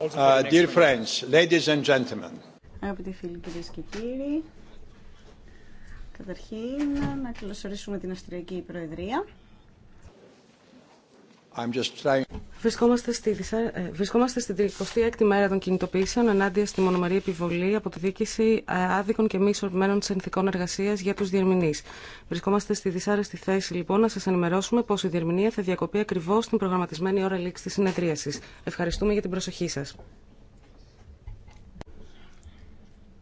Uh, ladies and gentlemen. Αγαπητοί φίλοι, κυρίες και κύριοι, καταρχήν να καλωσορίσουμε την Αυστριακή Προεδρία. Βρισκόμαστε στη, ε, βρισκόμαστε στη 26η μέρα των κινητοποιήσεων ενάντια στη μονομερή επιβολή από τη δίκηση ε, άδικων και μη ισορροπημένων συνθηκών εργασία για του διερμηνεί. Βρισκόμαστε στη δυσάρεστη θέση λοιπόν να σα ενημερώσουμε πω η διερμηνία θα διακοπεί ακριβώ την προγραμματισμένη ώρα λήξη τη συνεδρίαση. Ευχαριστούμε για την προσοχή σα.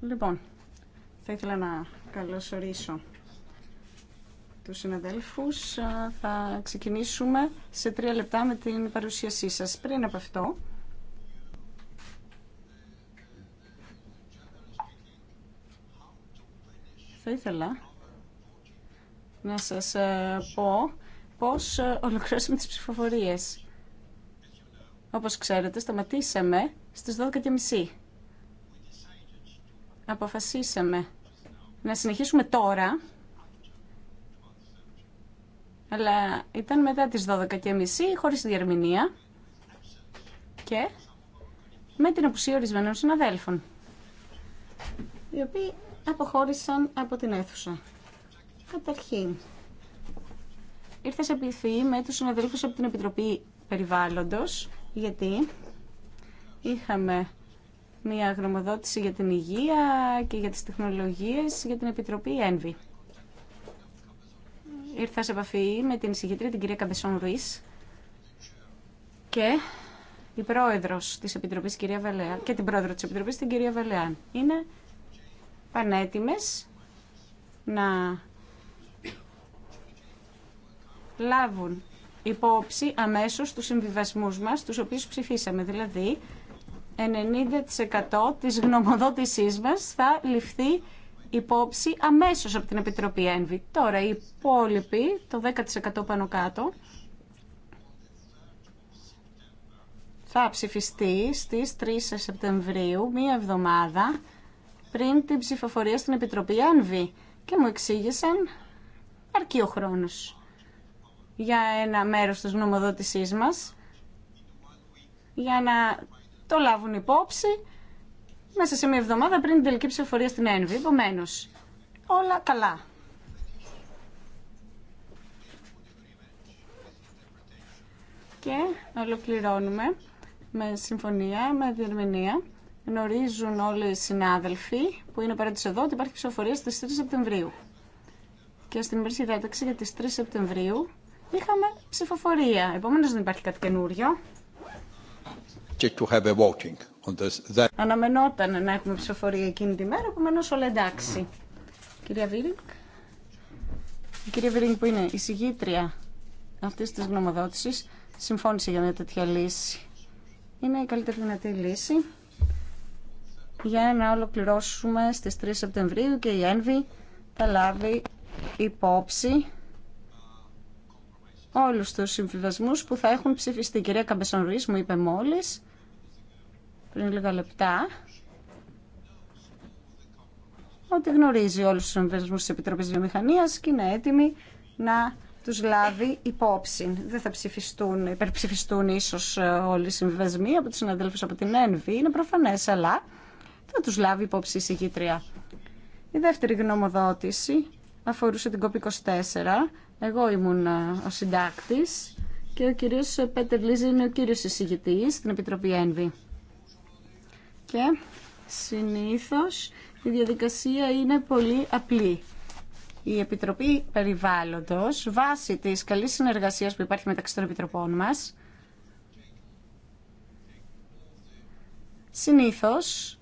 Λοιπόν, θα ήθελα να καλωσορίσω τους συναδέλφους. Θα ξεκινήσουμε σε τρία λεπτά με την παρουσίασή σας. Πριν από αυτό, θα ήθελα να σας ε, πω πώς ε, ολοκληρώσαμε τις ψηφοφορίες. Όπως ξέρετε, σταματήσαμε στις 12.30. Αποφασίσαμε να συνεχίσουμε τώρα αλλά ήταν μετά τις 12.30 χωρίς διερμηνία και με την απουσία ορισμένων συναδέλφων, οι οποίοι αποχώρησαν από την αίθουσα. Καταρχήν, ήρθα σε πληθή με τους συναδέλφους από την Επιτροπή Περιβάλλοντος, γιατί είχαμε μια γνωμοδότηση για την υγεία και για τις τεχνολογίες για την Επιτροπή Ένβη ήρθα σε επαφή με την εισηγητρία την κυρία Καμπεσόν Ρουίς και η πρόεδρος της Επιτροπής κυρία Βελέα, και την πρόεδρο της Επιτροπής την κυρία Βελεάν. Είναι πανέτοιμες να λάβουν υπόψη αμέσως τους συμβιβασμούς μας, τους οποίους ψηφίσαμε. Δηλαδή, 90% της γνωμοδότησής μας θα ληφθεί υπόψη αμέσως από την Επιτροπή ΕΝΒΗ. Τώρα οι υπόλοιποι, το 10% πάνω κάτω, θα ψηφιστεί στις 3 Σεπτεμβρίου, μία εβδομάδα, πριν την ψηφοφορία στην Επιτροπή ΕΝΒΗ. Και μου εξήγησαν αρκεί ο χρόνος για ένα μέρος της γνωμοδότησής μας, για να το λάβουν υπόψη μέσα σε μια εβδομάδα πριν την τελική ψηφοφορία στην ΕΝΒΗ. Επομένω, όλα καλά. Και ολοκληρώνουμε με συμφωνία, με διερμηνία. Γνωρίζουν όλοι οι συνάδελφοι που είναι παρέντες εδώ ότι υπάρχει ψηφοφορία στις 3 Σεπτεμβρίου. Και στην ημερήσια διάταξη για τις 3 Σεπτεμβρίου είχαμε ψηφοφορία. Επομένως δεν υπάρχει κάτι καινούριο. To have a voting. Αναμενόταν να έχουμε ψηφοφορία εκείνη τη μέρα, επομένω όλα εντάξει. Κυρία Βίρινγκ. Η κυρία Βίρινγκ που είναι η συγγήτρια αυτής της γνωμοδότησης συμφώνησε για μια τέτοια λύση. Είναι η καλύτερη δυνατή λύση για να ολοκληρώσουμε στις 3 Σεπτεμβρίου και η ΕΝΒΗ θα λάβει υπόψη όλους τους συμβιβασμούς που θα έχουν ψηφιστεί. Η κυρία Καμπεσονρίς μου είπε μόλις πριν λίγα λεπτά ότι γνωρίζει όλους τους συμβεσμούς της Επιτροπής Βιομηχανίας και είναι έτοιμη να τους λάβει υπόψη. Δεν θα ψηφιστούν, υπερψηφιστούν ίσως ε, όλοι οι συμβασμοί από τους συναδέλφους από την ΕΝΒΗ, είναι προφανές, αλλά θα τους λάβει υπόψη η συγκήτρια. Η δεύτερη γνωμοδότηση αφορούσε την COP24. Εγώ ήμουν ε, ο συντάκτης και ο κύριος Πέτερ Λίζη είναι ο κύριος εισηγητής στην Επιτροπή ΕΝΒΗ και συνήθως η διαδικασία είναι πολύ απλή. Η Επιτροπή Περιβάλλοντος, βάσει της καλής συνεργασίας που υπάρχει μεταξύ των Επιτροπών μας, συνήθως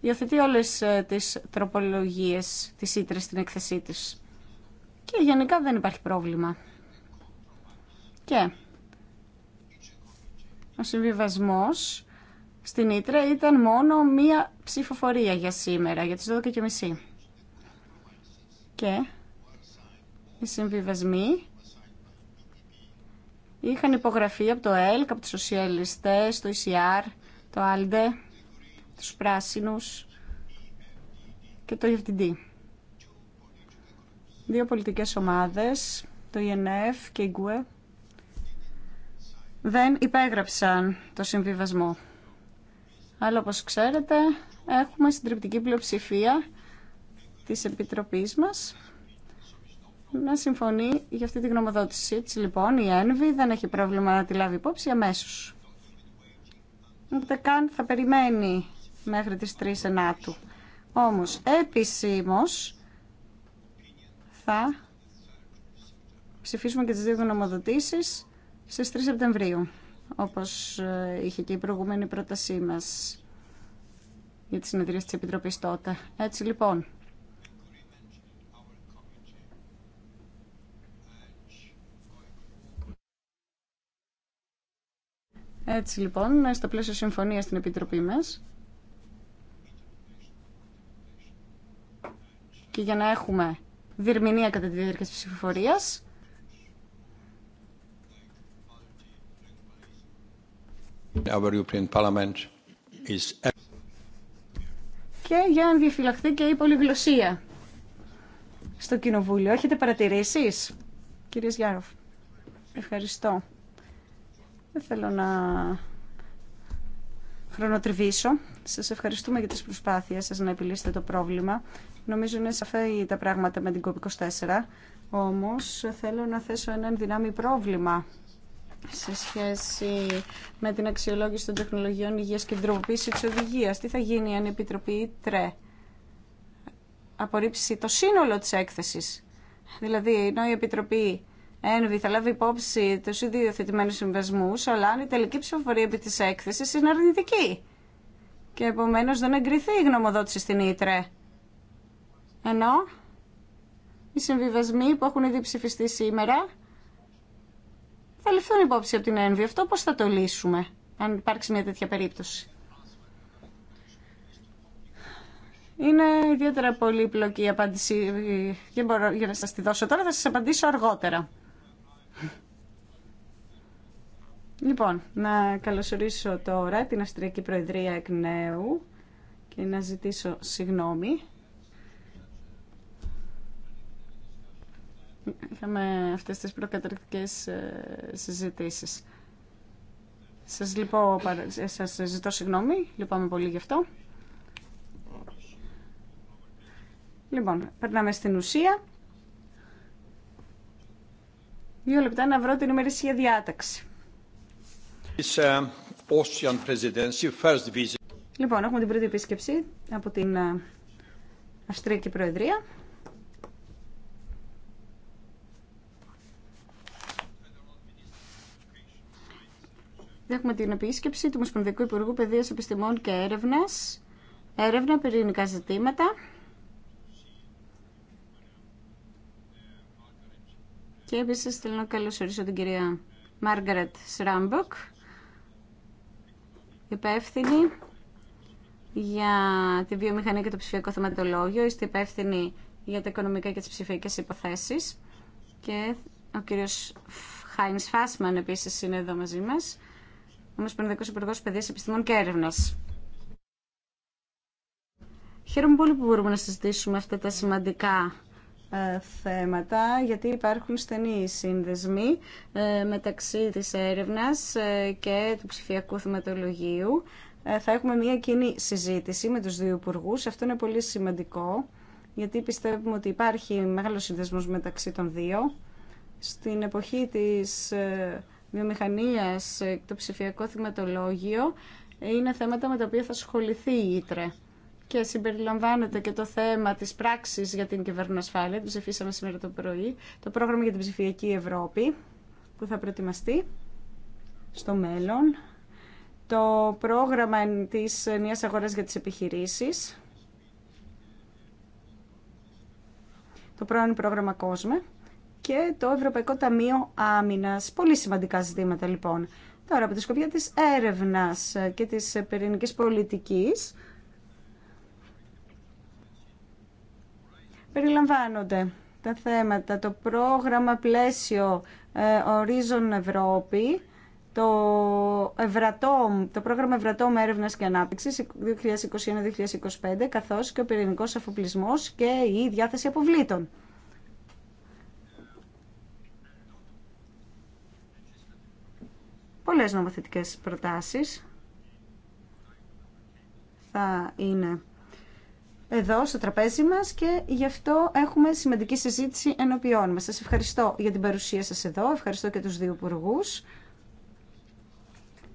υιοθετεί όλες ε, τις τροπολογίες της Ήτρες στην έκθεσή της. Και γενικά δεν υπάρχει πρόβλημα. Και ο συμβιβασμός στην Ήτρα ήταν μόνο μία ψηφοφορία για σήμερα, για τις 12.30. Και οι συμβιβασμοί είχαν υπογραφεί από το ΕΛΚ, από τους σοσιαλιστές, το ECR, το ΑΛΔΕ, τους πράσινους και το EFTD. Δύο πολιτικές ομάδες, το ΙΕΝΕΦ και η ΓΚΟΕ, δεν υπέγραψαν το συμβιβασμό. Αλλά όπως ξέρετε έχουμε συντριπτική πλειοψηφία της Επιτροπής μας να συμφωνεί για αυτή τη γνωμοδότηση. Έτσι λοιπόν η ΕΝΒΗ δεν έχει πρόβλημα να τη λάβει υπόψη αμέσως. Ούτε καν θα περιμένει μέχρι τις 3 Ενάτου. Όμως επισήμως θα ψηφίσουμε και τις δύο γνωμοδοτήσεις στις 3 Σεπτεμβρίου όπως ε, είχε και η προηγούμενη πρότασή μας για τις συνεδρίες της Επιτροπής τότε. Έτσι λοιπόν, Έτσι λοιπόν, στο πλαίσιο συμφωνίας στην Επιτροπή μας και για να έχουμε διερμηνία κατά τη διάρκεια της ψηφοφορίας, Και για να διαφυλαχθεί και η πολυγλωσία στο Κοινοβούλιο. Έχετε παρατηρήσεις, κύριε Γιάροφ. Ευχαριστώ. Δεν θέλω να χρονοτριβήσω. Σας ευχαριστούμε για τις προσπάθειες σας να επιλύσετε το πρόβλημα. Νομίζω είναι σαφή τα πράγματα με την COP24. Όμως θέλω να θέσω ένα δυνάμει πρόβλημα σε σχέση με την αξιολόγηση των τεχνολογιών υγείας και την τροποποίηση της οδηγίας. Τι θα γίνει αν η Επιτροπή ΤΡΕ απορρίψει το σύνολο της έκθεσης. Δηλαδή, ενώ η Επιτροπή Ένβη θα λάβει υπόψη του ίδιου υιοθετημένου συμβασμού, αλλά αν η τελική ψηφοφορία επί της έκθεσης είναι αρνητική. Και επομένω δεν εγκριθεί η γνωμοδότηση στην ΙΤΡΕ. Ενώ οι συμβιβασμοί που έχουν ήδη ψηφιστεί σήμερα θα ληφθούν υπόψη από την ΕΝΒΙ. Αυτό πώς θα το λύσουμε, αν υπάρξει μια τέτοια περίπτωση. Είναι ιδιαίτερα πολύπλοκη η απάντηση. Δεν μπορώ για να σας τη δώσω τώρα, θα σας απαντήσω αργότερα. Λοιπόν, να καλωσορίσω τώρα την Αυστριακή Προεδρία εκ νέου και να ζητήσω συγγνώμη είχαμε αυτές τις προκαταρκτικές ε, συζητήσεις. Σας, λυπώ, ε, σας ζητώ συγγνώμη, λυπάμαι πολύ γι' αυτό. Λοιπόν, περνάμε στην ουσία. Δύο λεπτά να βρω την ημερήσια διάταξη. Ε, λοιπόν, έχουμε την πρώτη επίσκεψη από την Αυστριακή Προεδρία. Έχουμε την επίσκεψη του Μοσπονδιακού Υπουργού Παιδείας Επιστημών και Έρευνας, έρευνα πυρηνικά ζητήματα και επίση θέλω να καλωσορίσω την κυρία Μάργαρετ Σράμποκ, υπεύθυνη για τη βιομηχανία και το ψηφιακό θεματολόγιο. Είστε υπεύθυνη για τα οικονομικά και τις ψηφιακέ υποθέσεις. Και ο κύριος Χάινς Φάσμαν επίσης είναι εδώ μαζί μας ο Παναδικός Υπουργός Παιδείας Επιστημών και Έρευνα. Χαίρομαι πολύ που μπορούμε να συζητήσουμε αυτά τα σημαντικά ε, θέματα, γιατί υπάρχουν στενοί σύνδεσμοι ε, μεταξύ της έρευνας ε, και του ψηφιακού θεματολογίου. Θα έχουμε μια κοινή συζήτηση με τους δύο υπουργού. Αυτό είναι πολύ σημαντικό, γιατί πιστεύουμε ότι υπάρχει μεγάλος σύνδεσμος μεταξύ των δύο. Στην εποχή της βιομηχανίας και το ψηφιακό θυματολόγιο είναι θέματα με τα οποία θα ασχοληθεί η ΙΤΡΕ. Και συμπεριλαμβάνεται και το θέμα της πράξης για την κυβερνοασφάλεια, που ψηφίσαμε σήμερα το πρωί, το πρόγραμμα για την ψηφιακή Ευρώπη, που θα προετοιμαστεί στο μέλλον, το πρόγραμμα της νέας αγοράς για τις επιχειρήσεις, το πρώην πρόγραμμα COSME, και το Ευρωπαϊκό Ταμείο Άμυνα. Πολύ σημαντικά ζητήματα λοιπόν. Τώρα από τη σκοπιά της έρευνα και της πυρηνική πολιτικής περιλαμβάνονται τα θέματα, το πρόγραμμα πλαίσιο ε, Horizon Ευρώπη, το, Ευρατόμ, το πρόγραμμα Ευρατόμ Έρευνα και αναπτυξη 2021 2021-2025, καθώς και ο Πυρηνικό αφοπλισμός και η διάθεση αποβλήτων. πολλές νομοθετικές προτάσεις. Θα είναι εδώ στο τραπέζι μας και γι' αυτό έχουμε σημαντική συζήτηση ενωπιών μας. Σας ευχαριστώ για την παρουσία σας εδώ, ευχαριστώ και τους δύο υπουργού.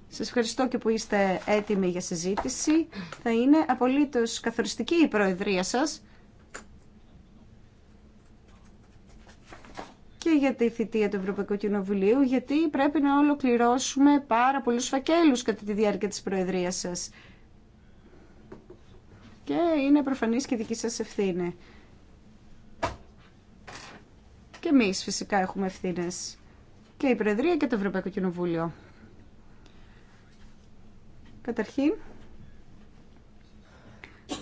Σας ευχαριστώ και που είστε έτοιμοι για συζήτηση. Θα είναι απολύτως καθοριστική η προεδρία σας και για τη θητεία του Ευρωπαϊκού Κοινοβουλίου, γιατί πρέπει να ολοκληρώσουμε πάρα πολλού φακέλου κατά τη διάρκεια τη Προεδρίας σα. Και είναι προφανή και δική σα ευθύνη. Και εμεί φυσικά έχουμε ευθύνε. Και η Προεδρία και το Ευρωπαϊκό Κοινοβούλιο. Καταρχήν,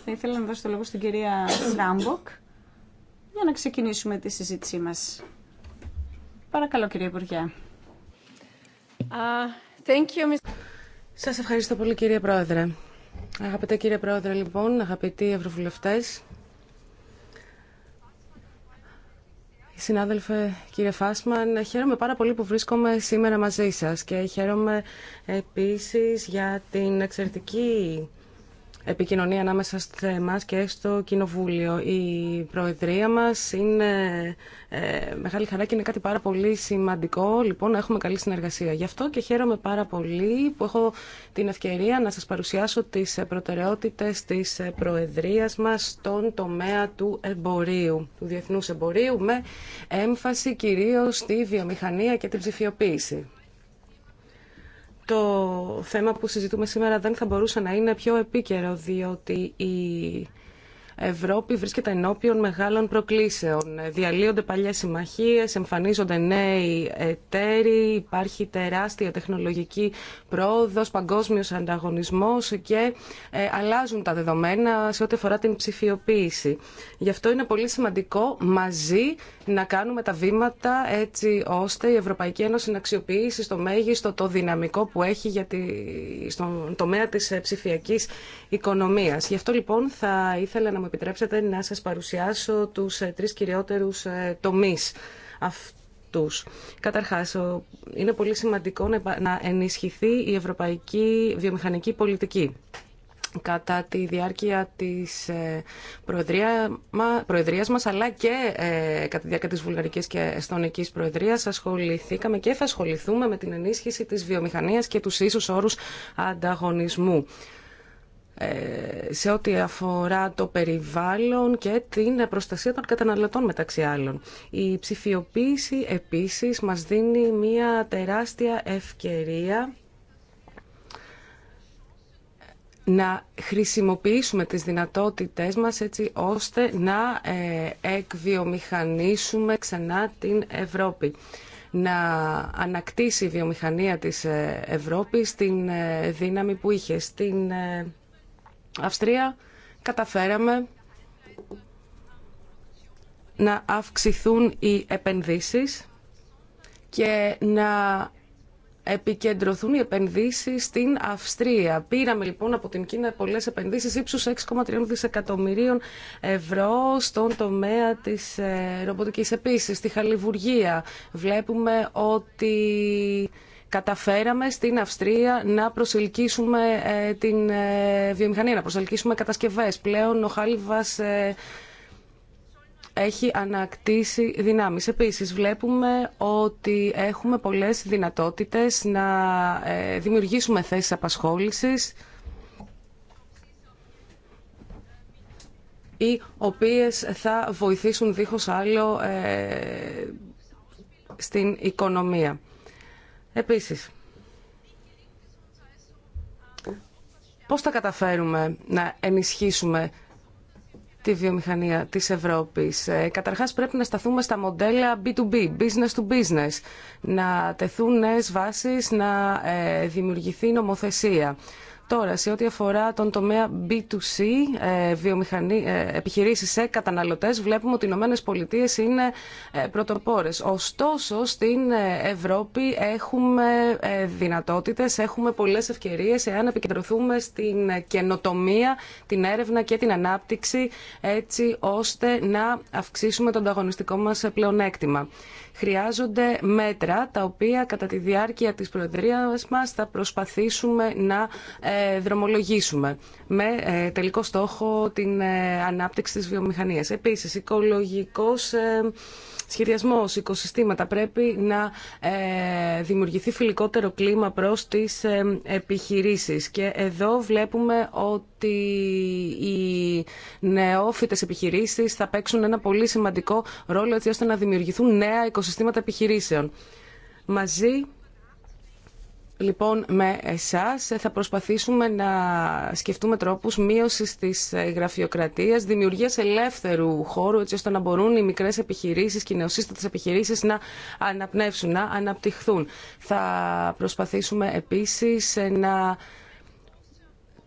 θα ήθελα να δώσω το λόγο στην κυρία Ράμποκ για να ξεκινήσουμε τη συζήτησή μας. Παρακαλώ, κύριε Υπουργέ. Σα thank you, Σας ευχαριστώ πολύ, κύριε Πρόεδρε. Αγαπητέ κύριε Πρόεδρε, λοιπόν, αγαπητοί ευρωβουλευτές, Συνάδελφε κύριε Φάσμαν, χαίρομαι πάρα πολύ που βρίσκομαι σήμερα μαζί σας και χαίρομαι επίσης για την εξαιρετική επικοινωνία ανάμεσα σε εμά και στο Κοινοβούλιο. Η Προεδρία μα είναι ε, μεγάλη χαρά και είναι κάτι πάρα πολύ σημαντικό λοιπόν να έχουμε καλή συνεργασία. Γι' αυτό και χαίρομαι πάρα πολύ που έχω την ευκαιρία να σα παρουσιάσω τι προτεραιότητε τη προεδρία μα στον τομέα του εμπορίου, του Διεθνού εμπορίου με έμφαση κυρίω στη βιομηχανία και την ψηφιοποίηση το θέμα που συζητούμε σήμερα δεν θα μπορούσε να είναι πιο επίκαιρο, διότι η Ευρώπη βρίσκεται ενώπιον μεγάλων προκλήσεων. Διαλύονται παλιές συμμαχίε, εμφανίζονται νέοι εταίροι, υπάρχει τεράστια τεχνολογική πρόοδος, παγκόσμιο ανταγωνισμός και ε, αλλάζουν τα δεδομένα σε ό,τι αφορά την ψηφιοποίηση. Γι' αυτό είναι πολύ σημαντικό μαζί να κάνουμε τα βήματα έτσι ώστε η Ευρωπαϊκή Ένωση να αξιοποιήσει στο μέγιστο το δυναμικό που έχει για τη, στον τομέα της ψηφιακής οικονομία. Γι' αυτό λοιπόν θα ήθελα να μου επιτρέψετε να σας παρουσιάσω τους ε, τρεις κυριότερους ε, τομείς αυτούς. Καταρχάς, είναι πολύ σημαντικό να ενισχυθεί η ευρωπαϊκή βιομηχανική πολιτική. Κατά τη διάρκεια της ε, προεδρίας μας αλλά και κατά τη διάρκεια της Βουλγαρικής και Εστονικής Προεδρίας ασχοληθήκαμε και θα ασχοληθούμε με την ενίσχυση της βιομηχανίας και τους ίσους όρους ανταγωνισμού. Ε, σε ό,τι αφορά το περιβάλλον και την προστασία των καταναλωτών μεταξύ άλλων. Η ψηφιοποίηση επίσης μας δίνει μια τεράστια ευκαιρία να χρησιμοποιήσουμε τις δυνατότητές μας έτσι ώστε να ε, εκβιομηχανίσουμε ξανά την Ευρώπη να ανακτήσει η βιομηχανία της ε, Ευρώπης την δύναμη που είχε στην Αυστρία καταφέραμε να αυξηθούν οι επενδύσεις και να επικεντρωθούν οι επενδύσεις στην Αυστρία. Πήραμε λοιπόν από την Κίνα πολλές επενδύσεις ύψους 6,3 δισεκατομμυρίων ευρώ στον τομέα της ε, ρομποτικής. Επίσης, στη Χαλιβουργία βλέπουμε ότι καταφέραμε στην Αυστρία να προσελκύσουμε ε, την ε, βιομηχανία, να προσελκύσουμε κατασκευές. Πλέον ο Χάλιβας ε, έχει ανακτήσει δυνάμεις. Επίσης βλέπουμε ότι έχουμε πολλές δυνατότητες να δημιουργήσουμε θέσεις απασχόλησης οι οποίες θα βοηθήσουν δίχως άλλο στην οικονομία. Επίσης, πώς θα καταφέρουμε να ενισχύσουμε τη βιομηχανία της Ευρώπης. Ε, καταρχάς πρέπει να σταθούμε στα μοντέλα B2B, business to business, να τεθούν νέες βάσεις, να ε, δημιουργηθεί νομοθεσία. Τώρα, σε ό,τι αφορά τον τομέα B2C, ε, βιομηχανή, ε, επιχειρήσεις σε καταναλωτές, βλέπουμε ότι οι Ηνωμένε Πολιτείες είναι ε, πρωτοπόρες. Ωστόσο, στην Ευρώπη έχουμε δυνατότητες, έχουμε πολλές ευκαιρίες εάν επικεντρωθούμε στην καινοτομία, την έρευνα και την ανάπτυξη, έτσι ώστε να αυξήσουμε τον ανταγωνιστικό μας πλεονέκτημα χρειάζονται μέτρα τα οποία κατά τη διάρκεια της Προεδρίας μας θα προσπαθήσουμε να ε, δρομολογήσουμε με ε, τελικό στόχο την ε, ανάπτυξη της βιομηχανίας. Επίσης, οικολογικός σχεδιασμός, οικοσυστήματα πρέπει να δημιουργηθεί φιλικότερο κλίμα προς τις επιχειρήσεις και εδώ βλέπουμε ότι οι νεόφυτες επιχειρήσεις θα παίξουν ένα πολύ σημαντικό ρόλο έτσι ώστε να δημιουργηθούν νέα οικοσυστήματα επιχειρήσεων. Μαζί λοιπόν με εσάς θα προσπαθήσουμε να σκεφτούμε τρόπους μείωσης της γραφειοκρατίας, δημιουργίας ελεύθερου χώρου έτσι ώστε να μπορούν οι μικρές επιχειρήσεις και οι νεοσύστατες επιχειρήσεις να αναπνεύσουν, να αναπτυχθούν. Θα προσπαθήσουμε επίσης να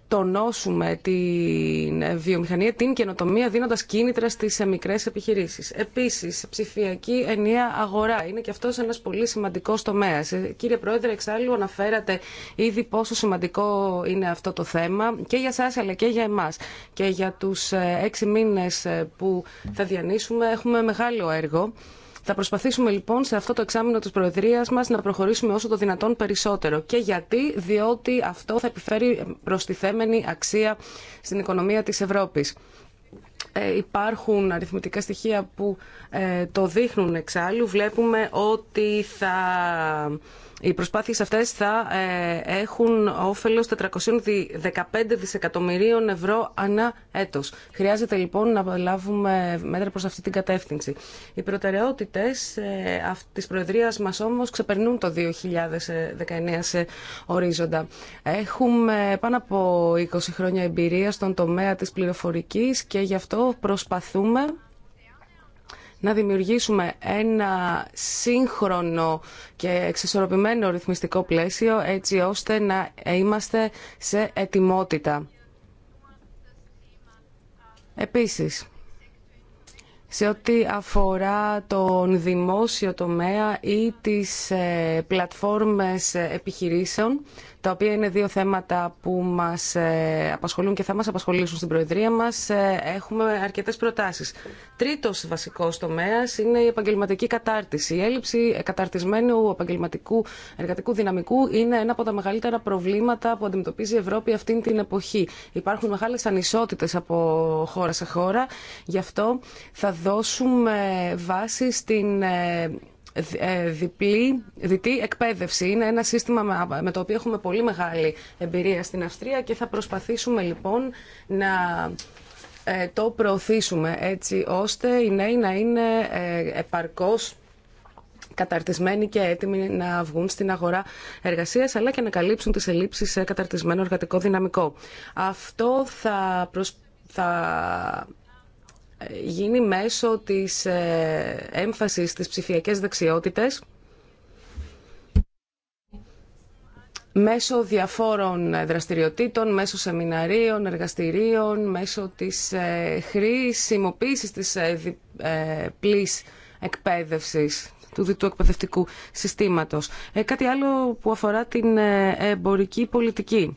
τονώσουμε την βιομηχανία, την καινοτομία, δίνοντας κίνητρα στις μικρές επιχειρήσεις. Επίσης, ψηφιακή ενιαία αγορά είναι και αυτό ένα πολύ σημαντικό τομέα. Ε, κύριε Πρόεδρε, εξάλλου αναφέρατε ήδη πόσο σημαντικό είναι αυτό το θέμα και για εσά αλλά και για εμάς. Και για τους ε, έξι μήνες ε, που θα διανύσουμε έχουμε μεγάλο έργο. Θα προσπαθήσουμε λοιπόν σε αυτό το εξάμεινο της Προεδρίας μας να προχωρήσουμε όσο το δυνατόν περισσότερο. Και γιατί, διότι αυτό θα επιφέρει προστιθέμενη αξία στην οικονομία της Ευρώπης. Ε, υπάρχουν αριθμητικά στοιχεία που ε, το δείχνουν εξάλλου. Βλέπουμε ότι θα οι προσπάθειες αυτές θα ε, έχουν όφελος 415 δισεκατομμυρίων ευρώ ανά έτος. Χρειάζεται λοιπόν να λάβουμε μέτρα προς αυτή την κατεύθυνση. Οι προτεραιότητες ε, της Προεδρίας μας όμως ξεπερνούν το 2019 σε ορίζοντα. Έχουμε πάνω από 20 χρόνια εμπειρία στον τομέα της πληροφορικής και γι' αυτό προσπαθούμε να δημιουργήσουμε ένα σύγχρονο και εξισορροπημένο ρυθμιστικό πλαίσιο έτσι ώστε να είμαστε σε ετοιμότητα. Επίσης, σε ό,τι αφορά τον δημόσιο τομέα ή τις ε, πλατφόρμες ε, επιχειρήσεων, τα οποία είναι δύο θέματα που μας ε, απασχολούν και θα μας απασχολήσουν στην Προεδρία μας, ε, έχουμε αρκετές προτάσεις. Τρίτος βασικός τομέας είναι η επαγγελματική κατάρτιση. Η έλλειψη καταρτισμένου επαγγελματικού εργατικού δυναμικού είναι ένα από τα μεγαλύτερα προβλήματα που αντιμετωπίζει η Ευρώπη αυτή την εποχή. Υπάρχουν μεγάλες ανισότητες από χώρα σε χώρα, γι' αυτό θα δώσουμε βάση στην ε, ε, διπλή, διτή εκπαίδευση. Είναι ένα σύστημα με το οποίο έχουμε πολύ μεγάλη εμπειρία στην Αυστρία και θα προσπαθήσουμε λοιπόν να ε, το προωθήσουμε έτσι ώστε οι νέοι να είναι ε, επαρκώς καταρτισμένοι και έτοιμοι να βγουν στην αγορά εργασίας αλλά και να καλύψουν τις ελλείψεις σε καταρτισμένο εργατικό δυναμικό. Αυτό θα, θα γίνει μέσω της ε, έμφασης στις ψηφιακές δεξιότητες μέσω διαφόρων δραστηριοτήτων, μέσω σεμιναρίων, εργαστηρίων, μέσω της ε, χρησιμοποίησης της ε, πλής εκπαίδευσης του διτού εκπαιδευτικού συστήματος. Κάτι άλλο που αφορά την εμπορική πολιτική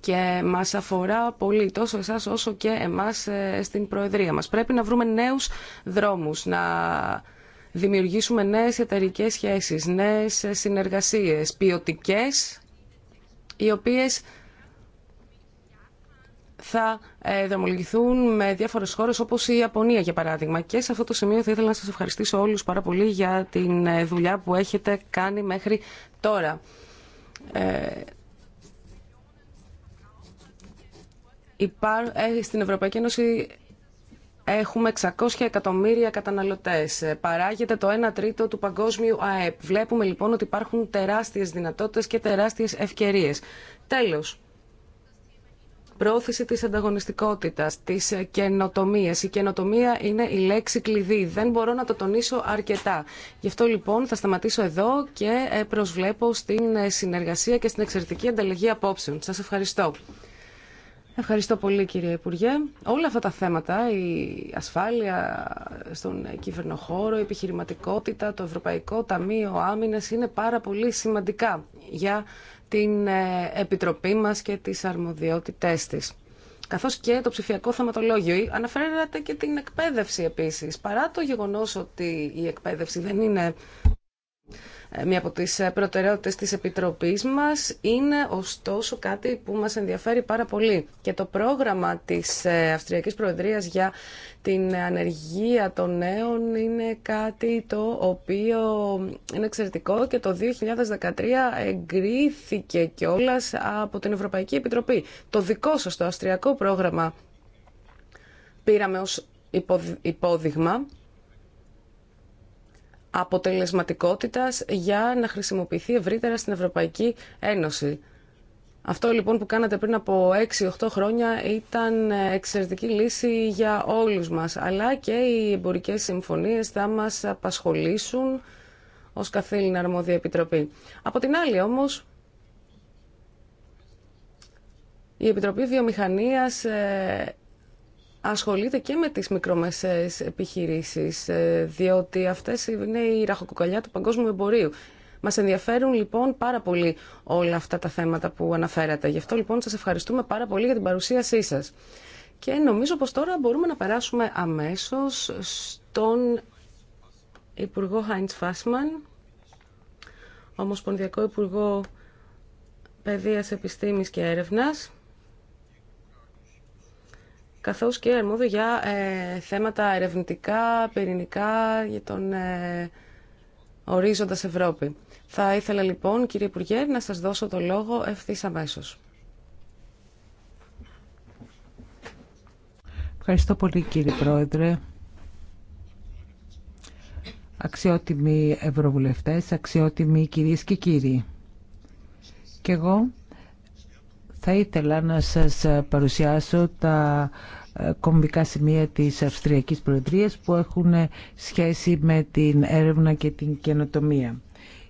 και μας αφορά πολύ τόσο εσάς όσο και εμάς ε, στην Προεδρία μας. Πρέπει να βρούμε νέους δρόμους, να δημιουργήσουμε νέες εταιρικές σχέσεις, νέες συνεργασίες ποιοτικέ, οι οποίες θα ε, δρομολογηθούν με διάφορες χώρες όπως η Ιαπωνία για παράδειγμα. Και σε αυτό το σημείο θα ήθελα να σας ευχαριστήσω όλους πάρα πολύ για την ε, δουλειά που έχετε κάνει μέχρι τώρα. Ε, Ε, στην Ευρωπαϊκή Ένωση έχουμε 600 εκατομμύρια καταναλωτές. Ε, παράγεται το 1 τρίτο του παγκόσμιου ΑΕΠ. Βλέπουμε λοιπόν ότι υπάρχουν τεράστιες δυνατότητες και τεράστιες ευκαιρίες. Τέλος, πρόθεση της ανταγωνιστικότητας, της ε, καινοτομίας. Η καινοτομία είναι η λέξη κλειδί. Δεν μπορώ να το τονίσω αρκετά. Γι' αυτό λοιπόν θα σταματήσω εδώ και προσβλέπω στην συνεργασία και στην εξαιρετική ανταλλαγή απόψεων. Σας ευχαριστώ. Ευχαριστώ πολύ κύριε Υπουργέ. Όλα αυτά τα θέματα, η ασφάλεια στον κυβερνοχώρο, η επιχειρηματικότητα, το Ευρωπαϊκό Ταμείο Άμυνας είναι πάρα πολύ σημαντικά για την ε, Επιτροπή μας και τις αρμοδιότητές της. Καθώς και το ψηφιακό θεματολόγιο. Αναφέρατε και την εκπαίδευση επίσης. Παρά το γεγονός ότι η εκπαίδευση δεν είναι ε, μία από τις ε, προτεραιότητες της Επιτροπής μας, είναι ωστόσο κάτι που μας ενδιαφέρει πάρα πολύ. Και το πρόγραμμα της ε, Αυστριακής Προεδρίας για την ανεργία των νέων είναι κάτι το οποίο είναι εξαιρετικό και το 2013 εγκρίθηκε κιόλας από την Ευρωπαϊκή Επιτροπή. Το δικό σας το Αυστριακό πρόγραμμα πήραμε ως υπόδειγμα αποτελεσματικότητας για να χρησιμοποιηθεί ευρύτερα στην Ευρωπαϊκή Ένωση. Αυτό λοιπόν που κάνατε πριν από 6-8 χρόνια ήταν εξαιρετική λύση για όλους μας, αλλά και οι εμπορικές συμφωνίες θα μας απασχολήσουν ως καθήλυνα αρμόδια επιτροπή. Από την άλλη όμως, η Επιτροπή Βιομηχανίας ε, ασχολείται και με τις μικρομεσαίες επιχειρήσεις, ε, διότι αυτές είναι η ραχοκοκαλιά του παγκόσμιου εμπορίου. Μας ενδιαφέρουν λοιπόν πάρα πολύ όλα αυτά τα θέματα που αναφέρατε. Γι' αυτό λοιπόν σας ευχαριστούμε πάρα πολύ για την παρουσίασή σας. Και νομίζω πως τώρα μπορούμε να περάσουμε αμέσως στον Υπουργό Χάιντς Φάσμαν, Ομοσπονδιακό Υπουργό Παιδείας, Επιστήμης και Έρευνας καθώς και αρμόδιο για ε, θέματα ερευνητικά, πυρηνικά, για τον ορίζοντα ε, ορίζοντας Ευρώπη. Θα ήθελα λοιπόν, κύριε Υπουργέ, να σας δώσω το λόγο ευθύς αμέσως. Ευχαριστώ πολύ κύριε Πρόεδρε. Αξιότιμοι Ευρωβουλευτές, αξιότιμοι κυρίες και κύριοι. Και εγώ θα ήθελα να σας παρουσιάσω τα ε, κομβικά σημεία της Αυστριακής Προεδρίας που έχουν σχέση με την έρευνα και την καινοτομία.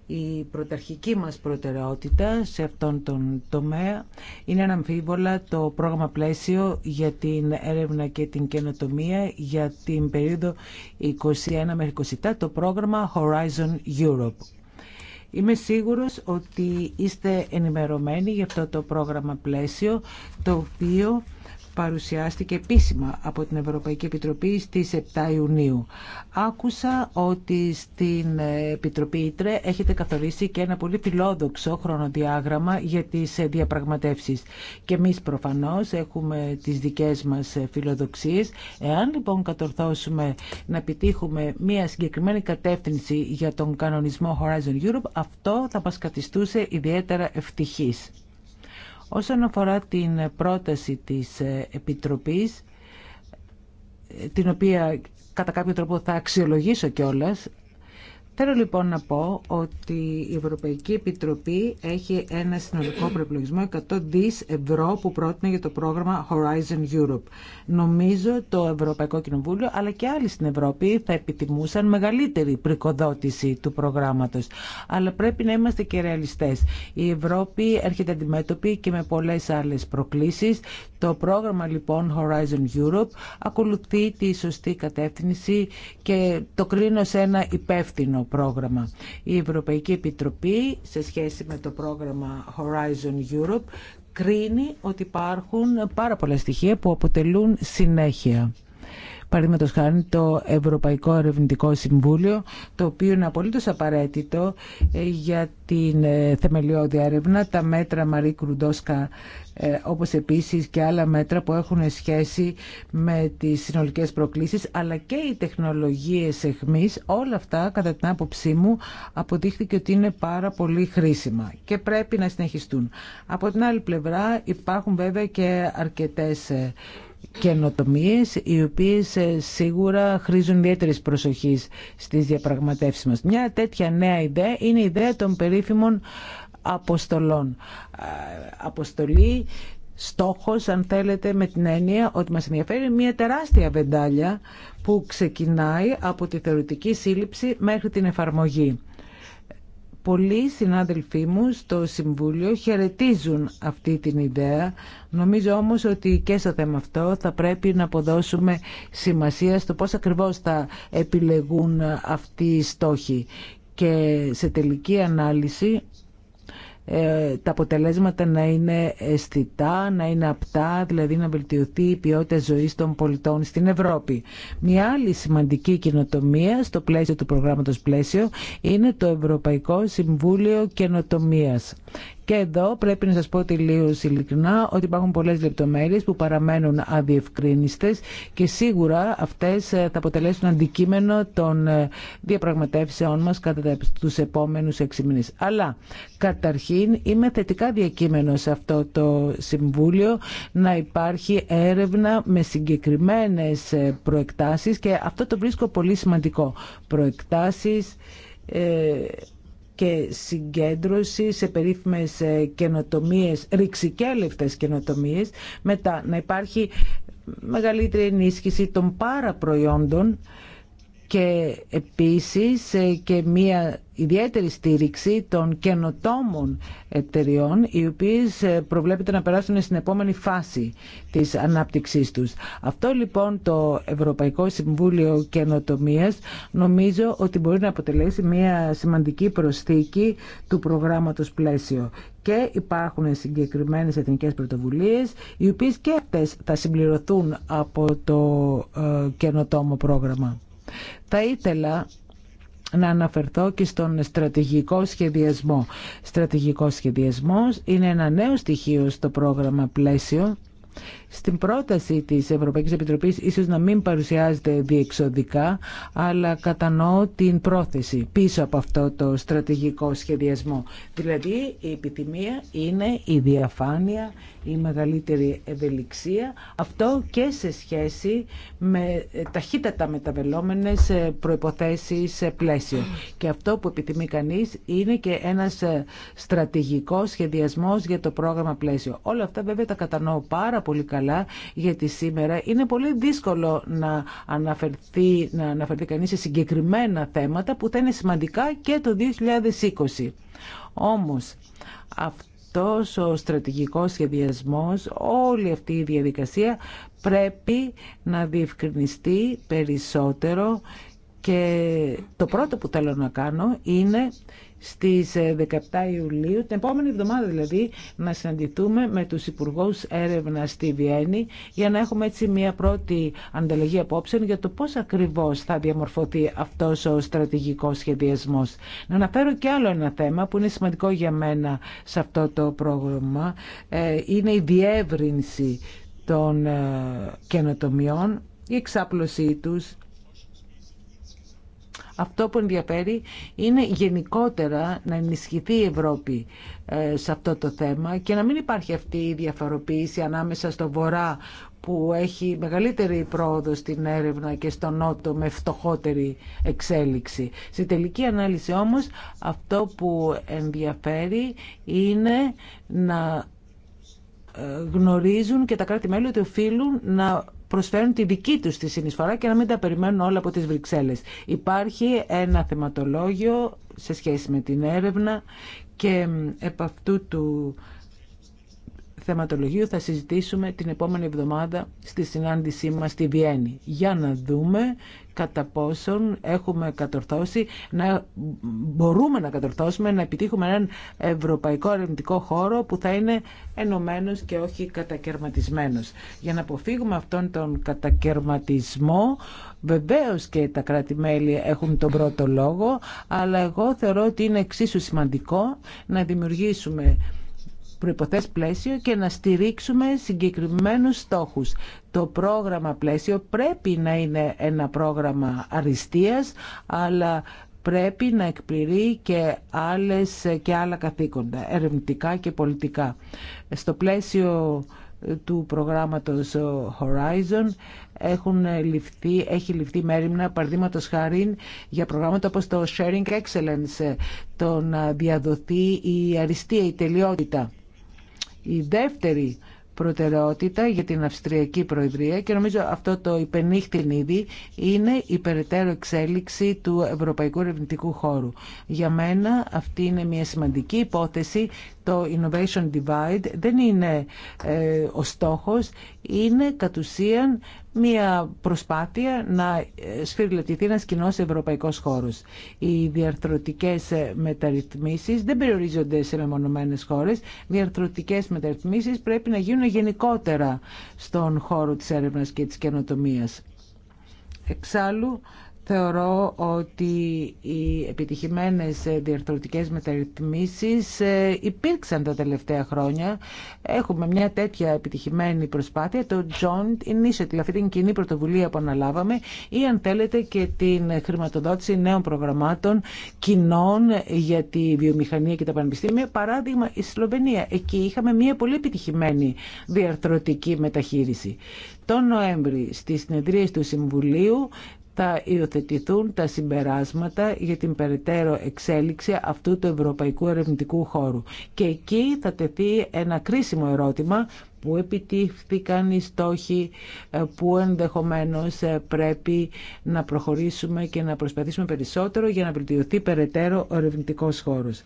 Η πρωταρχική μας προτεραιότητα σε αυτόν τον τομέα είναι αναμφίβολα το πρόγραμμα πλαίσιο για την έρευνα και την καινοτομία για την περίοδο 21 με το πρόγραμμα Horizon Europe. Είμαι σίγουρος ότι είστε ενημερωμένοι για αυτό το πρόγραμμα πλαίσιο, το οποίο παρουσιάστηκε επίσημα από την Ευρωπαϊκή Επιτροπή στις 7 Ιουνίου. Άκουσα ότι στην Επιτροπή ΙΤΡΕ έχετε καθορίσει και ένα πολύ φιλόδοξο χρονοδιάγραμμα για τις διαπραγματεύσεις. Και εμείς προφανώς έχουμε τις δικές μας φιλοδοξίες. Εάν λοιπόν κατορθώσουμε να επιτύχουμε μια συγκεκριμένη κατεύθυνση για τον κανονισμό Horizon Europe, αυτό θα μας καθιστούσε ιδιαίτερα ευτυχής. Όσον αφορά την πρόταση της Επιτροπής, την οποία κατά κάποιο τρόπο θα αξιολογήσω κιόλας Θέλω λοιπόν να πω ότι η Ευρωπαϊκή Επιτροπή έχει ένα συνολικό προεπλογισμό 100 δις ευρώ που πρότεινε για το πρόγραμμα Horizon Europe. Νομίζω το Ευρωπαϊκό Κοινοβούλιο αλλά και άλλοι στην Ευρώπη θα επιτιμούσαν μεγαλύτερη πρικοδότηση του προγράμματος. Αλλά πρέπει να είμαστε και ρεαλιστές. Η Ευρώπη έρχεται αντιμέτωπη και με πολλές άλλες προκλήσεις. Το πρόγραμμα λοιπόν Horizon Europe ακολουθεί τη σωστή κατεύθυνση και το κρίνω σε ένα υπεύθυνο η Ευρωπαϊκή Επιτροπή σε σχέση με το πρόγραμμα Horizon Europe κρίνει ότι υπάρχουν πάρα πολλά στοιχεία που αποτελούν συνέχεια. Παραδείγματο χάρη το Ευρωπαϊκό Ερευνητικό Συμβούλιο, το οποίο είναι απολύτω απαραίτητο ε, για την ε, θεμελιώδη έρευνα, τα μέτρα Μαρή Κρουντόσκα ε, όπως επίσης και άλλα μέτρα που έχουν σχέση με τις συνολικές προκλήσει, αλλά και οι τεχνολογίε εχμής όλα αυτά κατά την άποψή μου αποδείχθηκε ότι είναι πάρα πολύ χρήσιμα και πρέπει να συνεχιστούν. Από την άλλη πλευρά υπάρχουν βέβαια και αρκετέ καινοτομίε οι οποίες ε, σίγουρα χρήζουν ιδιαίτερη προσοχής στις διαπραγματεύσεις μας. Μια τέτοια νέα ιδέα είναι η ιδέα των περίφημων αποστολών. Αποστολή, στόχος αν θέλετε με την έννοια ότι μας ενδιαφέρει μια τεράστια βεντάλια που ξεκινάει από τη θεωρητική σύλληψη μέχρι την εφαρμογή. Πολλοί συνάδελφοί μου στο Συμβούλιο χαιρετίζουν αυτή την ιδέα. Νομίζω όμως ότι και στο θέμα αυτό θα πρέπει να αποδώσουμε σημασία στο πώς ακριβώς θα επιλεγούν αυτοί οι στόχοι. Και σε τελική ανάλυση ε, τα αποτελέσματα να είναι αισθητά, να είναι απτά, δηλαδή να βελτιωθεί η ποιότητα ζωής των πολιτών στην Ευρώπη. Μια άλλη σημαντική κοινοτομία στο πλαίσιο του προγράμματος πλαίσιο είναι το Ευρωπαϊκό Συμβούλιο Καινοτομίας. Και εδώ πρέπει να σας πω τελείω ειλικρινά ότι υπάρχουν πολλές λεπτομέρειες που παραμένουν αδιευκρίνιστες και σίγουρα αυτές ε, θα αποτελέσουν αντικείμενο των ε, διαπραγματεύσεών μας κατά τους επόμενους έξι μήνες. Αλλά καταρχήν είμαι θετικά διακείμενο σε αυτό το Συμβούλιο να υπάρχει έρευνα με συγκεκριμένες ε, προεκτάσεις και αυτό το βρίσκω πολύ σημαντικό. Προεκτάσεις, και συγκέντρωση σε περίφημες ε, καινοτομίες, ρηξικέλευτες καινοτομίες, μετά να υπάρχει μεγαλύτερη ενίσχυση των παραπροϊόντων και επίσης ε, και μία ιδιαίτερη στήριξη των καινοτόμων εταιριών οι οποίες ε, προβλέπεται να περάσουν στην επόμενη φάση της ανάπτυξής τους. Αυτό λοιπόν το Ευρωπαϊκό Συμβούλιο Καινοτομίας νομίζω ότι μπορεί να αποτελέσει μια σημαντική προσθήκη του προγράμματος πλαίσιο και υπάρχουν συγκεκριμένες εθνικές πρωτοβουλίες οι οποίες και αυτές θα συμπληρωθούν από το ε, καινοτόμο πρόγραμμα. Θα ήθελα να αναφερθώ και στον στρατηγικό σχεδιασμό. Στρατηγικό σχεδιασμός είναι ένα νέο στοιχείο στο πρόγραμμα πλαίσιο στην πρόταση της Ευρωπαϊκής Επιτροπής ίσως να μην παρουσιάζεται διεξοδικά, αλλά κατανοώ την πρόθεση πίσω από αυτό το στρατηγικό σχεδιασμό. Δηλαδή η επιθυμία είναι η διαφάνεια, η μεγαλύτερη ευελιξία, αυτό και σε σχέση με ταχύτατα μεταβελόμενες προϋποθέσεις πλαίσιο. Και αυτό που επιθυμεί κανείς είναι και ένας στρατηγικός σχεδιασμός για το πρόγραμμα πλαίσιο. Όλα αυτά βέβαια τα κατανοώ πάρα πολύ καλά γιατί σήμερα είναι πολύ δύσκολο να αναφερθεί, να αναφερθεί κανείς σε συγκεκριμένα θέματα που θα είναι σημαντικά και το 2020. Όμως, αυτός ο στρατηγικός σχεδιασμός, όλη αυτή η διαδικασία πρέπει να διευκρινιστεί περισσότερο και το πρώτο που θέλω να κάνω είναι στις 17 ε, Ιουλίου, την επόμενη εβδομάδα δηλαδή, να συναντηθούμε με τους Υπουργούς Έρευνα στη Βιέννη για να έχουμε έτσι μια πρώτη ανταλλαγή απόψεων για το πώς ακριβώς θα διαμορφωθεί αυτός ο στρατηγικός σχεδιασμός. Να αναφέρω και άλλο ένα θέμα που είναι σημαντικό για μένα σε αυτό το πρόγραμμα. Ε, είναι η διεύρυνση των ε, καινοτομιών, η εξάπλωσή τους, αυτό που ενδιαφέρει είναι γενικότερα να ενισχυθεί η Ευρώπη ε, σε αυτό το θέμα και να μην υπάρχει αυτή η διαφοροποίηση ανάμεσα στο βορρά που έχει μεγαλύτερη πρόοδο στην έρευνα και στον νότο με φτωχότερη εξέλιξη. Στη τελική ανάλυση όμως αυτό που ενδιαφέρει είναι να ε, γνωρίζουν και τα κράτη-μέλη ότι οφείλουν να προσφέρουν τη δική του τη συνεισφορά και να μην τα περιμένουν όλα από τις Βρυξέλλες. Υπάρχει ένα θεματολόγιο σε σχέση με την έρευνα και επ' αυτού του θεματολογίου θα συζητήσουμε την επόμενη εβδομάδα στη συνάντησή μας στη Βιέννη. Για να δούμε κατά πόσον έχουμε κατορθώσει, να μπορούμε να κατορθώσουμε, να επιτύχουμε έναν ευρωπαϊκό ερευνητικό χώρο που θα είναι ενωμένος και όχι κατακαιρματισμένος. Για να αποφύγουμε αυτόν τον κατακαιρματισμό, βεβαίως και τα κράτη-μέλη έχουν τον πρώτο λόγο, αλλά εγώ θεωρώ ότι είναι εξίσου σημαντικό να δημιουργήσουμε προϋποθέσεις πλαίσιο και να στηρίξουμε συγκεκριμένους στόχους. Το πρόγραμμα πλαίσιο πρέπει να είναι ένα πρόγραμμα αριστείας, αλλά πρέπει να εκπληρεί και, άλλες, και άλλα καθήκοντα, ερευνητικά και πολιτικά. Στο πλαίσιο του προγράμματος Horizon έχουν ληφθεί, έχει ληφθεί μέρημνα παραδείγματο χάρη για προγράμματα όπως το Sharing Excellence, το να διαδοθεί η αριστεία, η τελειότητα. Η δεύτερη προτεραιότητα για την Αυστριακή Προεδρία και νομίζω αυτό το υπενήχθην ήδη είναι η περαιτέρω εξέλιξη του Ευρωπαϊκού Ερευνητικού Χώρου. Για μένα αυτή είναι μια σημαντική υπόθεση το innovation divide δεν είναι ε, ο στόχος, είναι κατ' ουσίαν μια προσπάθεια να ε, σφυριλατηθεί ένα κοινό ευρωπαϊκός χώρο. Οι διαρθρωτικές ε, μεταρρυθμίσεις δεν περιορίζονται σε μεμονωμένες χώρες. Διαρθρωτικές μεταρρυθμίσεις πρέπει να γίνουν γενικότερα στον χώρο τη έρευνα και τη καινοτομίας. Εξάλλου, θεωρώ ότι οι επιτυχημένες διαρθρωτικές μεταρρυθμίσεις ε, υπήρξαν τα τελευταία χρόνια. Έχουμε μια τέτοια επιτυχημένη προσπάθεια, το Joint Initiative, αυτή την κοινή πρωτοβουλία που αναλάβαμε ή αν θέλετε και την χρηματοδότηση νέων προγραμμάτων κοινών για τη βιομηχανία και τα πανεπιστήμια. Παράδειγμα, η Σλοβενία. Εκεί είχαμε μια πολύ επιτυχημένη διαρθρωτική μεταχείριση. Τον Νοέμβρη, στις συνεδρίες του Συμβουλίου, θα υιοθετηθούν τα συμπεράσματα για την περαιτέρω εξέλιξη αυτού του ευρωπαϊκού ερευνητικού χώρου. Και εκεί θα τεθεί ένα κρίσιμο ερώτημα που επιτύχθηκαν οι στόχοι ε, που ενδεχομένως ε, πρέπει να προχωρήσουμε και να προσπαθήσουμε περισσότερο για να βελτιωθεί περαιτέρω ο ερευνητικό χώρος.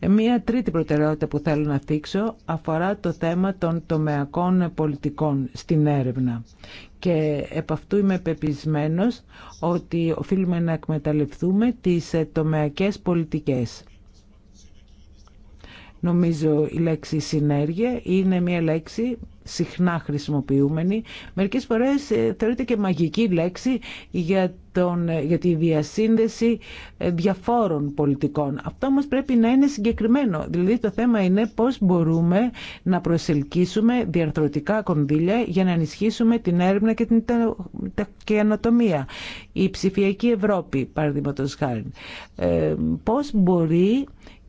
Ε, μία τρίτη προτεραιότητα που θέλω να θίξω αφορά το θέμα των τομεακών πολιτικών στην έρευνα και επ' αυτού είμαι πεπισμένος ότι οφείλουμε να εκμεταλλευτούμε τις ε, τομεακές πολιτικές. Νομίζω η λέξη συνέργεια είναι μια λέξη συχνά χρησιμοποιούμενη, μερικές φορές ε, θεωρείται και μαγική λέξη για, τον, ε, για τη διασύνδεση ε, διαφόρων πολιτικών. Αυτό όμως πρέπει να είναι συγκεκριμένο. Δηλαδή το θέμα είναι πώς μπορούμε να προσελκύσουμε διαρθρωτικά κονδύλια για να ενισχύσουμε την έρευνα και την καινοτομία. Η ψηφιακή Ευρώπη, παραδείγματος χάρη. Ε, πώς μπορεί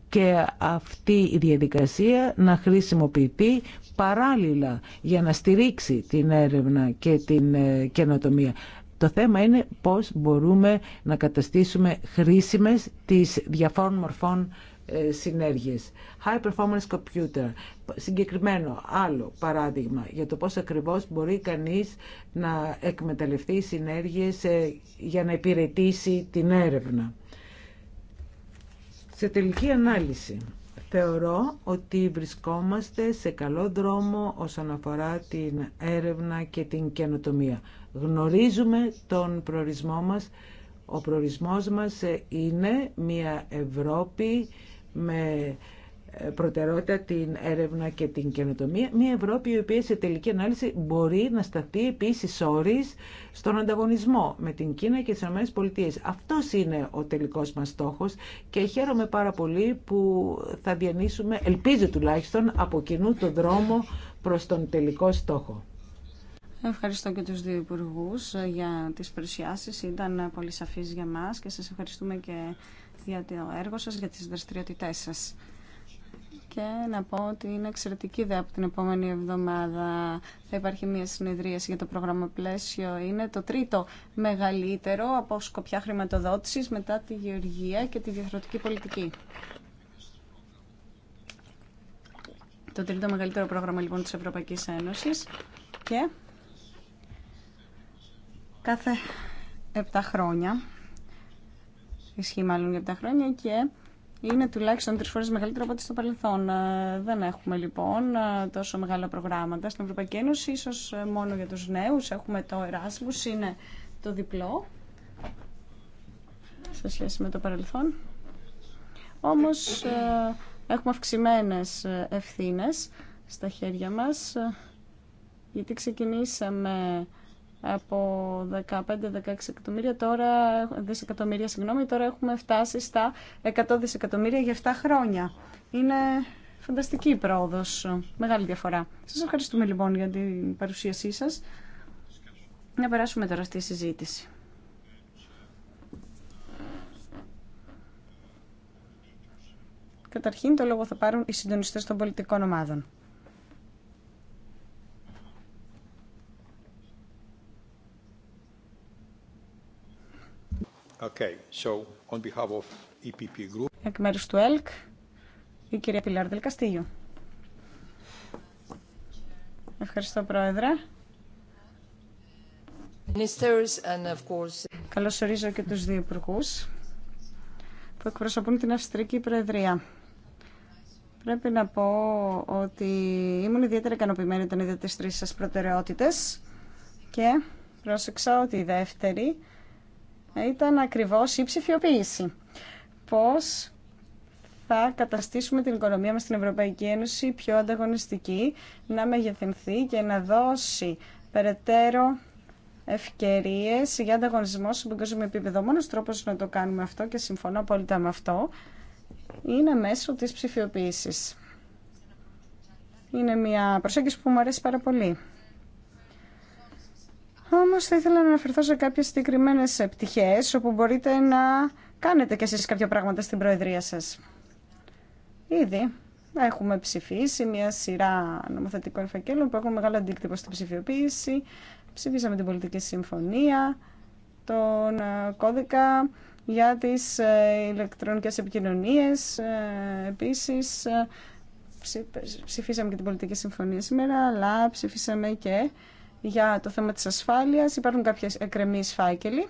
και αυτή η διαδικασία να χρησιμοποιηθεί παράλληλα για να στηρίξει την έρευνα και την ε, καινοτομία. Το θέμα είναι πώς μπορούμε να καταστήσουμε χρήσιμες τις διαφόρων μορφών ε, συνέργειες. High performance computer, συγκεκριμένο άλλο παράδειγμα για το πώς ακριβώς μπορεί κανείς να εκμεταλλευτεί συνέργειες ε, για να υπηρετήσει την έρευνα. Σε τελική ανάλυση, Θεωρώ ότι βρισκόμαστε σε καλό δρόμο όσον αφορά την έρευνα και την καινοτομία. Γνωρίζουμε τον προορισμό μας. Ο προορισμός μας είναι μια Ευρώπη με προτεραιότητα την έρευνα και την καινοτομία. Μια Ευρώπη η οποία σε τελική ανάλυση μπορεί να σταθεί επίση όρη στον ανταγωνισμό με την Κίνα και τι ΗΠΑ. Αυτό είναι ο τελικό μα στόχο και χαίρομαι πάρα πολύ που θα διανύσουμε, ελπίζω τουλάχιστον, από κοινού το δρόμο προ τον τελικό στόχο. Ευχαριστώ και τους δύο υπουργού για τις παρουσιάσεις. Ήταν πολύ σαφείς για μας και σας ευχαριστούμε και για το έργο σας, για τις δραστηριότητές σας και να πω ότι είναι εξαιρετική ιδέα από την επόμενη εβδομάδα θα υπάρχει μια συνεδρίαση για το πρόγραμμα πλαίσιο. Είναι το τρίτο μεγαλύτερο από σκοπιά χρηματοδότησης μετά τη γεωργία και τη διαθροτική πολιτική. Το τρίτο μεγαλύτερο πρόγραμμα λοιπόν της Ευρωπαϊκής Ένωσης και κάθε 7 χρόνια ισχύει μάλλον για 7 χρόνια και είναι τουλάχιστον τρει φορέ μεγαλύτερο από ό,τι στο παρελθόν. Ε, δεν έχουμε λοιπόν ε, τόσο μεγάλα προγράμματα στην Ευρωπαϊκή Ένωση, ίσω ε, μόνο για του νέου. Έχουμε το εράσμους, είναι το διπλό σε σχέση με το παρελθόν. Όμω έχουμε αυξημένε ευθύνε στα χέρια μας γιατί ξεκινήσαμε από 15-16 εκατομμύρια, τώρα, δισεκατομμύρια, συγγνώμη, τώρα έχουμε φτάσει στα 100 δισεκατομμύρια για 7 χρόνια. Είναι φανταστική η πρόοδος, μεγάλη διαφορά. Σας ευχαριστούμε λοιπόν για την παρουσίασή σας. Να περάσουμε τώρα στη συζήτηση. Καταρχήν το λόγο θα πάρουν οι συντονιστές των πολιτικών ομάδων. E Εκ μέρου του ΕΛΚ, η κυρία Πιλάρ Καστίγιο. Ευχαριστώ, Πρόεδρε. And ορίζω και τους δύο υπουργού που εκπροσωπούν την Αυστρική Προεδρία. Πρέπει να πω ότι ήμουν ιδιαίτερα ικανοποιημένη όταν είδα τις τρεις σας προτεραιότητες και πρόσεξα ότι η δεύτερη ήταν ακριβώς η ψηφιοποίηση. Πώς θα καταστήσουμε την οικονομία μας στην Ευρωπαϊκή Ένωση πιο ανταγωνιστική, να μεγεθυνθεί και να δώσει περαιτέρω ευκαιρίες για ανταγωνισμό σε παγκόσμιο επίπεδο. Ο μόνος τρόπος να το κάνουμε αυτό και συμφωνώ απόλυτα με αυτό είναι μέσω της ψηφιοποίησης. Είναι μια προσέγγιση που μου αρέσει πάρα πολύ. Όμως θα ήθελα να αναφερθώ σε κάποιες συγκεκριμένε πτυχέ όπου μπορείτε να κάνετε κι εσείς κάποια πράγματα στην Προεδρία σας. Ήδη έχουμε ψηφίσει μια σειρά νομοθετικών φακέλων που έχουν μεγάλο αντίκτυπο στην ψηφιοποίηση. Ψηφίσαμε την πολιτική συμφωνία, τον ε, κώδικα για τις ε, ηλεκτρονικές επικοινωνίες. Ε, επίσης, ψηφίσαμε και την πολιτική συμφωνία σήμερα, αλλά ψηφίσαμε και για το θέμα της ασφάλειας. Υπάρχουν κάποιες εκκρεμείς φάκελοι.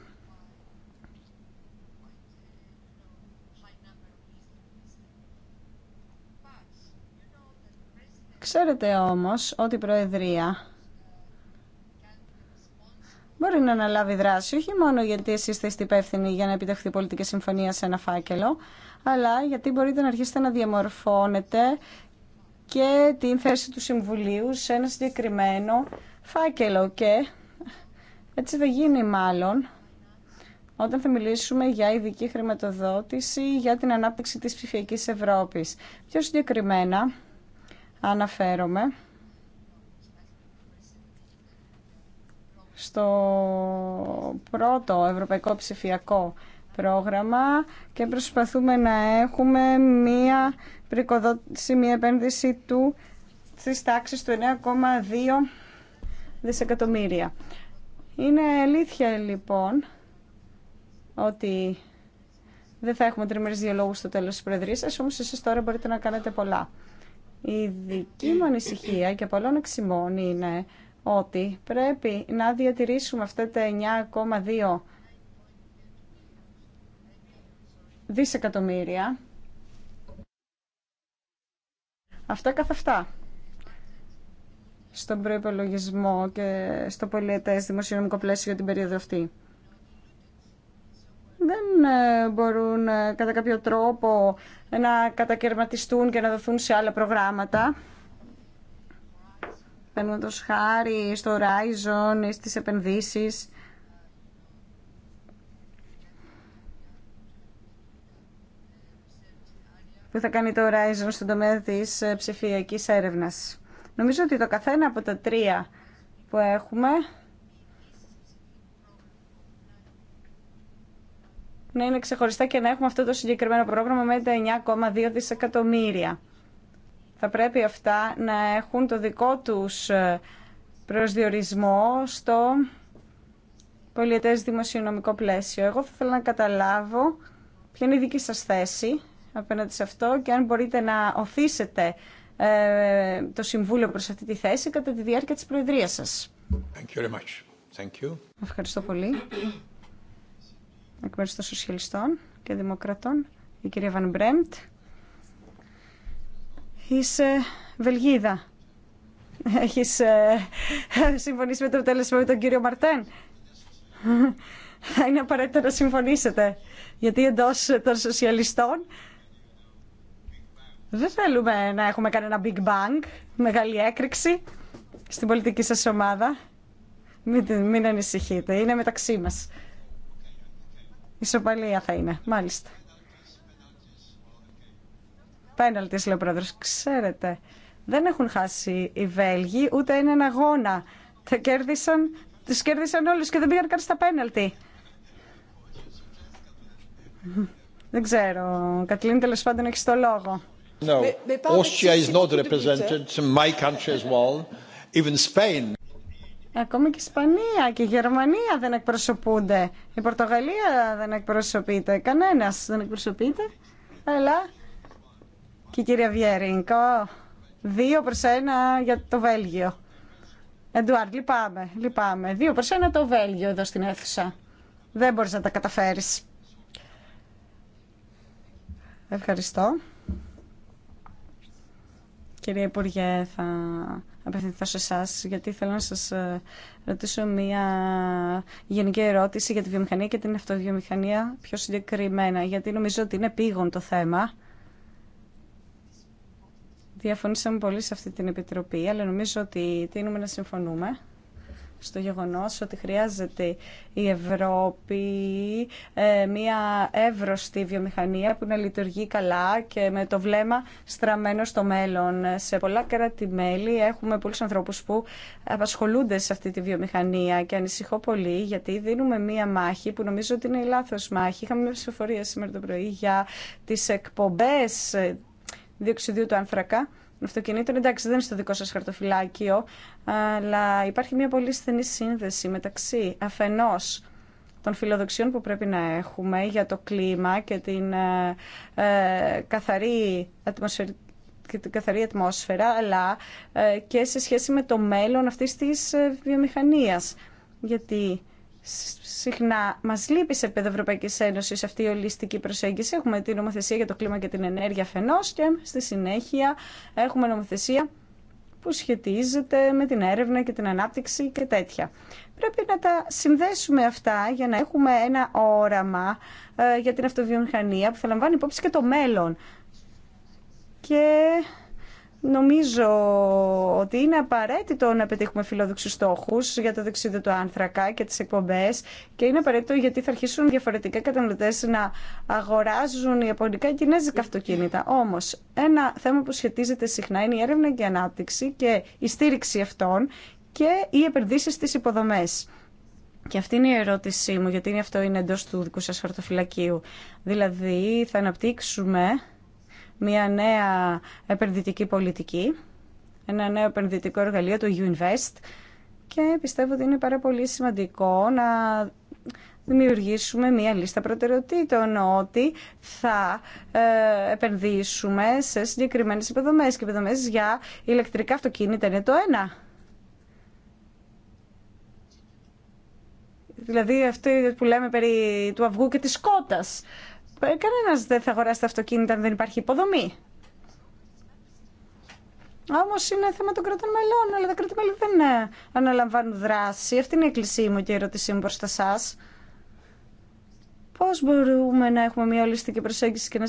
Ξέρετε όμως ότι η Προεδρία μπορεί να αναλάβει δράση, όχι μόνο γιατί εσείς είστε υπεύθυνοι για να επιτευχθεί πολιτική συμφωνία σε ένα φάκελο, αλλά γιατί μπορείτε να αρχίσετε να διαμορφώνετε και την θέση του Συμβουλίου σε ένα συγκεκριμένο φάκελο και έτσι δεν γίνει μάλλον όταν θα μιλήσουμε για ειδική χρηματοδότηση για την ανάπτυξη της ψηφιακής Ευρώπης. Πιο συγκεκριμένα αναφέρομαι στο πρώτο ευρωπαϊκό ψηφιακό πρόγραμμα και προσπαθούμε να έχουμε μία πρικοδότηση, μία επένδυση του στις τάξεις του 9,2 δισεκατομμύρια. Είναι αλήθεια λοιπόν ότι δεν θα έχουμε τριμερείς διαλόγους στο τέλος της Προεδρίας σας, όμως εσείς τώρα μπορείτε να κάνετε πολλά. Η δική μου ανησυχία και πολλών εξημών είναι ότι πρέπει να διατηρήσουμε αυτά τα 9,2 δισεκατομμύρια. Αυτά καθ' αυτά στον προϋπολογισμό και στο πολιετές δημοσιονομικό πλαίσιο για την περίοδο αυτή. Δεν ε, μπορούν ε, κατά κάποιο τρόπο να κατακαιρματιστούν και να δοθούν σε άλλα προγράμματα. Παίρνοντα χάρη στο Horizon ή στις επενδύσεις. Που θα κάνει το Horizon στον τομέα της ε, ψηφιακής έρευνας. Νομίζω ότι το καθένα από τα τρία που έχουμε να είναι ξεχωριστά και να έχουμε αυτό το συγκεκριμένο πρόγραμμα με τα 9,2 δισεκατομμύρια. Θα πρέπει αυτά να έχουν το δικό τους ε, προσδιορισμό στο πολιετές δημοσιονομικό πλαίσιο. Εγώ θα ήθελα να καταλάβω ποια είναι η δική σας θέση απέναντι σε αυτό και αν μπορείτε να οθήσετε ε, το Συμβούλιο προς αυτή τη θέση κατά τη διάρκεια της Προεδρίας σας. Thank you very much. Thank you. Ευχαριστώ πολύ. Εκ μέρους των Σοσιαλιστών και Δημοκρατών, η κυρία Βαν Μπρέμπτ. Είσαι Βελγίδα. Έχεις ε, συμφωνήσει με το αποτέλεσμα με τον κύριο Μαρτέν. Είναι απαραίτητο να συμφωνήσετε. Γιατί εντός των σοσιαλιστών δεν θέλουμε να έχουμε κανένα big bang, μεγάλη έκρηξη στην πολιτική σας ομάδα. Μην, μην ανησυχείτε, είναι μεταξύ μας. Ισοπαλία θα είναι, μάλιστα. Πέναλτις, λέει ο πρόεδρος. Ξέρετε, δεν έχουν χάσει οι Βέλγοι ούτε έναν αγώνα. Τα κέρδισαν, τους κέρδισαν όλους και δεν πήγαν καν στα πέναλτι. Δεν ξέρω. Κατλίνη, τέλο πάντων, έχει το λόγο. No, Austria my even Spain. Ακόμη και η Ισπανία και η Γερμανία δεν εκπροσωπούνται. Η Πορτογαλία δεν εκπροσωπείται. Κανένας δεν εκπροσωπείται. Αλλά και η κυρία Βιέρινκο. Δύο προ ένα για το Βέλγιο. Εντουάρτ, λυπάμαι, λυπάμαι. Δύο προ ένα το Βέλγιο εδώ στην αίθουσα. Δεν μπορεί να τα καταφέρεις. Ευχαριστώ. Κύριε Υπουργέ, θα απευθυνθώ σε εσά, γιατί θέλω να σα ε, ρωτήσω μία γενική ερώτηση για τη βιομηχανία και την αυτοβιομηχανία πιο συγκεκριμένα, γιατί νομίζω ότι είναι πήγον το θέμα. Διαφωνήσαμε πολύ σε αυτή την επιτροπή, αλλά νομίζω ότι τείνουμε να συμφωνούμε στο γεγονός ότι χρειάζεται η Ευρώπη ε, μια εύρωστη βιομηχανία που να λειτουργεί καλά και με το βλέμμα στραμμένο στο μέλλον. Σε πολλά κράτη-μέλη έχουμε πολλούς ανθρώπους που απασχολούνται σε αυτή τη βιομηχανία και ανησυχώ πολύ γιατί δίνουμε μια μάχη που νομίζω ότι είναι η λάθος μάχη. Είχαμε μια ψηφοφορία σήμερα το πρωί για τις εκπομπές διοξιδίου του άνθρακα αυτοκινήτων. Εντάξει, δεν είναι στο δικό σα χαρτοφυλάκιο, αλλά υπάρχει μια πολύ στενή σύνδεση μεταξύ αφενό των φιλοδοξιών που πρέπει να έχουμε για το κλίμα και την ε, ε, καθαρή ατμοσφαιρική και την καθαρή ατμόσφαιρα, αλλά ε, και σε σχέση με το μέλλον αυτής της βιομηχανίας. Γιατί συχνά μα λείπει σε επίπεδο Ευρωπαϊκή Ένωση αυτή η ολιστική προσέγγιση. Έχουμε την νομοθεσία για το κλίμα και την ενέργεια φενό και στη συνέχεια έχουμε νομοθεσία που σχετίζεται με την έρευνα και την ανάπτυξη και τέτοια. Πρέπει να τα συνδέσουμε αυτά για να έχουμε ένα όραμα για την αυτοβιομηχανία που θα λαμβάνει υπόψη και το μέλλον. Και Νομίζω ότι είναι απαραίτητο να πετύχουμε φιλόδοξου στόχου για το δεξίδιο του άνθρακα και τι εκπομπέ και είναι απαραίτητο γιατί θα αρχίσουν διαφορετικά καταναλωτέ να αγοράζουν ιαπωνικά και κινέζικα αυτοκίνητα. Όμω, ένα θέμα που σχετίζεται συχνά είναι η έρευνα και η ανάπτυξη και η στήριξη αυτών και οι επενδύσει στι υποδομέ. Και αυτή είναι η ερώτησή μου, γιατί αυτό είναι εντό του δικού σα χαρτοφυλακίου. Δηλαδή, θα αναπτύξουμε μια νέα επενδυτική πολιτική, ένα νέο επενδυτικό εργαλείο, το U-Invest, και πιστεύω ότι είναι πάρα πολύ σημαντικό να δημιουργήσουμε μία λίστα προτεραιοτήτων ότι θα ε, επενδύσουμε σε συγκεκριμένες υποδομές και υποδομές για ηλεκτρικά αυτοκίνητα είναι το ένα. Δηλαδή αυτό που λέμε περί του αυγού και της κότας. Ε, Κανένα δεν θα αγοράσει τα αυτοκίνητα αν δεν υπάρχει υποδομή. Όμω είναι θέμα των κρατών μελών, αλλά τα κρατήματα δεν ε, αναλαμβάνουν δράση. Αυτή είναι η εκκλησία μου και η ερώτησή μου προ τα εσά. Πώ μπορούμε να έχουμε μια ολιστική προσέγγιση και να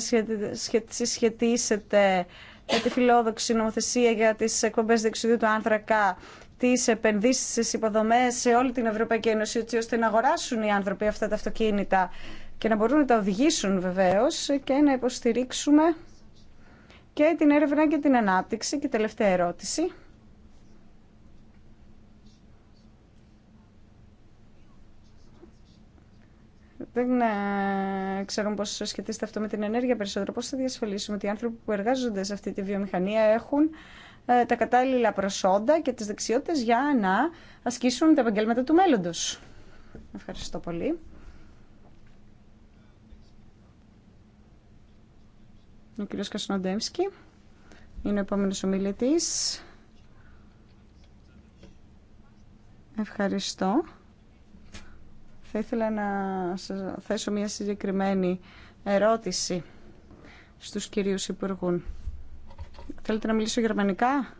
συσχετίσετε με τη φιλόδοξη νομοθεσία για τι εκπομπέ διεξουδίου του άνθρακα, τι επενδύσει στι υποδομέ σε όλη την Ευρωπαϊκή Ένωση, έτσι ώστε να αγοράσουν οι άνθρωποι αυτά τα αυτοκίνητα και να μπορούν να τα οδηγήσουν βεβαίως και να υποστηρίξουμε και την έρευνα και την ανάπτυξη. Και τελευταία ερώτηση. Δεν ε, ξέρω πώς σχετίζεται αυτό με την ενέργεια περισσότερο. Πώς θα διασφαλίσουμε ότι οι άνθρωποι που εργάζονται σε αυτή τη βιομηχανία έχουν ε, τα κατάλληλα προσόντα και τις δεξιότητες για να ασκήσουν τα επαγγέλματα του μέλλοντος. Ευχαριστώ πολύ. Ο κ. Κασνοντέμσκι είναι ο επόμενος ομιλητής. Ευχαριστώ. Θα ήθελα να σας θέσω μια συγκεκριμένη ερώτηση στους κυρίους υπουργού. Θέλετε να μιλήσω γερμανικά?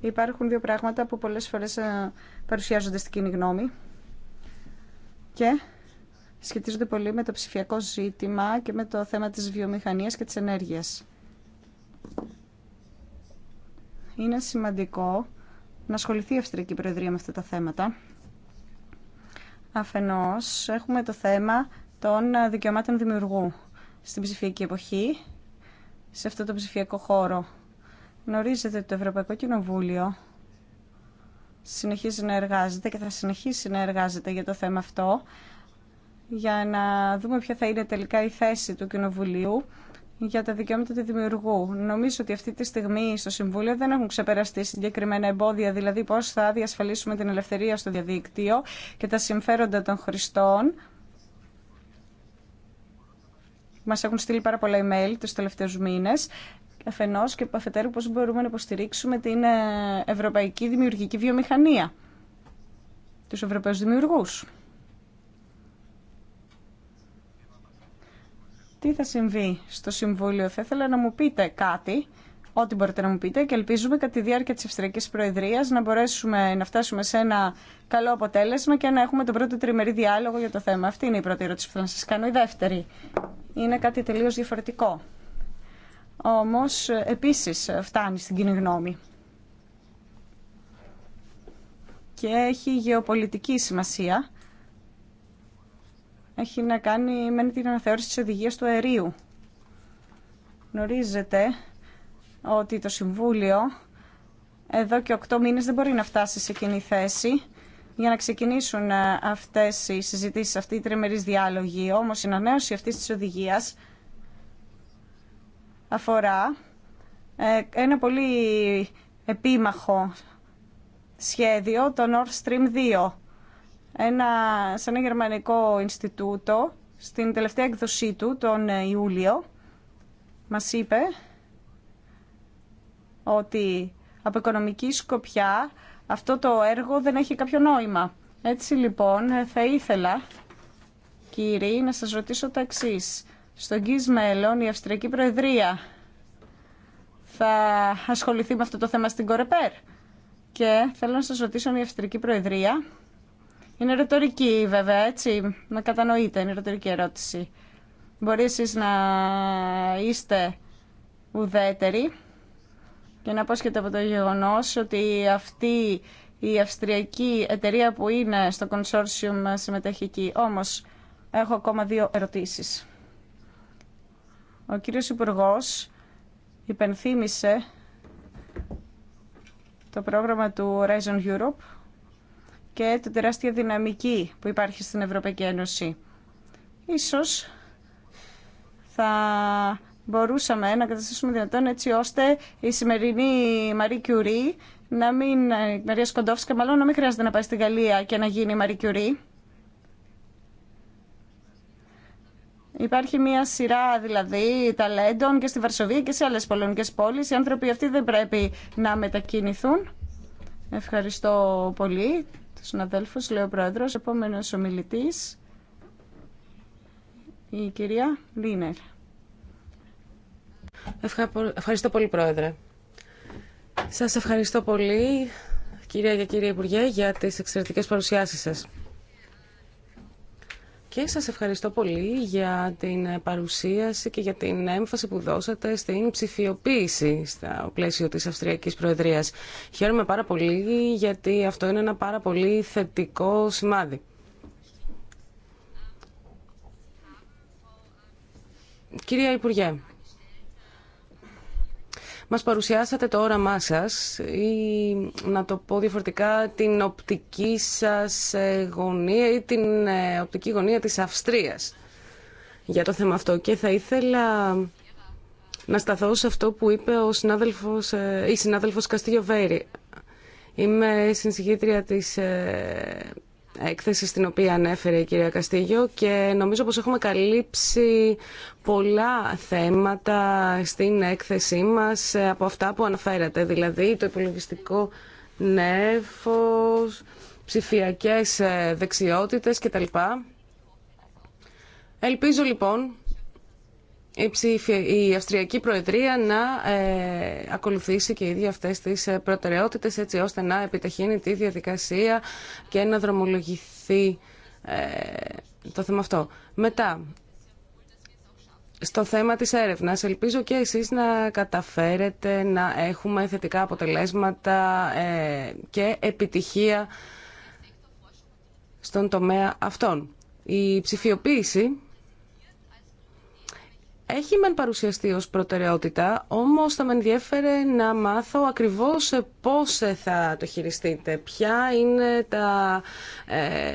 Υπάρχουν δύο πράγματα που πολλές φορές ε, παρουσιάζονται στην κοινή γνώμη και σχετίζονται πολύ με το ψηφιακό ζήτημα και με το θέμα της βιομηχανίας και της ενέργειας. Είναι σημαντικό να ασχοληθεί η Αυστρική Προεδρία με αυτά τα θέματα. Αφενός, έχουμε το θέμα των δικαιωμάτων δημιουργού στην ψηφιακή εποχή, σε αυτό το ψηφιακό χώρο. Γνωρίζετε ότι το Ευρωπαϊκό Κοινοβούλιο συνεχίζει να εργάζεται και θα συνεχίσει να εργάζεται για το θέμα αυτό για να δούμε ποια θα είναι τελικά η θέση του Κοινοβουλίου για τα δικαιώματα του δημιουργού. Νομίζω ότι αυτή τη στιγμή στο Συμβούλιο δεν έχουν ξεπεραστεί συγκεκριμένα εμπόδια, δηλαδή πώς θα διασφαλίσουμε την ελευθερία στο διαδίκτυο και τα συμφέροντα των χρηστών. Μας έχουν στείλει πάρα πολλά email τους τελευταίους μήνες αφενό και αφετέρου πώ μπορούμε να υποστηρίξουμε την ε, ευρωπαϊκή δημιουργική βιομηχανία, του Ευρωπαίου δημιουργού. Τι θα συμβεί στο Συμβούλιο, θα ήθελα να μου πείτε κάτι, ό,τι μπορείτε να μου πείτε και ελπίζουμε κατά τη διάρκεια της Αυστριακής Προεδρίας να μπορέσουμε να φτάσουμε σε ένα καλό αποτέλεσμα και να έχουμε τον πρώτο τριμερή διάλογο για το θέμα. Αυτή είναι η πρώτη ερώτηση που θα σας κάνω. Η δεύτερη είναι κάτι τελείως διαφορετικό όμως επίσης φτάνει στην κοινή γνώμη. Και έχει γεωπολιτική σημασία. Έχει να κάνει με την αναθεώρηση της οδηγίας του αερίου. Γνωρίζετε ότι το Συμβούλιο εδώ και οκτώ μήνες δεν μπορεί να φτάσει σε κοινή θέση για να ξεκινήσουν ε, αυτές οι συζητήσεις, αυτή οι τριμερείς διάλογοι. Όμως η ανανέωση αυτής της οδηγίας αφορά ε, ένα πολύ επίμαχο σχέδιο, το Nord Stream 2. Ένα, σε ένα γερμανικό Ινστιτούτο, στην τελευταία εκδοσή του, τον ε, Ιούλιο, μας είπε ότι από οικονομική σκοπιά αυτό το έργο δεν έχει κάποιο νόημα. Έτσι λοιπόν ε, θα ήθελα, κύριοι, να σας ρωτήσω τα εξής στο Κις μέλλον η Αυστριακή Προεδρία θα ασχοληθεί με αυτό το θέμα στην Κορεπέρ. Και θέλω να σας ρωτήσω αν η Αυστριακή Προεδρία είναι ρητορική βέβαια, έτσι, με κατανοείτε, είναι ρητορική ερώτηση. Μπορεί να είστε ουδέτεροι και να πόσχετε από το γεγονός ότι αυτή η αυστριακή εταιρεία που είναι στο consortium συμμετέχει εκεί. Όμως, έχω ακόμα δύο ερωτήσεις. Ο κύριος Υπουργό υπενθύμησε το πρόγραμμα του Horizon Europe και την τεράστια δυναμική που υπάρχει στην Ευρωπαϊκή Ένωση. Ίσως θα μπορούσαμε να καταστήσουμε δυνατόν έτσι ώστε η σημερινή Μαρή να μην, ε, Μαρία Σκοντόφσκα μάλλον να μην χρειάζεται να πάει στη Γαλλία και να γίνει η Μαρή Κιουρί Υπάρχει μια σειρά δηλαδή ταλέντων και στη Βαρσοβία και σε άλλες πολωνικές πόλεις. Οι άνθρωποι αυτοί δεν πρέπει να μετακινηθούν. Ευχαριστώ πολύ τους συναδέλφους, λέει ο Πρόεδρος. Επόμενος ομιλητής, η κυρία Λίνερ. Ευχαριστώ πολύ, Πρόεδρε. Σας ευχαριστώ πολύ, κυρία και κύριε Υπουργέ, για τις εξαιρετικές παρουσιάσεις σας. Και σας ευχαριστώ πολύ για την παρουσίαση και για την έμφαση που δώσατε στην ψηφιοποίηση στο πλαίσιο της Αυστριακής Προεδρίας. Χαίρομαι πάρα πολύ γιατί αυτό είναι ένα πάρα πολύ θετικό σημάδι. Κυρία Υπουργέ, μας παρουσιάσατε το όραμά σας ή να το πω διαφορετικά την οπτική σας ε, γωνία ή την ε, οπτική γωνία της Αυστρίας για το θέμα αυτό και θα ήθελα να σταθώ σε αυτό που είπε ο συνάδελφος, ε, η συνάδελφος Καστίγιο Βέρη. Είμαι συνσηγήτρια της έκθεση στην οποία ανέφερε η κυρία Καστίγιο και νομίζω πως έχουμε καλύψει πολλά θέματα στην έκθεσή μας από αυτά που αναφέρατε, δηλαδή το υπολογιστικό νέφος, ψηφιακές δεξιότητες κτλ. Ελπίζω λοιπόν η, η Αυστριακή Προεδρία να ε, ακολουθήσει και ίδια αυτές τις ε, προτεραιότητες έτσι ώστε να επιταχύνει τη διαδικασία και να δρομολογηθεί ε, το θέμα αυτό. Μετά, στο θέμα της έρευνας, ελπίζω και εσείς να καταφέρετε να έχουμε θετικά αποτελέσματα ε, και επιτυχία στον τομέα αυτών. Η ψηφιοποίηση έχει μεν παρουσιαστεί ως προτεραιότητα, όμως θα με ενδιέφερε να μάθω ακριβώς πώς θα το χειριστείτε. Ποια είναι τα ε,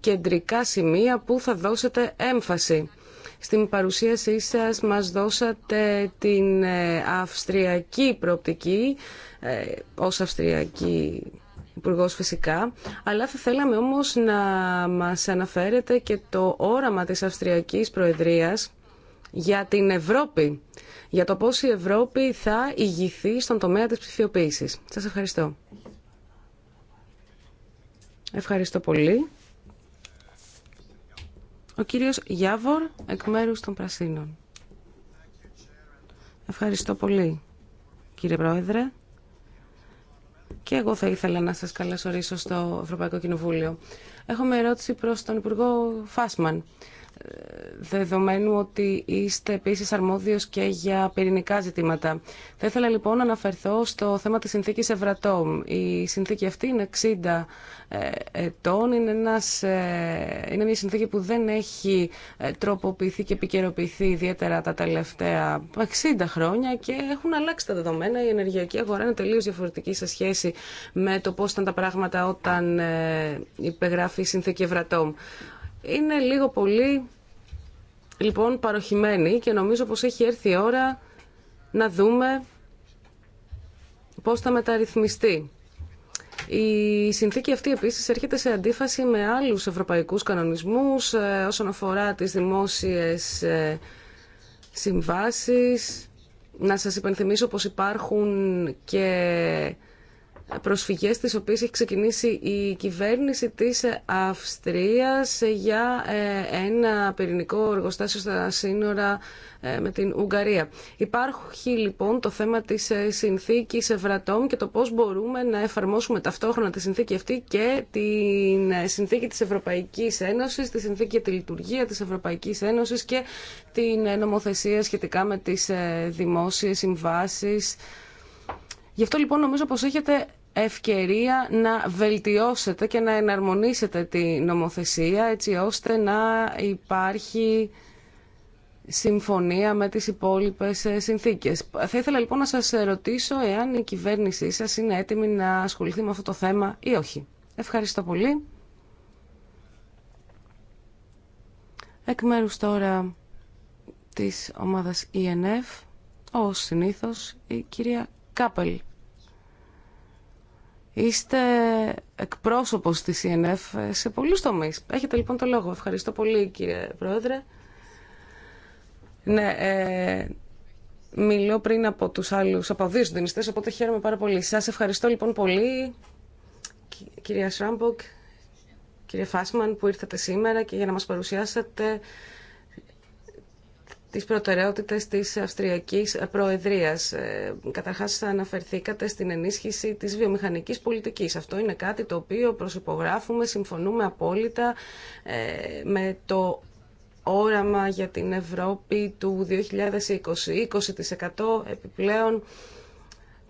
κεντρικά σημεία που θα δώσετε έμφαση. Στην παρουσίασή σας μας δώσατε την ε, αυστριακή προοπτική, ε, ως αυστριακή υπουργό φυσικά, αλλά θα θέλαμε όμως να μας αναφέρετε και το όραμα της Αυστριακής Προεδρίας για την Ευρώπη, για το πώς η Ευρώπη θα ηγηθεί στον τομέα της ψηφιοποίησης. Σας ευχαριστώ. Ευχαριστώ πολύ. Ο κύριος Γιάβορ, εκ μέρους των Πρασίνων. Ευχαριστώ πολύ, κύριε Πρόεδρε. Και εγώ θα ήθελα να σας καλωσορίσω στο Ευρωπαϊκό Κοινοβούλιο. Έχω μια ερώτηση προς τον Υπουργό Φάσμαν δεδομένου ότι είστε επίσης αρμόδιος και για πυρηνικά ζητήματα. Θα ήθελα λοιπόν να αναφερθώ στο θέμα της συνθήκης Ευρατόμ. Η συνθήκη αυτή είναι 60 ε, ετών, ε, είναι, μια συνθήκη που δεν έχει ε, τροποποιηθεί και επικαιροποιηθεί ιδιαίτερα τα τελευταία 60 χρόνια και έχουν αλλάξει τα δεδομένα. Η ενεργειακή αγορά είναι τελείως διαφορετική σε σχέση με το πώς ήταν τα πράγματα όταν υπεγράφει η συνθήκη Ευρατόμ είναι λίγο πολύ λοιπόν παροχημένη και νομίζω πως έχει έρθει η ώρα να δούμε πώς θα μεταρρυθμιστεί. Η συνθήκη αυτή επίσης έρχεται σε αντίφαση με άλλους ευρωπαϊκούς κανονισμούς ε, όσον αφορά τις δημόσιες ε, συμβάσεις. Να σας υπενθυμίσω πως υπάρχουν και προσφυγές τις οποίες έχει ξεκινήσει η κυβέρνηση της Αυστρίας για ε, ένα πυρηνικό εργοστάσιο στα σύνορα ε, με την Ουγγαρία. Υπάρχει λοιπόν το θέμα της ε, συνθήκης Ευρατόμ και το πώς μπορούμε να εφαρμόσουμε ταυτόχρονα τη συνθήκη αυτή και τη συνθήκη της Ευρωπαϊκής Ένωσης, τη συνθήκη για τη λειτουργία της Ευρωπαϊκής Ένωσης και την νομοθεσία σχετικά με τις δημόσιες συμβάσεις Γι' αυτό λοιπόν νομίζω πως έχετε ευκαιρία να βελτιώσετε και να εναρμονίσετε τη νομοθεσία έτσι ώστε να υπάρχει συμφωνία με τις υπόλοιπες ε, συνθήκες. Θα ήθελα λοιπόν να σας ρωτήσω εάν η κυβέρνησή σας είναι έτοιμη να ασχοληθεί με αυτό το θέμα ή όχι. Ευχαριστώ πολύ. Εκ μέρους τώρα της ομάδας inf e ως συνήθως η κυρία Κάπελ. Είστε εκπρόσωπος της ΕΝΕΦ σε πολλούς τομείς. Έχετε λοιπόν το λόγο. Ευχαριστώ πολύ κύριε Πρόεδρε. Ναι, ε, μιλώ πριν από τους άλλους, από δύο συντονιστές, οπότε χαίρομαι πάρα πολύ. Σας ευχαριστώ λοιπόν πολύ, κυρία Σράμποκ, κύριε Φάσμαν, που ήρθατε σήμερα και για να μας παρουσιάσετε τις προτεραιότητες της Αυστριακής Προεδρίας. Ε, καταρχάς αναφερθήκατε στην ενίσχυση της βιομηχανικής πολιτικής. Αυτό είναι κάτι το οποίο προσυπογράφουμε, συμφωνούμε απόλυτα ε, με το όραμα για την Ευρώπη του 2020. 20% επιπλέον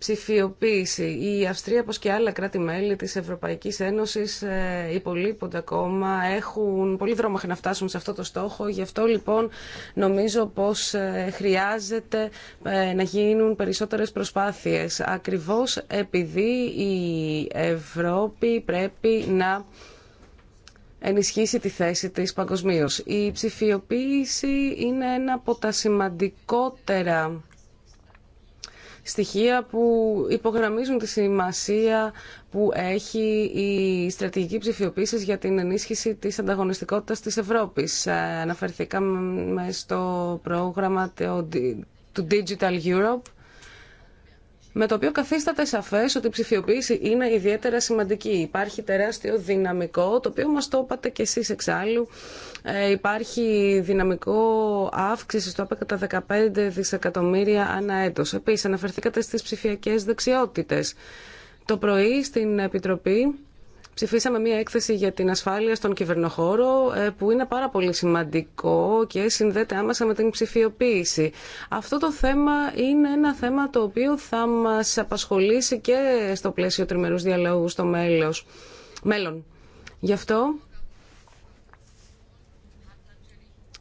ψηφιοποίηση. Η Αυστρία, όπως και άλλα κράτη-μέλη της Ευρωπαϊκής Ένωσης, ε, υπολείπονται ακόμα, έχουν πολύ δρόμο να φτάσουν σε αυτό το στόχο. Γι' αυτό λοιπόν νομίζω πως ε, χρειάζεται ε, να γίνουν περισσότερες προσπάθειες. Ακριβώς επειδή η Ευρώπη πρέπει να ενισχύσει τη θέση της παγκοσμίω. Η ψηφιοποίηση είναι ένα από τα σημαντικότερα στοιχεία που υπογραμμίζουν τη σημασία που έχει η στρατηγική ψηφιοποίηση για την ενίσχυση της ανταγωνιστικότητας της Ευρώπης. Ε, αναφερθήκαμε στο πρόγραμμα του Digital Europe με το οποίο καθίσταται σαφές ότι η ψηφιοποίηση είναι ιδιαίτερα σημαντική. Υπάρχει τεράστιο δυναμικό, το οποίο μας το είπατε κι εσεί εξάλλου. Ε, υπάρχει δυναμικό αύξηση, το είπα κατά 15 δισεκατομμύρια ανά έτος. Επίσης, αναφερθήκατε στις ψηφιακέ δεξιότητες. Το πρωί στην Επιτροπή ψηφίσαμε μία έκθεση για την ασφάλεια στον κυβερνοχώρο ε, που είναι πάρα πολύ σημαντικό και συνδέεται άμεσα με την ψηφιοποίηση. Αυτό το θέμα είναι ένα θέμα το οποίο θα μας απασχολήσει και στο πλαίσιο τριμερούς διαλόγου στο μέλος. μέλλον. Γι' αυτό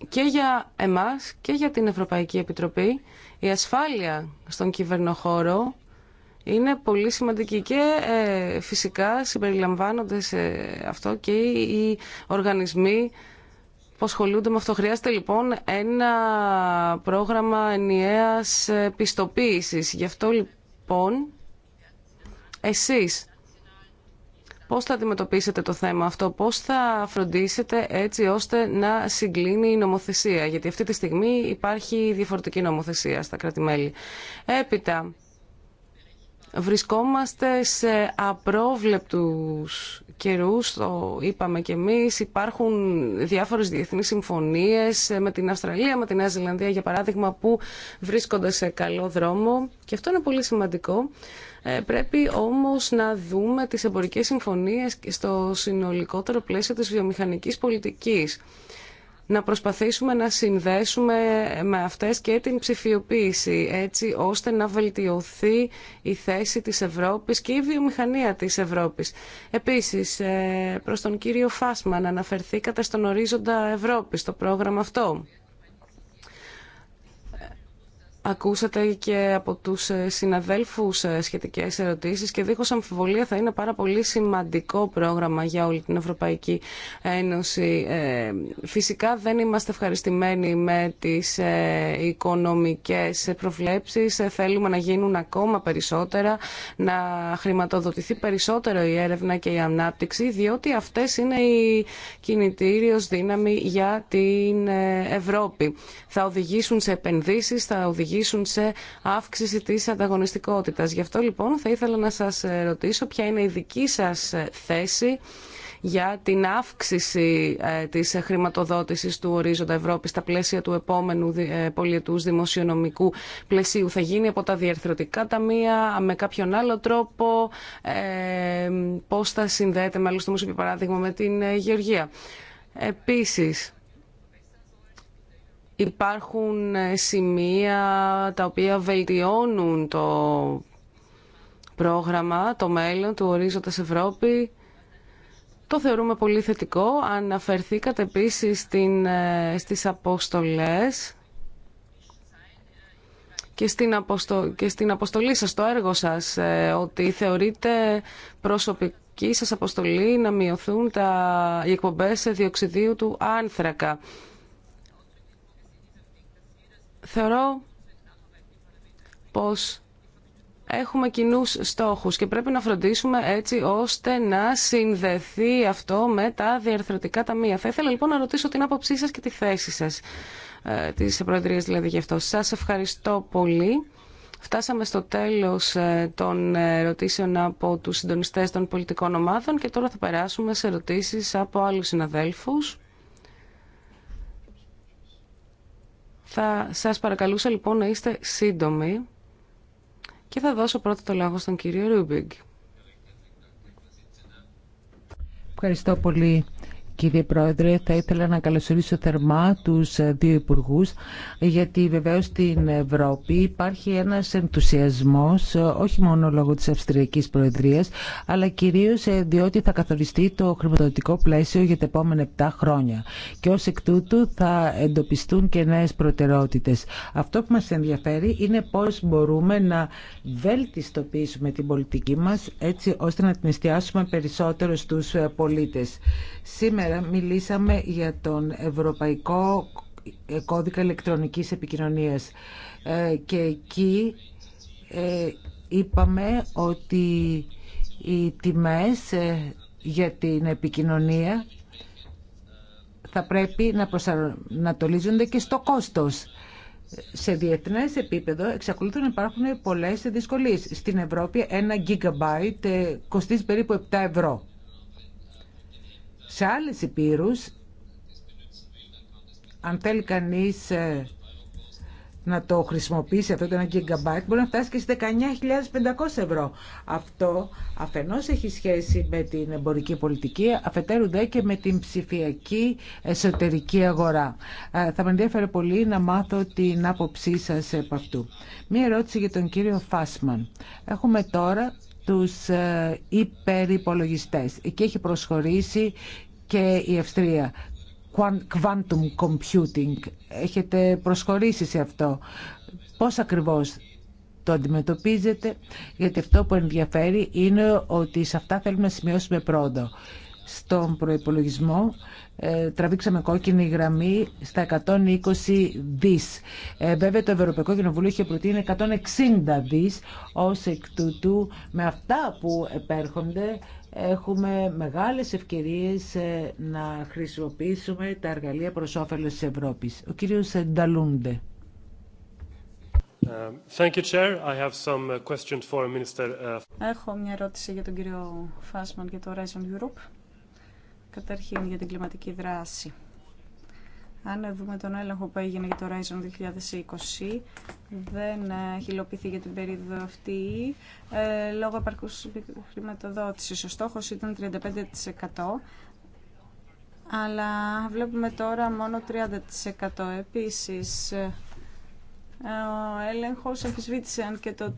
και για εμάς και για την Ευρωπαϊκή Επιτροπή η ασφάλεια στον κυβερνοχώρο είναι πολύ σημαντική και ε, φυσικά συμπεριλαμβάνονται σε αυτό και οι οργανισμοί που ασχολούνται με αυτό. Χρειάζεται λοιπόν ένα πρόγραμμα ενιαίας πιστοποίησης. Γι' αυτό λοιπόν εσείς πώς θα αντιμετωπίσετε το θέμα αυτό, πώς θα φροντίσετε έτσι ώστε να συγκλίνει η νομοθεσία, γιατί αυτή τη στιγμή υπάρχει διαφορετική νομοθεσία στα κράτη-μέλη. Έπειτα, Βρισκόμαστε σε απρόβλεπτους καιρούς, το είπαμε και εμείς, υπάρχουν διάφορες διεθνείς συμφωνίες με την Αυστραλία, με την Νέα Ζηλανδία για παράδειγμα που βρίσκονται σε καλό δρόμο και αυτό είναι πολύ σημαντικό. Ε, πρέπει όμως να δούμε τις εμπορικές συμφωνίες στο συνολικότερο πλαίσιο της βιομηχανικής πολιτικής να προσπαθήσουμε να συνδέσουμε με αυτές και την ψηφιοποίηση έτσι ώστε να βελτιωθεί η θέση της Ευρώπης και η βιομηχανία της Ευρώπης. Επίσης, ε, προς τον κύριο Φάσμα να αναφερθήκατε στον ορίζοντα Ευρώπη, το πρόγραμμα αυτό. Ακούσατε και από τους ε, συναδέλφους ε, σχετικές ερωτήσεις και δίχως αμφιβολία θα είναι πάρα πολύ σημαντικό πρόγραμμα για όλη την Ευρωπαϊκή Ένωση. Ε, φυσικά δεν είμαστε ευχαριστημένοι με τις οικονομικές προβλέψεις. Θέλουμε να γίνουν ακόμα περισσότερα, να χρηματοδοτηθεί περισσότερο η έρευνα και η ανάπτυξη, διότι αυτές είναι η κινητήριος δύναμη για την Ευρώπη. Θα οδηγήσουν σε επενδύσεις, θα οδηγήσουν σε αύξηση τη ανταγωνιστικότητα. Γι' αυτό λοιπόν θα ήθελα να σα ρωτήσω ποια είναι η δική σα θέση για την αύξηση ε, της χρηματοδότησης του ορίζοντα Ευρώπη στα πλαίσια του επόμενου ε, πολιετούς δημοσιονομικού πλαισίου. Θα γίνει από τα διαρθρωτικά ταμεία, με κάποιον άλλο τρόπο, ε, πώς θα συνδέεται με αλλού επί παράδειγμα, με την ε, Γεωργία. Επίσης, υπάρχουν ε, σημεία τα οποία βελτιώνουν το πρόγραμμα, το μέλλον του Ορίζοντας Ευρώπη. Το θεωρούμε πολύ θετικό. Αναφερθήκατε επίσης στην, ε, στις αποστολές και στην, αποστο, και στην αποστολή σας, το έργο σας, ε, ότι θεωρείτε προσωπική σας αποστολή να μειωθούν τα, οι εκπομπές διοξιδίου του άνθρακα. Θεωρώ πως έχουμε κοινού στόχους και πρέπει να φροντίσουμε έτσι ώστε να συνδεθεί αυτό με τα διαρθρωτικά ταμεία. Θα ήθελα λοιπόν να ρωτήσω την άποψή σας και τη θέση σας ε, της Προεδρίας δηλαδή γι' αυτό. Σας ευχαριστώ πολύ. Φτάσαμε στο τέλος ε, των ερωτήσεων από τους συντονιστές των πολιτικών ομάδων και τώρα θα περάσουμε σε ερωτήσεις από άλλους συναδέλφους. Θα σας παρακαλούσα λοιπόν να είστε σύντομοι και θα δώσω πρώτα το λόγο στον κύριο Ρούμπιγκ. Ευχαριστώ Κύριε Πρόεδρε, θα ήθελα να καλωσορίσω θερμά τους δύο υπουργούς, γιατί βεβαίως στην Ευρώπη υπάρχει ένας ενθουσιασμός, όχι μόνο λόγω της Αυστριακής Προεδρίας, αλλά κυρίως ε, διότι θα καθοριστεί το χρηματοδοτικό πλαίσιο για τα επόμενα 7 χρόνια. Και ως εκ τούτου θα εντοπιστούν και νέες προτεραιότητες. Αυτό που μας ενδιαφέρει είναι πώς μπορούμε να βελτιστοποιήσουμε την πολιτική μας, έτσι ώστε να την εστιάσουμε περισσότερο στους πολίτες. Σήμερα μιλήσαμε για τον Ευρωπαϊκό Κώδικα ηλεκτρονικής Επικοινωνίας ε, και εκεί ε, είπαμε ότι οι τιμές ε, για την επικοινωνία θα πρέπει να προσανατολίζονται και στο κόστος. Σε διεθνές επίπεδο εξακολουθούν να υπάρχουν πολλές δυσκολίες. Στην Ευρώπη ένα gigabyte κοστίζει περίπου 7 ευρώ. Σε άλλες υπήρους, αν θέλει κανείς ε, να το χρησιμοποιήσει αυτό το 1 gigabyte μπορεί να φτάσει και στις 19.500 ευρώ. Αυτό αφενός έχει σχέση με την εμπορική πολιτική, αφετέρου δε και με την ψηφιακή εσωτερική αγορά. Ε, θα με ενδιαφέρε πολύ να μάθω την άποψή σας από αυτού. Μία ερώτηση για τον κύριο Φάσμαν. Έχουμε τώρα τους ε, υπερυπολογιστές. Εκεί έχει προσχωρήσει και η Αυστρία. Quantum computing. Έχετε προσχωρήσει σε αυτό. Πώς ακριβώς το αντιμετωπίζετε, γιατί αυτό που ενδιαφέρει είναι ότι σε αυτά θέλουμε να σημειώσουμε πρώτο. Στον προϋπολογισμό ε, τραβήξαμε κόκκινη γραμμή στα 120 δις. Ε, βέβαια το Ευρωπαϊκό Κοινοβούλιο είχε προτείνει 160 δις ως εκ τούτου με αυτά που επέρχονται έχουμε μεγάλες ευκαιρίες ε, να χρησιμοποιήσουμε τα εργαλεία προς όφελος της Ευρώπης. Ο κύριος Νταλούντε. Έχω μια ερώτηση για τον κύριο Φάσμαν για το Horizon Europe. Καταρχήν για την κλιματική δράση. Αν δούμε τον έλεγχο που έγινε για το Horizon 2020, δεν έχει υλοποιηθεί για την περίοδο αυτή ε, λόγω επαρκούς χρηματοδότηση. Ο στόχος ήταν 35%, αλλά βλέπουμε τώρα μόνο 30%. Επίσης, ε, ο έλεγχος αμφισβήτησε αν και το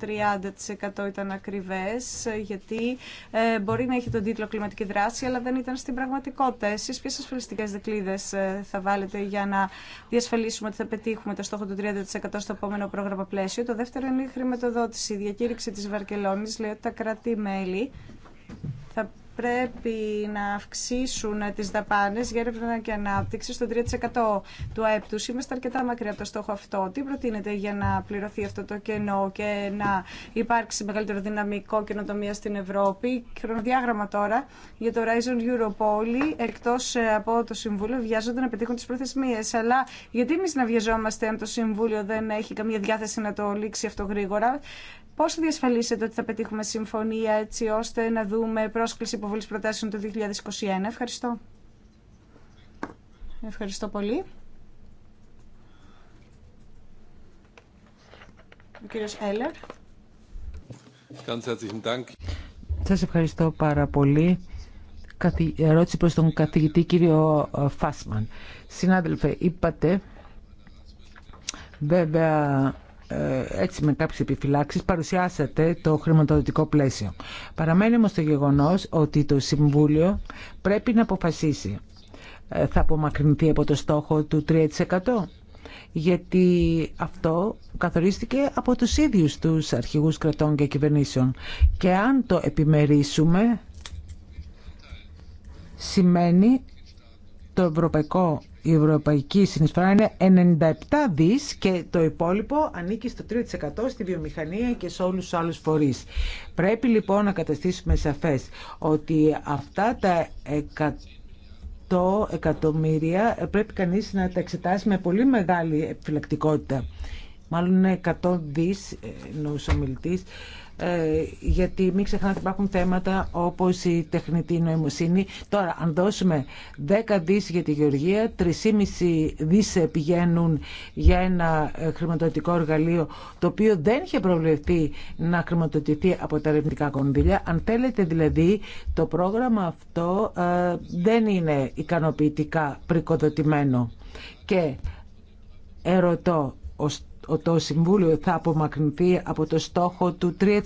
30% ήταν ακριβές γιατί ε, μπορεί να έχει τον τίτλο κλιματική δράση αλλά δεν ήταν στην πραγματικότητα. Εσείς ποιες ασφαλιστικές δεκλίδες ε, θα βάλετε για να διασφαλίσουμε ότι θα πετύχουμε το στόχο του 30% στο επόμενο πρόγραμμα πλαίσιο. Το δεύτερο είναι η χρηματοδότηση. Η διακήρυξη της Βαρκελόνης λέει ότι τα κράτη-μέλη θα πρέπει να αυξήσουν τι δαπάνε για έρευνα και ανάπτυξη στο 3% του ΑΕΠ του. Είμαστε αρκετά μακριά από το στόχο αυτό. Τι προτείνετε για να πληρωθεί αυτό το κενό και να υπάρξει μεγαλύτερο δυναμικό καινοτομία στην Ευρώπη. Χρονοδιάγραμμα τώρα για το Horizon Europol, εκτό ε, από το Συμβούλιο, βιάζονται να πετύχουν τι προθεσμίε. Αλλά γιατί εμεί να βιαζόμαστε αν το Συμβούλιο δεν έχει καμία διάθεση να το λήξει αυτό γρήγορα. Πώ θα διασφαλίσετε ότι θα πετύχουμε συμφωνία έτσι ώστε να δούμε πρόσκληση υποβολή προτάσεων το 2021. Ευχαριστώ. Ευχαριστώ πολύ. Ο κύριος Έλλερ. Σας ευχαριστώ πάρα πολύ. Ερώτηση προς τον καθηγητή κύριο ε, Φάσμαν. Συνάδελφε, είπατε βέβαια ε, έτσι με κάποιες επιφυλάξεις παρουσιάσατε το χρηματοδοτικό πλαίσιο. Παραμένει όμως το γεγονός ότι το Συμβούλιο πρέπει να αποφασίσει ε, θα απομακρυνθεί από το στόχο του 3% γιατί αυτό καθορίστηκε από τους ίδιους τους αρχηγούς κρατών και κυβερνήσεων. Και αν το επιμερίσουμε σημαίνει το ευρωπαϊκό η ευρωπαϊκή συνεισφορά είναι 97 δις και το υπόλοιπο ανήκει στο 3% στη βιομηχανία και σε όλους τους άλλους φορείς. Πρέπει λοιπόν να καταστήσουμε σαφές ότι αυτά τα 100 εκατομμύρια πρέπει κανείς να τα εξετάσει με πολύ μεγάλη επιφυλακτικότητα. Μάλλον είναι 100 δις ε, νοσομιλητής. Ε, γιατί μην ξεχνάτε υπάρχουν θέματα όπως η τεχνητή νοημοσύνη. Τώρα, αν δώσουμε 10 δις για τη Γεωργία, 3,5 δις πηγαίνουν για ένα ε, χρηματοδοτικό εργαλείο το οποίο δεν είχε προβλεφθεί να χρηματοδοτηθεί από τα ερευνητικά κονδύλια. Αν θέλετε δηλαδή, το πρόγραμμα αυτό ε, δεν είναι ικανοποιητικά πρικοδοτημένο. Και ερωτώ, το Συμβούλιο θα απομακρυνθεί από το στόχο του 3%.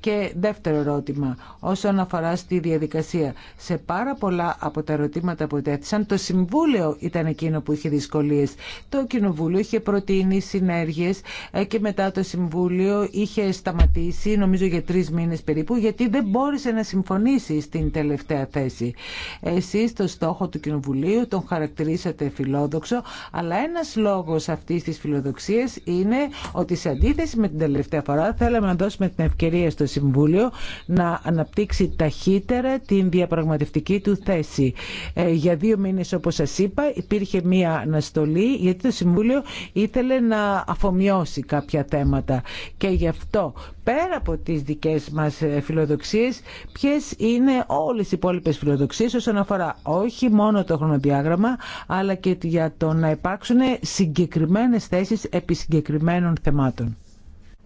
Και δεύτερο ερώτημα, όσον αφορά στη διαδικασία. Σε πάρα πολλά από τα ερωτήματα που τέθησαν, το Συμβούλιο ήταν εκείνο που είχε δυσκολίες. Το Κοινοβούλιο είχε προτείνει συνέργειες ε, και μετά το Συμβούλιο είχε σταματήσει, νομίζω για τρεις μήνες περίπου, γιατί δεν μπόρεσε να συμφωνήσει στην τελευταία θέση. Εσείς το στόχο του Κοινοβουλίου τον χαρακτηρίσατε φιλόδοξο, αλλά ένας λόγος αυτής της φιλοδοξίας είναι ότι σε αντίθεση με την τελευταία φορά θέλαμε να δώσουμε την ευκαιρία στο Συμβούλιο να αναπτύξει ταχύτερα την διαπραγματευτική του θέση. Ε, για δύο μήνες όπως σας είπα υπήρχε μία αναστολή γιατί το Συμβούλιο ήθελε να αφομοιώσει κάποια θέματα και γι' αυτό πέρα από τις δικές μας ε, φιλοδοξίες ποιες είναι όλες οι υπόλοιπες φιλοδοξίες όσον αφορά όχι μόνο το χρονοδιάγραμμα αλλά και για το να υπάρξουν συγκεκριμένες θέσεις επί συγκεκριμένων θεμάτων.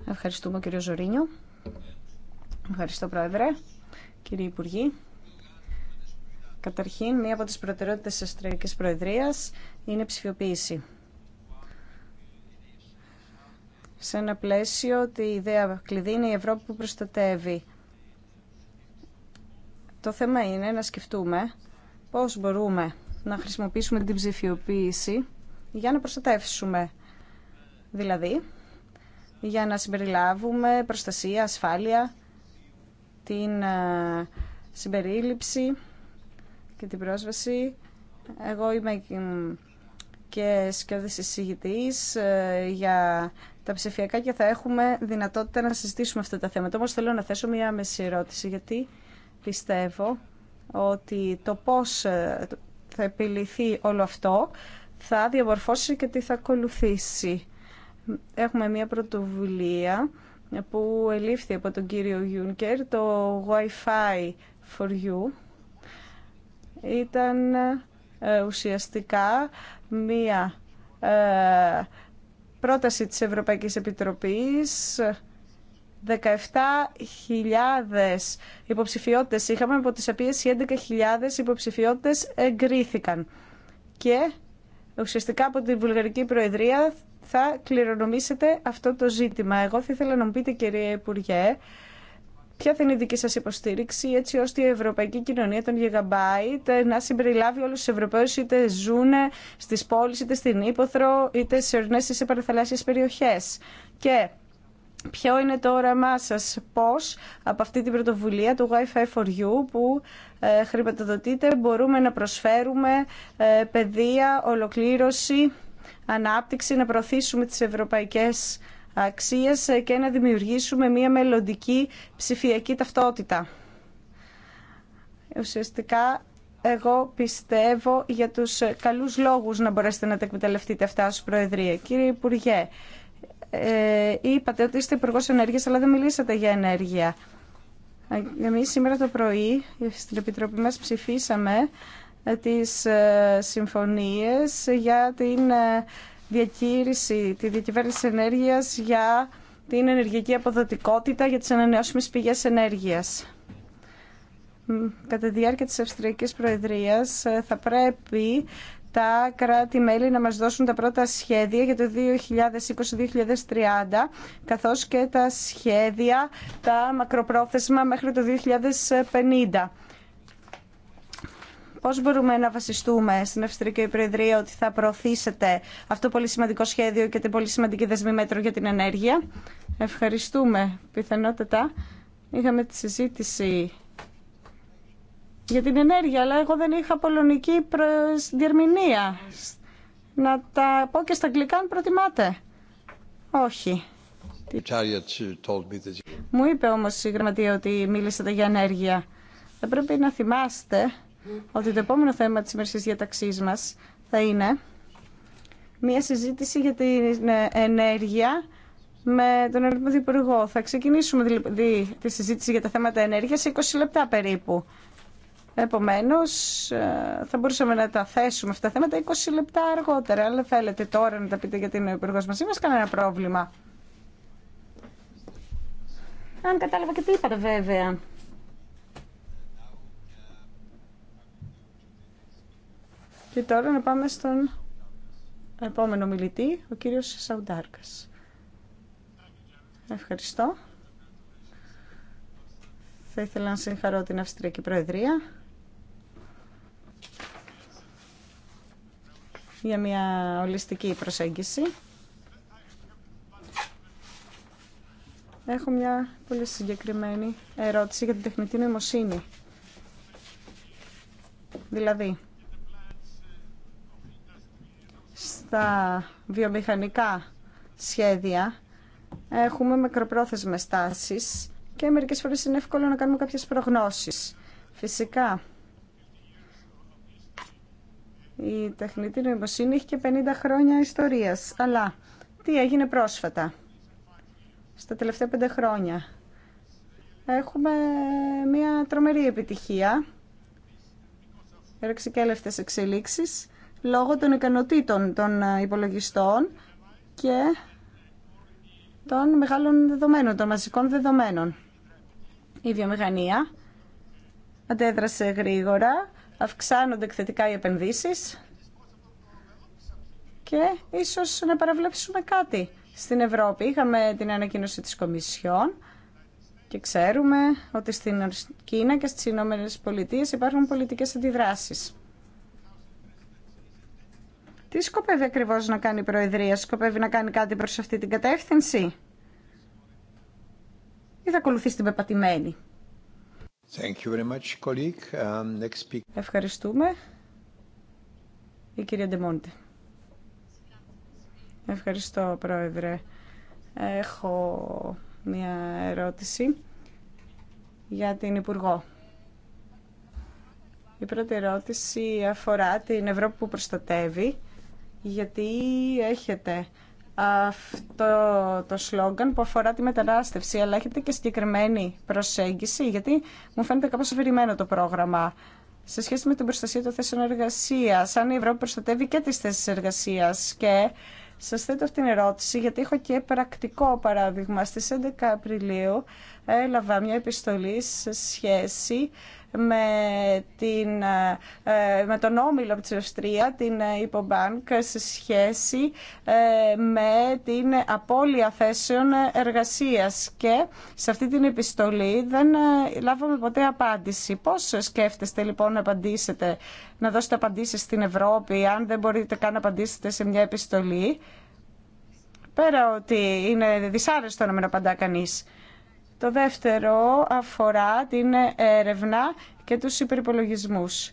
Ευχαριστούμε κύριο Ζωρίνιο. Ευχαριστώ Πρόεδρε, κύριε Υπουργή. Καταρχήν, μία από τις προτεραιότητες της Αυστριακής Προεδρίας είναι η ψηφιοποίηση. Σε ένα πλαίσιο ότι η ιδέα κλειδί είναι η Ευρώπη που προστατεύει. Το θέμα είναι να σκεφτούμε πώς μπορούμε να χρησιμοποιήσουμε την ψηφιοποίηση για να προστατεύσουμε Δηλαδή, για να συμπεριλάβουμε προστασία, ασφάλεια, την ε, συμπερίληψη και την πρόσβαση. Εγώ είμαι και σκιώδης εισηγητής ε, για τα ψηφιακά και θα έχουμε δυνατότητα να συζητήσουμε αυτά τα θέματα. Όμως θέλω να θέσω μια μέση ερώτηση γιατί πιστεύω ότι το πώς ε, θα επιληθεί όλο αυτό θα διαμορφώσει και τι θα ακολουθήσει έχουμε μια πρωτοβουλία που ελήφθη από τον κύριο Γιούνκερ, το Wi-Fi for You. Ήταν ε, ουσιαστικά μια ε, πρόταση της Ευρωπαϊκής Επιτροπής 17.000 υποψηφιότητες είχαμε, από τις οποίες 11.000 υποψηφιότητες εγκρίθηκαν. Και ουσιαστικά από τη Βουλγαρική Προεδρία θα κληρονομήσετε αυτό το ζήτημα. Εγώ θα ήθελα να μου πείτε κύριε Υπουργέ, Ποια θα είναι η δική σας υποστήριξη έτσι ώστε η ευρωπαϊκή κοινωνία των Gigabyte να συμπεριλάβει όλους τους Ευρωπαίους είτε ζουν στις πόλεις, είτε στην Ήποθρο, είτε σε ορεινές ή σε παραθαλάσσιες περιοχές. Και ποιο είναι το όραμά σας, πώς από αυτή την πρωτοβουλία του Wi-Fi for You που ε, χρηματοδοτείται μπορούμε να προσφέρουμε ε, παιδεία, ολοκλήρωση ανάπτυξη, να προωθήσουμε τις ευρωπαϊκές αξίες και να δημιουργήσουμε μια μελλοντική ψηφιακή ταυτότητα. Ουσιαστικά, εγώ πιστεύω για τους καλούς λόγους να μπορέσετε να τα εκμεταλλευτείτε αυτά ως Προεδρία. Κύριε Υπουργέ, ε, είπατε ότι είστε υπουργό ενέργεια, αλλά δεν μιλήσατε για ενέργεια. Ε, Εμεί σήμερα το πρωί στην Επιτροπή μας ψηφίσαμε τις ε, συμφωνίες για την ε, διακήρυξη, τη διακυβέρνηση ενέργειας για την ενεργειακή αποδοτικότητα για τις ανανεώσιμες πηγές ενέργειας. Κατά τη διάρκεια της Αυστριακής Προεδρίας ε, θα πρέπει τα κράτη-μέλη να μας δώσουν τα πρώτα σχέδια για το 2020-2030, καθώς και τα σχέδια τα μακροπρόθεσμα μέχρι το 2050. Πώ μπορούμε να βασιστούμε στην Αυστρική Προεδρία ότι θα προωθήσετε αυτό το πολύ σημαντικό σχέδιο και την πολύ σημαντική δεσμή μέτρων για την ενέργεια. Ευχαριστούμε. Πιθανότατα είχαμε τη συζήτηση για την ενέργεια, αλλά εγώ δεν είχα πολωνική διερμηνία. Να τα πω και στα αγγλικά αν προτιμάτε. Όχι. Μου είπε όμως η γραμματεία ότι μίλησατε για ενέργεια. Θα πρέπει να θυμάστε ότι το επόμενο θέμα της για διαταξής μας θα είναι μια συζήτηση για την ε, ενέργεια με τον Ελληνικό Υπουργό. Θα ξεκινήσουμε τη συζήτηση για τα θέματα ενέργειας σε 20 λεπτά περίπου. Επομένως, ε, θα μπορούσαμε να τα θέσουμε αυτά τα θέματα 20 λεπτά αργότερα. Αλλά θέλετε τώρα να τα πείτε γιατί είναι ο υπουργό μας. Είμαστε κανένα πρόβλημα. Αν κατάλαβα και τι είπατε βέβαια. Και τώρα να πάμε στον επόμενο μιλητή, ο κύριος Σαουντάρκας. Ευχαριστώ. Θα ήθελα να συγχαρώ την Αυστριακή Προεδρία για μια ολιστική προσέγγιση. Έχω μια πολύ συγκεκριμένη ερώτηση για την τεχνητή νοημοσύνη. Δηλαδή, στα βιομηχανικά σχέδια έχουμε μακροπρόθεσμες τάσεις και μερικές φορές είναι εύκολο να κάνουμε κάποιες προγνώσεις. Φυσικά, η τεχνητή νοημοσύνη έχει και 50 χρόνια ιστορίας. Αλλά τι έγινε πρόσφατα, στα τελευταία 5 χρόνια. Έχουμε μια τρομερή επιτυχία, ρεξικέλευτες εξελίξεις λόγω των ικανοτήτων των ε, υπολογιστών και των μεγάλων δεδομένων, των μαζικών δεδομένων. Η βιομηχανία αντέδρασε γρήγορα, αυξάνονται εκθετικά οι επενδύσεις και ίσως να παραβλέψουμε κάτι. Στην Ευρώπη είχαμε την ανακοίνωση της Κομισιόν και ξέρουμε ότι στην Κίνα και στις Ηνωμένες Πολιτείες υπάρχουν πολιτικές αντιδράσεις. Τι σκοπεύει ακριβώς να κάνει η Προεδρία, σκοπεύει να κάνει κάτι προς αυτή την κατεύθυνση ή θα ακολουθει την πεπατημένη. Thank you very much, um, Next Ευχαριστούμε. Η κυρία Ντεμόντε. Ευχαριστώ, Πρόεδρε. Έχω μια ερώτηση για την Υπουργό. Η πρώτη ερώτηση αφορά την Ευρώπη που προστατεύει γιατί έχετε αυτό το σλόγγαν που αφορά τη μετανάστευση, αλλά έχετε και συγκεκριμένη προσέγγιση, γιατί μου φαίνεται κάπως αφηρημένο το πρόγραμμα. Σε σχέση με την προστασία των θέσεων εργασία, αν η Ευρώπη προστατεύει και τι θέσει εργασία και σας θέτω αυτήν την ερώτηση γιατί έχω και πρακτικό παράδειγμα. Στις 11 Απριλίου έλαβα μια επιστολή σε σχέση ε, με, τον όμιλο από την Αυστρία, την ε, Υπομπάνκ, σε σχέση ε, με την απώλεια θέσεων εργασίας και σε αυτή την επιστολή δεν λάβαμε ποτέ απάντηση. Πώς σκέφτεστε λοιπόν να απαντήσετε, να δώσετε απαντήσεις στην Ευρώπη, αν δεν μπορείτε καν να απαντήσετε σε μια επιστολή. Πέρα ότι είναι δυσάρεστο να μην απαντά κανείς. Το δεύτερο αφορά την έρευνα και τους υπερυπολογισμούς.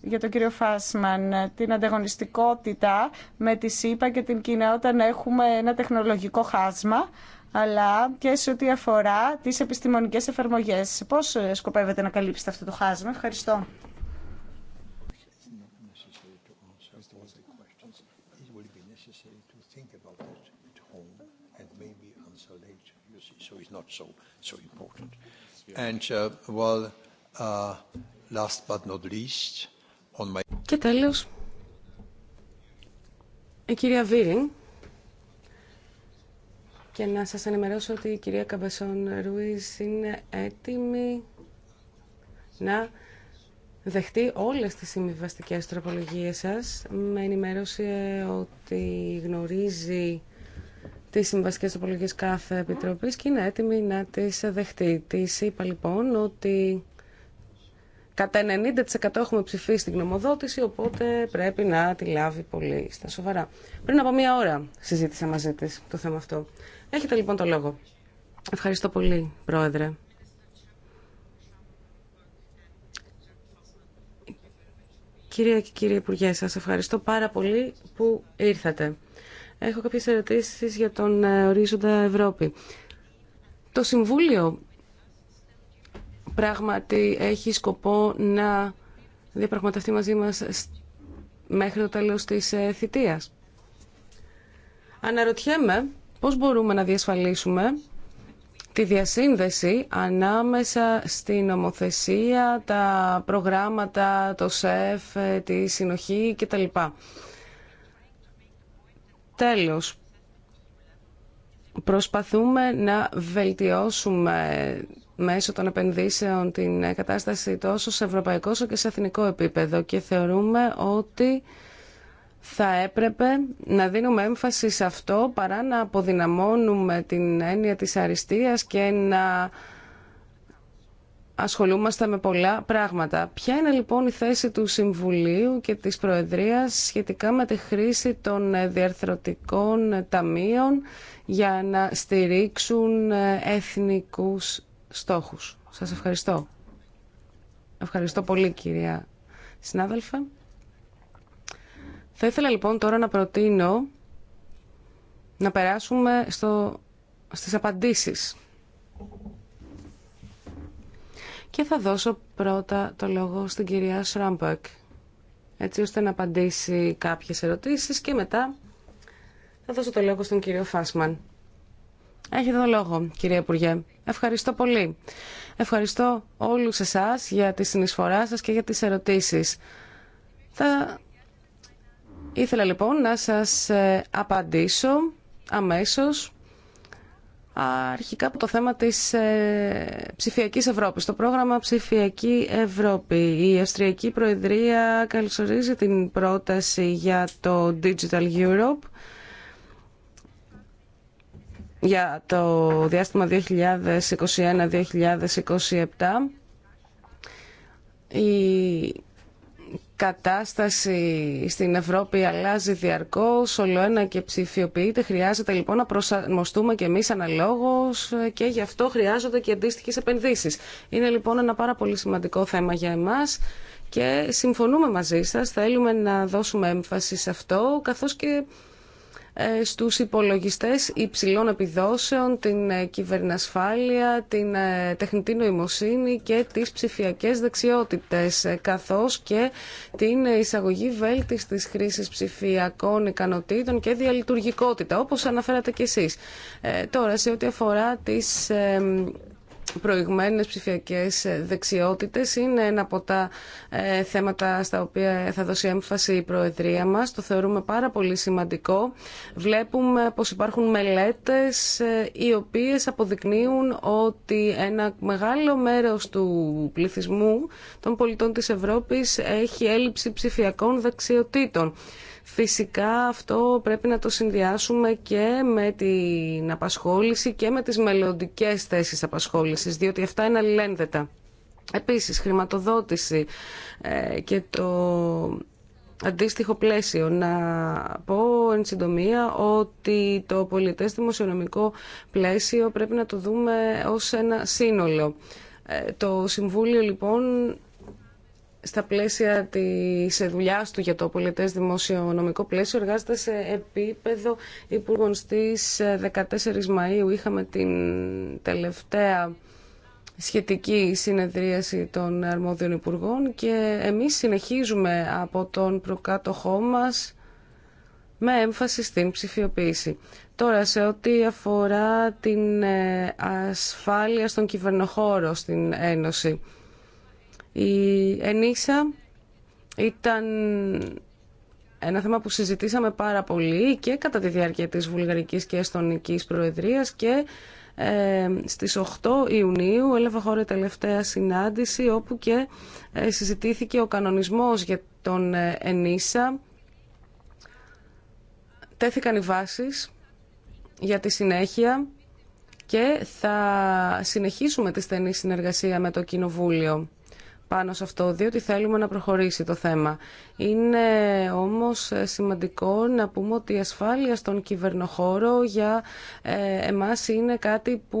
Για τον κύριο Φάσμαν, την ανταγωνιστικότητα με τη ΣΥΠΑ και την Κίνα όταν έχουμε ένα τεχνολογικό χάσμα, αλλά και σε ό,τι αφορά τις επιστημονικές εφαρμογές. Πώς σκοπεύετε να καλύψετε αυτό το χάσμα. Ευχαριστώ. Και τέλος, η κυρία Βίριν. Και να σας ενημερώσω ότι η κυρία Καμπεσόν Ρουίς είναι έτοιμη να δεχτεί όλες τις συμβιβαστικέ τροπολογίες σας με ενημέρωση ότι γνωρίζει τις συμβασικές απολογίες κάθε επιτροπής και είναι έτοιμη να τις δεχτεί. Της είπα λοιπόν ότι κατά 90% έχουμε ψηφίσει την γνωμοδότηση, οπότε πρέπει να τη λάβει πολύ στα σοβαρά. Πριν από μία ώρα συζήτησα μαζί της το θέμα αυτό. Έχετε λοιπόν το λόγο. Ευχαριστώ πολύ, Πρόεδρε. Κυρία και κύριε Υπουργέ, σας ευχαριστώ πάρα πολύ που ήρθατε. Έχω κάποιες ερωτήσεις για τον ε, ορίζοντα Ευρώπη. Το Συμβούλιο πράγματι έχει σκοπό να διαπραγματευτεί μαζί μας μέχρι το τέλος της ε, θητείας. Αναρωτιέμαι πώς μπορούμε να διασφαλίσουμε τη διασύνδεση ανάμεσα στην νομοθεσία, τα προγράμματα, το ΣΕΦ, ε, τη συνοχή κτλ. Τέλος, προσπαθούμε να βελτιώσουμε μέσω των επενδύσεων την κατάσταση τόσο σε ευρωπαϊκό όσο και σε εθνικό επίπεδο και θεωρούμε ότι θα έπρεπε να δίνουμε έμφαση σε αυτό παρά να αποδυναμώνουμε την έννοια της αριστείας και να ασχολούμαστε με πολλά πράγματα. Ποια είναι λοιπόν η θέση του Συμβουλίου και της Προεδρίας σχετικά με τη χρήση των ε, διαρθρωτικών ε, ταμείων για να στηρίξουν ε, εθνικούς στόχους. Σας ευχαριστώ. Ευχαριστώ πολύ κυρία συνάδελφα. Θα ήθελα λοιπόν τώρα να προτείνω να περάσουμε στο, στις απαντήσεις και θα δώσω πρώτα το λόγο στην κυρία Σράμπακ έτσι ώστε να απαντήσει κάποιες ερωτήσεις και μετά θα δώσω το λόγο στον κύριο Φάσμαν. Έχετε το λόγο, κυρία Υπουργέ. Ευχαριστώ πολύ. Ευχαριστώ όλους εσάς για τη συνεισφορά σας και για τις ερωτήσεις. Θα ήθελα λοιπόν να σας ε, απαντήσω αμέσως Αρχικά από το θέμα της ε, ψηφιακής Ευρώπης, το πρόγραμμα Ψηφιακή Ευρώπη. Η Αυστριακή Προεδρία καλωσορίζει την πρόταση για το Digital Europe για το διάστημα 2021-2027 κατάσταση στην Ευρώπη αλλάζει διαρκώς, όλο ένα και ψηφιοποιείται. Χρειάζεται λοιπόν να προσαρμοστούμε και εμείς αναλόγως και γι' αυτό χρειάζονται και αντίστοιχε επενδύσει. Είναι λοιπόν ένα πάρα πολύ σημαντικό θέμα για εμάς και συμφωνούμε μαζί σας. Θέλουμε να δώσουμε έμφαση σε αυτό, καθώς και ε, στους υπολογιστές υψηλών επιδόσεων, την ε, κυβερνασφάλεια, την ε, τεχνητή νοημοσύνη και τις ψηφιακές δεξιότητες, καθώς και την εισαγωγή βέλτιστης της χρήσης ψηφιακών ικανοτήτων και διαλειτουργικότητα, όπως αναφέρατε κι εσείς. Τώρα, σε ό,τι αφορά τις προηγμένες ψηφιακές ε, δεξιότητες είναι ένα από τα ε, θέματα στα οποία θα δώσει έμφαση η Προεδρία μας. Το θεωρούμε πάρα πολύ σημαντικό. Βλέπουμε πως υπάρχουν μελέτες ε, οι οποίες αποδεικνύουν ότι ένα μεγάλο μέρος του πληθυσμού των πολιτών της Ευρώπης έχει έλλειψη ψηφιακών δεξιοτήτων. Φυσικά αυτό πρέπει να το συνδυάσουμε και με την απασχόληση και με τις μελλοντικέ θέσεις απασχόλησης, διότι αυτά είναι αλληλένδετα. Επίσης, χρηματοδότηση ε, και το αντίστοιχο πλαίσιο. Να πω εν συντομία ότι το πολιτές δημοσιονομικό πλαίσιο πρέπει να το δούμε ως ένα σύνολο. Ε, το Συμβούλιο λοιπόν στα πλαίσια της δουλειά του για το πολιτές δημοσιονομικό πλαίσιο εργάζεται σε επίπεδο υπουργών. Στις 14 ε, Μαΐου είχαμε την τελευταία σχετική συνεδρίαση των αρμόδιων υπουργών και εμείς συνεχίζουμε από τον προκάτοχό μας με έμφαση στην ψηφιοποίηση. Τώρα, σε ό,τι αφορά την ε, ασφάλεια στον κυβερνοχώρο στην Ένωση. Η Ενίσα ήταν ένα θέμα που συζητήσαμε πάρα πολύ και κατά τη διάρκεια της Βουλγαρικής και Εστονικής Προεδρίας και ε, στις 8 Ιουνίου έλαβε χώρα τελευταία συνάντηση όπου και ε, συζητήθηκε ο κανονισμός για τον ε, Ενίσα. Τέθηκαν οι βάσεις για τη συνέχεια και θα συνεχίσουμε τη στενή συνεργασία με το Κοινοβούλιο πάνω σε αυτό, διότι θέλουμε να προχωρήσει το θέμα. Είναι όμως σημαντικό να πούμε ότι η ασφάλεια στον κυβερνοχώρο για ε, εμάς είναι κάτι που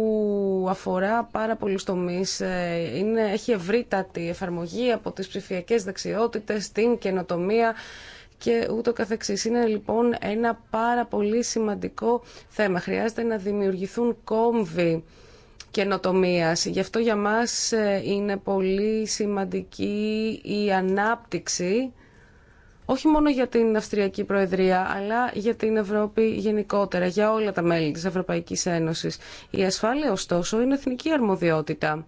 αφορά πάρα πολλούς τομείς. Ε, είναι, έχει ευρύτατη εφαρμογή από τις ψηφιακές δεξιότητες, την καινοτομία και ούτω καθεξής. Είναι λοιπόν ένα πάρα πολύ σημαντικό θέμα. Χρειάζεται να δημιουργηθούν κόμβοι Γι' αυτό για μας ε, είναι πολύ σημαντική η ανάπτυξη όχι μόνο για την Αυστριακή Προεδρία, αλλά για την Ευρώπη γενικότερα, για όλα τα μέλη της Ευρωπαϊκής Ένωσης. Η ασφάλεια, ωστόσο, είναι εθνική αρμοδιότητα.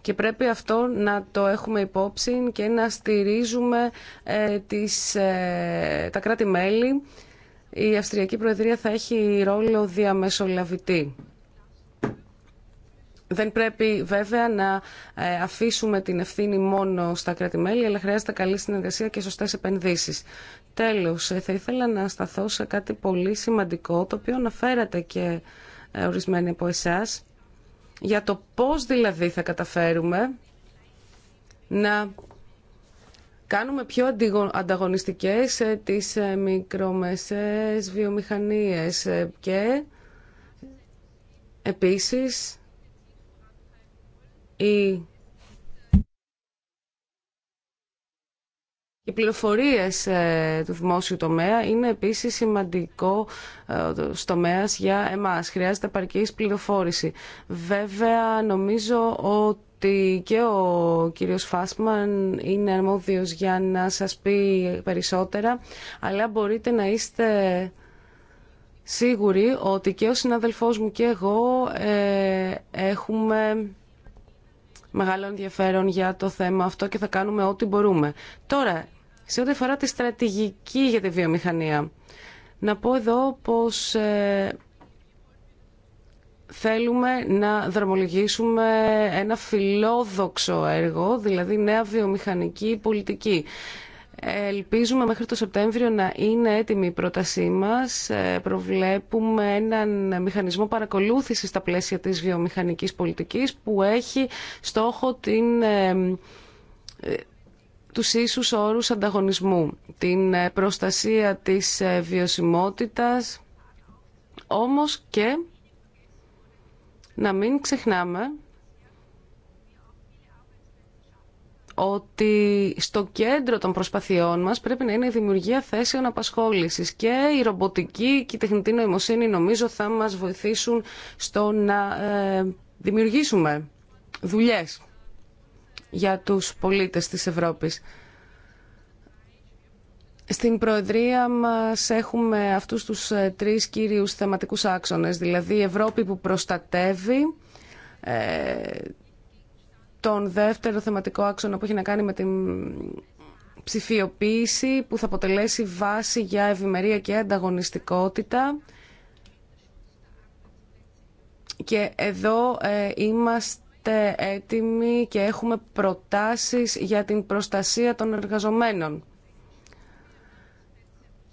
Και πρέπει αυτό να το έχουμε υπόψη και να στηρίζουμε ε, τις, ε, τα κράτη-μέλη. Η Αυστριακή Προεδρία θα έχει ρόλο διαμεσολαβητή. Δεν πρέπει βέβαια να ε, αφήσουμε την ευθύνη μόνο στα κράτη-μέλη, αλλά χρειάζεται καλή συνεργασία και σωστές επενδύσεις. Τέλος, ε, θα ήθελα να σταθώ σε κάτι πολύ σημαντικό, το οποίο αναφέρατε και ε, ορισμένοι από εσά για το πώς δηλαδή θα καταφέρουμε να κάνουμε πιο ανταγωνιστικές τις μικρομεσαίες βιομηχανίες και επίσης η Οι πληροφορίες ε, του δημόσιου τομέα είναι επίσης σημαντικό ε, τομέα για εμάς. Χρειάζεται παρκής πληροφόρηση. Βέβαια, νομίζω ότι και ο κύριος Φάσμαν είναι αρμόδιος για να σας πει περισσότερα, αλλά μπορείτε να είστε σίγουροι ότι και ο συναδελφός μου και εγώ ε, έχουμε μεγάλο ενδιαφέρον για το θέμα αυτό και θα κάνουμε ό,τι μπορούμε. Τώρα, σε ό,τι αφορά τη στρατηγική για τη βιομηχανία, να πω εδώ πως ε, θέλουμε να δρομολογήσουμε ένα φιλόδοξο έργο, δηλαδή νέα βιομηχανική πολιτική. Ελπίζουμε μέχρι το Σεπτέμβριο να είναι έτοιμη η πρότασή μας. Ε, προβλέπουμε έναν μηχανισμό παρακολούθησης στα πλαίσια της βιομηχανικής πολιτικής που έχει στόχο την, ε, ε, τους ίσους όρους ανταγωνισμού, την προστασία της βιωσιμότητας, όμως και να μην ξεχνάμε ότι στο κέντρο των προσπαθειών μας πρέπει να είναι η δημιουργία θέσεων απασχόλησης και η ρομποτική και η τεχνητή νοημοσύνη νομίζω θα μας βοηθήσουν στο να ε, δημιουργήσουμε δουλειές για τους πολίτες της Ευρώπης. Στην Προεδρία μας έχουμε αυτούς τους ε, τρεις κύριους θεματικούς άξονες, δηλαδή η Ευρώπη που προστατεύει, ε, τον δεύτερο θεματικό άξονα που έχει να κάνει με την ψηφιοποίηση που θα αποτελέσει βάση για ευημερία και ανταγωνιστικότητα. Και εδώ ε, είμαστε έτοιμοι και έχουμε προτάσεις για την προστασία των εργαζομένων.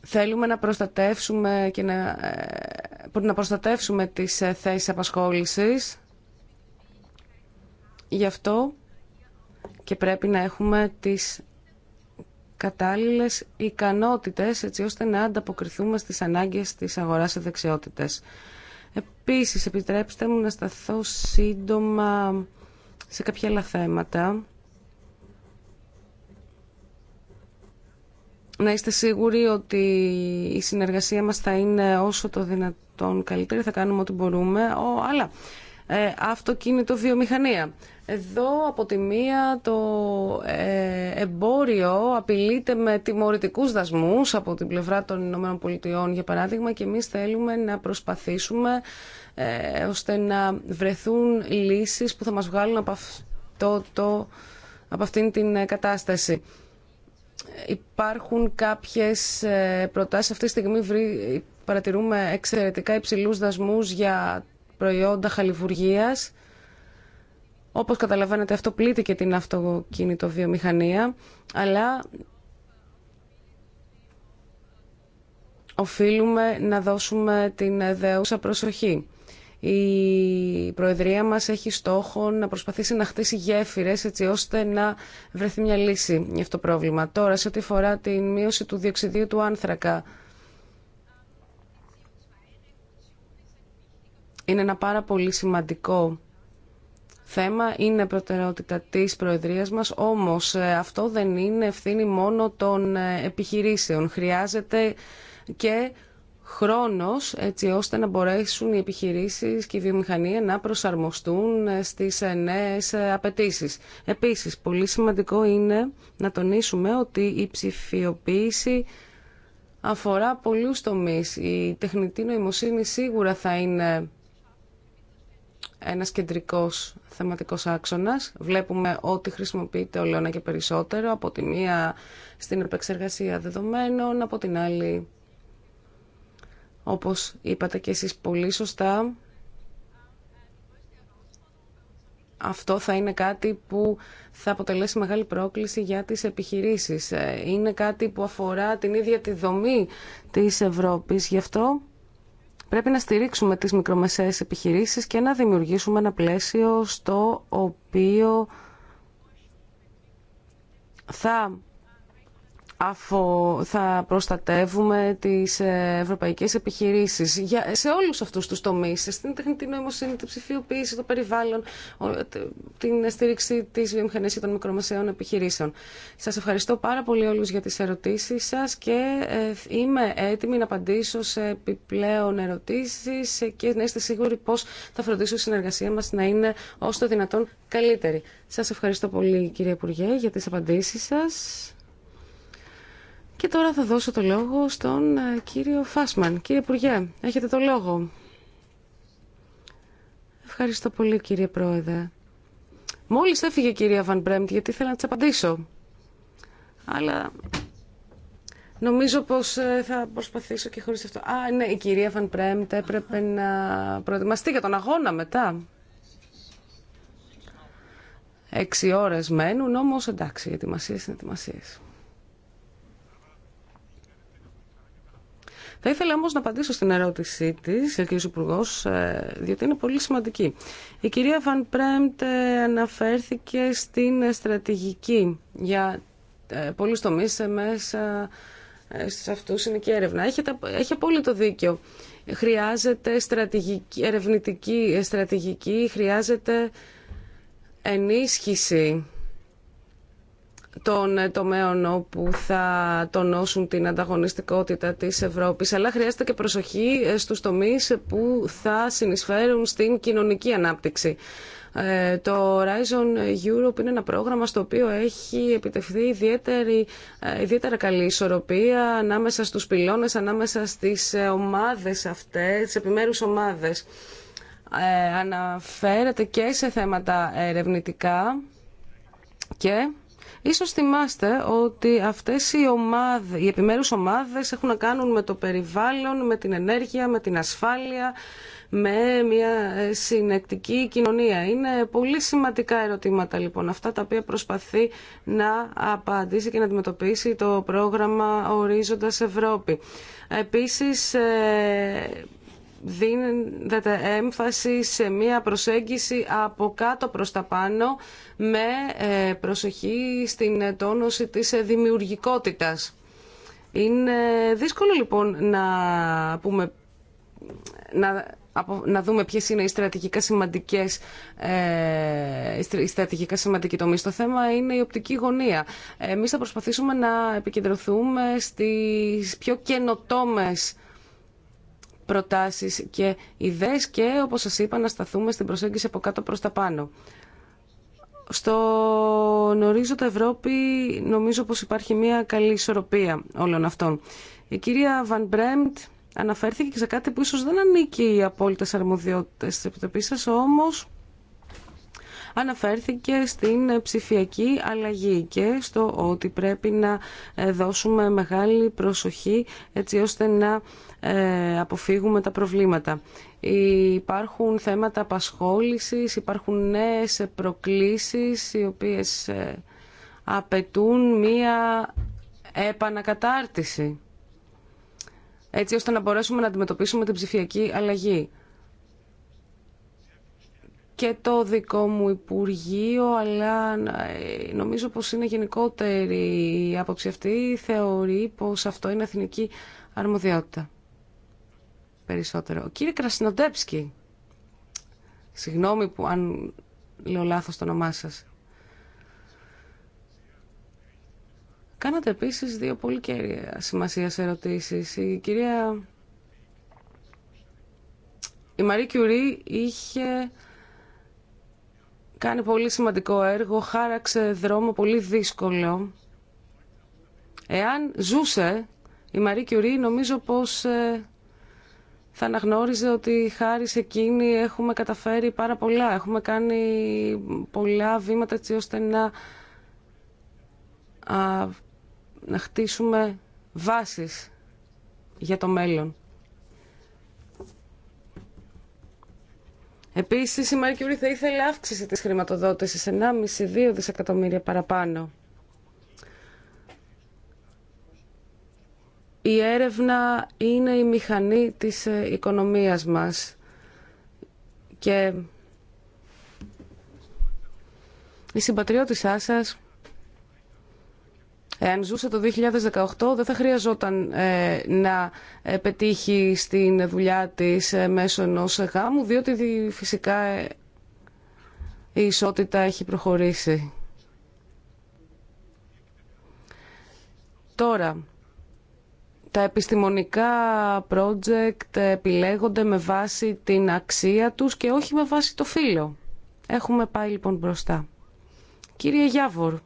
Θέλουμε να προστατεύσουμε και να, ε, να προστατεύσουμε τις ε, θέσεις απασχόλησης Γι' αυτό και πρέπει να έχουμε τις κατάλληλες ικανότητες έτσι ώστε να ανταποκριθούμε στις ανάγκες της αγοράς σε δεξιότητες. Επίσης, επιτρέψτε μου να σταθώ σύντομα σε κάποια άλλα θέματα. Να είστε σίγουροι ότι η συνεργασία μας θα είναι όσο το δυνατόν καλύτερη, θα κάνουμε ό,τι μπορούμε, αλλά ε, αυτοκίνητο βιομηχανία. Εδώ από τη μία το ε, εμπόριο απειλείται με τιμωρητικούς δασμούς από την πλευρά των ΗΠΑ για παράδειγμα και εμείς θέλουμε να προσπαθήσουμε ε, ώστε να βρεθούν λύσεις που θα μας βγάλουν από, το, από αυτήν την κατάσταση. Υπάρχουν κάποιες προτάσεις αυτή τη στιγμή παρατηρούμε εξαιρετικά υψηλούς δασμούς για προϊόντα χαλιβουργίας. Όπως καταλαβαίνετε αυτό πλήττει και την βιομηχανία, αλλά οφείλουμε να δώσουμε την δέουσα προσοχή. Η Προεδρία μας έχει στόχο να προσπαθήσει να χτίσει γέφυρες έτσι ώστε να βρεθεί μια λύση για αυτό το πρόβλημα. Τώρα, σε ό,τι αφορά την μείωση του διοξιδίου του άνθρακα, Είναι ένα πάρα πολύ σημαντικό θέμα, είναι προτεραιότητα της Προεδρίας μας, όμως ε, αυτό δεν είναι ευθύνη μόνο των ε, επιχειρήσεων. Χρειάζεται και χρόνος έτσι ώστε να μπορέσουν οι επιχειρήσεις και η βιομηχανία να προσαρμοστούν ε, στις νέες απαιτήσεις. Επίσης, πολύ σημαντικό είναι να τονίσουμε ότι η ψηφιοποίηση αφορά πολλούς τομείς. Η τεχνητή νοημοσύνη σίγουρα θα είναι ένα κεντρικός θεματικός άξονας. Βλέπουμε ότι χρησιμοποιείται ολόνα και περισσότερο, από τη μία στην επεξεργασία δεδομένων, από την άλλη, όπως είπατε και εσείς πολύ σωστά, αυτό θα είναι κάτι που θα αποτελέσει μεγάλη πρόκληση για τις επιχειρήσεις. Ε, είναι κάτι που αφορά την ίδια τη δομή της Ευρώπης. Γι' αυτό Πρέπει να στηρίξουμε τις μικρομεσαίες επιχειρήσεις και να δημιουργήσουμε ένα πλαίσιο στο οποίο θα αφού θα προστατεύουμε τις ε, ευρωπαϊκές επιχειρήσεις σε όλους αυτούς τους τομείς, στην τεχνητή νοημοσύνη, την ψηφιοποίηση, το περιβάλλον, την στήριξη της βιομηχανίας και των μικρομεσαίων επιχειρήσεων. Σας ευχαριστώ πάρα πολύ όλους για τις ερωτήσεις σας και ε, είμαι έτοιμη να απαντήσω σε επιπλέον ερωτήσεις και να είστε σίγουροι πώς θα φροντίσω η συνεργασία μας να είναι όσο το δυνατόν καλύτερη. Σας ευχαριστώ πολύ κύριε Υπουργέ για τις απαντήσεις σας. Και τώρα θα δώσω το λόγο στον ε, κύριο Φάσμαν. Κύριε Υπουργέ, έχετε το λόγο. Ευχαριστώ πολύ κύριε Πρόεδρε. Μόλις έφυγε η κυρία Βαν γιατί ήθελα να της απαντήσω. Αλλά νομίζω πως ε, θα προσπαθήσω και χωρίς αυτό. Α, ναι, η κυρία Βαν Μπρέμτ έπρεπε να προετοιμαστεί για τον αγώνα μετά. Έξι ώρες μένουν, όμως εντάξει, ετοιμασίες είναι ετοιμασίες. Θα ήθελα όμω να απαντήσω στην ερώτησή τη ο κ. Υπουργό, ε, διότι είναι πολύ σημαντική. Η κυρία Βαν Πρέμπτ ε, αναφέρθηκε στην στρατηγική για ε, πολλού τομεί μέσα σε αυτού, είναι και έρευνα. Έχετε, έχει απόλυτο δίκιο. Χρειάζεται στρατηγική, ερευνητική στρατηγική, χρειάζεται ενίσχυση των ε, τομέων όπου θα τονώσουν την ανταγωνιστικότητα της Ευρώπης, αλλά χρειάζεται και προσοχή ε, στους τομείς που θα συνεισφέρουν στην κοινωνική ανάπτυξη. Ε, το Horizon Europe είναι ένα πρόγραμμα στο οποίο έχει επιτευχθεί ιδιαίτερη, ιδιαίτερα καλή ισορροπία ανάμεσα στους πυλώνες, ανάμεσα στις ομάδες αυτές, τις επιμέρους ομάδες. αναφέρεται και σε θέματα ερευνητικά και Ίσως θυμάστε ότι αυτές οι, ομάδες, οι επιμέρους ομάδες έχουν να κάνουν με το περιβάλλον, με την ενέργεια, με την ασφάλεια, με μια ε, συνεκτική κοινωνία. Είναι πολύ σημαντικά ερωτήματα λοιπόν αυτά τα οποία προσπαθεί να απαντήσει και να αντιμετωπίσει το πρόγραμμα Ορίζοντας Ευρώπη. Επίσης ε, δίνεται έμφαση σε μία προσέγγιση από κάτω προς τα πάνω με ε, προσοχή στην τόνωση της δημιουργικότητας. Είναι δύσκολο λοιπόν να, πούμε, να, να δούμε ποιες είναι οι στρατηγικά σημαντικές ε, στρατηγικά Το θέμα είναι η οπτική γωνία. Εμείς θα προσπαθήσουμε να επικεντρωθούμε στις πιο καινοτόμες προτάσεις και ιδέες και όπως σας είπα να σταθούμε στην προσέγγιση από κάτω προς τα πάνω. Στον ορίζοντα Ευρώπη νομίζω πως υπάρχει μια καλή ισορροπία όλων αυτών. Η κυρία Βαν αναφέρθηκε και σε κάτι που ίσως δεν ανήκει οι απόλυτες αρμοδιότητες της Επιτροπής σας, όμως αναφέρθηκε στην ψηφιακή αλλαγή και στο ότι πρέπει να δώσουμε μεγάλη προσοχή έτσι ώστε να ε, αποφύγουμε τα προβλήματα. Υπάρχουν θέματα απασχόλησης, υπάρχουν νέες προκλήσεις οι οποίες ε, απαιτούν μία επανακατάρτιση έτσι ώστε να μπορέσουμε να αντιμετωπίσουμε την ψηφιακή αλλαγή. Και το δικό μου Υπουργείο, αλλά ε, νομίζω πως είναι γενικότερη η άποψη αυτή, θεωρεί πως αυτό είναι εθνική αρμοδιότητα περισσότερο. Κύριε Κρασινοτέψκη, συγγνώμη που αν λέω λάθος το όνομά σας. Κάνατε επίσης δύο πολύ κέρια σημασίας ερωτήσεις. Η κυρία... Η Μαρή Κιουρί είχε κάνει πολύ σημαντικό έργο, χάραξε δρόμο πολύ δύσκολο. Εάν ζούσε η Μαρή Κιουρί, νομίζω πως ε, θα αναγνώριζε ότι χάρη σε εκείνη έχουμε καταφέρει πάρα πολλά. Έχουμε κάνει πολλά βήματα έτσι ώστε να, α, να χτίσουμε βάσεις για το μέλλον. Επίσης η Mercury θα ήθελε αύξηση της χρηματοδότησης 1,5-2 δισεκατομμύρια παραπάνω. η έρευνα είναι η μηχανή της ε, οικονομίας μας και η συμπατριώτησά σας Εάν ζούσε το 2018 δεν θα χρειαζόταν ε, να ε, πετύχει στην δουλειά της ε, μέσω ενός γάμου διότι φυσικά η ισότητα έχει προχωρήσει. Τώρα, τα επιστημονικά project επιλέγονται με βάση την αξία τους και όχι με βάση το φύλλο. Έχουμε πάει λοιπόν μπροστά. Κύριε Γιάβορ,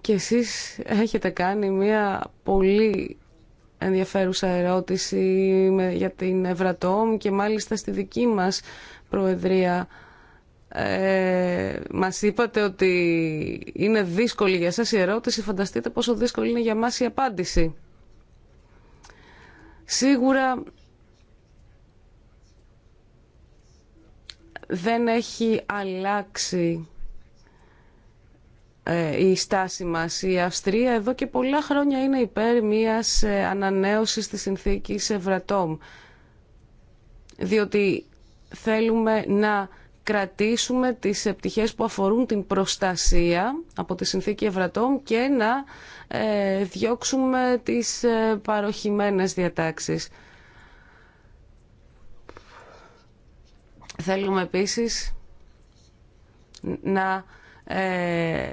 και εσείς έχετε κάνει μια πολύ ενδιαφέρουσα ερώτηση για την Ευρατόμ και μάλιστα στη δική μας Προεδρία ε, μας είπατε ότι είναι δύσκολη για σας η ερώτηση, φανταστείτε πόσο δύσκολη είναι για μας η απάντηση. Σίγουρα δεν έχει αλλάξει ε, η στάση μας. Η Αυστρία εδώ και πολλά χρόνια είναι υπέρ μιας ε, ανανέωσης της συνθήκης Ευρατόμ. Διότι θέλουμε να κρατήσουμε τις επιτυχίες που αφορούν την προστασία από τη συνθήκη Ευρατών και να ε, διώξουμε τις ε, παροχημένες διατάξεις. Θέλουμε επίσης να ε,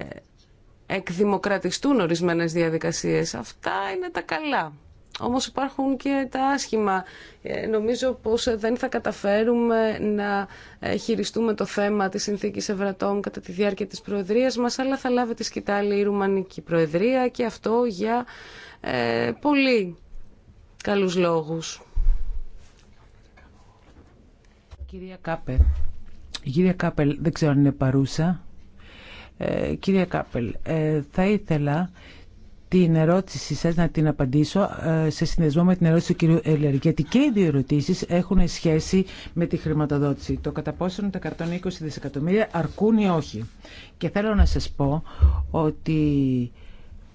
εκδημοκρατιστούν ορισμένες διαδικασίες. Αυτά είναι τα καλά. Όμως υπάρχουν και τα άσχημα. Ε, νομίζω πως δεν θα καταφέρουμε να ε, χειριστούμε το θέμα τη συνθήκης Ευρατών κατά τη διάρκεια της Προεδρίας μας, αλλά θα λάβει τη σκητάλη η Ρουμανική Προεδρία και αυτό για ε, πολύ καλούς λόγους. Κυρία Κάπελ, κυρία Κάπελ δεν ξέρω αν είναι παρούσα. κυρία Κάπελ, θα ήθελα την ερώτηση σα να την απαντήσω ε, σε συνδυασμό με την ερώτηση του κυρίου Έλλερ. Γιατί και οι δύο ερωτήσει έχουν σχέση με τη χρηματοδότηση. Το κατά πόσο τα 120 δισεκατομμύρια αρκούν ή όχι. Και θέλω να σα πω ότι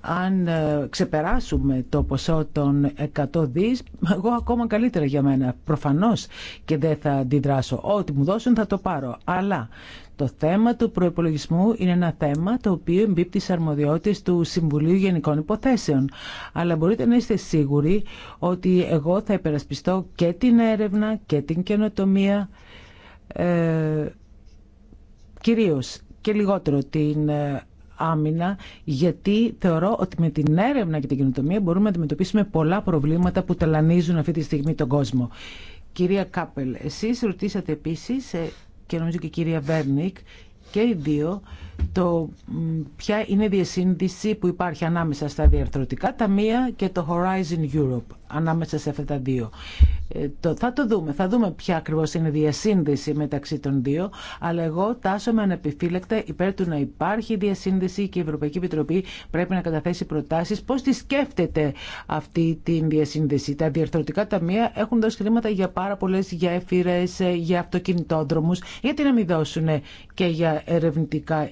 αν ε, ξεπεράσουμε το ποσό των 100 δις, εγώ ακόμα καλύτερα για μένα. Προφανώς και δεν θα αντιδράσω. Ό,τι μου δώσουν θα το πάρω. Αλλά το θέμα του προπολογισμού είναι ένα θέμα το οποίο εμπίπτει στι αρμοδιότητε του Συμβουλίου Γενικών Υποθέσεων. Αλλά μπορείτε να είστε σίγουροι ότι εγώ θα υπερασπιστώ και την έρευνα και την καινοτομία. Ε, κυρίως και λιγότερο την ε, άμυνα, γιατί θεωρώ ότι με την έρευνα και την καινοτομία μπορούμε να αντιμετωπίσουμε πολλά προβλήματα που ταλανίζουν αυτή τη στιγμή τον κόσμο. Κυρία Κάπελ, εσείς ρωτήσατε επίσης ε, και νομίζω και η κυρία Βέρνικ και οι δύο το ποια είναι η διασύνδεση που υπάρχει ανάμεσα στα διαρθρωτικά ταμεία και το Horizon Europe, ανάμεσα σε αυτά τα δύο. Ε, το, θα το δούμε, θα δούμε ποια ακριβώς είναι η διασύνδεση μεταξύ των δύο, αλλά εγώ τάσομαι ανεπιφύλεκτα υπέρ του να υπάρχει διασύνδεση και η Ευρωπαϊκή Επιτροπή πρέπει να καταθέσει προτάσεις. Πώς τη σκέφτεται αυτή τη διασύνδεση. Τα διαρθρωτικά ταμεία έχουν δώσει χρήματα για πάρα πολλέ γέφυρε, ε, για αυτοκινητόδρομους γιατί να μην δώσουν και για ερευνητικά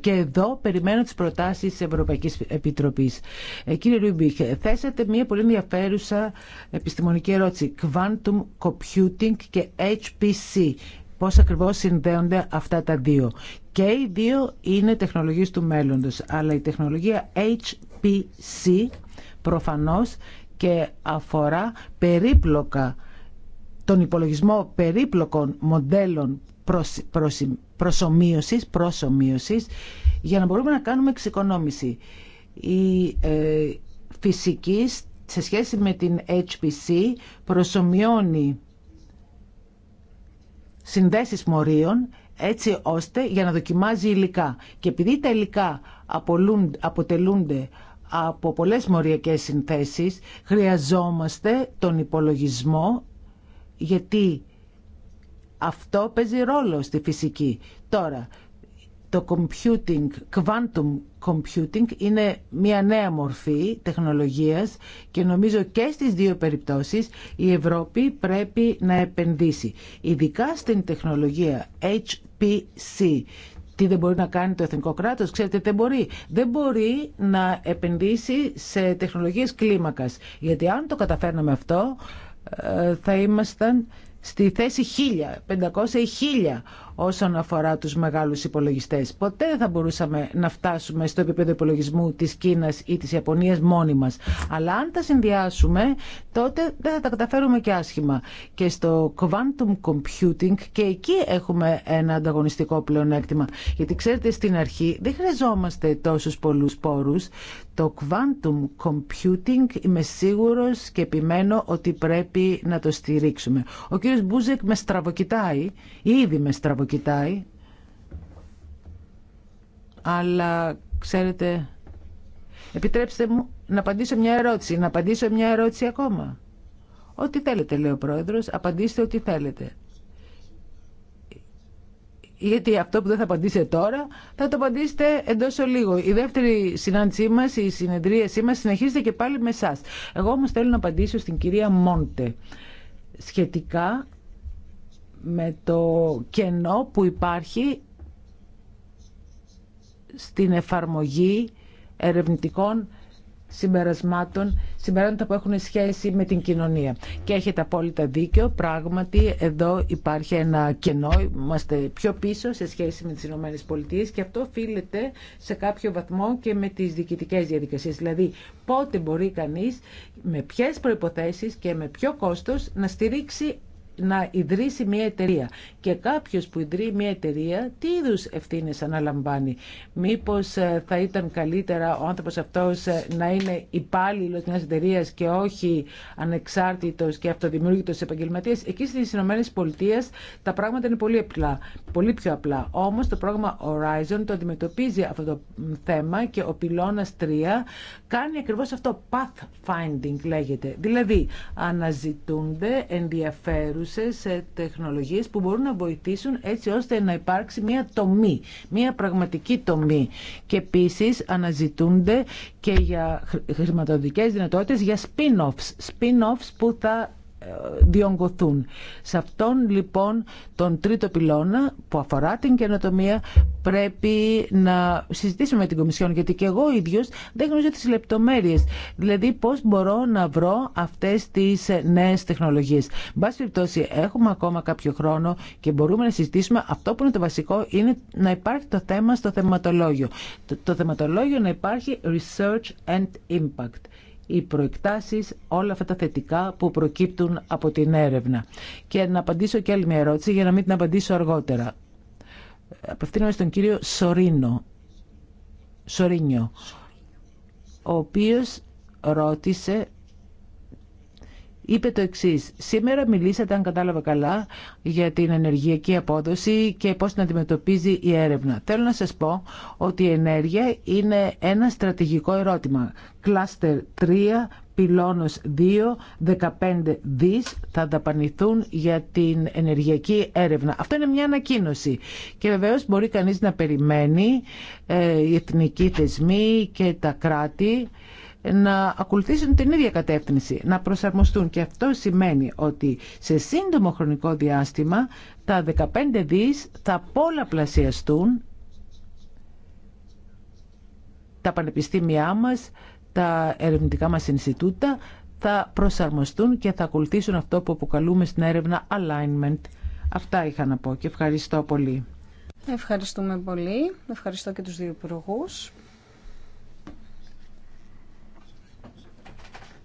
και εδώ περιμένω τις προτάσεις της Ευρωπαϊκής Επιτροπής. Ε, κύριε Ρουμπίχ, θέσατε μια πολύ ενδιαφέρουσα επιστημονική ερώτηση. Quantum Computing και HPC. Πώς ακριβώς συνδέονται αυτά τα δύο. Και οι δύο είναι τεχνολογίες του μέλλοντος. Αλλά η τεχνολογία HPC προφανώς και αφορά περίπλοκα τον υπολογισμό περίπλοκων μοντέλων προσωμείωσης, για να μπορούμε να κάνουμε εξοικονόμηση. Η ε, φυσική σε σχέση με την HPC προσωμιώνει συνδέσεις μορίων έτσι ώστε για να δοκιμάζει υλικά. Και επειδή τα υλικά αποτελούνται από πολλές μοριακές συνθέσεις, χρειαζόμαστε τον υπολογισμό γιατί αυτό παίζει ρόλο στη φυσική. Τώρα, το computing, quantum computing είναι μια νέα μορφή τεχνολογίας και νομίζω και στις δύο περιπτώσεις η Ευρώπη πρέπει να επενδύσει. Ειδικά στην τεχνολογία HPC, τι δεν μπορεί να κάνει το εθνικό κράτος, ξέρετε δεν μπορεί. Δεν μπορεί να επενδύσει σε τεχνολογίες κλίμακας, γιατί αν το καταφέρναμε αυτό ε, θα ήμασταν στη θέση 1000, 500 ή 1000 όσον αφορά τους μεγάλους υπολογιστές. Ποτέ δεν θα μπορούσαμε να φτάσουμε στο επίπεδο υπολογισμού της Κίνας ή της Ιαπωνίας μόνοι μας. Αλλά αν τα συνδυάσουμε, τότε δεν θα τα καταφέρουμε και άσχημα. Και στο quantum computing και εκεί έχουμε ένα ανταγωνιστικό πλεονέκτημα. Γιατί ξέρετε στην αρχή δεν χρειαζόμαστε τόσους πολλούς πόρους. Το quantum computing είμαι σίγουρος και επιμένω ότι πρέπει να το στηρίξουμε. Ο κύριος Μπούζεκ με στραβοκοιτάει, ήδη με στραβοκοιτάει κοιτάει. Αλλά ξέρετε, επιτρέψτε μου να απαντήσω μια ερώτηση, να απαντήσω μια ερώτηση ακόμα. Ό,τι θέλετε, λέει ο πρόεδρος, απαντήστε ό,τι θέλετε. Γιατί αυτό που δεν θα απαντήσετε τώρα, θα το απαντήσετε εντό λίγο. Η δεύτερη συνάντησή μας, η συνεδρίασή μα συνεχίζεται και πάλι με εσά. Εγώ όμως θέλω να απαντήσω στην κυρία Μόντε σχετικά με το κενό που υπάρχει στην εφαρμογή ερευνητικών συμπερασμάτων, συμπεράσματα που έχουν σχέση με την κοινωνία. Και έχετε απόλυτα δίκιο, πράγματι εδώ υπάρχει ένα κενό, είμαστε πιο πίσω σε σχέση με τις Ηνωμένες Πολιτείες και αυτό οφείλεται σε κάποιο βαθμό και με τις διοικητικές διαδικασίες. Δηλαδή πότε μπορεί κανείς, με ποιες προϋποθέσεις και με ποιο κόστος να στηρίξει να ιδρύσει μια εταιρεία. Και κάποιος που ιδρύει μια εταιρεία, τι είδου ευθύνε αναλαμβάνει. Μήπως ε, θα ήταν καλύτερα ο άνθρωπος αυτός ε, να είναι υπάλληλο μια εταιρεία και όχι ανεξάρτητος και αυτοδημιούργητος επαγγελματίας. Εκεί στις ΗΠΑ Πολιτείες τα πράγματα είναι πολύ, απλά, πολύ πιο απλά. Όμως το πρόγραμμα Horizon το αντιμετωπίζει αυτό το θέμα και ο πυλώνας 3 κάνει ακριβώς αυτό. Pathfinding λέγεται. Δηλαδή αναζητούνται ενδιαφέρουν σε ε, τεχνολογίες που μπορούν να βοηθήσουν έτσι ώστε να υπάρξει μια τομή, μια πραγματική τομή. Και επίση αναζητούνται και για χρηματοδοτικές δυνατότητες για spin-offs, spin-offs που θα διονγκωθούν. Σε αυτόν λοιπόν τον τρίτο πυλώνα που αφορά την καινοτομία πρέπει να συζητήσουμε με την Κομισιόν γιατί και εγώ ίδιος δεν γνωρίζω τις λεπτομέρειες. Δηλαδή πώς μπορώ να βρω αυτές τις ε, νέες τεχνολογίες. Μπας περιπτώσει έχουμε ακόμα κάποιο χρόνο και μπορούμε να συζητήσουμε αυτό που είναι το βασικό είναι να υπάρχει το θέμα στο θεματολόγιο. Το, το θεματολόγιο να υπάρχει research and impact οι προεκτάσεις, όλα αυτά τα θετικά που προκύπτουν από την έρευνα. Και να απαντήσω και άλλη μια ερώτηση για να μην την απαντήσω αργότερα. Απευθύνομαι στον κύριο Σορίνο, Σορίνιο, ο οποίος ρώτησε είπε το εξή. Σήμερα μιλήσατε, αν κατάλαβα καλά, για την ενεργειακή απόδοση και πώ να αντιμετωπίζει η έρευνα. Θέλω να σα πω ότι η ενέργεια είναι ένα στρατηγικό ερώτημα. Κλάστερ 3, πυλώνο 2, 15 δι θα δαπανηθούν για την ενεργειακή έρευνα. Αυτό είναι μια ανακοίνωση. Και βεβαίω μπορεί κανείς να περιμένει ε, οι εθνικοί θεσμοί και τα κράτη να ακολουθήσουν την ίδια κατεύθυνση, να προσαρμοστούν. Και αυτό σημαίνει ότι σε σύντομο χρονικό διάστημα τα 15 δις θα πολλαπλασιαστούν τα πανεπιστήμια μας, τα ερευνητικά μας Ινστιτούτα θα προσαρμοστούν και θα ακολουθήσουν αυτό που αποκαλούμε στην έρευνα alignment. Αυτά είχα να πω και ευχαριστώ πολύ. Ευχαριστούμε πολύ. Ευχαριστώ και τους δύο υπουργούς.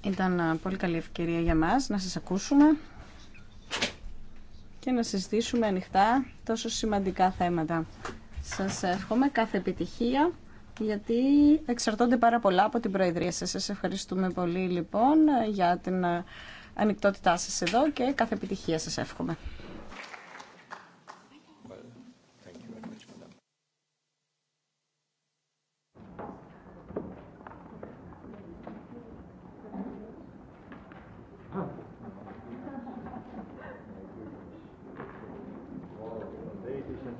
Ήταν ε, πολύ καλή ευκαιρία για μας να σας ακούσουμε και να συζητήσουμε ανοιχτά τόσο σημαντικά θέματα. Σας εύχομαι κάθε επιτυχία γιατί εξαρτώνται πάρα πολλά από την Προεδρία σας. Σας ευχαριστούμε πολύ λοιπόν για την ε, ανοιχτότητά σας εδώ και κάθε επιτυχία σας εύχομαι.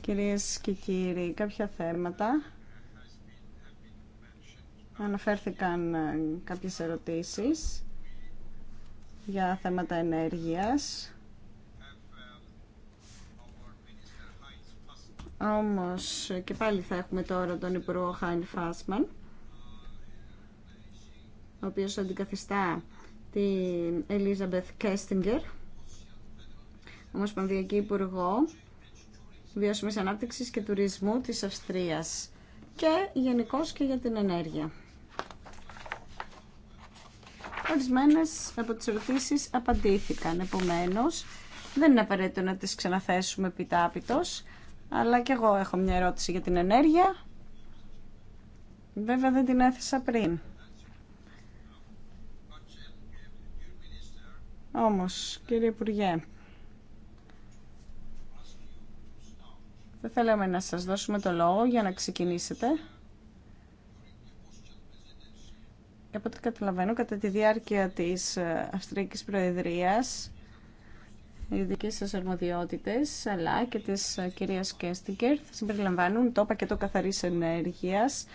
Κυρίες και κύριοι, κάποια θέματα. Αναφέρθηκαν ε, κάποιες ερωτήσεις για θέματα ενέργειας. Όμως και πάλι θα έχουμε τώρα τον Υπουργό Χάιν Φάσμαν, ο οποίος αντικαθιστά την Ελίζαμπεθ Κέστιγκερ. Ομοσπονδιακή Υπουργό Βιώσιμης Ανάπτυξης και Τουρισμού της Αυστρίας και γενικώ και για την ενέργεια. Ορισμένε από τι ερωτήσει απαντήθηκαν, επομένως δεν είναι απαραίτητο να τι ξαναθέσουμε επιτάπητο, αλλά και εγώ έχω μια ερώτηση για την ενέργεια. Βέβαια δεν την έθεσα πριν. Όμως, κύριε Υπουργέ, Θα θέλαμε να σας δώσουμε το λόγο για να ξεκινήσετε. Από ό,τι καταλαβαίνω, κατά τη διάρκεια της ε, Αυστρικής Προεδρίας, οι δικές σας αρμοδιότητες, αλλά και της ε, κυρίας Κέστικερ, θα συμπεριλαμβάνουν το πακέτο καθαρής ενέργειας,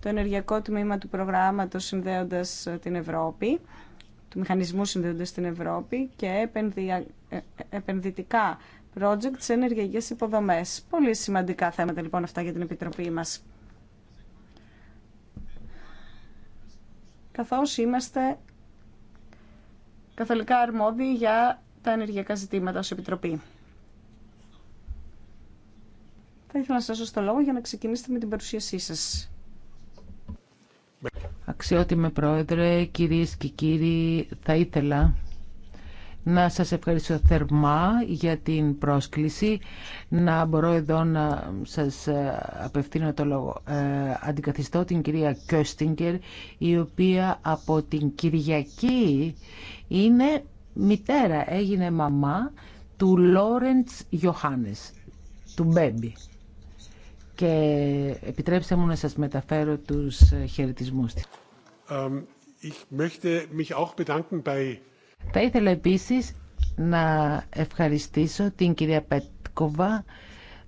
το ενεργειακό τμήμα του προγράμματος Συνδέοντας ε, την Ευρώπη, του Μηχανισμού Συνδέοντας την Ευρώπη και επενδυτικά project σε ενεργειακές υποδομές. Πολύ σημαντικά θέματα λοιπόν αυτά για την Επιτροπή μας. Καθώς είμαστε καθολικά αρμόδιοι για τα ενεργειακά ζητήματα ως Επιτροπή. Θα ήθελα να σας δώσω το λόγο για να ξεκινήσετε με την παρουσίασή σας. Αξιότιμε Πρόεδρε, κυρίες και κύριοι, θα ήθελα να σας ευχαριστώ θερμά για την πρόσκληση να μπορώ εδώ να σας ε, απευθύνω το λόγο. Ε, αντικαθιστώ την κυρία Κιώστιγκερ η οποία από την Κυριακή είναι μητέρα, έγινε μαμά του Λόρεντς Ιωάννης του Μπέμπι. Και επιτρέψτε μου να σας μεταφέρω τους ε, χαιρετισμούς της. Um, ich möchte mich auch bedanken bei θα ήθελα επίσης να ευχαριστήσω την κυρία Πέτκοβα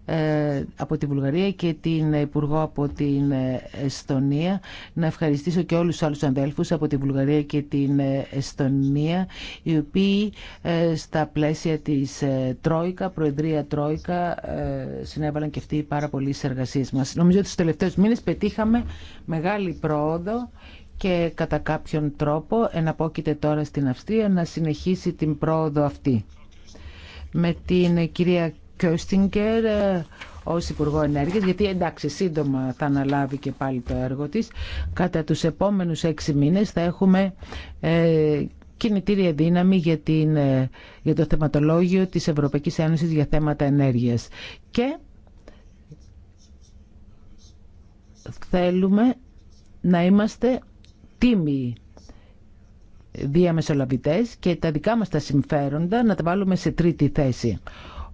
ε, από τη Βουλγαρία και την Υπουργό από την Εστονία. Να ευχαριστήσω και όλους τους άλλους αδέλφους από τη Βουλγαρία και την Εστονία, οι οποίοι ε, στα πλαίσια της ε, Τρόικα, Προεδρία Τρόικα, συνέβαλαν και αυτοί πάρα πολύ στις εργασίες μας. Νομίζω ότι στους τελευταίους μήνες πετύχαμε μεγάλη πρόοδο και κατά κάποιον τρόπο εναπόκειται τώρα στην Αυστρία να συνεχίσει την πρόοδο αυτή. Με την κυρία Κιώστιγκερ ε, ω Υπουργό Ενέργεια, γιατί εντάξει, σύντομα θα αναλάβει και πάλι το έργο της Κατά τους επόμενους έξι μήνες θα έχουμε ε, κινητήρια δύναμη για, την, ε, για το θεματολόγιο της Ευρωπαϊκής Ένωσης για θέματα ενέργειας. Και θέλουμε να είμαστε τίμοι διαμεσολαβητές και τα δικά μας τα συμφέροντα να τα βάλουμε σε τρίτη θέση.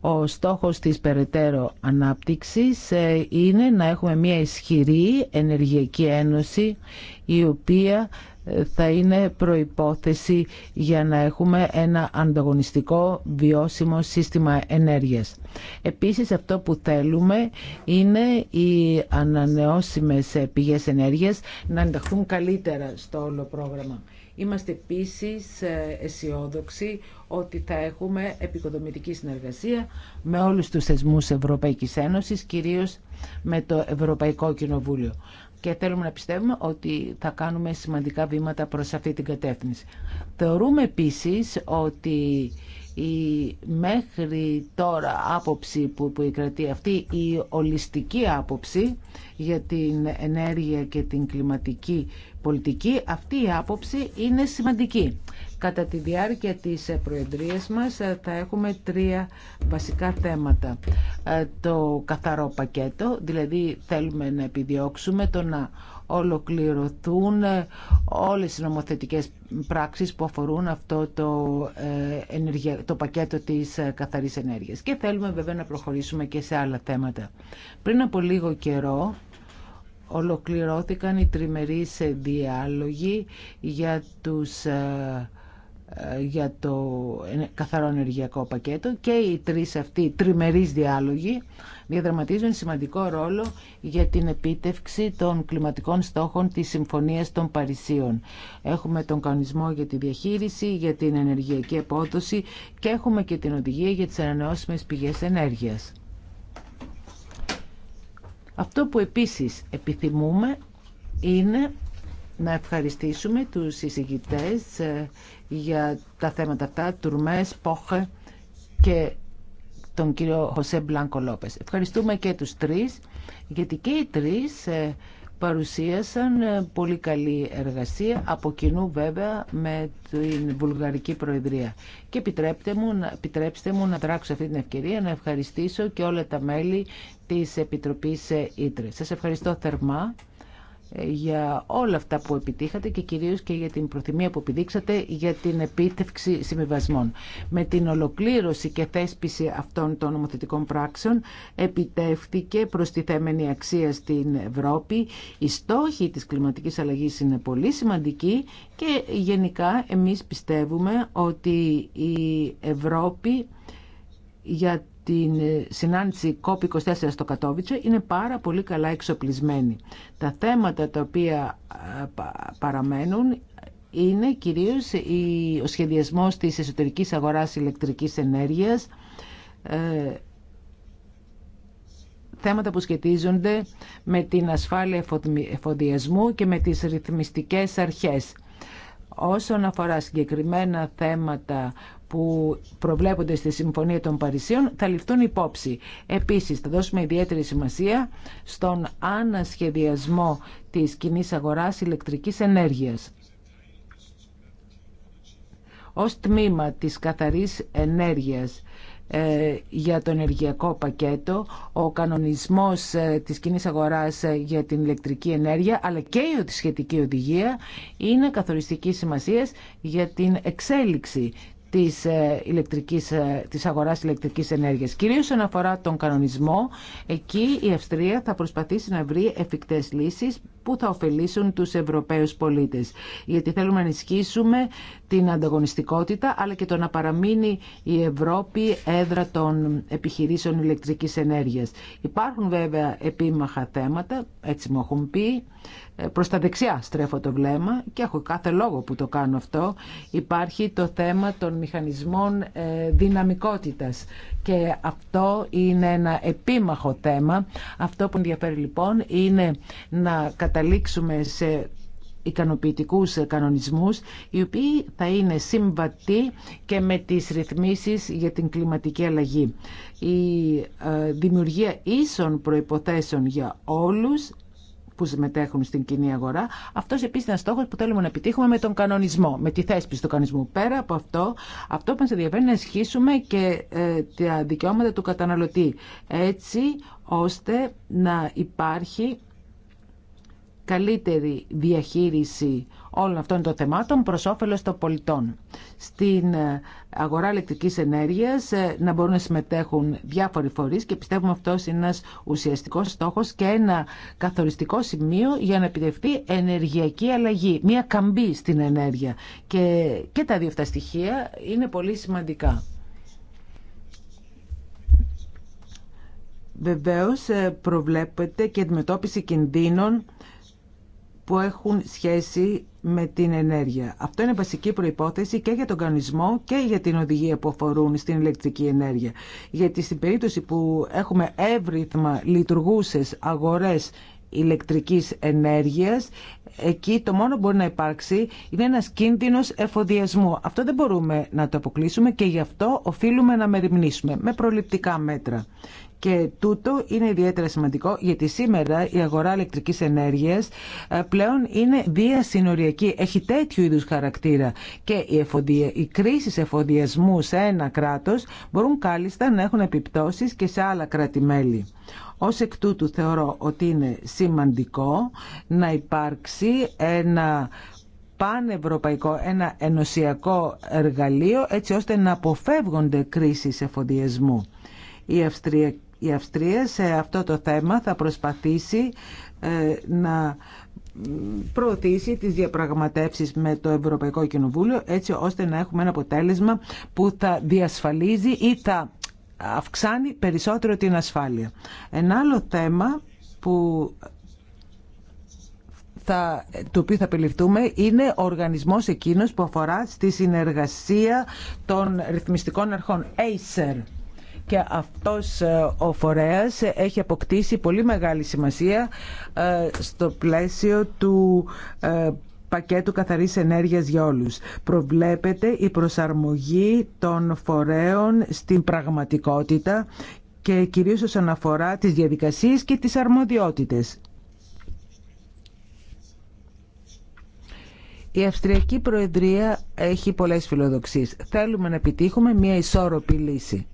Ο στόχος της περαιτέρω ανάπτυξης ε, είναι να έχουμε μια ισχυρή ενεργειακή ένωση η οποία θα είναι προϋπόθεση για να έχουμε ένα ανταγωνιστικό βιώσιμο σύστημα ενέργειας. Επίσης αυτό που θέλουμε είναι οι ανανεώσιμες πηγές ενέργειας να ενταχθούν καλύτερα στο όλο πρόγραμμα. Είμαστε επίσης ε, αισιόδοξοι ότι θα έχουμε επικοδομητική συνεργασία με όλους τους θεσμούς Ευρωπαϊκής Ένωσης, κυρίως με το Ευρωπαϊκό Κοινοβούλιο και θέλουμε να πιστεύουμε ότι θα κάνουμε σημαντικά βήματα προς αυτή την κατεύθυνση. Θεωρούμε επίσης ότι η μέχρι τώρα άποψη που, που κρατεί αυτή, η ολιστική άποψη για την ενέργεια και την κλιματική πολιτική, αυτή η άποψη είναι σημαντική. Κατά τη διάρκεια της προεδρίας μας ε, θα έχουμε τρία βασικά θέματα. Ε, το καθαρό πακέτο, δηλαδή θέλουμε να επιδιώξουμε το να ολοκληρωθούν ε, όλες οι νομοθετικές πράξεις που αφορούν αυτό το, το πακέτο της καθαρής ενέργειας. Και θέλουμε βέβαια να προχωρήσουμε και σε άλλα θέματα. Πριν από λίγο καιρό ολοκληρώθηκαν οι τριμερείς διάλογοι για τους ε, για το καθαρό ενεργειακό πακέτο και οι τρεις αυτοί τριμερείς διάλογοι διαδραματίζουν σημαντικό ρόλο για την επίτευξη των κλιματικών στόχων της Συμφωνίας των Παρισίων. Έχουμε τον κανονισμό για τη διαχείριση, για την ενεργειακή απόδοση και έχουμε και την οδηγία για τις ανανεώσιμες πηγές ενέργειας. Αυτό που επίσης επιθυμούμε είναι να ευχαριστήσουμε τους εισηγητές ε, για τα θέματα αυτά, Τουρμές, Πόχε και τον κύριο Χωσέ Μπλάνκο Λόπες. Ευχαριστούμε και τους τρεις, γιατί και οι τρεις ε, παρουσίασαν ε, πολύ καλή εργασία, από κοινού βέβαια με την Βουλγαρική Προεδρία. Και επιτρέψτε μου, επιτρέψτε μου να τράξω αυτή την ευκαιρία να ευχαριστήσω και όλα τα μέλη της Επιτροπής Ήτρε. Σας ευχαριστώ θερμά για όλα αυτά που επιτύχατε και κυρίως και για την προθυμία που επιδείξατε για την επίτευξη συμβιβασμών. Με την ολοκλήρωση και θέσπιση αυτών των νομοθετικών πράξεων επιτεύχθηκε θέμενη αξία στην Ευρώπη. Οι στόχοι της κλιματικής αλλαγής είναι πολύ σημαντικοί και γενικά εμείς πιστεύουμε ότι η Ευρώπη για την ε, συνάντηση COP24 στο Κατόβιτσο είναι πάρα πολύ καλά εξοπλισμένη. Τα θέματα τα οποία ε, παραμένουν είναι κυρίως ο σχεδιασμός της εσωτερικής αγοράς ηλεκτρικής ενέργειας, ε, θέματα που σχετίζονται με την ασφάλεια εφοδιασμού και με τις ρυθμιστικές αρχές. Όσον αφορά συγκεκριμένα θέματα που προβλέπονται στη Συμφωνία των Παρισίων θα ληφθούν υπόψη. Επίσης, θα δώσουμε ιδιαίτερη σημασία στον ανασχεδιασμό της κοινή αγοράς ηλεκτρικής ενέργειας. Ως τμήμα της καθαρής ενέργειας ε, για το ενεργειακό πακέτο, ο κανονισμός ε, της κοινή αγοράς ε, για την ηλεκτρική ενέργεια, αλλά και η σχετική οδηγία, είναι καθοριστική σημασίας για την εξέλιξη της, ε, ηλεκτρικής, ε, της αγοράς ηλεκτρικής ενέργειας. Κυρίως όσον αφορά τον κανονισμό, εκεί η Αυστρία θα προσπαθήσει να βρει εφικτές λύσεις που θα ωφελήσουν τους Ευρωπαίους πολίτες. Γιατί θέλουμε να ενισχύσουμε την ανταγωνιστικότητα, αλλά και το να παραμείνει η Ευρώπη έδρα των επιχειρήσεων ηλεκτρικής ενέργειας. Υπάρχουν βέβαια επίμαχα θέματα, έτσι μου έχουν πει, ε, προς τα δεξιά στρέφω το βλέμμα και έχω κάθε λόγο που το κάνω αυτό. Υπάρχει το θέμα των μηχανισμών ε, δυναμικότητας και αυτό είναι ένα επίμαχο θέμα. Αυτό που ενδιαφέρει λοιπόν είναι να καταλήξουμε σε ικανοποιητικούς κανονισμούς οι οποίοι θα είναι συμβατοί και με τις ρυθμίσεις για την κλιματική αλλαγή. Η ε, δημιουργία ίσων προϋποθέσεων για όλους που συμμετέχουν στην κοινή αγορά. Αυτό επίση είναι ένα στόχο που θέλουμε να επιτύχουμε με τον κανονισμό, με τη θέσπιση του κανονισμού. Πέρα από αυτό, αυτό που μα ενδιαφέρει είναι να ισχύσουμε και ε, τα δικαιώματα του καταναλωτή. Έτσι ώστε να υπάρχει καλύτερη διαχείριση όλων αυτών των θεμάτων προς όφελος των πολιτών. Στην ε, αγορά ηλεκτρικής ενέργειας ε, να μπορούν να συμμετέχουν διάφοροι φορείς και πιστεύουμε αυτό είναι ένας ουσιαστικός στόχος και ένα καθοριστικό σημείο για να επιτευχθεί ενεργειακή αλλαγή, μια καμπή στην ενέργεια. Και, και τα δύο αυτά στοιχεία είναι πολύ σημαντικά. Βεβαίως ε, προβλέπεται και αντιμετώπιση κινδύνων που έχουν σχέση με την ενέργεια. Αυτό είναι βασική προϋπόθεση και για τον κανονισμό και για την οδηγία που αφορούν στην ηλεκτρική ενέργεια. Γιατί στην περίπτωση που έχουμε εύρυθμα λειτουργούσες αγορές ηλεκτρικής ενέργειας, εκεί το μόνο που μπορεί να υπάρξει είναι ένας κίνδυνος εφοδιασμού. Αυτό δεν μπορούμε να το αποκλείσουμε και γι' αυτό οφείλουμε να μεριμνήσουμε με προληπτικά μέτρα. Και τούτο είναι ιδιαίτερα σημαντικό γιατί σήμερα η αγορά ηλεκτρικής ενέργειας ε, πλέον είναι διασυνοριακή. Έχει τέτοιου είδους χαρακτήρα και οι, εφοδια... οι κρίσεις εφοδιασμού σε ένα κράτος μπορούν κάλλιστα να έχουν επιπτώσεις και σε άλλα κράτη-μέλη. Ως εκ τούτου θεωρώ ότι είναι σημαντικό να υπάρξει ένα πανευρωπαϊκό, ένα ενωσιακό εργαλείο έτσι ώστε να αποφεύγονται κρίσεις εφοδιασμού. Η Αυστρία σε αυτό το θέμα θα προσπαθήσει ε, να προωθήσει τις διαπραγματεύσεις με το Ευρωπαϊκό Κοινοβούλιο έτσι ώστε να έχουμε ένα αποτέλεσμα που θα διασφαλίζει ή θα αυξάνει περισσότερο την ασφάλεια. Ένα άλλο θέμα που θα, το θα απελευθούμε είναι ο οργανισμός εκείνος που αφορά στη συνεργασία των ρυθμιστικών αρχών, ACER και αυτός ε, ο φορέας έχει αποκτήσει πολύ μεγάλη σημασία ε, στο πλαίσιο του ε, πακέτου καθαρής ενέργειας για όλους. Προβλέπεται η προσαρμογή των φορέων στην πραγματικότητα και κυρίως όσον αφορά τις διαδικασίες και τις αρμοδιότητες. Η Αυστριακή Προεδρία έχει πολλές φιλοδοξίες. Θέλουμε να επιτύχουμε μια ισόρροπη λύση.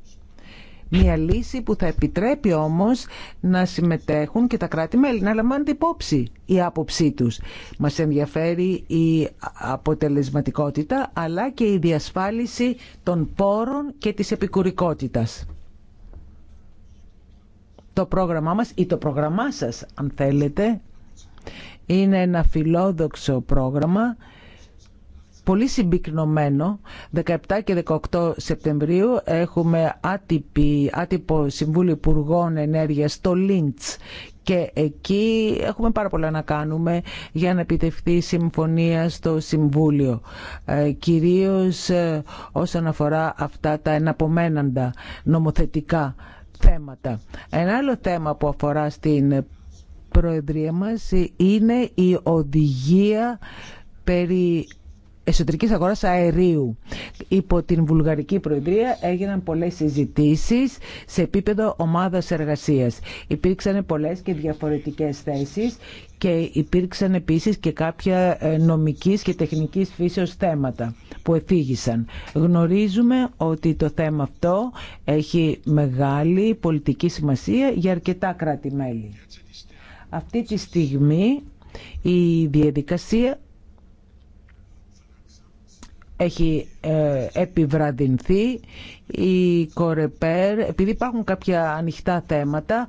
Μια λύση που θα επιτρέπει όμως να συμμετέχουν και τα κράτη-μέλη, να λαμβάνεται υπόψη η άποψή τους. Μας ενδιαφέρει η αποτελεσματικότητα αλλά και η διασφάλιση των πόρων και της επικουρικότητας. Το πρόγραμμά μας ή το πρόγραμμά σας αν θέλετε είναι ένα φιλόδοξο πρόγραμμα πολύ συμπυκνωμένο. 17 και 18 Σεπτεμβρίου έχουμε άτυπη, άτυπο Συμβούλιο Υπουργών Ενέργειας στο Λίντς και εκεί έχουμε πάρα πολλά να κάνουμε για να επιτευχθεί συμφωνία στο Συμβούλιο. Ε, κυρίως ε, όσον αφορά αυτά τα εναπομέναντα νομοθετικά θέματα. Ένα άλλο θέμα που αφορά στην Προεδρία μας είναι η οδηγία περί εσωτερικής αγοράς αερίου. Υπό την Βουλγαρική Προεδρία έγιναν πολλές συζητήσεις σε επίπεδο ομάδας εργασίας. Υπήρξαν πολλές και διαφορετικές θέσεις και υπήρξαν επίσης και κάποια ε, νομικής και τεχνικής φύσεως θέματα που εφήγησαν. Γνωρίζουμε ότι το θέμα αυτό έχει μεγάλη πολιτική σημασία για αρκετά κράτη-μέλη. Αυτή τη στιγμή η διαδικασία έχει ε, επιβραδυνθεί η Κορεπέρ, επειδή υπάρχουν κάποια ανοιχτά θέματα,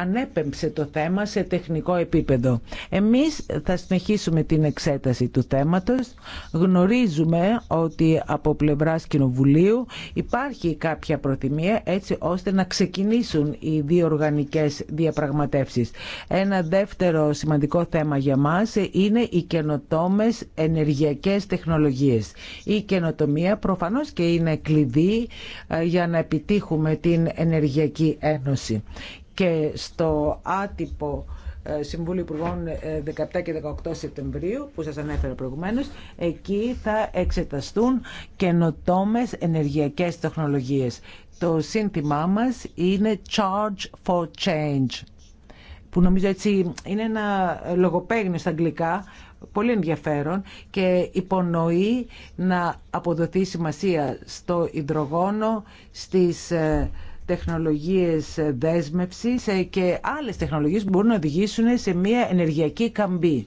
ανέπεμψε το θέμα σε τεχνικό επίπεδο. Εμείς θα συνεχίσουμε την εξέταση του θέματος. Γνωρίζουμε ότι από πλευράς Κοινοβουλίου υπάρχει κάποια προθυμία έτσι ώστε να ξεκινήσουν οι δύο οργανικές διαπραγματεύσεις. Ένα δεύτερο σημαντικό θέμα για μας είναι οι καινοτόμες ενεργειακές τεχνολογίες. καινοτομικές Προφανώ προφανώς και είναι κλειδί ε, για να επιτύχουμε την ενεργειακή ένωση. Και στο άτυπο ε, Συμβούλιο Υπουργών 17 ε, και 18 Σεπτεμβρίου που σας ανέφερα προηγουμένως εκεί θα εξεταστούν καινοτόμες ενεργειακές τεχνολογίες. Το σύνθημά μας είναι Charge for Change που νομίζω έτσι είναι ένα λογοπαίγνιο στα αγγλικά πολύ ενδιαφέρον και υπονοεί να αποδοθεί σημασία στο υδρογόνο, στις ε, τεχνολογίες δέσμευσης ε, και άλλες τεχνολογίες που μπορούν να οδηγήσουν σε μια ενεργειακή καμπή.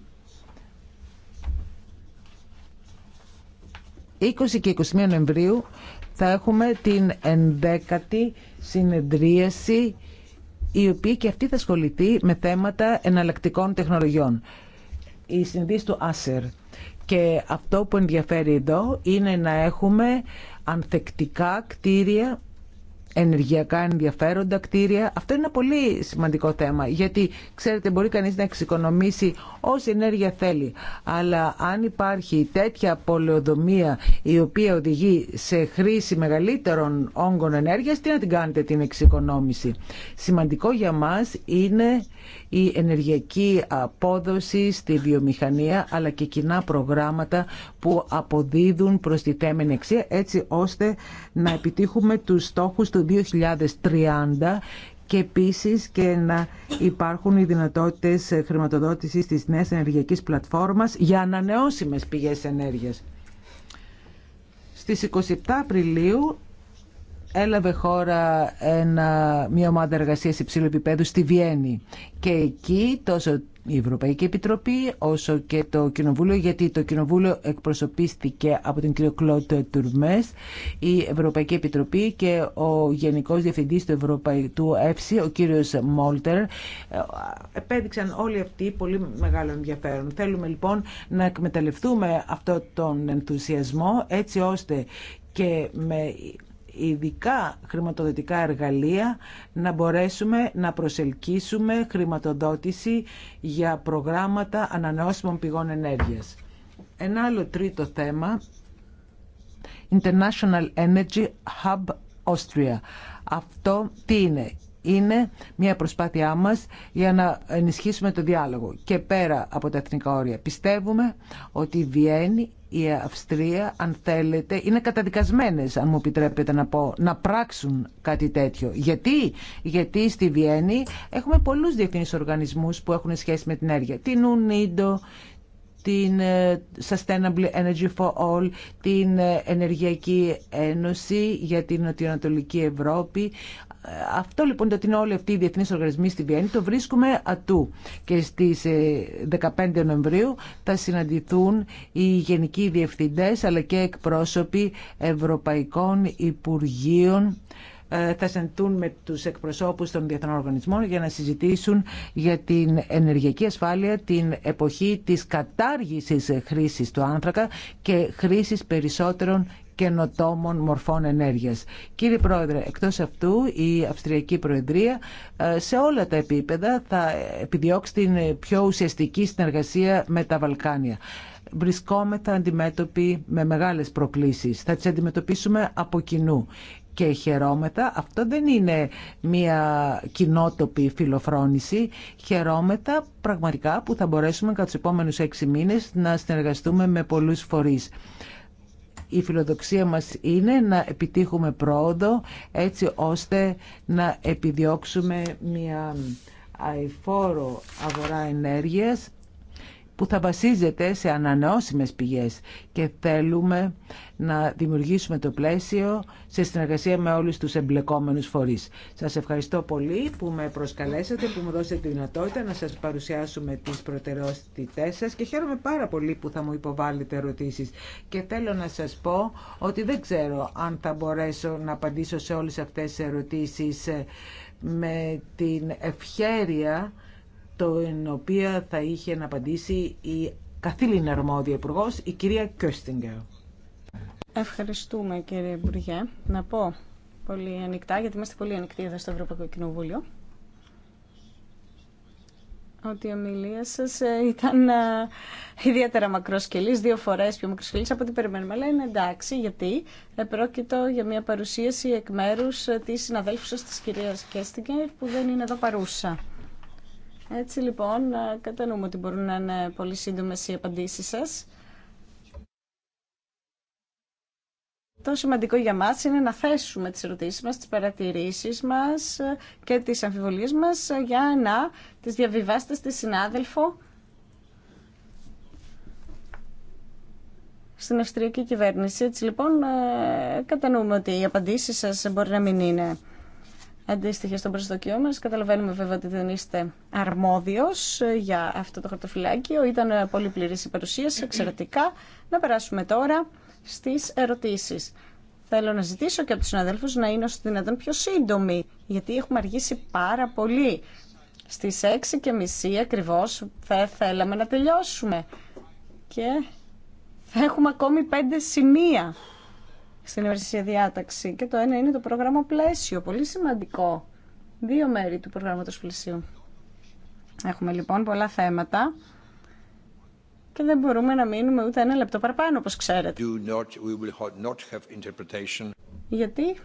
20 και 21 Νοεμβρίου θα έχουμε την 11η συνεδρίαση η οποία και αυτή θα ασχοληθεί με θέματα εναλλακτικών τεχνολογιών η συνδύση του Άσερ. Και αυτό που ενδιαφέρει εδώ είναι να έχουμε ανθεκτικά κτίρια ενεργειακά ενδιαφέροντα κτίρια. Αυτό είναι ένα πολύ σημαντικό θέμα, γιατί ξέρετε μπορεί κανείς να εξοικονομήσει όση ενέργεια θέλει. Αλλά αν υπάρχει τέτοια πολεοδομία η οποία οδηγεί σε χρήση μεγαλύτερων όγκων ενέργειας, τι να την κάνετε την εξοικονόμηση. Σημαντικό για μας είναι η ενεργειακή απόδοση στη βιομηχανία, αλλά και κοινά προγράμματα που αποδίδουν τη θέμενη αξία, έτσι ώστε να επιτύχουμε τους στόχους του 2030 και επίσης και να υπάρχουν οι δυνατότητες χρηματοδότησης της νέας ενεργειακής πλατφόρμας για ανανεώσιμες πηγές ενέργειας. Στις 27 Απριλίου έλαβε χώρα ένα, μια ομάδα εργασία υψηλού επίπεδου στη Βιέννη. Και εκεί τόσο η Ευρωπαϊκή Επιτροπή όσο και το Κοινοβούλιο, γιατί το Κοινοβούλιο εκπροσωπήθηκε από τον κύριο Κλώτο Τουρμές, η Ευρωπαϊκή Επιτροπή και ο Γενικός Διευθυντής του Ευρωπαϊκού ΕΦΣΙ, ο κύριος Μόλτερ, επέδειξαν όλοι αυτοί πολύ μεγάλο ενδιαφέρον. Θέλουμε λοιπόν να εκμεταλλευτούμε αυτό τον ενθουσιασμό έτσι ώστε και με ειδικά χρηματοδοτικά εργαλεία να μπορέσουμε να προσελκύσουμε χρηματοδότηση για προγράμματα ανανεώσιμων πηγών ενέργειας. Ένα άλλο τρίτο θέμα, International Energy Hub Austria. Αυτό τι είναι. Είναι μια προσπάθειά μας για να ενισχύσουμε το διάλογο και πέρα από τα εθνικά όρια. Πιστεύουμε ότι η Βιέννη η Αυστρία, αν θέλετε, είναι καταδικασμένες, αν μου επιτρέπετε να πω, να πράξουν κάτι τέτοιο. Γιατί, Γιατί στη Βιέννη έχουμε πολλούς διεθνείς οργανισμούς που έχουν σχέση με την έργεια. Την UNIDO, την ε, Sustainable Energy for All, την ε, Ενεργειακή Ένωση για την Νοτιοανατολική Ευρώπη. Ε, αυτό λοιπόν το ότι είναι όλοι αυτοί οι διεθνεί οργανισμοί στη Βιέννη το βρίσκουμε ατού. Και στι 15 ε, Νοεμβρίου θα συναντηθούν οι γενικοί διευθυντέ αλλά και εκπρόσωποι Ευρωπαϊκών Υπουργείων ε, θα συναντηθούν με τους εκπροσώπους των διεθνών οργανισμών για να συζητήσουν για την ενεργειακή ασφάλεια την εποχή της κατάργησης χρήσης του άνθρακα και χρήσης περισσότερων καινοτόμων μορφών ενέργειας. Κύριε Πρόεδρε, εκτός αυτού η Αυστριακή Προεδρία ε, σε όλα τα επίπεδα θα επιδιώξει την πιο ουσιαστική συνεργασία με τα Βαλκάνια βρισκόμεθα αντιμέτωποι με μεγάλες προκλήσεις. Θα τις αντιμετωπίσουμε από κοινού. Και χαιρόμεθα, αυτό δεν είναι μια κοινότοπη φιλοφρόνηση, χαιρόμεθα πραγματικά που θα μπορέσουμε κατά τους επόμενους έξι μήνες να συνεργαστούμε με πολλού η φιλοδοξία μας είναι να επιτύχουμε πρόοδο έτσι ώστε να επιδιώξουμε μια αηφόρο αγορά ενέργειας που θα βασίζεται σε ανανεώσιμες πηγές και θέλουμε να δημιουργήσουμε το πλαίσιο σε συνεργασία με όλους τους εμπλεκόμενους φορείς. Σας ευχαριστώ πολύ που με προσκαλέσατε, που μου δώσετε τη δυνατότητα να σας παρουσιάσουμε τις προτεραιότητές σας και χαίρομαι πάρα πολύ που θα μου υποβάλλετε ερωτήσεις. Και θέλω να σας πω ότι δεν ξέρω αν θα μπορέσω να απαντήσω σε όλες αυτές τις ερωτήσεις ε, με την ευχέρεια το οποίο θα είχε να απαντήσει η καθήλυνα αρμόδια υπουργό, η κυρία Κιώστιγκερ. Ευχαριστούμε κύριε Υπουργέ. Να πω πολύ ανοιχτά, γιατί είμαστε πολύ ανοιχτοί εδώ στο Ευρωπαϊκό Κοινοβούλιο, ότι η ομιλία σα ε, ήταν ε, ιδιαίτερα μακροσκελής, δύο φορέ πιο μακροσκελής από ό,τι περιμένουμε. Αλλά είναι εντάξει, γιατί πρόκειται για μια παρουσίαση εκ μέρου ε, τη συναδέλφου σα, τη κυρία Κέστιγκερ, που δεν είναι εδώ παρούσα. Έτσι λοιπόν, ε, κατανοούμε ότι μπορούν να είναι πολύ σύντομες οι απαντήσεις σας. Το σημαντικό για μας είναι να θέσουμε τις ερωτήσεις μας, τις παρατηρήσεις μας ε, και τις αμφιβολίες μας ε, για να τις διαβιβάσετε στη συνάδελφο στην Αυστριακή κυβέρνηση. Έτσι λοιπόν κατανοούμε ότι οι απαντήσεις σας μπορεί να μην είναι αντίστοιχε στον προσδοκιό μας. Καταλαβαίνουμε βέβαια ότι δεν είστε αρμόδιος ε, για αυτό το χαρτοφυλάκιο. Ήταν ε, πολύ πληρή η παρουσίαση, εξαιρετικά. Να περάσουμε τώρα στις ερωτήσεις. Θέλω να ζητήσω και από τους συνάδελφου να είναι όσο δυνατόν πιο σύντομοι, γιατί έχουμε αργήσει πάρα πολύ. Στις 6 και μισή ακριβώς θα θέλαμε να τελειώσουμε. Και θα έχουμε ακόμη πέντε σημεία στην ημερησία διάταξη και το ένα είναι το πρόγραμμα πλαίσιο, πολύ σημαντικό. Δύο μέρη του προγράμματος πλαισίου. Έχουμε λοιπόν πολλά θέματα και δεν μπορούμε να μείνουμε ούτε ένα λεπτό παραπάνω, όπως ξέρετε. Γιατί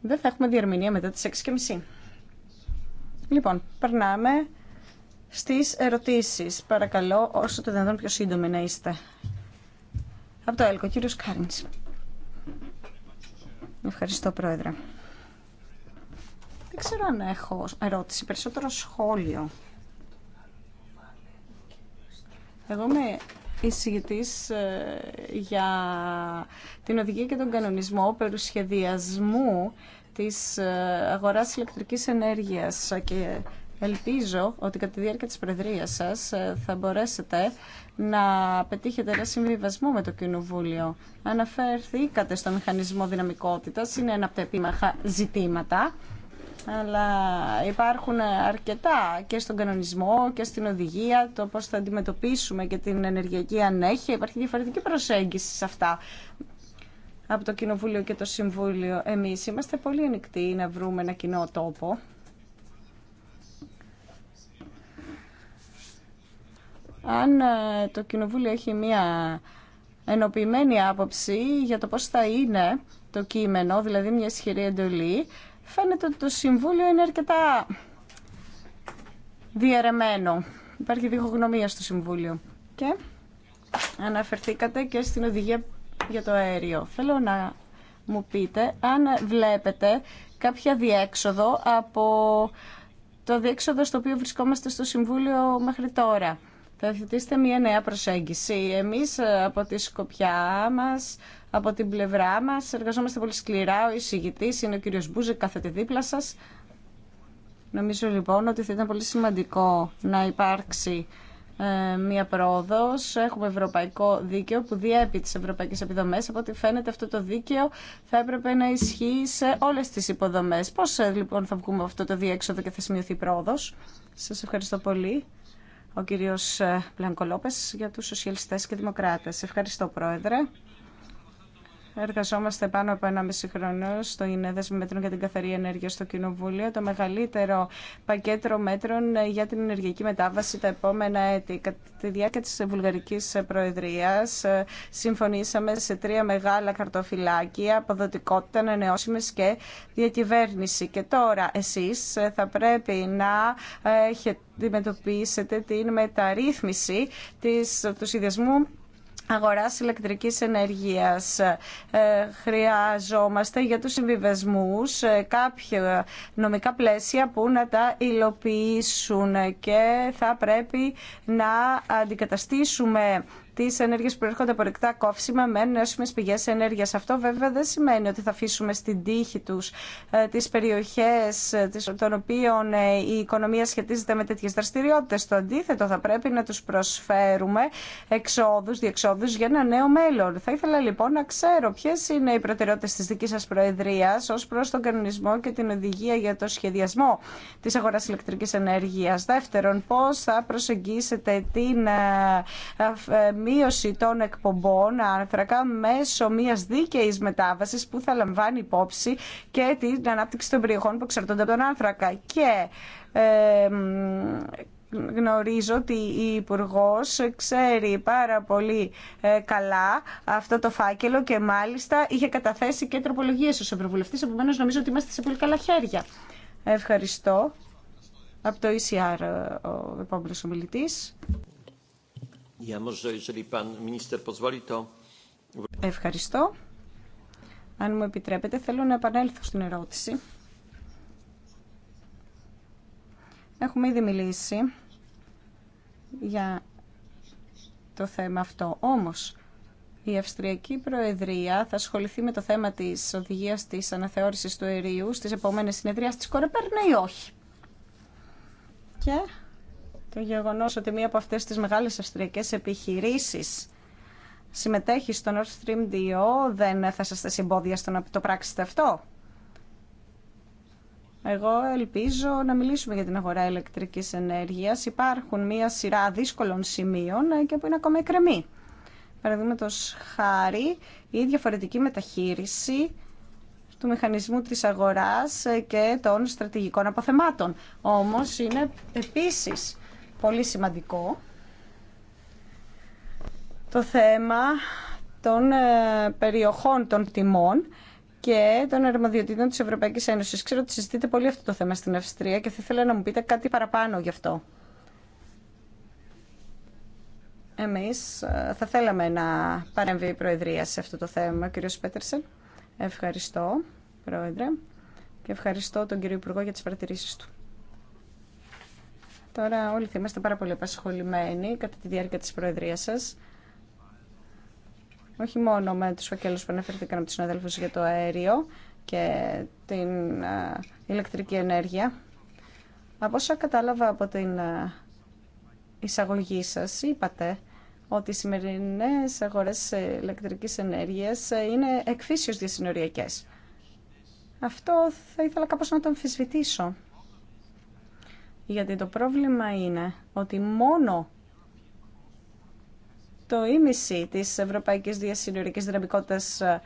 δεν θα έχουμε διερμηνία μετά τις 6.30. Λοιπόν, περνάμε στις ερωτήσεις. Παρακαλώ, όσο το δυνατόν πιο σύντομη να είστε. Από το ΕΛΚΟ, κύριος Κάρνης. Ευχαριστώ, Πρόεδρε. Δεν ξέρω αν έχω ερώτηση, περισσότερο σχόλιο. Εγώ είμαι εισηγητής ε, για την οδηγία και τον κανονισμό περισχεδιασμού της ε, αγοράς ηλεκτρικής ενέργειας και Ελπίζω ότι κατά τη διάρκεια της Προεδρίας σας ε, θα μπορέσετε να πετύχετε ένα συμβιβασμό με το Κοινοβούλιο. Αναφέρθηκατε στο μηχανισμό δυναμικότητας, είναι ένα από τα επίμαχα ζητήματα, αλλά υπάρχουν αρκετά και στον κανονισμό και στην οδηγία, το πώς θα αντιμετωπίσουμε και την ενεργειακή ανέχεια. Υπάρχει διαφορετική προσέγγιση σε αυτά από το Κοινοβούλιο και το Συμβούλιο. Εμείς είμαστε πολύ ανοιχτοί να βρούμε ένα κοινό τόπο αν ε, το Κοινοβούλιο έχει μία ενοποιημένη άποψη για το πώς θα είναι το κείμενο, δηλαδή μια ισχυρή εντολή, φαίνεται ότι το Συμβούλιο είναι αρκετά διαιρεμένο. Υπάρχει διχογνωμία στο Συμβούλιο. Και αναφερθήκατε και στην οδηγία για το αέριο. Θέλω να μου πείτε αν βλέπετε κάποια διέξοδο από το διέξοδο στο οποίο βρισκόμαστε στο Συμβούλιο μέχρι τώρα θα θετήσετε μια νέα προσέγγιση. Εμείς ε, από τη σκοπιά μας, από την πλευρά μας, εργαζόμαστε πολύ σκληρά. Ο εισηγητής είναι ο κύριος Μπούζε, κάθεται δίπλα σας. Νομίζω λοιπόν ότι θα ήταν πολύ σημαντικό να υπάρξει ε, μία πρόοδος. Έχουμε ευρωπαϊκό δίκαιο που διέπει τις ευρωπαϊκές επιδομές. Από ό,τι φαίνεται, αυτό το δίκαιο θα έπρεπε να ισχύει σε όλε τι υποδομέ. Πώ ε, λοιπόν θα βγούμε αυτό το διέξοδο και θα σημειωθεί πρόοδο. Σα ευχαριστώ πολύ ο κύριος ε, Πλανκολόπες για τους σοσιαλιστές και δημοκράτες. Ευχαριστώ, Πρόεδρε. Εργαζόμαστε πάνω από ένα μισή χρόνο στο Ινέδεσμο Μέτρων για την Καθαρή Ενέργεια στο Κοινοβούλιο, το μεγαλύτερο πακέτο μέτρων για την ενεργειακή μετάβαση τα επόμενα έτη. Κατά τη διάρκεια τη Βουλγαρική Προεδρία, ε, συμφωνήσαμε σε τρία μεγάλα καρτοφυλάκια αποδοτικότητα, ανανεώσιμε και διακυβέρνηση. Και τώρα εσεί ε, θα πρέπει να ε, έχετε αντιμετωπίσετε την μεταρρύθμιση του σχεδιασμού αγοράς ηλεκτρικής ενέργειας. Ε, χρειαζόμαστε για τους συμβιβασμού ε, κάποια νομικά πλαίσια που να τα υλοποιήσουν και θα πρέπει να αντικαταστήσουμε τι ενέργειε που προέρχονται από ρηκτά κόψιμα με έσχημε πηγέ ενέργεια. Αυτό βέβαια δεν σημαίνει ότι θα αφήσουμε στην τύχη του ε, τι περιοχέ ε, των οποίων ε, η οικονομία σχετίζεται με τέτοιε δραστηριότητε. Το αντίθετο, θα πρέπει να του προσφέρουμε εξόδου, διεξόδου για ένα νέο μέλλον. Θα ήθελα λοιπόν να ξέρω ποιε είναι οι προτεραιότητε τη δική σα Προεδρία ω προ τον κανονισμό και την οδηγία για το σχεδιασμό τη αγορά ηλεκτρική ενέργεια. Δεύτερον, πώ θα προσεγγίσετε την μείωση των εκπομπών άνθρακα μέσω μια δίκαιη μετάβαση που θα λαμβάνει υπόψη και την ανάπτυξη των περιοχών που εξαρτώνται από τον άνθρακα. Και ε, γνωρίζω ότι η υπουργό ξέρει πάρα πολύ ε, καλά αυτό το φάκελο και μάλιστα είχε καταθέσει και τροπολογίε ω Ευρωβουλευτή. επομένω νομίζω ότι είμαστε σε πολύ καλά χέρια. Ευχαριστώ. Από το ECR ο επόμενο ομιλητή. Ευχαριστώ. Αν μου επιτρέπετε, θέλω να επανέλθω στην ερώτηση. Έχουμε ήδη μιλήσει για το θέμα αυτό. Όμως, η Αυστριακή Προεδρία θα ασχοληθεί με το θέμα της οδηγίας της αναθεώρησης του αερίου στις επόμενες συνεδρίες της Κορεπέρνα ή όχι. Και το γεγονός ότι μία από αυτές τις μεγάλες αυστριακές επιχειρήσεις συμμετέχει στο Nord Stream 2 δεν θα σας θέσει εμπόδια στο να το πράξετε αυτό. Εγώ ελπίζω να μιλήσουμε για την αγορά ηλεκτρικής ενέργειας. Υπάρχουν μία σειρά δύσκολων σημείων ε, και που είναι ακόμα εκκρεμή. Παραδείγματο χάρη η διαφορετική μεταχείριση του μηχανισμού της αγοράς ε, και των στρατηγικών αποθεμάτων. Όμως είναι επίσης πολύ σημαντικό το θέμα των ε, περιοχών των τιμών και των αρμοδιοτήτων της Ευρωπαϊκής Ένωσης. Ξέρω ότι συζητείτε πολύ αυτό το θέμα στην Αυστρία και θα ήθελα να μου πείτε κάτι παραπάνω γι' αυτό. Εμείς ε, θα θέλαμε να παρέμβει η Προεδρία σε αυτό το θέμα, κύριος Πέτερσεν. Ευχαριστώ, Πρόεδρε, και ευχαριστώ τον κύριο Υπουργό για τις παρατηρήσεις του. Τώρα όλοι θα είμαστε πάρα πολύ απασχολημένοι κατά τη διάρκεια της Προεδρίας σας. Όχι μόνο με τους φακέλους που αναφέρθηκαν από τους συναδέλφους για το αέριο και την ηλεκτρική ενέργεια. Από όσα κατάλαβα από την εισαγωγή σας, είπατε ότι οι σημερινές αγορές ηλεκτρικής ενέργειας είναι εκφύσιως διασυνοριακές. Αυτό θα ήθελα κάπως να το αμφισβητήσω. Γιατί το πρόβλημα είναι ότι μόνο το ίμιση της Ευρωπαϊκής Διασυνορικής Δυναμικότητας ε,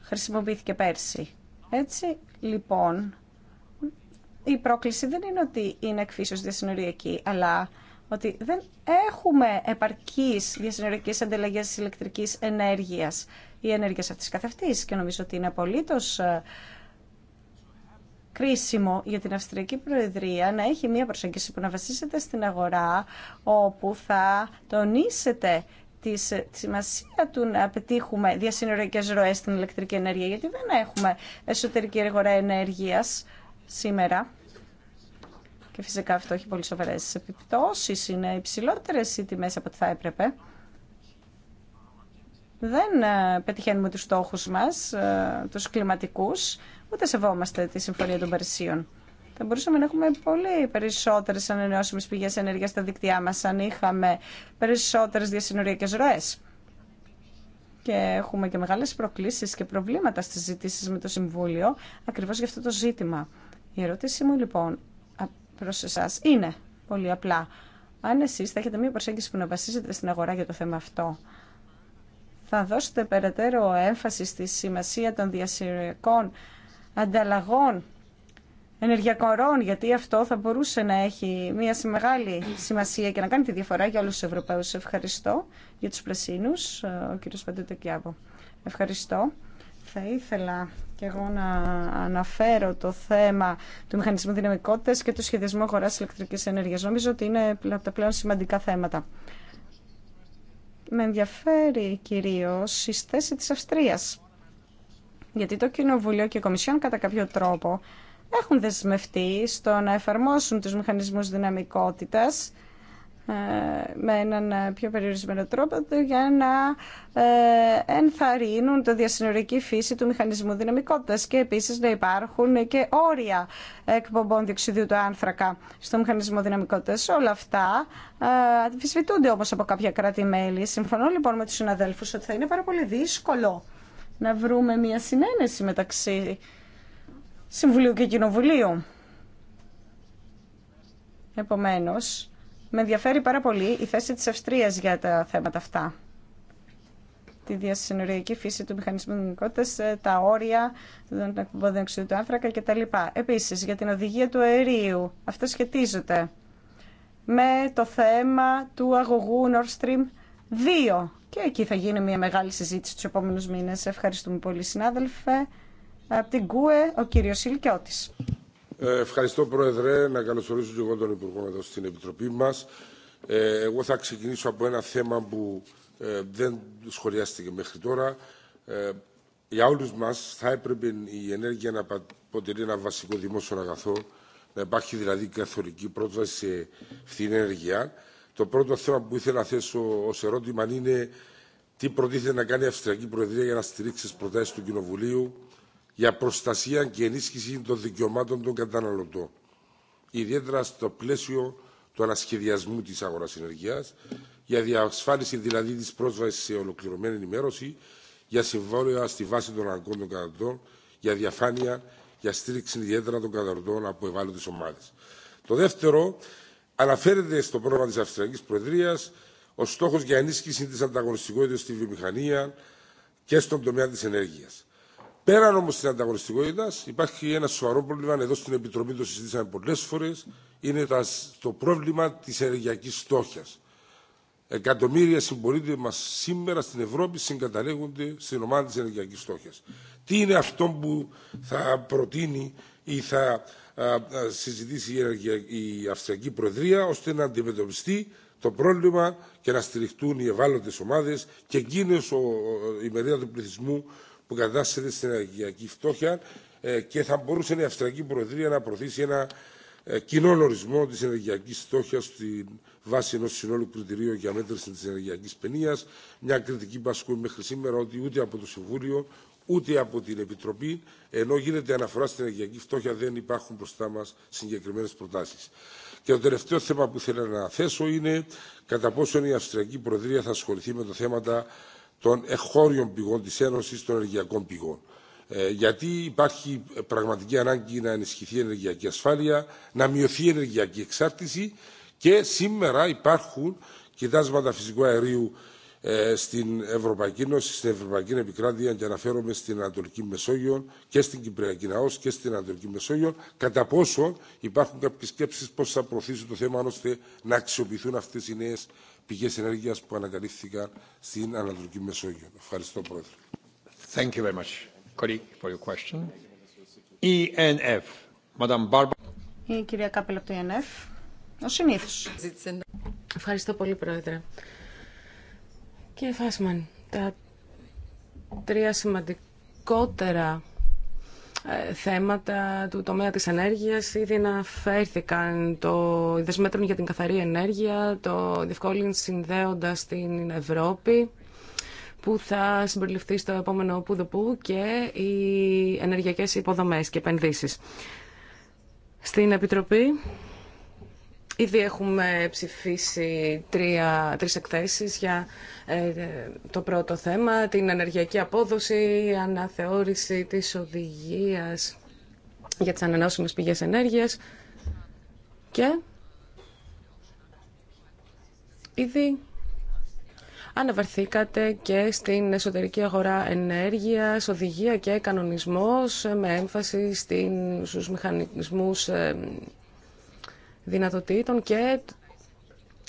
χρησιμοποιήθηκε πέρσι. Έτσι, λοιπόν, η πρόκληση δεν είναι ότι είναι εκφύσεως διασυνοριακή, αλλά ότι δεν έχουμε επαρκείς διασυνοριακές ανταλλαγές ηλεκτρικής ενέργειας ή ενέργειας αυτής καθ' Και νομίζω ότι είναι απολύτως ε, κρίσιμο για την Αυστριακή Προεδρία να έχει μια προσέγγιση που να βασίζεται στην αγορά όπου θα τονίσετε τη σημασία του να πετύχουμε διασυνοριακές ροές στην ηλεκτρική ενέργεια γιατί δεν έχουμε εσωτερική αγορά ενέργειας σήμερα και φυσικά αυτό έχει πολύ σοβαρές επιπτώσεις, είναι υψηλότερες οι τιμές από ό,τι θα έπρεπε δεν ε, πετυχαίνουμε τους στόχους μας, ε, τους κλιματικούς, ούτε σεβόμαστε τη Συμφωνία των Παρισίων. Θα μπορούσαμε να έχουμε πολύ περισσότερες ανανεώσιμες πηγές ενέργειας στα δίκτυά μας αν είχαμε περισσότερες διασυνοριακές ροές. Και έχουμε και μεγάλες προκλήσεις και προβλήματα στις ζητήσεις με το Συμβούλιο ακριβώς για αυτό το ζήτημα. Η ερώτησή μου λοιπόν προς εσάς είναι πολύ απλά. Αν εσείς θα έχετε μία προσέγγιση που να βασίζεται στην αγορά για το θέμα αυτό, θα δώσετε περαιτέρω έμφαση στη σημασία των διασυριακών ανταλλαγών ενεργειακών γιατί αυτό θα μπορούσε να έχει μια μεγάλη σημασία και να κάνει τη διαφορά για όλους τους Ευρωπαίους. Ευχαριστώ για τους Πρασίνους, ο κύριος Κιάβο. Ευχαριστώ. Θα ήθελα και εγώ να αναφέρω το θέμα του μηχανισμού δυναμικότητας και του σχεδιασμού αγοράς ηλεκτρικής ενέργειας. Νομίζω ότι είναι από τα πλέον σημαντικά θέματα. Με ενδιαφέρει κυρίως η θέση της Αυστρίας. Γιατί το Κοινοβουλίο και η Κομισιόν κατά κάποιο τρόπο έχουν δεσμευτεί στο να εφαρμόσουν τους μηχανισμούς δυναμικότητας ε, με έναν ε, πιο περιορισμένο τρόπο για να ε, ενθαρρύνουν το διασυνορική φύση του μηχανισμού δυναμικότητας και επίσης να υπάρχουν και όρια εκπομπών διοξιδίου του άνθρακα στο μηχανισμό δυναμικότητας. Όλα αυτά αντιφυσβητούνται όμως από κάποια κράτη-μέλη. Συμφωνώ λοιπόν με τους συναδέλφους ότι θα είναι πάρα πολύ δύσκολο να βρούμε μια συνένεση μεταξύ Συμβουλίου και Κοινοβουλίου. Επομένως, με ενδιαφέρει πάρα πολύ η θέση της Αυστρίας για τα θέματα αυτά. Τη διασυνοριακή φύση του μηχανισμού δυναμικότητας, ε, τα όρια των εκπομπών του άνθρακα κτλ. Επίσης, για την οδηγία του αερίου. Αυτό σχετίζεται με το θέμα του αγωγού Nord Stream 2. Και εκεί θα γίνει μια μεγάλη συζήτηση του επόμενου μήνε. Ευχαριστούμε πολύ, συνάδελφε. Από την ΚΟΕ, ο κύριο Ηλικιώτης. Ε, ευχαριστώ, Πρόεδρε. Να καλωσορίσω και εγώ τον Υπουργό εδώ στην Επιτροπή μας. Ε, εγώ θα ξεκινήσω από ένα θέμα που ε, δεν σχολιάστηκε μέχρι τώρα. Για όλους μας θα έπρεπε η ενέργεια να αποτελεί ένα βασικό δημόσιο αγαθό, να υπάρχει δηλαδή καθολική πρόσβαση σε φθηνή ενέργεια. Το πρώτο θέμα που ήθελα να θέσω ως ερώτημα είναι τι προτίθεται να κάνει η Αυστριακή Προεδρία για να στηρίξει τις προτάσεις του Κοινοβουλίου για προστασία και ενίσχυση των δικαιωμάτων των καταναλωτών, ιδιαίτερα στο πλαίσιο του ανασχεδιασμού τη αγορά ενεργεία, για διασφάλιση δηλαδή τη πρόσβαση σε ολοκληρωμένη ενημέρωση, για συμβόλαια στη βάση των αναγκών των καταναλωτών, για διαφάνεια, για στήριξη ιδιαίτερα των καταναλωτών από ευάλωτε ομάδε. Το δεύτερο αναφέρεται στο πρόγραμμα τη Αυστριακή Προεδρία ο στόχο για ενίσχυση τη ανταγωνιστικότητα στη βιομηχανία και στον τομέα τη ενέργεια. Πέραν όμω τη ανταγωνιστικότητα, υπάρχει ένα σοβαρό πρόβλημα. Εδώ στην Επιτροπή το συζητήσαμε πολλέ φορέ. Είναι το πρόβλημα τη ενεργειακή στόχια. Εκατομμύρια συμπολίτε μα σήμερα στην Ευρώπη συγκαταλέγονται στην ομάδα τη ενεργειακή στόχια. Τι είναι αυτό που θα προτείνει ή θα συζητήσει η Αυστριακή Προεδρία ώστε να αντιμετωπιστεί το πρόβλημα και να στηριχτούν οι ευάλωτε ομάδε και εκείνε η μερίδα του πληθυσμού που κατάσταται στην ενεργειακή φτώχεια ε, και θα μπορούσε η Αυστριακή Προεδρία να προωθήσει ένα ε, κοινό ορισμό τη ενεργειακή φτώχεια στη βάση ενό συνόλου κριτηρίων για μέτρηση τη ενεργειακή παινία. Μια κριτική που ασκούμε μέχρι σήμερα ότι ούτε από το Συμβούλιο ούτε από την Επιτροπή, ενώ γίνεται αναφορά στην ενεργειακή φτώχεια, δεν υπάρχουν μπροστά μα συγκεκριμένε προτάσει. Και το τελευταίο θέμα που θέλω να θέσω είναι κατά πόσο η Αυστριακή Προεδρία θα ασχοληθεί με τα θέματα των εχώριων πηγών της Ένωσης των ενεργειακών πηγών. Ε, γιατί υπάρχει πραγματική ανάγκη να ενισχυθεί η ενεργειακή ασφάλεια, να μειωθεί η ενεργειακή εξάρτηση και σήμερα υπάρχουν κοιτάσματα φυσικού αερίου ε, στην Ευρωπαϊκή Ένωση, στην Ευρωπαϊκή Επικράτεια και αναφέρομαι στην Ανατολική Μεσόγειο και στην Κυπριακή Ναός και στην Ανατολική Μεσόγειο, κατά πόσο υπάρχουν κάποιες σκέψεις πώς θα προωθήσει το θέμα ώστε να αξιοποιηθούν αυτές οι νέες πηγές ενέργειας που ανακαλύφθηκαν στην Ανατολική Μεσόγειο. Ευχαριστώ, Πρόεδρε. Thank you very much, e Η κυρία Κάπελ από ENF. Ο συνήθως. Ευχαριστώ πολύ, Πρόεδρε. Κύριε Φάσμαν, τα τρία σημαντικότερα ε, θέματα του τομέα της ενέργειας ήδη αναφέρθηκαν το δεσμέτρων για την καθαρή ενέργεια, το διευκόλυνση συνδέοντα την Ευρώπη που θα συμπεριληφθεί στο επόμενο πού και οι ενεργειακές υποδομές και επενδύσεις. Στην Επιτροπή Ήδη έχουμε ψηφίσει τρία, τρεις εκθέσεις για ε, το πρώτο θέμα, την ενεργειακή απόδοση, η αναθεώρηση της οδηγίας για τις ανανεώσιμες πηγές ενέργειας και ήδη αναβαρθήκατε και στην εσωτερική αγορά ενέργειας, οδηγία και κανονισμός με έμφαση στην, στους μηχανισμούς ε, δυνατοτήτων και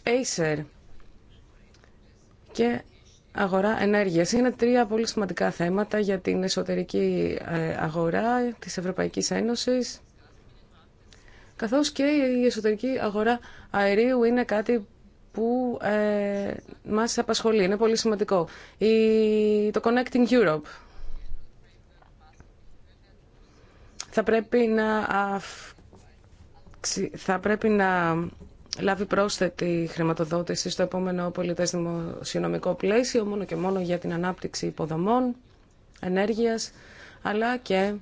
Acer και αγορά ενέργειας. Είναι τρία πολύ σημαντικά θέματα για την εσωτερική ε, αγορά της Ευρωπαϊκής Ένωσης καθώς και η εσωτερική αγορά αερίου είναι κάτι που ε, μας απασχολεί. Είναι πολύ σημαντικό. Η, το Connecting Europe θα πρέπει να θα πρέπει να λάβει πρόσθετη χρηματοδότηση στο επόμενο πολιτές δημοσιονομικό πλαίσιο, μόνο και μόνο για την ανάπτυξη υποδομών, ενέργειας, αλλά και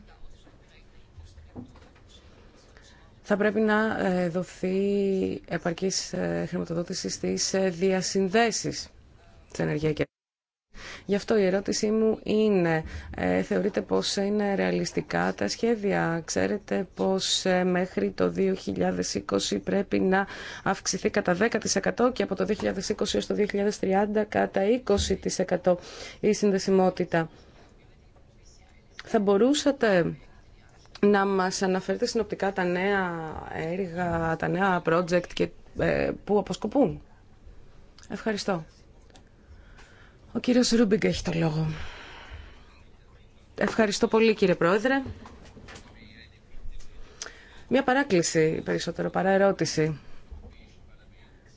θα πρέπει να ε, δοθεί επαρκής ε, χρηματοδότηση στις ε, διασυνδέσεις της ενεργειακής. Γι' αυτό η ερώτησή μου είναι, ε, θεωρείτε πως είναι ρεαλιστικά τα σχέδια. Ξέρετε πως ε, μέχρι το 2020 πρέπει να αυξηθεί κατά 10% και από το 2020 έως το 2030 κατά 20% η συνδεσιμότητα. Θα μπορούσατε να μας αναφέρετε συνοπτικά τα νέα έργα, τα νέα project και, ε, που αποσκοπούν. Ευχαριστώ. Ο κύριος Ρούμπιγκ έχει το λόγο. Ευχαριστώ πολύ κύριε Πρόεδρε. Μια παράκληση περισσότερο παρά ερώτηση.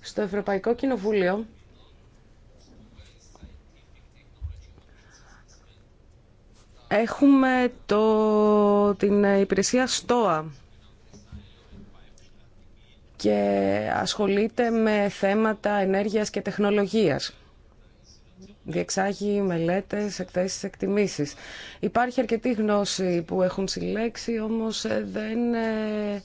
Στο Ευρωπαϊκό Κοινοβούλιο έχουμε το, την υπηρεσία ΣΤΟΑ και ασχολείται με θέματα ενέργειας και τεχνολογίας διεξάγει μελέτες, εκτέσεις, εκτιμήσεις. Υπάρχει αρκετή γνώση που έχουν συλλέξει, όμως ε, δεν ε,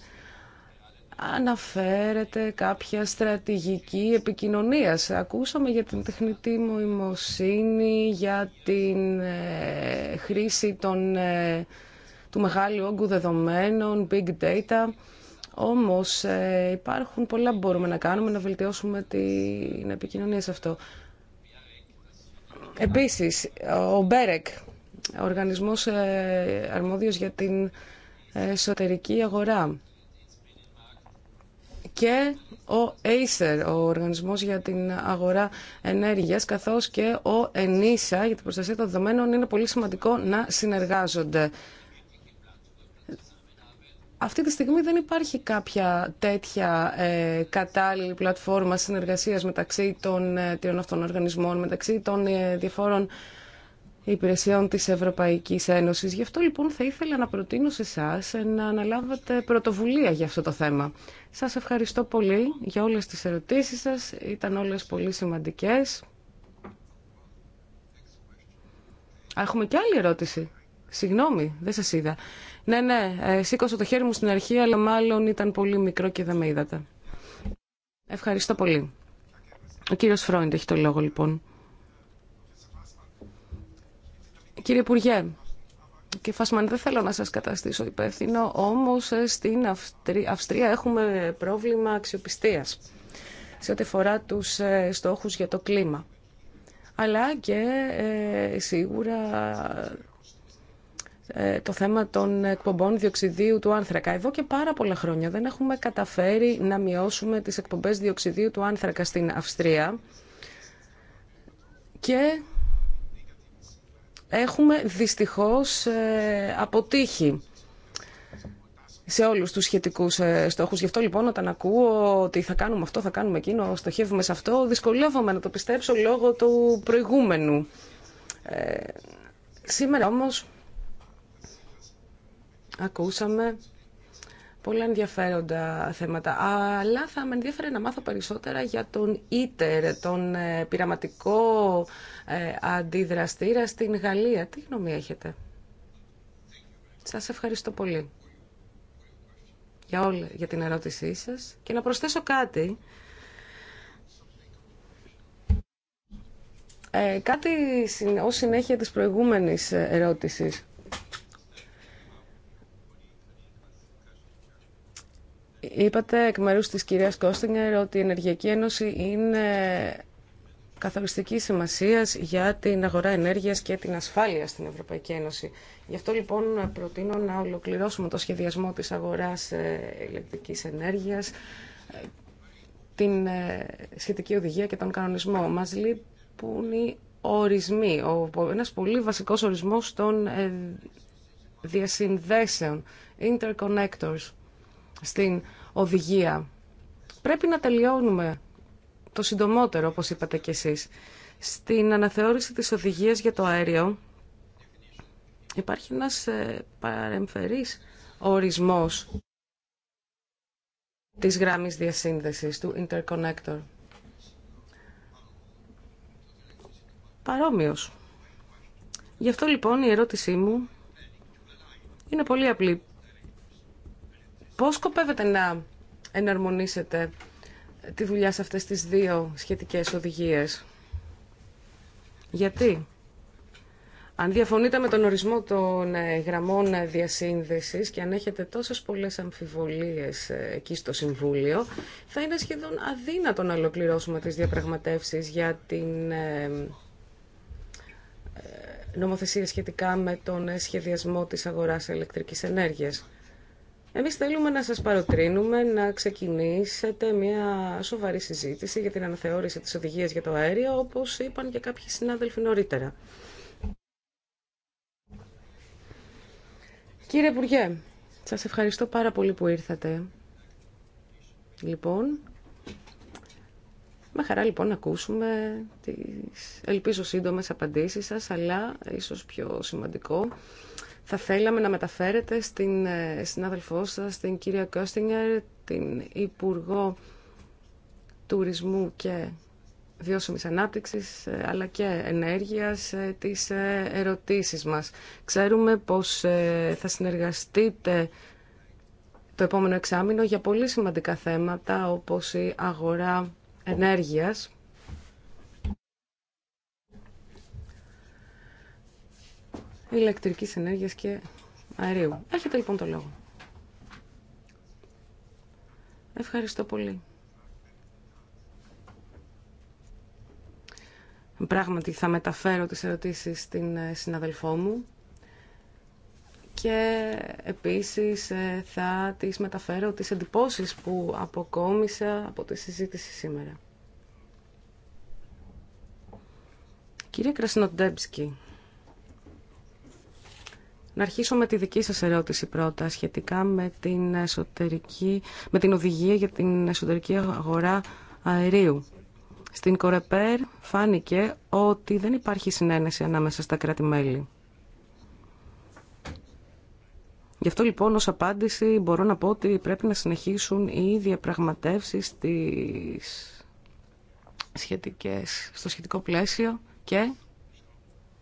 αναφέρεται κάποια στρατηγική επικοινωνίας. Ακούσαμε για την τεχνητή μοημοσύνη, για την ε, χρήση των, του μεγάλου όγκου δεδομένων, big data. Όμως υπάρχουν πολλά που μπορούμε να κάνουμε να βελτιώσουμε την επικοινωνία σε αυτό. Επίσης, ο Μπέρεκ, ο οργανισμός ε, αρμόδιος για την εσωτερική αγορά και ο Acer, ο Οργανισμός για την Αγορά Ενέργειας, καθώς και ο ENISA για την προστασία των δεδομένων είναι πολύ σημαντικό να συνεργάζονται αυτή τη στιγμή δεν υπάρχει κάποια τέτοια ε, κατάλληλη πλατφόρμα συνεργασίας μεταξύ των ε, αυτών οργανισμών, μεταξύ των ε, διαφόρων υπηρεσιών της Ευρωπαϊκής Ένωσης. Γι' αυτό λοιπόν θα ήθελα να προτείνω σε εσά να αναλάβετε πρωτοβουλία για αυτό το θέμα. Σας ευχαριστώ πολύ για όλες τις ερωτήσεις σας. Ήταν όλες πολύ σημαντικές. Έχουμε και άλλη ερώτηση. Συγγνώμη, δεν σας είδα. Ναι, ναι, ε, σήκωσα το χέρι μου στην αρχή, αλλά μάλλον ήταν πολύ μικρό και δεν με είδατε. Ευχαριστώ πολύ. Ο κύριος Φρόιντ έχει το λόγο, λοιπόν. Κύριε Υπουργέ, και Φασμαν, δεν θέλω να σας καταστήσω υπεύθυνο, όμως ε, στην Αυστρία έχουμε πρόβλημα αξιοπιστίας σε ό,τι φορά τους ε, στόχους για το κλίμα. Αλλά και σίγουρα ε, το θέμα των εκπομπών διοξιδίου του άνθρακα. Εδώ και πάρα πολλά χρόνια δεν έχουμε καταφέρει να μειώσουμε τις εκπομπές διοξιδίου του άνθρακα στην Αυστρία και έχουμε δυστυχώς ε, αποτύχει σε όλους τους σχετικούς ε, στόχους. Γι' αυτό λοιπόν όταν ακούω ότι θα κάνουμε αυτό, θα κάνουμε εκείνο, στοχεύουμε σε αυτό, δυσκολεύομαι να το πιστέψω λόγω του προηγούμενου. σήμερα όμως ακούσαμε πολλά ενδιαφέροντα θέματα. Αλλά θα με ενδιαφέρει να μάθω περισσότερα για τον ΙΤΕΡ, τον ε, πειραματικό ε, αντιδραστήρα στην Γαλλία. Τι γνώμη έχετε. Σας ευχαριστώ πολύ για, όλη, για την ερώτησή σας. Και να προσθέσω κάτι. Ε, κάτι ως συνέχεια της προηγούμενης ερώτησης. Είπατε εκ μέρους της κυρίας Κόστινγκερ ότι η Ενεργειακή Ένωση είναι καθοριστική σημασία για την αγορά ενέργειας και την ασφάλεια στην Ευρωπαϊκή Ένωση. Γι' αυτό λοιπόν προτείνω να ολοκληρώσουμε το σχεδιασμό της αγοράς ε, ηλεκτρικής ενέργειας, ε, την ε, σχετική οδηγία και τον κανονισμό. Μας λείπουν οι ορισμοί, ένας πολύ βασικός ορισμός των διασυνδέσεων, interconnectors, στην οδηγία. Πρέπει να τελειώνουμε το συντομότερο, όπως είπατε κι εσείς. Στην αναθεώρηση της οδηγίας για το αέριο υπάρχει ένας ε, παρεμφερής ορισμός της γράμμης διασύνδεσης, του interconnector. Παρόμοιος. Γι' αυτό λοιπόν η ερώτησή μου είναι πολύ απλή. Πώς σκοπεύετε να εναρμονίσετε τη δουλειά σε αυτές τις δύο σχετικές οδηγίες. Γιατί. Αν διαφωνείτε με τον ορισμό των ε, γραμμών ε, διασύνδεσης και αν έχετε τόσες πολλές αμφιβολίες ε, εκεί στο Συμβούλιο, θα είναι σχεδόν αδύνατο να ολοκληρώσουμε τις διαπραγματεύσεις για την νομοθεσία σχετικά με τον σχεδιασμό της αγοράς ηλεκτρικής ενέργειας. Εμείς θέλουμε να σας παροτρύνουμε να ξεκινήσετε μια σοβαρή συζήτηση για την αναθεώρηση της οδηγίας για το αέριο, όπως είπαν και κάποιοι συνάδελφοι νωρίτερα. Κύριε Υπουργέ, σας ευχαριστώ πάρα πολύ που ήρθατε. Λοιπόν, με χαρά λοιπόν να ακούσουμε τις, ελπίζω σύντομες απαντήσεις σας, αλλά ίσως πιο σημαντικό, θα θέλαμε να μεταφέρετε στην ε, συνάδελφό σας, την κυρία Κόστινγκερ, την Υπουργό Τουρισμού και Βιώσιμης Ανάπτυξης, ε, αλλά και Ενέργειας, ε, τις ερωτήσεις μας. Ξέρουμε πως θα συνεργαστείτε το επόμενο εξάμεινο για πολύ σημαντικά θέματα, όπως η αγορά ενέργειας ηλεκτρικής ενέργειας και αερίου. Έχετε λοιπόν το λόγο. Ευχαριστώ πολύ. Πράγματι θα μεταφέρω τις ερωτήσεις στην ε, συναδελφό μου και επίσης ε, θα τις μεταφέρω τις εντυπώσεις που αποκόμισα από τη συζήτηση σήμερα. Κύριε Κρασινοντέμψκη, να αρχίσω με τη δική σας ερώτηση πρώτα σχετικά με την, εσωτερική, με την οδηγία για την εσωτερική αγορά αερίου. Στην Κορεπέρ φάνηκε ότι δεν υπάρχει συνένεση ανάμεσα στα κράτη-μέλη. Γι' αυτό λοιπόν ως απάντηση μπορώ να πω ότι πρέπει να συνεχίσουν οι διαπραγματεύσεις τις σχετικές, στο σχετικό πλαίσιο και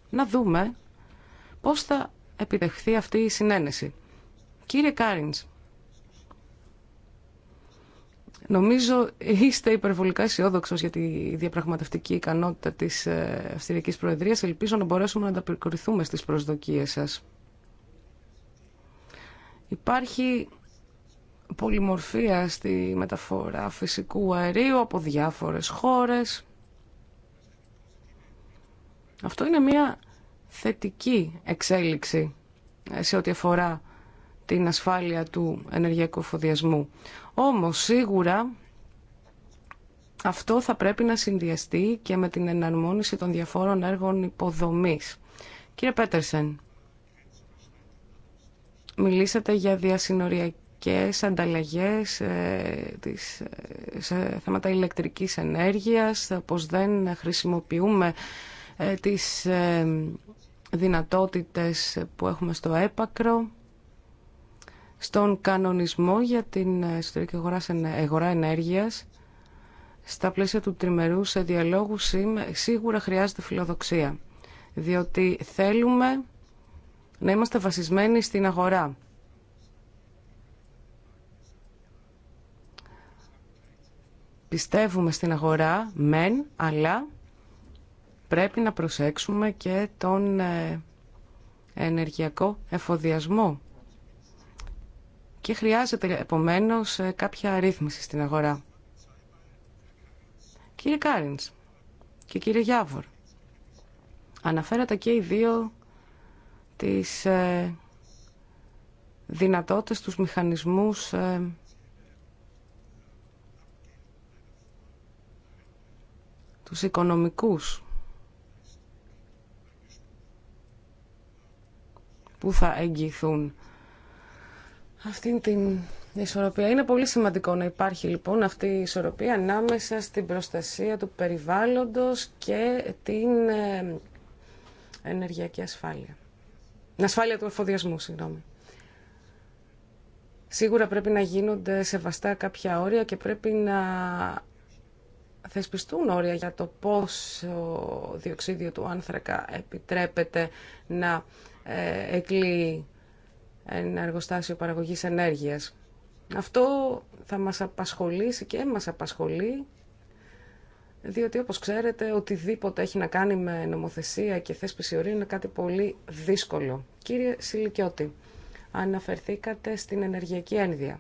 να δούμε πώς θα επιτευχθεί αυτή η συνένεση. Κύριε Κάριντς, νομίζω είστε υπερβολικά αισιόδοξο για τη διαπραγματευτική ικανότητα της ε, Αυστηρικής Προεδρίας. Ελπίζω να μπορέσουμε να ανταπεκριθούμε στις προσδοκίες σας. Υπάρχει πολυμορφία στη μεταφορά φυσικού αερίου από διάφορες χώρες. Αυτό είναι μια θετική εξέλιξη ε, σε ό,τι αφορά την ασφάλεια του ενεργειακού εφοδιασμού. Όμως σίγουρα αυτό θα πρέπει να συνδυαστεί και με την εναρμόνιση των διαφόρων έργων υποδομής. Κύριε Πέτερσεν, μιλήσατε για διασυνοριακές ανταλλαγές ε, ε, σε θέματα ηλεκτρικής ενέργειας, πως δεν χρησιμοποιούμε τις δυνατότητες που έχουμε στο έπακρο, στον κανονισμό για την ιστορική αγορά ενέργειας, στα πλαίσια του τριμερού σε διαλόγου σίγουρα χρειάζεται φιλοδοξία, διότι θέλουμε να είμαστε βασισμένοι στην αγορά. Πιστεύουμε στην αγορά, μεν, αλλά πρέπει να προσέξουμε και τον ε, ενεργειακό εφοδιασμό. Και χρειάζεται επομένως ε, κάποια αρρύθμιση στην αγορά. Κύριε Κάριντς και κύριε Γιάβορ, αναφέρατε και οι δύο τις ε, δυνατότητες, τους μηχανισμούς τους οικονομικούς που θα εγγυηθούν αυτήν την ισορροπία. Είναι πολύ σημαντικό να υπάρχει λοιπόν αυτή η ισορροπία ανάμεσα στην προστασία του περιβάλλοντος και την ε, ενεργειακή ασφάλεια. Ασφάλεια του εφοδιασμού, συγγνώμη. Σίγουρα πρέπει να γίνονται σεβαστά κάποια όρια και πρέπει να θεσπιστούν όρια για το πόσο διοξίδιο του άνθρακα επιτρέπεται να ε, εκλεί ένα εργοστάσιο παραγωγής ενέργειας. Αυτό θα μας απασχολήσει και μας απασχολεί, διότι όπως ξέρετε οτιδήποτε έχει να κάνει με νομοθεσία και θέσπιση ορίων είναι κάτι πολύ δύσκολο. Κύριε Σιλικιώτη, αναφερθήκατε στην ενεργειακή ένδυα.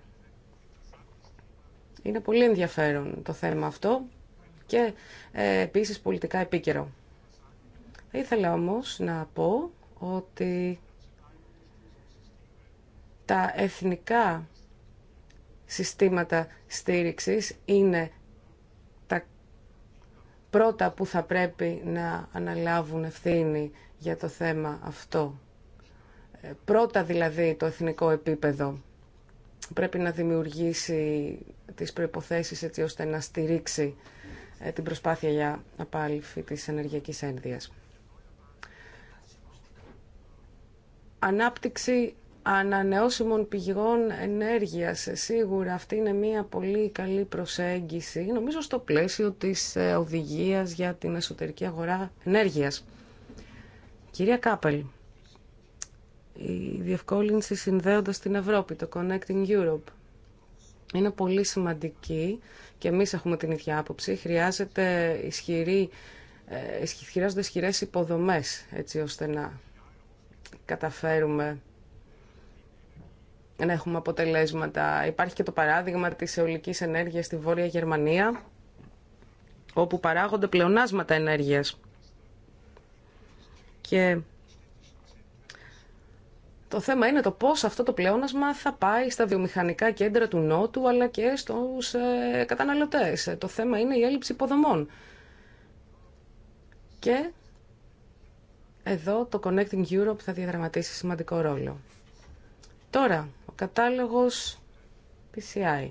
Είναι πολύ ενδιαφέρον το θέμα αυτό και ε, επίσης πολιτικά επίκαιρο. Ήθελα όμως να πω ότι τα εθνικά συστήματα στήριξης είναι τα πρώτα που θα πρέπει να αναλάβουν ευθύνη για το θέμα αυτό. Ε, πρώτα δηλαδή το εθνικό επίπεδο πρέπει να δημιουργήσει τις προϋποθέσεις έτσι ώστε να στηρίξει ε, την προσπάθεια για απάλληφη της ενεργειακής ένδυας. ανάπτυξη ανανεώσιμων πηγών ενέργειας. Ε, σίγουρα αυτή είναι μια πολύ καλή προσέγγιση, νομίζω στο πλαίσιο της ε, οδηγίας για την εσωτερική αγορά ενέργειας. Κυρία Κάπελ, η διευκόλυνση συνδέοντας την Ευρώπη, το Connecting Europe, είναι πολύ σημαντική και εμείς έχουμε την ίδια άποψη. Χρειάζεται ισχυρή, ε, χρειάζονται ισχυρές υποδομές έτσι ώστε να καταφέρουμε να έχουμε αποτελέσματα. Υπάρχει και το παράδειγμα της αιωλικής ενέργειας στη Βόρεια Γερμανία, όπου παράγονται πλεονάσματα ενέργειας. Και το θέμα είναι το πώς αυτό το πλεόνασμα θα πάει στα βιομηχανικά κέντρα του Νότου, αλλά και στους ε, καταναλωτές. Το θέμα είναι η έλλειψη υποδομών. Και εδώ το Connecting Europe θα διαδραματίσει σημαντικό ρόλο. Τώρα, ο κατάλογος PCI.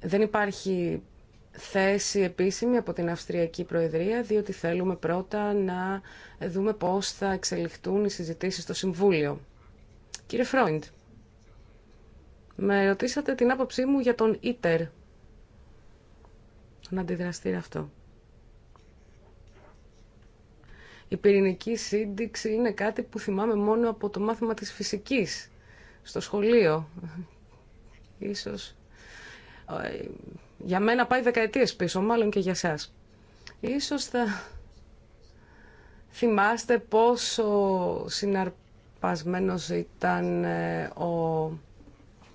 Δεν υπάρχει θέση επίσημη από την Αυστριακή Προεδρία, διότι θέλουμε πρώτα να δούμε πώς θα εξελιχτούν οι συζητήσεις στο Συμβούλιο. Κύριε Φρόιντ, με ρωτήσατε την άποψή μου για τον ΙΤΕΡ, Να αντιδραστήρα αυτό. Η πυρηνική σύνδεξη είναι κάτι που θυμάμαι μόνο από το μάθημα της φυσικής στο σχολείο. Ίσως ε, για μένα πάει δεκαετίες πίσω, μάλλον και για σας. Ίσως θα θυμάστε πόσο συναρπασμένος ήταν ε, ο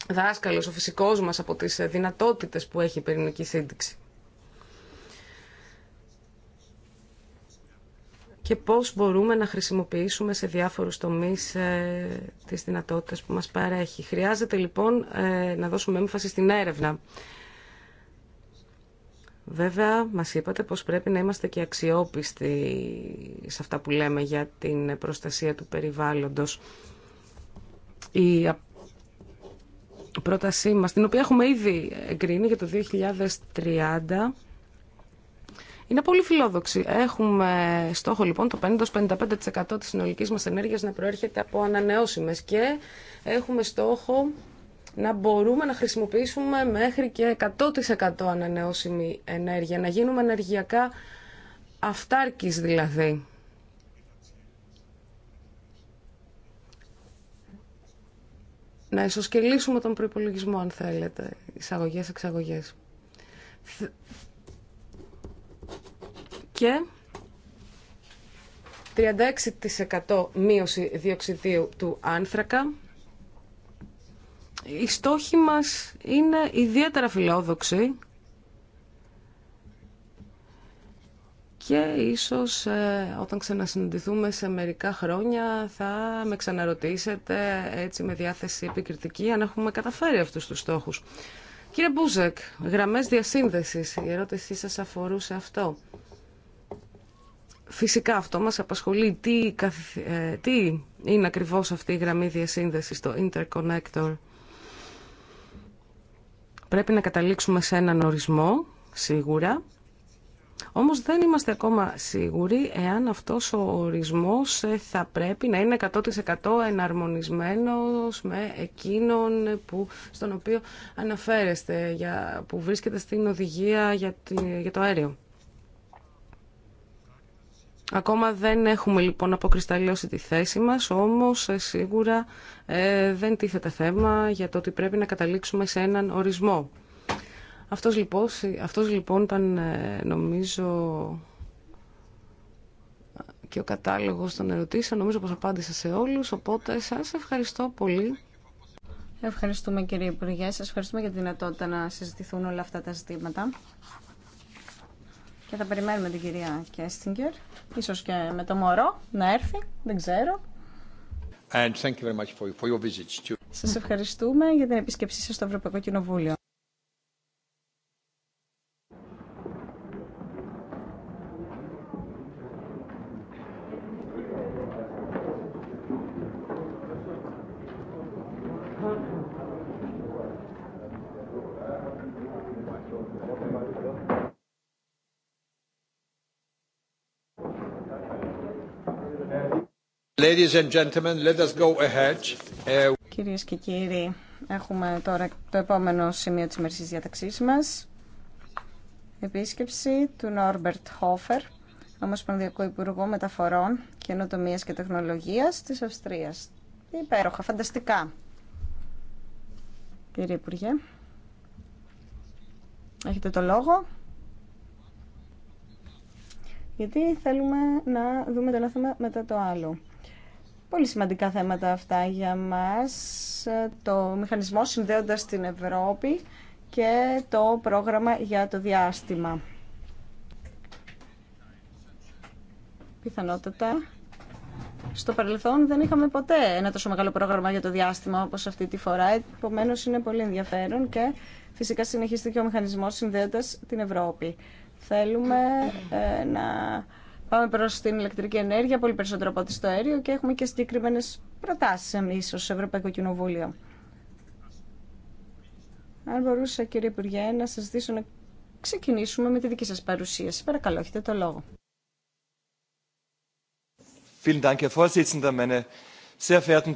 δάσκαλος, ο φυσικός μας από τις ε, δυνατότητες που έχει η πυρηνική σύνδεξη. και πώς μπορούμε να χρησιμοποιήσουμε σε διάφορους τομείς ε, τις δυνατότητες που μας παρέχει. Χρειάζεται λοιπόν ε, να δώσουμε έμφαση στην έρευνα. Βέβαια, μας είπατε πως πρέπει να είμαστε και αξιόπιστοι σε αυτά που λέμε για την προστασία του περιβάλλοντος. Η πρότασή μας, την οποία έχουμε ήδη εγκρίνει για το 2030 είναι πολύ φιλόδοξη. Έχουμε στόχο λοιπόν το 50-55% της συνολικής μας ενέργειας να προέρχεται από ανανεώσιμες και έχουμε στόχο να μπορούμε να χρησιμοποιήσουμε μέχρι και 100% ανανεώσιμη ενέργεια, να γίνουμε ενεργειακά αυτάρκης δηλαδή. Να ισοσκελίσουμε τον προϋπολογισμό αν θέλετε, εισαγωγές-εξαγωγές. 36% μείωση διοξιδίου του άνθρακα. Οι στόχοι μας είναι ιδιαίτερα φιλόδοξοι και ίσως ε, όταν ξανασυναντηθούμε σε μερικά χρόνια θα με ξαναρωτήσετε έτσι με διάθεση επικριτική αν έχουμε καταφέρει αυτούς τους στόχους. Κύριε Μπούζεκ, γραμμές διασύνδεσης, η ερώτησή σας αφορούσε αυτό. Φυσικά αυτό μας απασχολεί τι, ε, τι είναι ακριβώς αυτή η γραμμή διασύνδεσης, το interconnector. Πρέπει να καταλήξουμε σε έναν ορισμό, σίγουρα. Όμως δεν είμαστε ακόμα σίγουροι εάν αυτός ο ορισμός ε, θα πρέπει να είναι 100% εναρμονισμένος με εκείνον που, στον οποίο αναφέρεστε, για, που βρίσκεται στην οδηγία για, το αέριο. Ακόμα δεν έχουμε λοιπόν αποκρισταλλώσει τη θέση μας, όμως ε, σίγουρα ε, δεν τίθεται θέμα για το ότι πρέπει να καταλήξουμε σε έναν ορισμό. Αυτός λοιπόν, αυτός, λοιπόν ήταν ε, νομίζω και ο κατάλογος των ερωτήσεων. Νομίζω πως απάντησα σε όλους, οπότε σας ευχαριστώ πολύ. Ευχαριστούμε κύριε Υπουργέ, σας ευχαριστούμε για τη δυνατότητα να συζητηθούν όλα αυτά τα ζητήματα. Και θα περιμένουμε την κυρία Κέστιγκερ. Ίσως και με το μωρό να έρθει, δεν ξέρω. And thank you very much for visit Σας ευχαριστούμε για την επίσκεψή σας στο Ευρωπαϊκό Κοινοβούλιο. Ladies and gentlemen, let us go ahead. Uh, Κυρίες και κύριοι, έχουμε τώρα το επόμενο σημείο της μερικής διαταξής μας. Επίσκεψη του Νόρμπερτ Χόφερ, Ομοσπονδιακού Υπουργού Μεταφορών, Καινοτομία και Τεχνολογίας της Αυστρίας. Υπέροχα, φανταστικά. Κύριε Υπουργέ, έχετε το λόγο. Γιατί θέλουμε να δούμε το ένα θέμα μετά το άλλο. Πολύ σημαντικά θέματα αυτά για μας. Το μηχανισμό συνδέοντας την Ευρώπη και το πρόγραμμα για το διάστημα. Πιθανότατα. Στο παρελθόν δεν είχαμε ποτέ ένα τόσο μεγάλο πρόγραμμα για το διάστημα όπως αυτή τη φορά. Επομένως είναι πολύ ενδιαφέρον και φυσικά συνεχίστηκε ο μηχανισμός συνδέοντας την Ευρώπη. Θέλουμε ε, να Πάμε προ την ηλεκτρική ενέργεια, πολύ περισσότερο από ό,τι στο αέριο και έχουμε και συγκεκριμένε προτάσει εμεί ω Ευρωπαϊκό Κοινοβούλιο. Αν μπορούσα, κύριε Υπουργέ, να σα ζητήσω να ξεκινήσουμε με τη δική σα παρουσίαση. Παρακαλώ, έχετε το λόγο. Vielen Dank, Herr Vorsitzender, meine sehr verehrten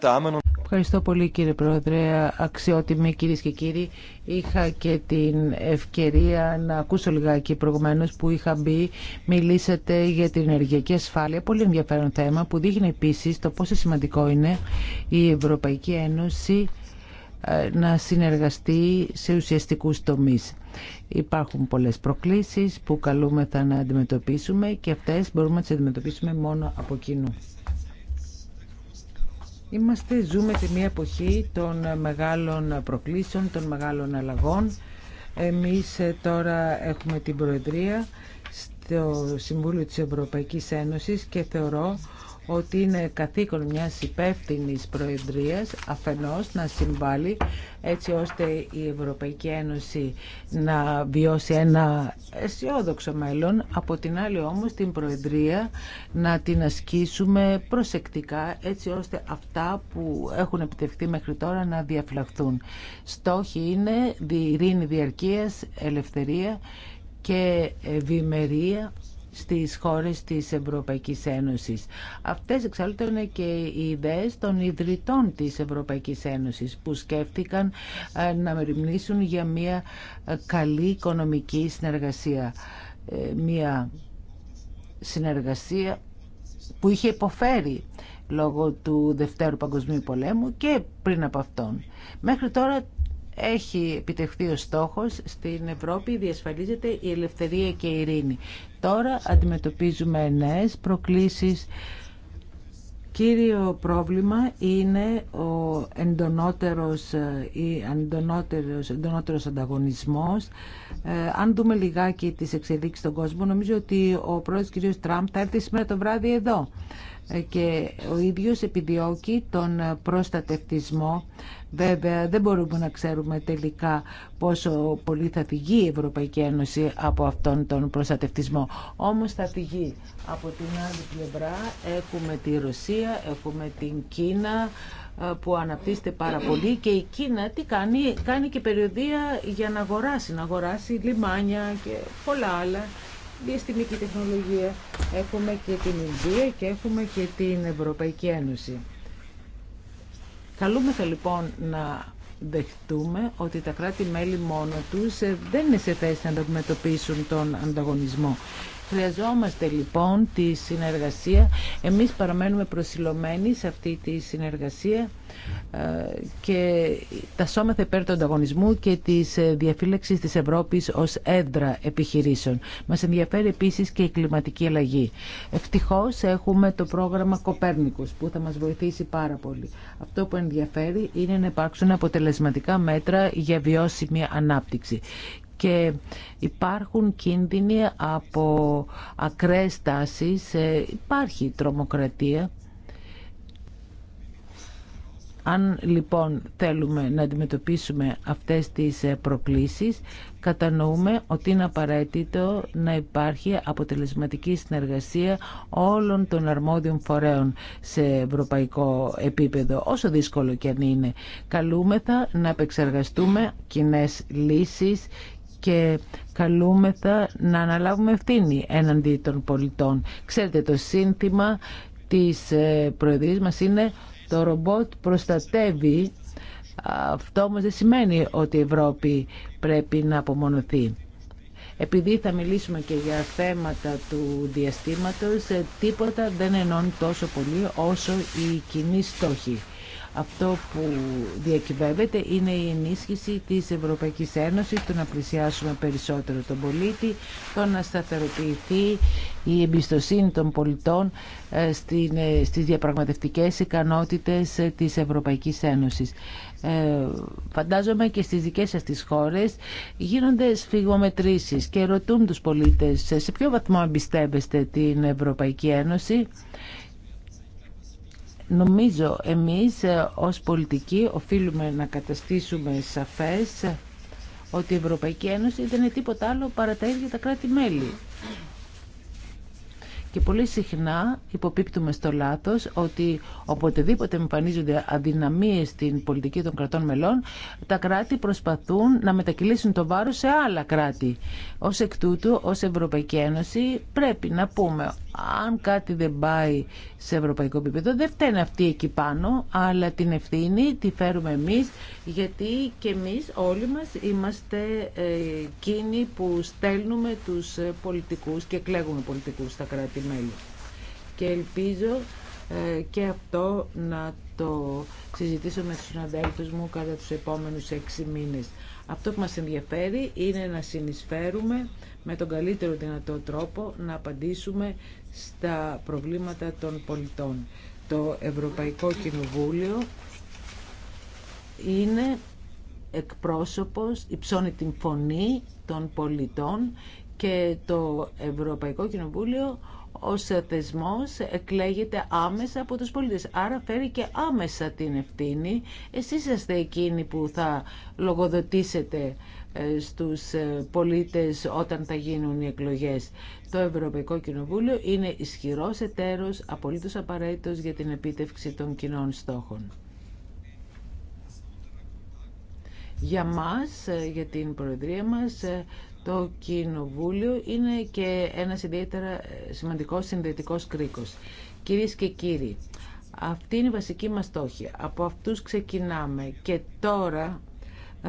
Ευχαριστώ πολύ κύριε Πρόεδρε, αξιότιμοι κυρίε και κύριοι. Είχα και την ευκαιρία να ακούσω λιγάκι προηγουμένω που είχα μπει. Μιλήσατε για την ενεργειακή ασφάλεια. Πολύ ενδιαφέρον θέμα που δείχνει επίση το πόσο σημαντικό είναι η Ευρωπαϊκή Ένωση ε, να συνεργαστεί σε ουσιαστικούς τομείς. Υπάρχουν πολλές προκλήσεις που καλούμεθα να αντιμετωπίσουμε και αυτές μπορούμε να τις αντιμετωπίσουμε μόνο από κοινού. Είμαστε, ζούμε τη μια εποχή των μεγάλων προκλήσεων, των μεγάλων αλλαγών. Εμείς ε, τώρα έχουμε την Προεδρία στο Συμβούλιο της Ευρωπαϊκής Ένωσης και θεωρώ ότι είναι καθήκον μιας υπεύθυνης προεδρίας αφενός να συμβάλλει έτσι ώστε η Ευρωπαϊκή Ένωση να βιώσει ένα αισιόδοξο μέλλον. Από την άλλη όμως την Προεδρία να την ασκήσουμε προσεκτικά έτσι ώστε αυτά που έχουν επιτευχθεί μέχρι τώρα να διαφλαχθούν. Στόχοι είναι ειρήνη διαρκείας, ελευθερία και ευημερία στις χώρες της Ευρωπαϊκής Ένωσης. Αυτές εξάλλου και οι ιδέες των ιδρυτών της Ευρωπαϊκής Ένωσης που σκέφτηκαν ε, να μεριμνήσουν για μια ε, καλή οικονομική συνεργασία. Ε, μια συνεργασία που είχε υποφέρει λόγω του Δευτέρου Παγκοσμίου Πολέμου και πριν από αυτόν. Μέχρι τώρα έχει επιτευχθεί ο στόχος. Στην Ευρώπη διασφαλίζεται η ελευθερία και η ειρήνη. Τώρα αντιμετωπίζουμε νέες προκλήσεις. Κύριο πρόβλημα είναι ο εντονότερος, η εντονότερος, ανταγωνισμός. Ε, αν δούμε λιγάκι τις εξελίξεις στον κόσμο, νομίζω ότι ο πρόεδρος κύριος Τραμπ θα έρθει σήμερα το βράδυ εδώ ε, και ο ίδιος επιδιώκει τον προστατευτισμό Βέβαια δεν μπορούμε να ξέρουμε τελικά πόσο πολύ θα φυγεί η Ευρωπαϊκή Ένωση από αυτόν τον προστατευτισμό. Όμως θα φυγεί. Από την άλλη πλευρά έχουμε τη Ρωσία, έχουμε την Κίνα ε, που αναπτύσσεται πάρα πολύ και η Κίνα τι κάνει, κάνει και περιοδία για να αγοράσει, να αγοράσει λιμάνια και πολλά άλλα διαστημική τεχνολογία. Έχουμε και την Ινδία και έχουμε και την Ευρωπαϊκή Ένωση. Καλούμεθα λοιπόν να δεχτούμε ότι τα κράτη-μέλη μόνο τους ε, δεν είναι σε θέση να αντιμετωπίσουν τον ανταγωνισμό. Χρειαζόμαστε λοιπόν τη συνεργασία. Εμείς παραμένουμε προσιλωμένοι σε αυτή τη συνεργασία ε, και τα σώματα υπέρ του ανταγωνισμού και της ε, διαφύλαξης της Ευρώπης ως έδρα επιχειρήσεων. Μας ενδιαφέρει επίσης και η κλιματική αλλαγή. Ευτυχώς έχουμε το πρόγραμμα Κοπέρνικος που θα μας βοηθήσει πάρα πολύ. Αυτό που ενδιαφέρει είναι να υπάρξουν αποτελεσματικά μέτρα για βιώσιμη ανάπτυξη και υπάρχουν κίνδυνοι από ακραίες τάσεις, ε, υπάρχει τρομοκρατία. Αν λοιπόν θέλουμε να αντιμετωπίσουμε αυτές τις ε, προκλήσεις, κατανοούμε ότι είναι απαραίτητο να υπάρχει αποτελεσματική συνεργασία όλων των αρμόδιων φορέων σε ευρωπαϊκό επίπεδο, όσο δύσκολο και αν είναι. Καλούμεθα να επεξεργαστούμε κοινέ λύσεις και καλούμεθα να αναλάβουμε ευθύνη έναντι των πολιτών. Ξέρετε, το σύνθημα της ε, Προεδρίας μας είναι το ρομπότ προστατεύει. Αυτό όμως δεν σημαίνει ότι η Ευρώπη πρέπει να απομονωθεί. Επειδή θα μιλήσουμε και για θέματα του διαστήματος, ε, τίποτα δεν ενώνει τόσο πολύ όσο οι κοινοί στόχοι. Αυτό που διακυβεύεται είναι η ενίσχυση της Ευρωπαϊκής Ένωσης, το να πλησιάσουμε περισσότερο τον πολίτη, το να σταθεροποιηθεί η εμπιστοσύνη των πολιτών ε, ε, στις διαπραγματευτικές ικανότητες ε, της Ευρωπαϊκής Ένωσης. Φαντάζομαι και στις δικές σας τις χώρες γίνονται σφιγμομετρήσεις και ρωτούν τους πολίτες σε ποιο βαθμό εμπιστεύεστε την Ευρωπαϊκή Ένωση Νομίζω εμείς ε, ως πολιτικοί οφείλουμε να καταστήσουμε σαφές ότι η Ευρωπαϊκή Ένωση δεν είναι τίποτα άλλο παρά τα ίδια τα κράτη-μέλη. Και πολύ συχνά υποπίπτουμε στο λάθος ότι οποτεδήποτε εμφανίζονται αδυναμίες στην πολιτική των κρατών μελών, τα κράτη προσπαθούν να μετακυλήσουν το βάρος σε άλλα κράτη. Ως εκ τούτου, ως Ευρωπαϊκή Ένωση, πρέπει να πούμε αν κάτι δεν πάει σε ευρωπαϊκό επίπεδο. Δεν φταίνε αυτοί εκεί πάνω, αλλά την ευθύνη τη φέρουμε εμείς, γιατί και εμείς όλοι μας είμαστε ε, εκείνοι που στέλνουμε τους ε, πολιτικούς και εκλέγουμε πολιτικούς στα κράτη-μέλη. Και ελπίζω ε, και αυτό να το συζητήσω με τους συναδέλφους μου κατά τους επόμενους έξι μήνες. Αυτό που μας ενδιαφέρει είναι να συνεισφέρουμε με τον καλύτερο δυνατό τρόπο να απαντήσουμε στα προβλήματα των πολιτών. Το Ευρωπαϊκό Κοινοβούλιο είναι εκπρόσωπος, υψώνει την φωνή των πολιτών και το Ευρωπαϊκό Κοινοβούλιο ο θεσμός εκλέγεται άμεσα από τους πολίτες. Άρα φέρει και άμεσα την ευθύνη. Εσείς είστε εκείνοι που θα λογοδοτήσετε ε, στους ε, πολίτες όταν θα γίνουν οι εκλογές. Το Ευρωπαϊκό Κοινοβούλιο είναι ισχυρός εταίρος, απολύτως απαραίτητος για την επίτευξη των κοινών στόχων. Για μας, ε, για την Προεδρία μας, το Κοινοβούλιο είναι και ένας ιδιαίτερα ε, σημαντικός συνδετικός κρίκος. Κυρίε και κύριοι, αυτή είναι η βασική μας στόχη. Από αυτούς ξεκινάμε και τώρα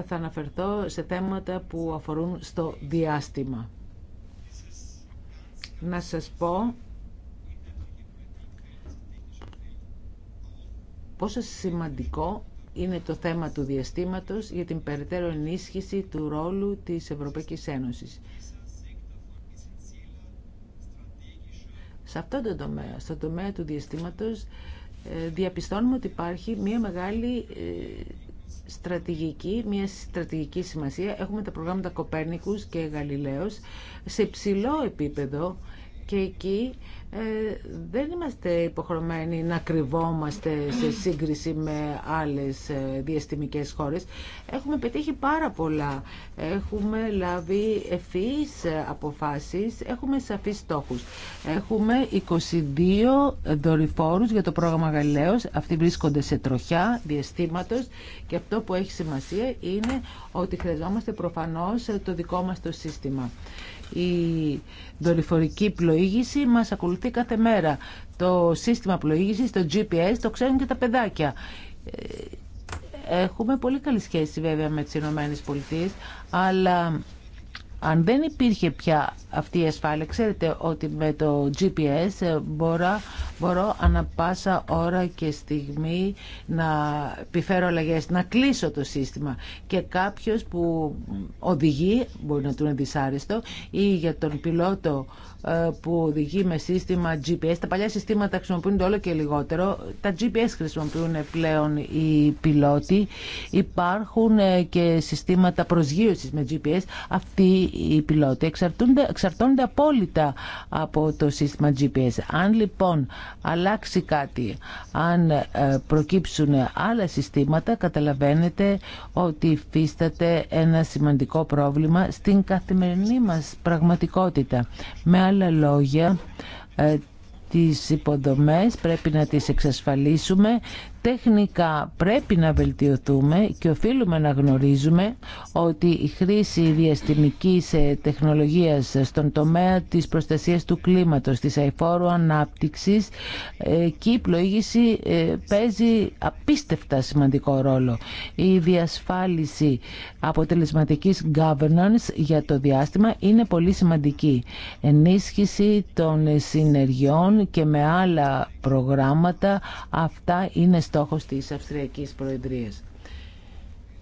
θα αναφερθώ σε θέματα που αφορούν στο διάστημα. Να σας πω πόσο σημαντικό είναι το θέμα του διαστήματος για την περαιτέρω ενίσχυση του ρόλου της Ευρωπαϊκής Ένωσης. Σε αυτό το τομέα, στο τομέα του διαστήματος, ε, διαπιστώνουμε ότι υπάρχει μια μεγάλη ε, στρατηγική, μια στρατηγική σημασία. Έχουμε τα προγράμματα Κοπέρνικους και Γαλιλαίος σε ψηλό επίπεδο και εκεί ε, δεν είμαστε υποχρεωμένοι να κρυβόμαστε σε σύγκριση με άλλες ε, διαστημικές χώρες. Έχουμε πετύχει πάρα πολλά. Έχουμε λάβει ευφυείς αποφάσεις, έχουμε σαφείς στόχους. Έχουμε 22 δορυφόρους για το πρόγραμμα Γαλιλαίος. Αυτοί βρίσκονται σε τροχιά διαστήματος και αυτό που έχει σημασία είναι ότι χρειαζόμαστε προφανώς το δικό μας το σύστημα. Η δορυφορική πλοήγηση μας ακολουθεί κάθε μέρα. Το σύστημα πλοήγησης, το GPS, το ξέρουν και τα παιδάκια. Ε, έχουμε πολύ καλή σχέση βέβαια με τις Ηνωμένες Πολιτείες, αλλά αν δεν υπήρχε πια αυτή η ασφάλεια, ξέρετε ότι με το GPS ε, μπορώ, μπορώ ανα πάσα ώρα και στιγμή να επιφέρω αλλαγέ, να κλείσω το σύστημα. Και κάποιος που οδηγεί, μπορεί να του είναι δυσάρεστο, ή για τον πιλότο ε, που οδηγεί με σύστημα GPS. Τα παλιά συστήματα χρησιμοποιούνται όλο και λιγότερο. Τα GPS χρησιμοποιούν πλέον οι πιλότοι. Υπάρχουν ε, και συστήματα προσγείωσης με GPS. Αυτοί οι πιλότοι εξαρτώνται, εξαρτώνται απόλυτα από το σύστημα GPS. Αν λοιπόν αλλάξει κάτι, αν ε, προκύψουν άλλα συστήματα, καταλαβαίνετε ότι υφίσταται ένα σημαντικό πρόβλημα στην καθημερινή μας πραγματικότητα. Με άλλα λόγια, ε, τις υποδομές πρέπει να τις εξασφαλίσουμε, τεχνικά πρέπει να βελτιωθούμε και οφείλουμε να γνωρίζουμε ότι η χρήση διαστημικής ε, τεχνολογίας στον τομέα της προστασίας του κλίματος, της αηφόρου ανάπτυξης ε, και η πλοήγηση ε, παίζει απίστευτα σημαντικό ρόλο. Η διασφάλιση αποτελεσματικής governance για το διάστημα είναι πολύ σημαντική. Ενίσχυση των συνεργειών και με άλλα προγράμματα αυτά είναι στόχος της Αυστριακής Προεδρίας.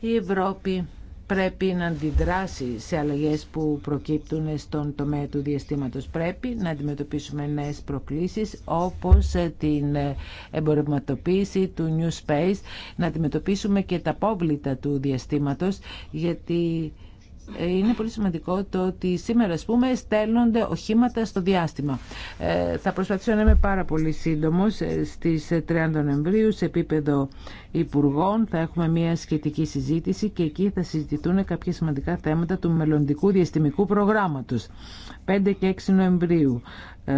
Η Ευρώπη πρέπει να αντιδράσει σε αλλαγές που προκύπτουν στον τομέα του διαστήματος. Πρέπει να αντιμετωπίσουμε νέες προκλήσεις όπως την εμπορευματοποίηση του New Space, να αντιμετωπίσουμε και τα πόβλητα του διαστήματος γιατί είναι πολύ σημαντικό το ότι σήμερα, ας πούμε, στέλνονται οχήματα στο διάστημα. Ε, θα προσπαθήσω να είμαι πάρα πολύ σύντομος. Ε, στις 30 Νοεμβρίου, σε επίπεδο υπουργών, θα έχουμε μια σχετική συζήτηση και εκεί θα συζητηθούν κάποια σημαντικά θέματα του μελλοντικού διαστημικού προγράμματος. 5 και 6 Νοεμβρίου ε,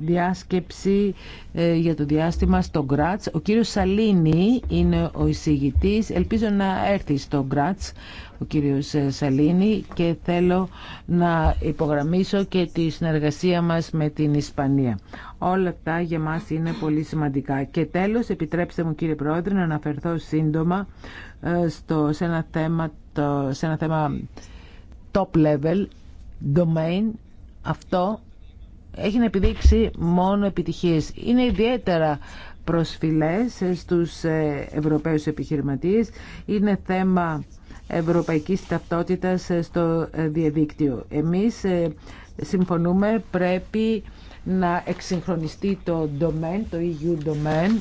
διάσκεψη ε, για το διάστημα στο Γκράτς. Ο κύριος Σαλίνη είναι ο εισηγητής. Ελπίζω να έρθει στο Γκράτς ο κύριος Σαλίνη και θέλω να υπογραμμίσω και τη συνεργασία μας με την Ισπανία. Όλα αυτά για μας είναι πολύ σημαντικά. Και τέλος, επιτρέψτε μου κύριε Πρόεδρε να αναφερθώ σύντομα ε, στο, σε, ένα θέμα, το, σε ένα θέμα top level, domain, αυτό έχει να επιδείξει μόνο επιτυχίες. Είναι ιδιαίτερα προσφυλές ε, στους ε, Ευρωπαίους επιχειρηματίες. Είναι θέμα ευρωπαϊκής ταυτότητας στο διαδίκτυο. Εμείς ε, συμφωνούμε πρέπει να εξυγχρονιστεί το domain, το EU domain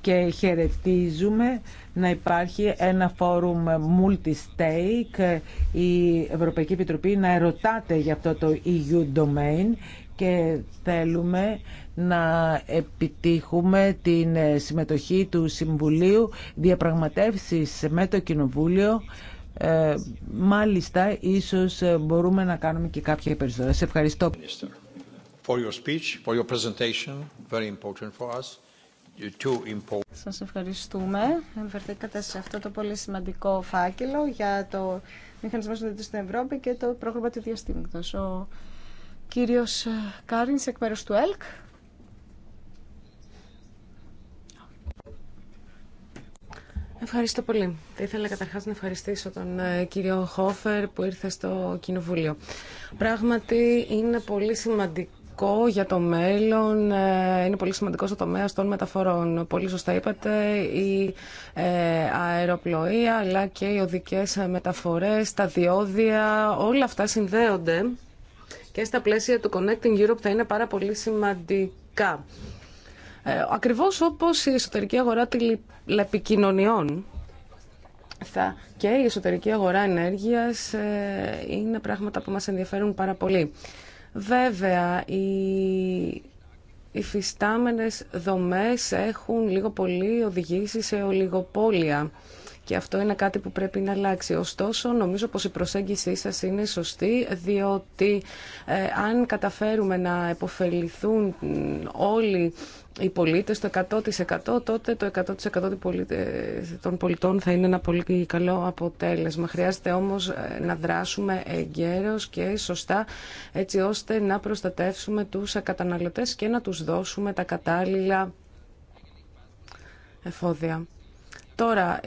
και χαιρετίζουμε να υπάρχει ένα φόρουμ multi-stake η Ευρωπαϊκή Επιτροπή να ερωτάται για αυτό το EU domain και θέλουμε να επιτύχουμε την συμμετοχή του Συμβουλίου διαπραγματεύσεις με το Κοινοβούλιο. Ε, μάλιστα, ίσως μπορούμε να κάνουμε και κάποια περισσότερα. Σε ευχαριστώ. Σας ευχαριστούμε. Εμφερθήκατε σε αυτό το πολύ σημαντικό φάκελο για το μηχανισμό Συνδέτης στην Ευρώπη και το πρόγραμμα του διαστήματος. Ο κύριος Κάριν, εκ μέρους του ΕΛΚ. Ευχαριστώ πολύ. Θα ήθελα καταρχάς να ευχαριστήσω τον ε, κύριο Χόφερ που ήρθε στο Κοινοβούλιο. Πράγματι είναι πολύ σημαντικό για το μέλλον, ε, είναι πολύ σημαντικό στο τομέα των μεταφορών. Πολύ σωστά είπατε, η ε, αεροπλοεία αλλά και οι οδικές μεταφορές, τα διόδια, όλα αυτά συνδέονται και στα πλαίσια του Connecting Europe θα είναι πάρα πολύ σημαντικά. Ε, ακριβώς όπως η εσωτερική αγορά τηλεπικοινωνιών θα και η εσωτερική αγορά ενέργειας ε, είναι πράγματα που μας ενδιαφέρουν πάρα πολύ. Βέβαια, οι φυστάμενες δομές έχουν λίγο πολύ οδηγήσει σε ολιγοπόλια και αυτό είναι κάτι που πρέπει να αλλάξει. Ωστόσο, νομίζω πως η προσέγγιση σας είναι σωστή, διότι ε, αν καταφέρουμε να επωφεληθούν όλοι οι πολίτες το 100% τότε το 100% των πολιτών θα είναι ένα πολύ καλό αποτέλεσμα. Χρειάζεται όμως ε, να δράσουμε εγκαίρω και σωστά έτσι ώστε να προστατεύσουμε τους καταναλωτέ και να τους δώσουμε τα κατάλληλα εφόδια. Τώρα,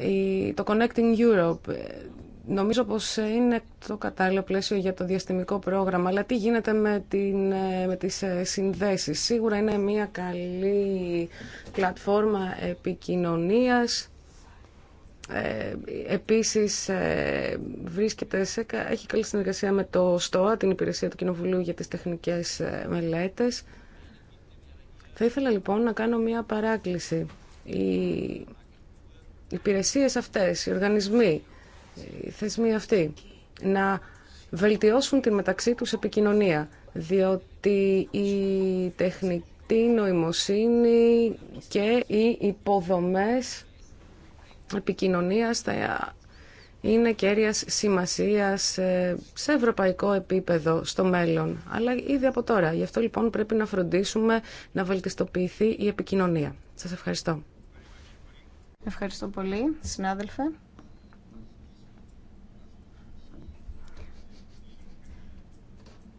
το Connecting Europe ε, Νομίζω πως είναι το κατάλληλο πλαίσιο για το διαστημικό πρόγραμμα, αλλά τι γίνεται με, την, ε, με τις ε, συνδέσεις. Σίγουρα είναι μια καλή πλατφόρμα επικοινωνίας. Ε, επίσης ε, βρίσκεται σε, έχει καλή συνεργασία με το ΣΤΟΑ, την Υπηρεσία του Κοινοβουλίου για τις Τεχνικές Μελέτες. Θα ήθελα λοιπόν να κάνω μια παράκληση. Οι υπηρεσίες αυτές, οι οργανισμοί οι θεσμοί αυτοί να βελτιώσουν τη μεταξύ τους επικοινωνία, διότι η τεχνητή νοημοσύνη και οι υποδομές επικοινωνίας θα είναι κέρια σημασίας σε ευρωπαϊκό επίπεδο στο μέλλον, αλλά ήδη από τώρα. Γι' αυτό λοιπόν πρέπει να φροντίσουμε να βελτιστοποιηθεί η επικοινωνία. Σας ευχαριστώ. Ευχαριστώ πολύ, συνάδελφε.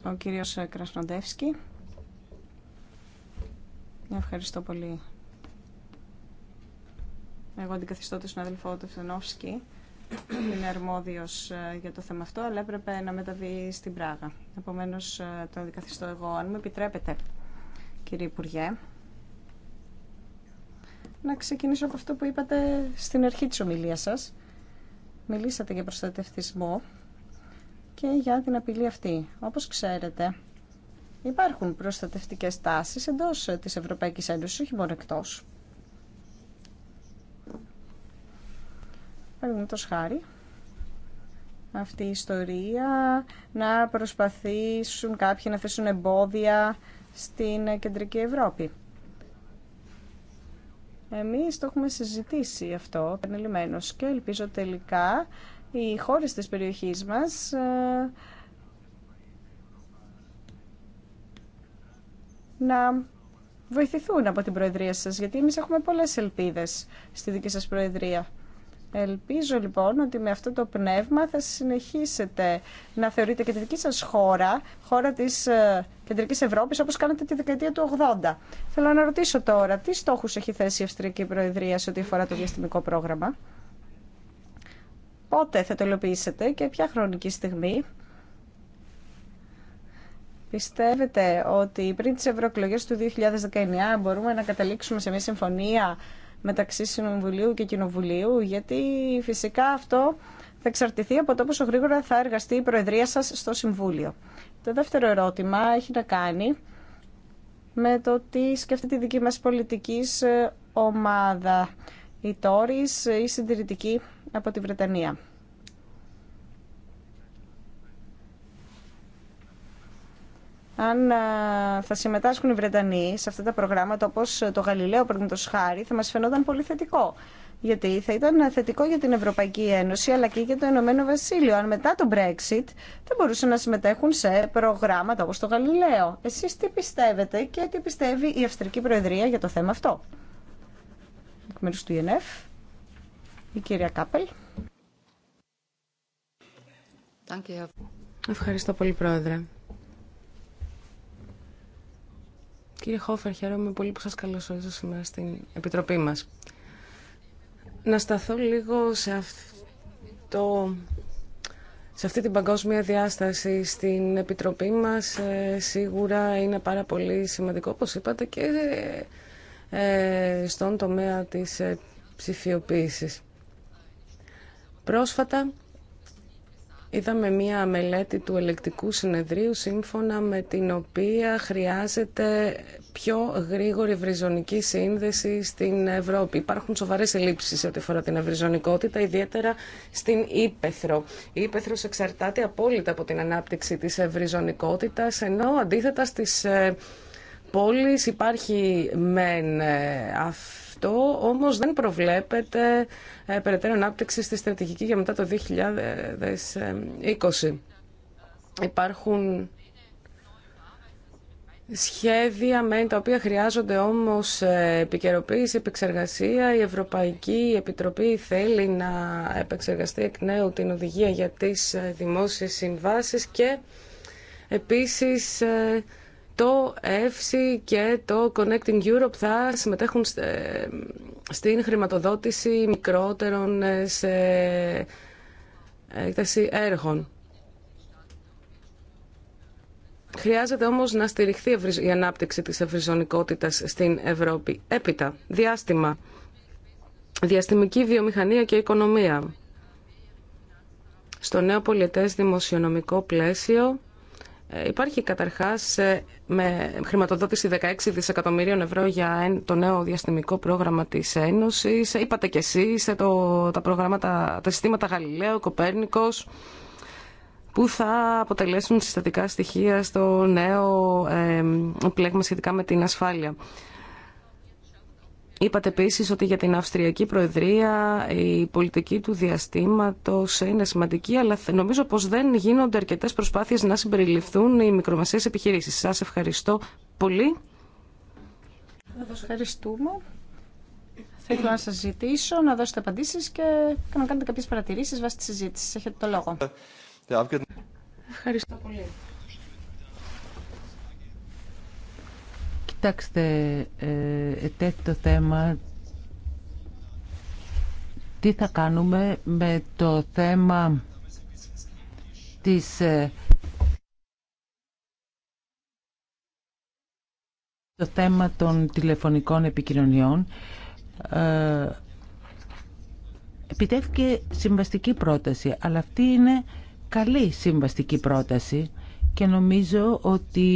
Ο κύριος Κρασνοντεύσκη. Ευχαριστώ πολύ. Εγώ αντικαθιστώ τον συναδελφό του που Είναι αρμόδιος ε, για το θέμα αυτό, αλλά έπρεπε να μεταβεί στην Πράγα. Επομένως, ε, τον αντικαθιστώ εγώ. Αν μου επιτρέπετε, κύριε Υπουργέ, να ξεκινήσω από αυτό που είπατε στην αρχή της ομιλίας σας. Μιλήσατε για προστατευτισμό και για την απειλή αυτή. Όπως ξέρετε, υπάρχουν προστατευτικές τάσεις εντός ε, της Ευρωπαϊκής Ένωσης, όχι μόνο εκτός. Παραδείγματος χάρη, αυτή η ιστορία να προσπαθήσουν κάποιοι να θέσουν εμπόδια στην ε, κεντρική Ευρώπη. Εμείς το έχουμε συζητήσει αυτό επανειλημμένως και ελπίζω τελικά οι χώρες της περιοχής μας ε, να βοηθηθούν από την Προεδρία σας, γιατί εμείς έχουμε πολλές ελπίδες στη δική σας Προεδρία. Ελπίζω λοιπόν ότι με αυτό το πνεύμα θα συνεχίσετε να θεωρείτε και τη δική σας χώρα, χώρα της ε, Κεντρικής Ευρώπης, όπως κάνατε τη δεκαετία του 80. Θέλω να ρωτήσω τώρα, τι στόχους έχει θέσει η Αυστρική Προεδρία σε ό,τι αφορά το διαστημικό πρόγραμμα πότε θα το υλοποιήσετε και ποια χρονική στιγμή. Πιστεύετε ότι πριν τις ευρωεκλογές του 2019 μπορούμε να καταλήξουμε σε μια συμφωνία μεταξύ Συνομβουλίου και Κοινοβουλίου, γιατί φυσικά αυτό θα εξαρτηθεί από το πόσο γρήγορα θα εργαστεί η Προεδρία σας στο Συμβούλιο. Το δεύτερο ερώτημα έχει να κάνει με το τι σκέφτεται η δική μας πολιτική ε, ομάδα, η Τόρις, η συντηρητική από τη Βρετανία. Αν ε, θα συμμετάσχουν οι Βρετανοί σε αυτά τα προγράμματα, όπως το Γαλιλαίο, το χάρη, θα μας φαινόταν πολύ θετικό. Γιατί θα ήταν θετικό για την Ευρωπαϊκή Ένωση αλλά και για το Ηνωμένο Βασίλειο. Αν μετά το Brexit θα μπορούσαν να συμμετέχουν σε προγράμματα όπως το Γαλιλαίο. Εσείς τι πιστεύετε και τι πιστεύει η Αυστρική Προεδρία για το θέμα αυτό. Εκ μέρους του ΙΕΝΕΦ. E η κυρία Κάπελ. Ευχαριστώ πολύ, Πρόεδρε. Κύριε Χόφερ, χαίρομαι πολύ που σας καλωσορίζω σήμερα στην Επιτροπή μας. Να σταθώ λίγο σε, αυτό, σε αυτή την παγκόσμια διάσταση στην Επιτροπή μας. Ε, σίγουρα είναι πάρα πολύ σημαντικό, όπως είπατε, και ε, στον τομέα της ε, ψηφιοποίησης. Πρόσφατα είδαμε μία μελέτη του ελεκτικού συνεδρίου σύμφωνα με την οποία χρειάζεται πιο γρήγορη ευρυζωνική σύνδεση στην Ευρώπη. Υπάρχουν σοβαρές ελλείψει σε ό,τι αφορά την ευρυζωνικότητα, ιδιαίτερα στην Ήπεθρο. Η Ήπεθρο εξαρτάται απόλυτα από την ανάπτυξη της ευρυζωνικότητα, ενώ αντίθετα στις ε, πόλεις υπάρχει μεν ε, αφ αυτό όμως δεν προβλέπεται ε, περαιτέρω ανάπτυξη στη στρατηγική για μετά το 2020. Υπάρχουν σχέδια με τα οποία χρειάζονται όμως ε, επικαιροποίηση, επεξεργασία. Η Ευρωπαϊκή Επιτροπή θέλει να επεξεργαστεί εκ νέου την οδηγία για τις ε, δημόσιες συμβάσεις και επίσης το ΕΦΣΙ και το Connecting Europe θα συμμετέχουν στην χρηματοδότηση μικρότερων ε, σε έργων. Χρειάζεται όμως να στηριχθεί η ανάπτυξη της ευρυζωνικότητας στην Ευρώπη. Έπειτα, διάστημα, διαστημική βιομηχανία και οικονομία. Στο νέο πολιτές δημοσιονομικό πλαίσιο ε, υπάρχει καταρχάς ε, με χρηματοδότηση 16 δισεκατομμυρίων ευρώ για το νέο διαστημικό πρόγραμμα της Ένωσης. Ε, είπατε κι εσείς τα, προγράμματα, τα συστήματα Γαλιλαίο, Κοπέρνικος που θα αποτελέσουν συστατικά στοιχεία στο νέο πλέγμα σχετικά με την ασφάλεια. Είπατε επίση ότι για την Αυστριακή Προεδρία η πολιτική του διαστήματος είναι σημαντική, αλλά νομίζω πως δεν γίνονται αρκετές προσπάθειες να συμπεριληφθούν οι μικρομεσαίες επιχειρήσεις. Σας ευχαριστώ πολύ. Ευχαριστούμε. Θα να σας ζητήσω να δώσετε απαντήσει και να κάνετε κάποιες παρατηρήσεις βάσει τη συζήτηση. Έχετε το λόγο. Ευχαριστώ πολύ. Κοιτάξτε, ε, τέτοιο το θέμα τι θα κάνουμε με το θέμα της ε, το θέμα των τηλεφωνικών επικοινωνιών ε, επιτέθηκε συμβαστική πρόταση αλλά αυτή είναι καλή συμβαστική πρόταση και νομίζω ότι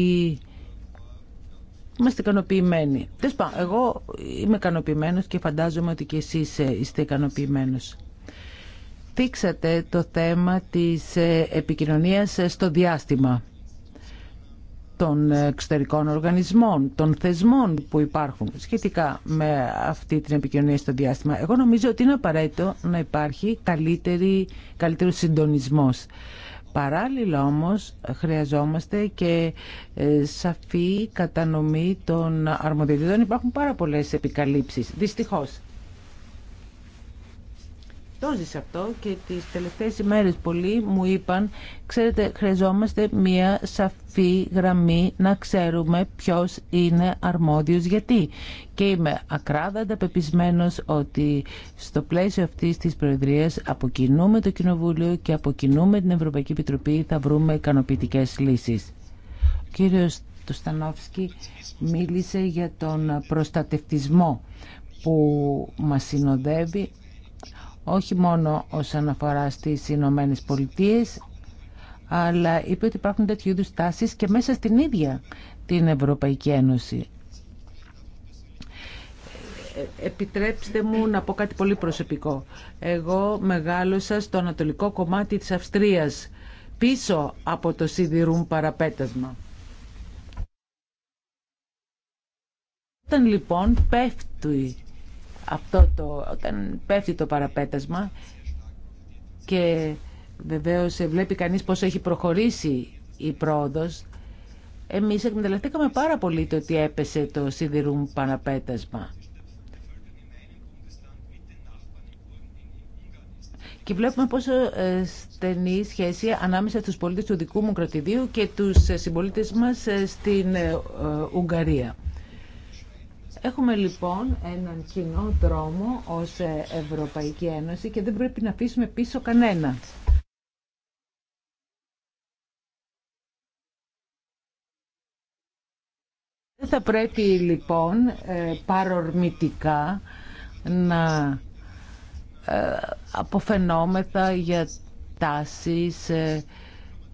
Είμαστε ικανοποιημένοι. Δεσπά, εγώ είμαι ικανοποιημένο και φαντάζομαι ότι και εσείς ε, είστε ικανοποιημένο. Θίξατε το θέμα της ε, επικοινωνίας ε, στο διάστημα των εξωτερικών οργανισμών, των θεσμών που υπάρχουν σχετικά με αυτή την επικοινωνία στο διάστημα. Εγώ νομίζω ότι είναι απαραίτητο να υπάρχει καλύτερο συντονισμός. Παράλληλα όμως χρειαζόμαστε και ε, σαφή κατανομή των αρμοδιοτήτων. Υπάρχουν πάρα πολλές επικαλύψεις, δυστυχώς αυτό και τις τελευταίες ημέρες πολλοί μου είπαν «Ξέρετε, χρειαζόμαστε μία σαφή γραμμή να ξέρουμε ποιος είναι αρμόδιος γιατί». Και είμαι ακράδαντα πεπισμένος ότι στο πλαίσιο αυτής της Προεδρίας αποκοινούμε το Κοινοβούλιο και αποκοινούμε την Ευρωπαϊκή Επιτροπή θα βρούμε ικανοποιητικέ λύσεις. Ο κύριος Τουστανόφσκι μίλησε για τον προστατευτισμό που μας συνοδεύει όχι μόνο όσον αφορά στις Ηνωμένε Πολιτείε, αλλά είπε ότι υπάρχουν τέτοιου είδους και μέσα στην ίδια την Ευρωπαϊκή Ένωση. Επιτρέψτε μου να πω κάτι πολύ προσωπικό. Εγώ μεγάλωσα στο ανατολικό κομμάτι της Αυστρίας, πίσω από το Σιδηρούν παραπέτασμα. Όταν λοιπόν πέφτει αυτό το, όταν πέφτει το παραπέτασμα και βεβαίως βλέπει κανείς πως έχει προχωρήσει η πρόοδος, εμείς εκμεταλλευτήκαμε πάρα πολύ το ότι έπεσε το σιδηρούν παραπέτασμα. Και βλέπουμε πόσο ε, στενή σχέση ανάμεσα στους πολίτες του δικού μου κρατηδίου και τους ε, συμπολίτες μας ε, στην Ουγγαρία. Έχουμε λοιπόν έναν κοινό δρόμο ως ε, Ευρωπαϊκή Ένωση και δεν πρέπει να αφήσουμε πίσω κανένα. Δεν θα πρέπει λοιπόν ε, παρορμητικά να ε, αποφαινόμεθα για τάσεις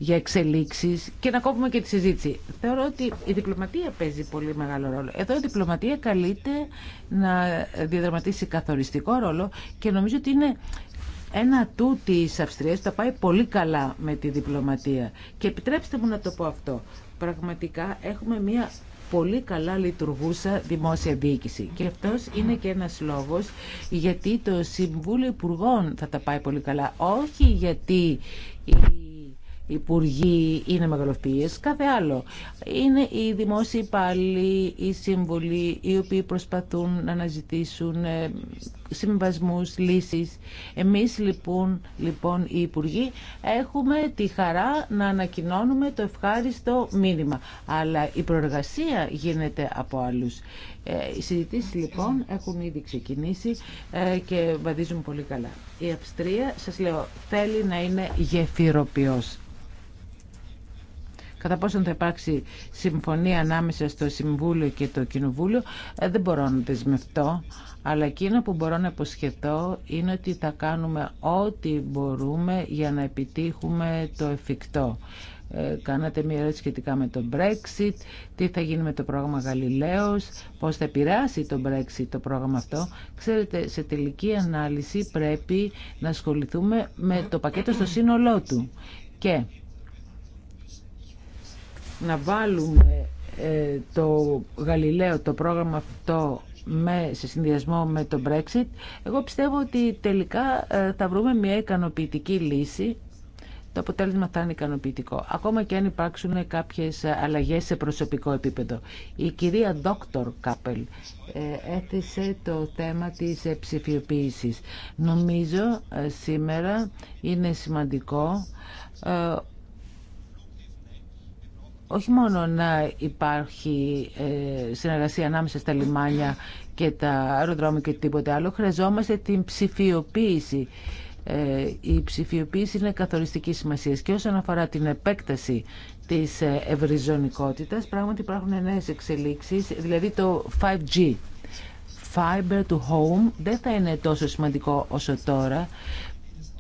για εξελίξεις και να κόβουμε και τη συζήτηση. Θεωρώ ότι η διπλωματία παίζει πολύ μεγάλο ρόλο. Εδώ η διπλωματία καλείται να διαδραματίσει καθοριστικό ρόλο και νομίζω ότι είναι ένα του της Αυστρίας τα πάει πολύ καλά με τη διπλωματία. Και επιτρέψτε μου να το πω αυτό. Πραγματικά έχουμε μια πολύ καλά λειτουργούσα δημόσια διοίκηση. Και αυτός είναι και ένα λόγος γιατί το Συμβούλιο Υπουργών θα τα πάει πολύ καλά. Όχι γιατί υπουργοί είναι μεγαλοφίε, κάθε άλλο. Είναι οι δημόσιοι υπάλληλοι, οι σύμβολοι, οι οποίοι προσπαθούν να αναζητήσουν ε, συμβασμού λύσει. Εμείς λοιπόν, λοιπόν οι υπουργοί έχουμε τη χαρά να ανακοινώνουμε το ευχάριστο μήνυμα. Αλλά η προεργασία γίνεται από άλλου. Ε, οι συζητήσει λοιπόν έχουν ήδη ξεκινήσει ε, και βαδίζουν πολύ καλά. Η Αυστρία, σα λέω, θέλει να είναι γεφυροποιό. Κατά πόσον θα υπάρξει συμφωνία ανάμεσα στο Συμβούλιο και το Κοινοβούλιο, ε, δεν μπορώ να δεσμευτώ. Αλλά εκείνο που μπορώ να υποσχεθώ είναι ότι θα κάνουμε ό,τι μπορούμε για να επιτύχουμε το εφικτό κάνατε μία ερώτηση σχετικά με το Brexit, τι θα γίνει με το πρόγραμμα Γαλιλαίος, πώς θα επηρεάσει το Brexit το πρόγραμμα αυτό. Ξέρετε, σε τελική ανάλυση πρέπει να ασχοληθούμε με το πακέτο στο σύνολό του και να βάλουμε ε, το Γαλιλαίο, το πρόγραμμα αυτό με, σε συνδυασμό με το Brexit, εγώ πιστεύω ότι τελικά ε, θα βρούμε μια ικανοποιητική λύση το αποτέλεσμα θα είναι ικανοποιητικό. Ακόμα και αν υπάρξουν κάποιες αλλαγέ σε προσωπικό επίπεδο. Η κυρία Δόκτωρ Κάπελ ε, έθεσε το θέμα της ε, ψηφιοποίηση. Νομίζω ε, σήμερα είναι σημαντικό όχι μόνο να υπάρχει συνεργασία ανάμεσα στα λιμάνια και τα αεροδρόμια και τίποτε άλλο, χρειαζόμαστε την ψηφιοποίηση ε, η ψηφιοποίηση είναι καθοριστική σημασία και όσον αφορά την επέκταση της ε, ευρυζωνικότητας πράγματι υπάρχουν νέες εξελίξεις δηλαδή το 5G Fiber to Home δεν θα είναι τόσο σημαντικό όσο τώρα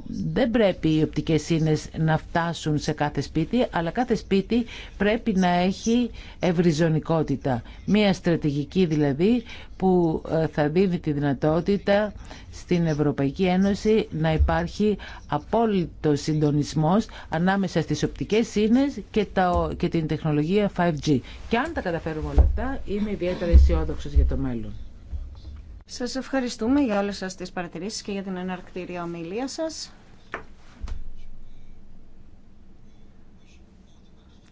δεν πρέπει οι οπτικές ίνες να φτάσουν σε κάθε σπίτι, αλλά κάθε σπίτι πρέπει να έχει ευρυζωνικότητα. Μία στρατηγική δηλαδή που ε, θα δίνει τη δυνατότητα στην Ευρωπαϊκή Ένωση να υπάρχει απόλυτο συντονισμός ανάμεσα στις οπτικές ίνες και, τα, και την τεχνολογία 5G. Και αν τα καταφέρουμε όλα αυτά, είμαι ιδιαίτερα αισιόδοξο για το μέλλον. Σας ευχαριστούμε για όλες σας τις παρατηρήσεις και για την εναρκτήρια ομιλία σας.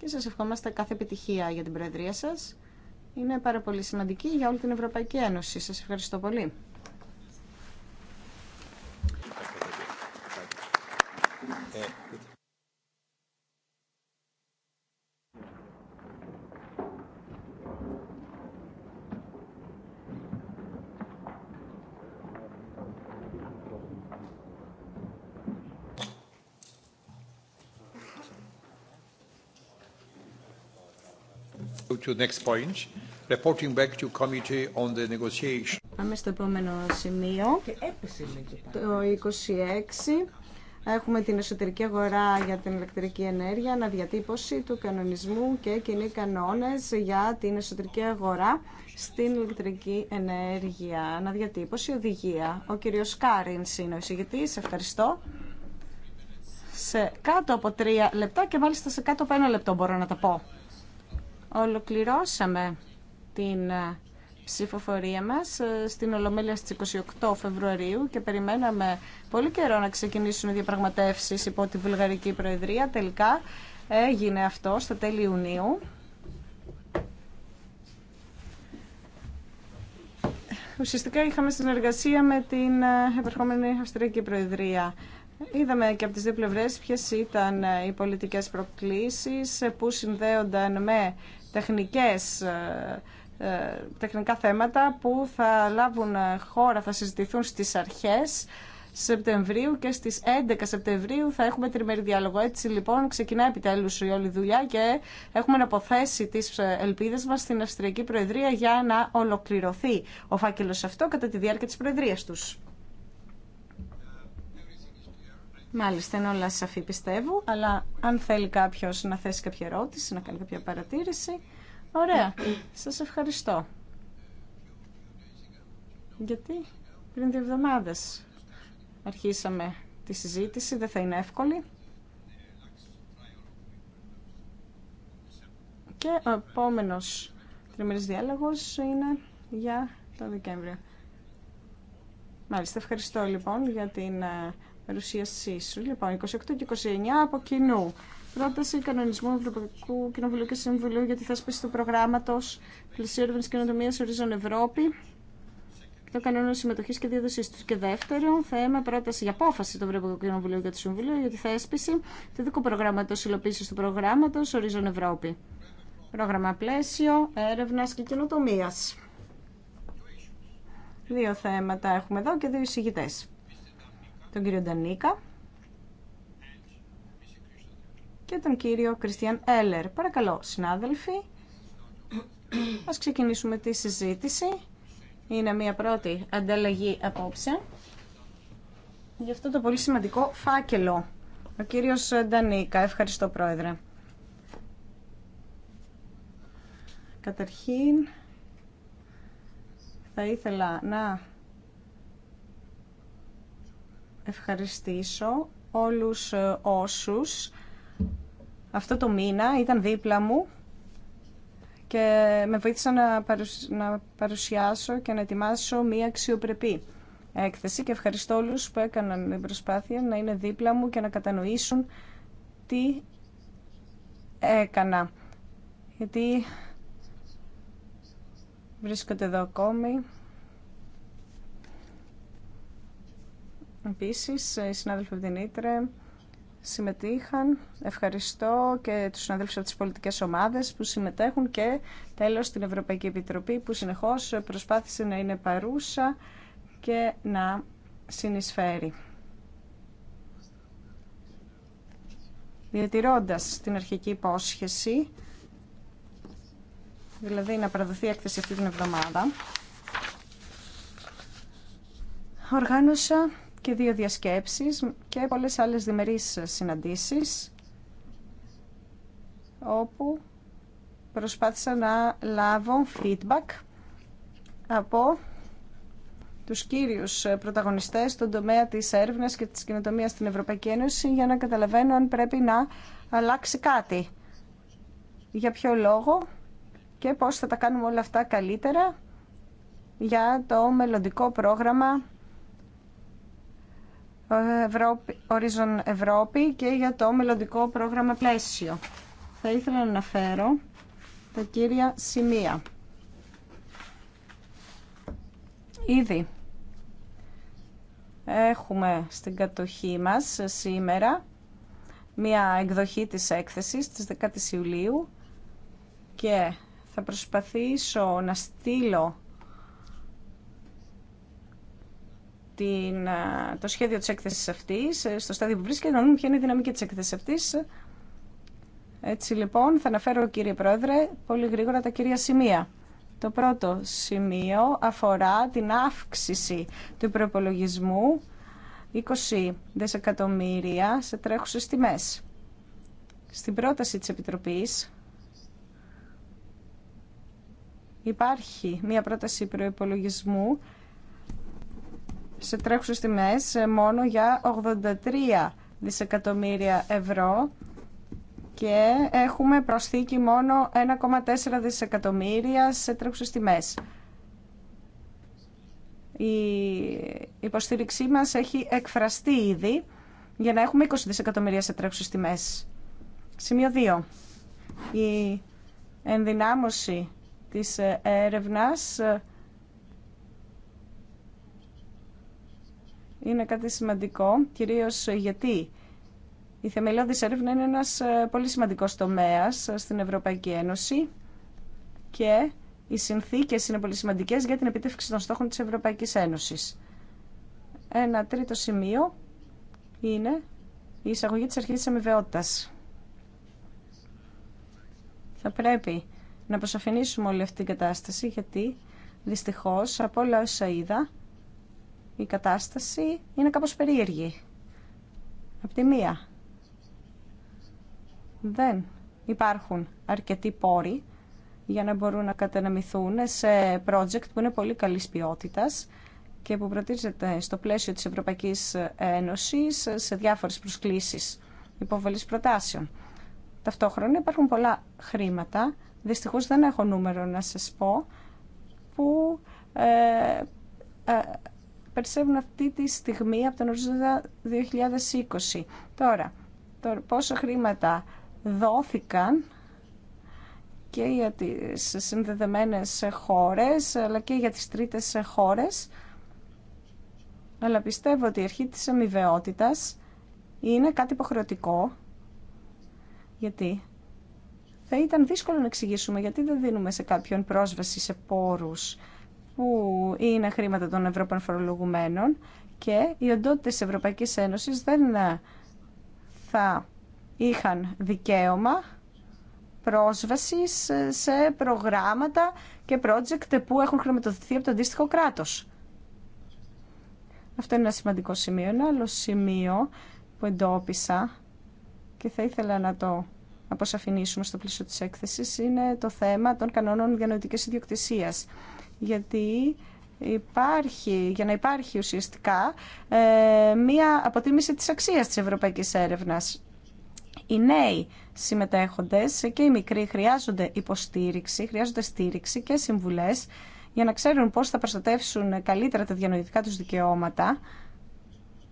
Και σας ευχόμαστε κάθε επιτυχία για την Προεδρία σας. Είναι πάρα πολύ σημαντική για όλη την Ευρωπαϊκή Ένωση. Σας ευχαριστώ πολύ. Ε, Πάμε στο επόμενο σημείο. Το 26. Έχουμε την εσωτερική αγορά για την ηλεκτρική ενέργεια, αναδιατύπωση του κανονισμού και κοινοί κανόνες για την εσωτερική αγορά στην ηλεκτρική ενέργεια. Αναδιατύπωση, οδηγία. Ο κύριος Κάρινς είναι ο εισηγητής. Ευχαριστώ. Σε κάτω από τρία λεπτά και μάλιστα σε κάτω από ένα λεπτό μπορώ να τα πω. Ολοκληρώσαμε την ε, ψηφοφορία μας ε, στην Ολομέλεια στις 28 Φεβρουαρίου και περιμέναμε πολύ καιρό να ξεκινήσουν οι διαπραγματεύσεις υπό τη Βουλγαρική Προεδρία. Τελικά έγινε αυτό στα τέλη Ιουνίου. Ουσιαστικά είχαμε συνεργασία με την ε, επερχόμενη Αυστριακή Προεδρία. Είδαμε και από τις δύο πλευρές ποιες ήταν οι πολιτικές προκλήσεις που συνδέονταν με τεχνικές ε, ε, τεχνικά θέματα που θα λάβουν χώρα, θα συζητηθούν στις αρχές Σεπτεμβρίου και στις 11 Σεπτεμβρίου θα έχουμε τριμερή διάλογο. Έτσι λοιπόν ξεκινά επιτέλους η όλη δουλειά και έχουμε να αποθέσει τις ε, ελπίδες μας στην Αυστριακή Προεδρία για να ολοκληρωθεί ο φάκελος αυτό κατά τη διάρκεια της Προεδρίας τους. Μάλιστα, είναι όλα σαφή πιστεύω, αλλά αν θέλει κάποιο να θέσει κάποια ερώτηση, να κάνει κάποια παρατήρηση, ωραία, σας ευχαριστώ. Γιατί πριν δύο εβδομάδες αρχίσαμε τη συζήτηση, δεν θα είναι εύκολη. Και ο επόμενος τριμερής διάλογος είναι για το Δεκέμβριο. Μάλιστα, ευχαριστώ λοιπόν για την ε, παρουσίασή σου. Λοιπόν, 28 και 29 από κοινού. Πρόταση κανονισμού Ευρωπαϊκού Κοινοβουλίου και Συμβουλίου για τη θέσπιση του προγράμματο Πλησίωρευση Καινοτομία Ορίζων Ευρώπη το κανόνα συμμετοχή και διαδοσή του. Και δεύτερο θέμα πρόταση για απόφαση του Ευρωπαϊκού Κοινοβουλίου και του Συμβουλίου για τη θέσπιση του ειδικού προγράμματο υλοποίηση του προγράμματο Ορίζων Ευρώπη. Πρόγραμμα πλαίσιο έρευνα και κοινοτομία. Δύο θέματα έχουμε εδώ και δύο εισηγητέ τον κύριο Ντανίκα και τον κύριο Κριστιαν Έλλερ. Παρακαλώ, συνάδελφοι, ας ξεκινήσουμε τη συζήτηση. Είναι μια πρώτη ανταλλαγή απόψε για αυτό το πολύ σημαντικό φάκελο. Ο κύριος Ντανίκα, ευχαριστώ πρόεδρε. Καταρχήν, θα ήθελα να ευχαριστήσω όλους ε, όσους αυτό το μήνα ήταν δίπλα μου και με βοήθησαν να παρουσιάσω και να ετοιμάσω μία αξιοπρεπή έκθεση και ευχαριστώ όλους που έκαναν την προσπάθεια να είναι δίπλα μου και να κατανοήσουν τι έκανα. Γιατί βρίσκονται εδώ ακόμη. Επίσης, οι συνάδελφοι από την Ήτρε συμμετείχαν. Ευχαριστώ και τους συναδέλφους από τις πολιτικές ομάδες που συμμετέχουν και τέλος την Ευρωπαϊκή Επιτροπή που συνεχώς προσπάθησε να είναι παρούσα και να συνεισφέρει. Διατηρώντας την αρχική υπόσχεση, δηλαδή να παραδοθεί η έκθεση αυτή την εβδομάδα, οργάνωσα και δύο διασκέψεις και πολλές άλλες διμερείς συναντήσεις όπου προσπάθησα να λάβω feedback από τους κύριους πρωταγωνιστές στον τομέα της έρευνας και της κοινοτομίας στην Ευρωπαϊκή Ένωση για να καταλαβαίνω αν πρέπει να αλλάξει κάτι. Για ποιο λόγο και πώς θα τα κάνουμε όλα αυτά καλύτερα για το μελλοντικό πρόγραμμα Ευρώπη, Horizon Ευρώπη και για το μελλοντικό πρόγραμμα πλαίσιο. Θα ήθελα να αναφέρω τα κύρια σημεία. Ήδη έχουμε στην κατοχή μας σήμερα μία εκδοχή της έκθεσης της 10 Ιουλίου και θα προσπαθήσω να στείλω το σχέδιο της έκθεσης αυτής, ε, στο στάδιο που βρίσκεται, να δούμε ποια είναι η δυναμική της έκθεσης αυτής. Έτσι λοιπόν, θα αναφέρω κύριε Πρόεδρε, πολύ γρήγορα τα κυρία σημεία. Το πρώτο σημείο αφορά την αύξηση του προπολογισμού 20 δισεκατομμύρια σε τρέχουσες τιμές. Στην πρόταση της Επιτροπής υπάρχει μία πρόταση προϋπολογισμού σε τρέχουσε τιμέ ε, μόνο για 83 δισεκατομμύρια ευρώ και έχουμε προσθήκη μόνο 1,4 δισεκατομμύρια σε τρέχουσε τιμέ. Η υποστήριξή μας έχει εκφραστεί ήδη για να έχουμε 20 δισεκατομμύρια σε τρέχουσε τιμε Σημείο 2. Η ενδυνάμωση της ε, έρευνας ε, είναι κάτι σημαντικό, κυρίως γιατί η θεμελιώδης έρευνα είναι ένας ε, πολύ σημαντικός τομέας ε, στην Ευρωπαϊκή Ένωση και οι συνθήκες είναι πολύ σημαντικές για την επίτευξη των στόχων της Ευρωπαϊκής Ένωσης. Ένα τρίτο σημείο είναι η εισαγωγή της αρχής της αμοιβαιότητας. Θα πρέπει να προσαφηνίσουμε όλη αυτή την κατάσταση γιατί δυστυχώς από όλα όσα είδα η κατάσταση είναι κάπως περίεργη. Απ' τη μία, δεν υπάρχουν αρκετοί πόροι για να μπορούν να κατεναμηθούν σε project που είναι πολύ καλής ποιότητας και που προτίζεται στο πλαίσιο της Ευρωπαϊκής Ένωσης σε διάφορες προσκλήσεις υποβολής προτάσεων. Ταυτόχρονα υπάρχουν πολλά χρήματα, δυστυχώς δεν έχω νούμερο να σας πω, που ε, ε, περισσεύουν αυτή τη στιγμή από τον ορίζοντα 2020. Τώρα, τώρα πόσα χρήματα δόθηκαν και για τις συνδεδεμένες χώρες αλλά και για τις τρίτες χώρες αλλά πιστεύω ότι η αρχή της αμοιβαιότητας είναι κάτι υποχρεωτικό γιατί θα ήταν δύσκολο να εξηγήσουμε γιατί δεν δίνουμε σε κάποιον πρόσβαση σε πόρους που είναι χρήματα των Ευρώπων φορολογουμένων και οι οντότητες της Ευρωπαϊκής Ένωσης δεν ε, θα είχαν δικαίωμα πρόσβασης ε, σε προγράμματα και project που έχουν χρηματοδοτηθεί από το αντίστοιχο κράτος. Αυτό είναι ένα σημαντικό σημείο. Ένα άλλο σημείο που εντόπισα και θα ήθελα να το αποσαφηνίσουμε στο πλαίσιο της έκθεσης είναι το θέμα των κανόνων διανοητικής ιδιοκτησίας γιατί υπάρχει, για να υπάρχει ουσιαστικά ε, μία αποτίμηση της αξίας της ευρωπαϊκής έρευνας. Οι νέοι συμμετέχοντες και οι μικροί χρειάζονται υποστήριξη, χρειάζονται στήριξη και συμβουλές για να ξέρουν πώς θα προστατεύσουν καλύτερα τα διανοητικά τους δικαιώματα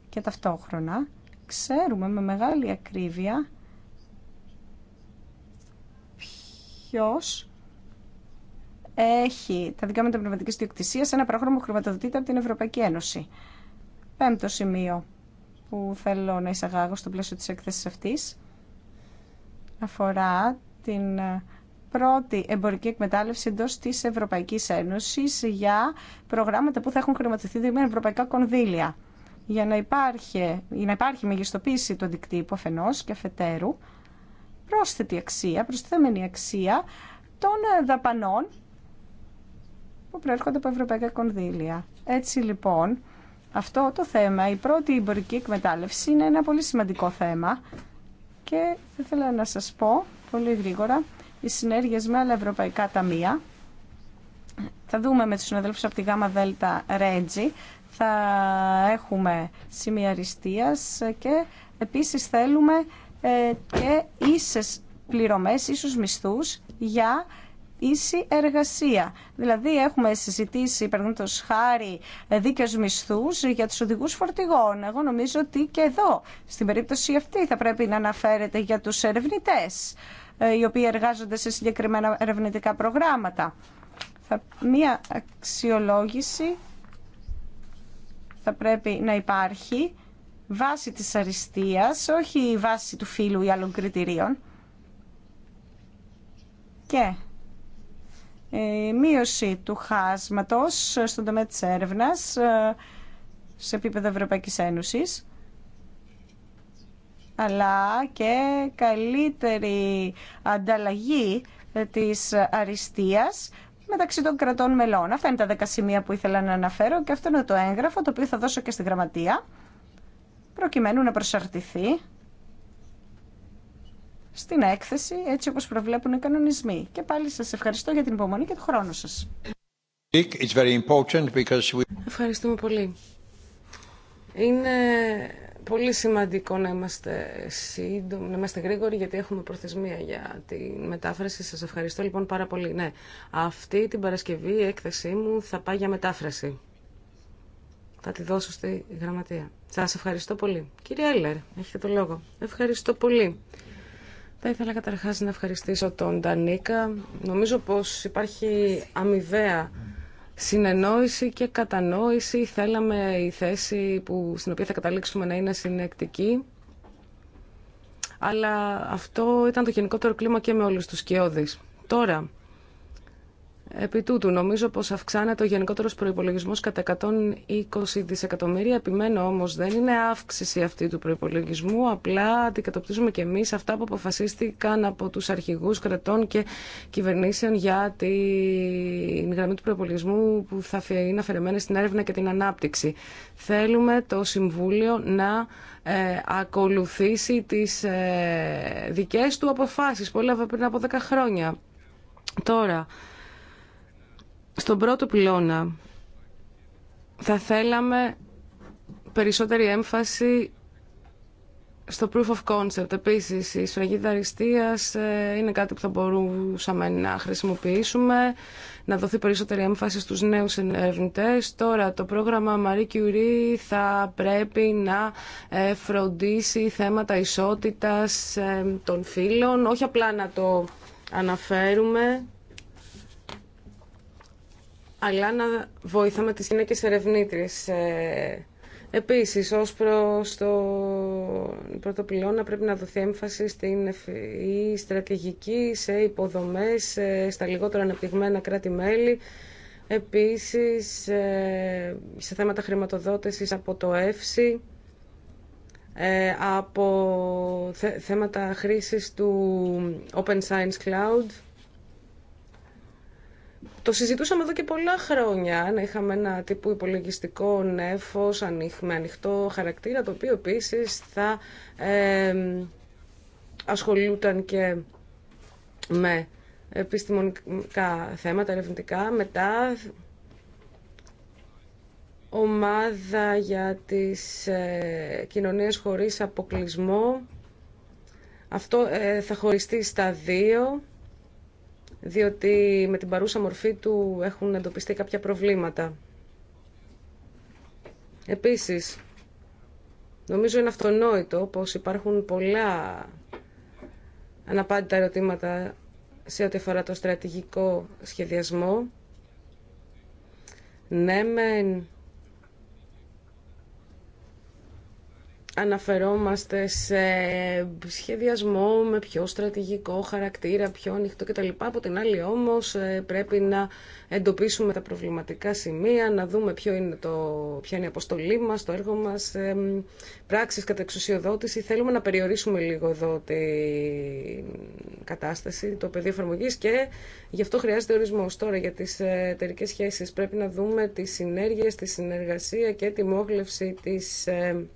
και ταυτόχρονα ξέρουμε με μεγάλη ακρίβεια ποιος έχει τα δικαιώματα πνευματικής διοκτησίας σε ένα πρόγραμμα που χρηματοδοτείται από την Ευρωπαϊκή Ένωση. Πέμπτο σημείο που θέλω να εισαγάγω στο πλαίσιο της εκθέση αυτής αφορά την ε, πρώτη εμπορική εκμετάλλευση εντό τη Ευρωπαϊκή Ένωση για προγράμματα που θα έχουν χρηματοδοτηθεί με ευρωπαϊκά κονδύλια. Για να υπάρχει, για να υπάρχει μεγιστοποίηση του αντικτύπου αφενό και αφετέρου, πρόσθετη αξία, προσθεμένη αξία των ε, δαπανών που προέρχονται από ευρωπαϊκά κονδύλια. Έτσι λοιπόν, αυτό το θέμα, η πρώτη εμπορική εκμετάλλευση είναι ένα πολύ σημαντικό θέμα και θα ήθελα να σας πω πολύ γρήγορα οι συνέργειες με άλλα ευρωπαϊκά ταμεία. Θα δούμε με τους συναδέλφους από τη ΓΑΜΑ ΔΕΛΤΑ Θα έχουμε σημεία αριστείας και επίσης θέλουμε ε, και ίσες πληρωμές, ίσους μισθούς για ίση εργασία. Δηλαδή έχουμε συζητήσει, παραδείγματο χάρη, δίκαιους μισθούς για τους οδηγούς φορτηγών. Εγώ νομίζω ότι και εδώ, στην περίπτωση αυτή, θα πρέπει να αναφέρεται για τους ερευνητέ ε, οι οποίοι εργάζονται σε συγκεκριμένα ερευνητικά προγράμματα. Θα, μία αξιολόγηση θα πρέπει να υπάρχει βάση της αριστείας, όχι βάση του φύλου ή άλλων κριτηρίων. Και η ε, μείωση του χάσματος στον τομέα της έρευνας ε, σε επίπεδο Ευρωπαϊκής Ένωσης αλλά και καλύτερη ανταλλαγή ε, της αριστείας μεταξύ των κρατών μελών. Αυτά είναι τα δέκα σημεία που ήθελα να αναφέρω και αυτό είναι το έγγραφο το οποίο θα δώσω και στη γραμματεία προκειμένου να προσαρτηθεί στην έκθεση έτσι όπως προβλέπουν οι κανονισμοί. Και πάλι σας ευχαριστώ για την υπομονή και τον χρόνο σας. Ευχαριστούμε πολύ. Είναι πολύ σημαντικό να είμαστε σύντομοι, να είμαστε γρήγοροι, γιατί έχουμε προθεσμία για τη μετάφραση. Σας ευχαριστώ λοιπόν πάρα πολύ. Ναι, αυτή την Παρασκευή η έκθεσή μου θα πάει για μετάφραση. Θα τη δώσω στη γραμματεία. Σας ευχαριστώ πολύ. Κύριε Έλλερ, έχετε το λόγο. Ευχαριστώ πολύ. Θα ήθελα καταρχάς να ευχαριστήσω τον Ντανίκα. Νομίζω πως υπάρχει αμοιβαία συνεννόηση και κατανόηση. Θέλαμε η θέση που, στην οποία θα καταλήξουμε να είναι συνεκτική. Αλλά αυτό ήταν το γενικότερο κλίμα και με όλους τους σκιώδεις. Τώρα, Επί τούτου, νομίζω πω αυξάνεται ο γενικότερο προπολογισμό κατά 120 δισεκατομμύρια. Επιμένω όμω, δεν είναι αύξηση αυτή του προπολογισμού, απλά αντικατοπτρίζουμε και εμεί αυτά που αποφασίστηκαν από του αρχηγού κρατών και κυβερνήσεων για την γραμμή του προπολογισμού που θα είναι αφαιρεμένη στην έρευνα και την ανάπτυξη. Θέλουμε το Συμβούλιο να ε, ακολουθήσει τι ε, δικές του που έλαβε πριν από 10 χρόνια. Τώρα, στον πρώτο πυλώνα θα θέλαμε περισσότερη έμφαση στο proof of concept. Επίση, η σφραγίδα αριστεία ε, είναι κάτι που θα μπορούσαμε να χρησιμοποιήσουμε, να δοθεί περισσότερη έμφαση στους νέους ερευνητέ. Τώρα, το πρόγραμμα Marie Curie θα πρέπει να ε, φροντίσει θέματα ισότητας ε, των φύλων, όχι απλά να το αναφέρουμε αλλά να βοηθάμε τις γυναίκες ερευνήτρες. Ε, επίσης, ως προς το πρώτο πυλώνα πρέπει να δοθεί έμφαση στην ή στρατηγική σε υποδομές ε, στα λιγότερα αναπτυγμένα κράτη-μέλη. Επίσης, ε, σε θέματα χρηματοδότησης από το ΕΦΣΥ, από θέματα χρήσης του Open Science Cloud, το συζητούσαμε εδώ και πολλά χρόνια, να είχαμε ένα τύπου υπολογιστικό νέφος με ανοιχτό χαρακτήρα, το οποίο επίσης θα ε, ασχολούταν και με επιστημονικά θέματα, ερευνητικά, μετά ομάδα για τις ε, κοινωνίες χωρίς αποκλεισμό. Αυτό ε, θα χωριστεί στα δύο διότι με την παρούσα μορφή του έχουν εντοπιστεί κάποια προβλήματα. Επίσης, νομίζω είναι αυτονόητο πως υπάρχουν πολλά αναπάντητα ερωτήματα σε ό,τι αφορά το στρατηγικό σχεδιασμό. Ναι, αναφερόμαστε σε σχεδιασμό με πιο στρατηγικό χαρακτήρα, πιο ανοιχτό κτλ. Από την άλλη όμως ε, πρέπει να εντοπίσουμε τα προβληματικά σημεία, να δούμε ποιο είναι το, ποια είναι η αποστολή μας, το έργο μας, πράξεις κατά εξουσιοδότηση. Θέλουμε να περιορίσουμε λίγο εδώ την κατάσταση, το πεδίο εφαρμογή και γι' αυτό χρειάζεται ορισμός. Τώρα για τις ε, εταιρικέ σχέσεις πρέπει να δούμε τις συνέργειες, τη συνεργασία και τη μόγλευση της ε,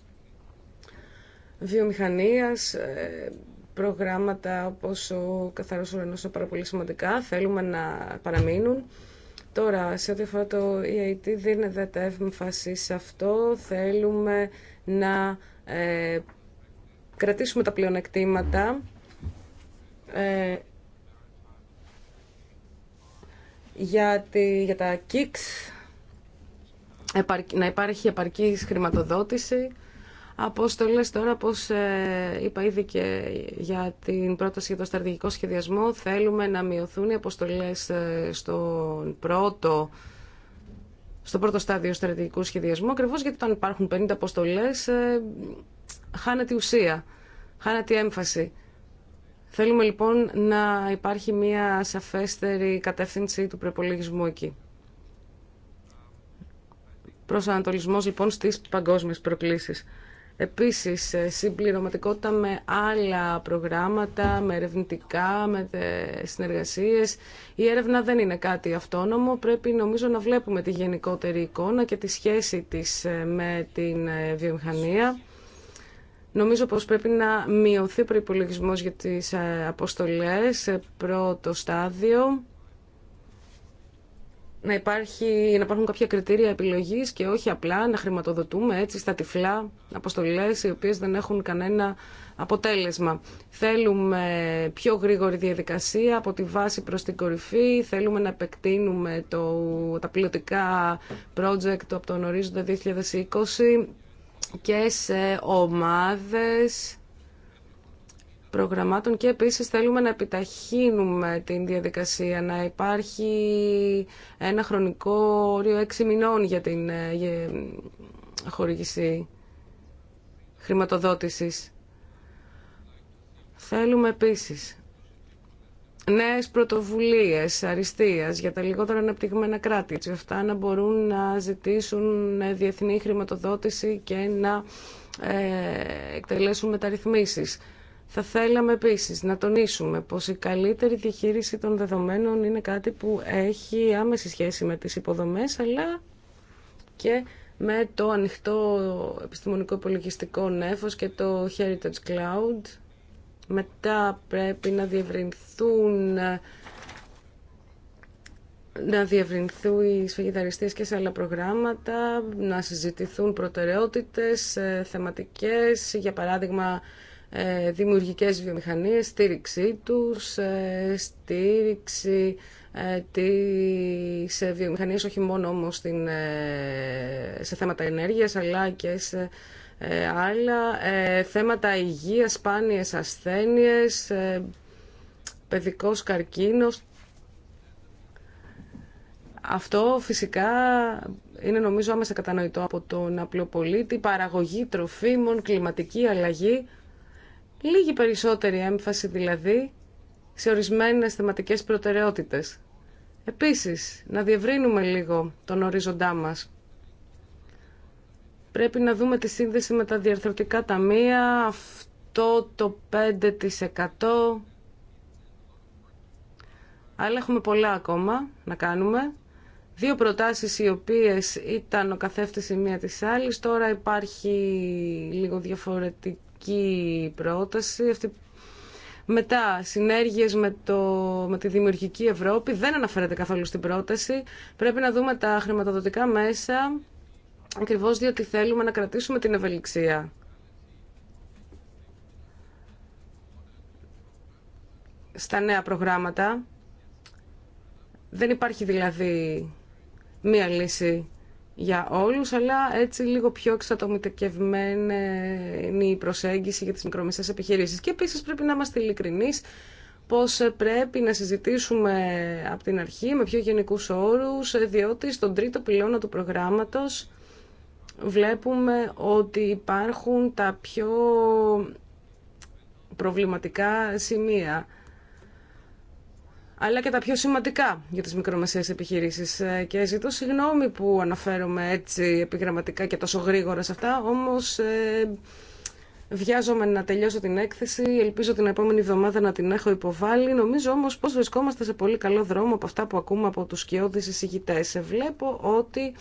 Βιομηχανία, ε, προγράμματα όπως ο καθαρός ουρανός είναι πάρα πολύ σημαντικά, θέλουμε να παραμείνουν. Τώρα, σε ό,τι αφορά το EIT, δίνεται έμφαση σε αυτό. Θέλουμε να ε, κρατήσουμε τα πλεονεκτήματα. Ε, για, τη, τα KICS, να υπάρχει επαρκής χρηματοδότηση αποστολές τώρα, όπως ε, είπα ήδη και για την πρόταση για το στρατηγικό σχεδιασμό, θέλουμε να μειωθούν οι αποστολές ε, στον πρώτο στο πρώτο στάδιο στρατηγικού σχεδιασμού, ακριβώ γιατί όταν υπάρχουν 50 αποστολέ, ε, χάνεται η ουσία, χάνεται η έμφαση. Θέλουμε λοιπόν να υπάρχει μια σαφέστερη κατεύθυνση του προπολογισμού εκεί. Προσανατολισμός λοιπόν στις παγκόσμιες προκλήσεις. Επίσης, ε, συμπληρωματικότητα με άλλα προγράμματα, με ερευνητικά, με ε, συνεργασίες. Η έρευνα δεν είναι κάτι αυτόνομο. Πρέπει νομίζω να βλέπουμε τη γενικότερη εικόνα και τη σχέση της ε, με την βιομηχανία. Νομίζω πως πρέπει να μειωθεί προϋπολογισμός για τις αποστολές σε πρώτο στάδιο να, υπάρχει, να υπάρχουν κάποια κριτήρια επιλογής και όχι απλά να χρηματοδοτούμε έτσι στα τυφλά αποστολέ οι οποίες δεν έχουν κανένα αποτέλεσμα. Θέλουμε πιο γρήγορη διαδικασία από τη βάση προ την κορυφή, θέλουμε να επεκτείνουμε το, τα πιλωτικά project από τον ορίζοντα 2020 και σε ομάδες προγραμμάτων και επίσης θέλουμε να επιταχύνουμε την διαδικασία, να υπάρχει ένα χρονικό όριο έξι μηνών για την ε, για ε, χορηγήση χρηματοδότησης. Θέλουμε επίσης νέες πρωτοβουλίες αριστείας για τα λιγότερα αναπτυγμένα κράτη, έτσι αυτά να μπορούν να ζητήσουν ε, διεθνή χρηματοδότηση και να εκτελέσουν μεταρρυθμίσεις. Θα θέλαμε επίσης να τονίσουμε πως η καλύτερη διαχείριση των δεδομένων είναι κάτι που έχει άμεση σχέση με τις υποδομές αλλά και με το ανοιχτό επιστημονικό υπολογιστικό νέφος και το Heritage Cloud. Μετά πρέπει να διευρυνθούν να διευρυνθούν οι σφαγηδαριστές και σε άλλα προγράμματα, να συζητηθούν προτεραιότητες ε, θεματικές, για παράδειγμα ε, δημιουργικές βιομηχανίες, στήριξή τους, ε, στήριξη ε, της βιομηχανίας όχι μόνο όμως σε θέματα ενέργειας αλλά και σε άλλα θέματα υγείας, σπάνιες ασθένειες, παιδικός καρκίνος. Αυτό φυσικά είναι νομίζω άμεσα κατανοητό από τον απλό πολίτη, παραγωγή τροφίμων, κλιματική αλλαγή. Λίγη περισσότερη έμφαση δηλαδή σε ορισμένες θεματικές προτεραιότητες. Επίσης, να διευρύνουμε λίγο τον οριζοντά μας. Πρέπει να δούμε τη σύνδεση με τα διαρθρωτικά ταμεία, αυτό το 5%. Αλλά έχουμε πολλά ακόμα να κάνουμε. Δύο προτάσεις οι οποίες ήταν ο καθέφτης η μία της άλλης. Τώρα υπάρχει λίγο διαφορετική νομοθετική πρόταση, αυτή μετά, συνέργειε με, το, με τη Δημιουργική Ευρώπη δεν αναφέρεται καθόλου στην πρόταση. Πρέπει να δούμε τα χρηματοδοτικά μέσα, ακριβώ διότι θέλουμε να κρατήσουμε την ευελιξία. Στα νέα προγράμματα δεν υπάρχει δηλαδή μία λύση για όλους, αλλά έτσι λίγο πιο εξατομικευμένη είναι η προσέγγιση για τις μικρομεσαίες επιχειρήσεις. Και επίσης πρέπει να είμαστε ειλικρινεί πως πρέπει να συζητήσουμε από την αρχή με πιο γενικούς όρους, διότι στον τρίτο πυλώνα του προγράμματος βλέπουμε ότι υπάρχουν τα πιο προβληματικά σημεία αλλά και τα πιο σημαντικά για τις μικρομεσαίες επιχειρήσεις. Ε, και ζητώ συγγνώμη που αναφέρομαι έτσι επιγραμματικά και τόσο γρήγορα σε αυτά, όμως ε, βιάζομαι να τελειώσω την έκθεση, ελπίζω την επόμενη εβδομάδα να την έχω υποβάλει. Νομίζω όμως πως βρισκόμαστε σε πολύ καλό δρόμο από αυτά που ακούμε από τους σκιώδεις εισηγητές. Ε, βλέπω ότι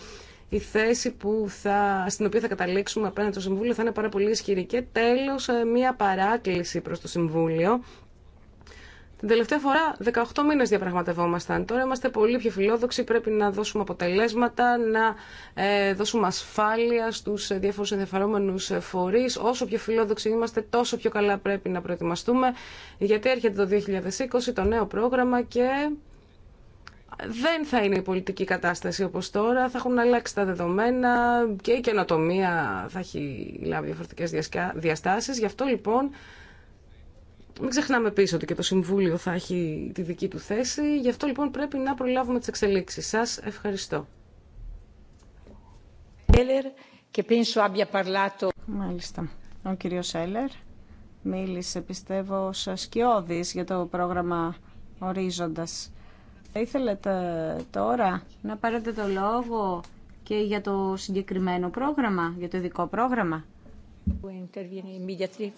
η θέση που θα, στην οποία θα καταλήξουμε απέναντι στο Συμβούλιο θα είναι πάρα πολύ ισχυρή. Και τέλος, μια παράκληση προς το Συμβούλιο την τελευταία φορά 18 μήνες διαπραγματευόμασταν. Τώρα είμαστε πολύ πιο φιλόδοξοι, πρέπει να δώσουμε αποτελέσματα, να ε, δώσουμε ασφάλεια στους διάφορους ενδιαφερόμενους φορείς. Όσο πιο φιλόδοξοι είμαστε, τόσο πιο καλά πρέπει να προετοιμαστούμε, γιατί έρχεται το 2020 το νέο πρόγραμμα και δεν θα είναι η πολιτική κατάσταση όπως τώρα, θα έχουν αλλάξει τα δεδομένα και η καινοτομία θα έχει λάβει διαφορετικές διαστάσεις. Γι' αυτό λοιπόν μην ξεχνάμε πίσω ότι και το Συμβούλιο θα έχει τη δική του θέση. Γι' αυτό λοιπόν πρέπει να προλάβουμε τις εξελίξεις. Σας ευχαριστώ. Μάλιστα. Ο κύριο Έλερ μίλησε, πιστεύω, σας σκιώδης για το πρόγραμμα Ορίζοντας. Θα ήθελετε τώρα να πάρετε το λόγο και για το συγκεκριμένο πρόγραμμα, για το ειδικό πρόγραμμα.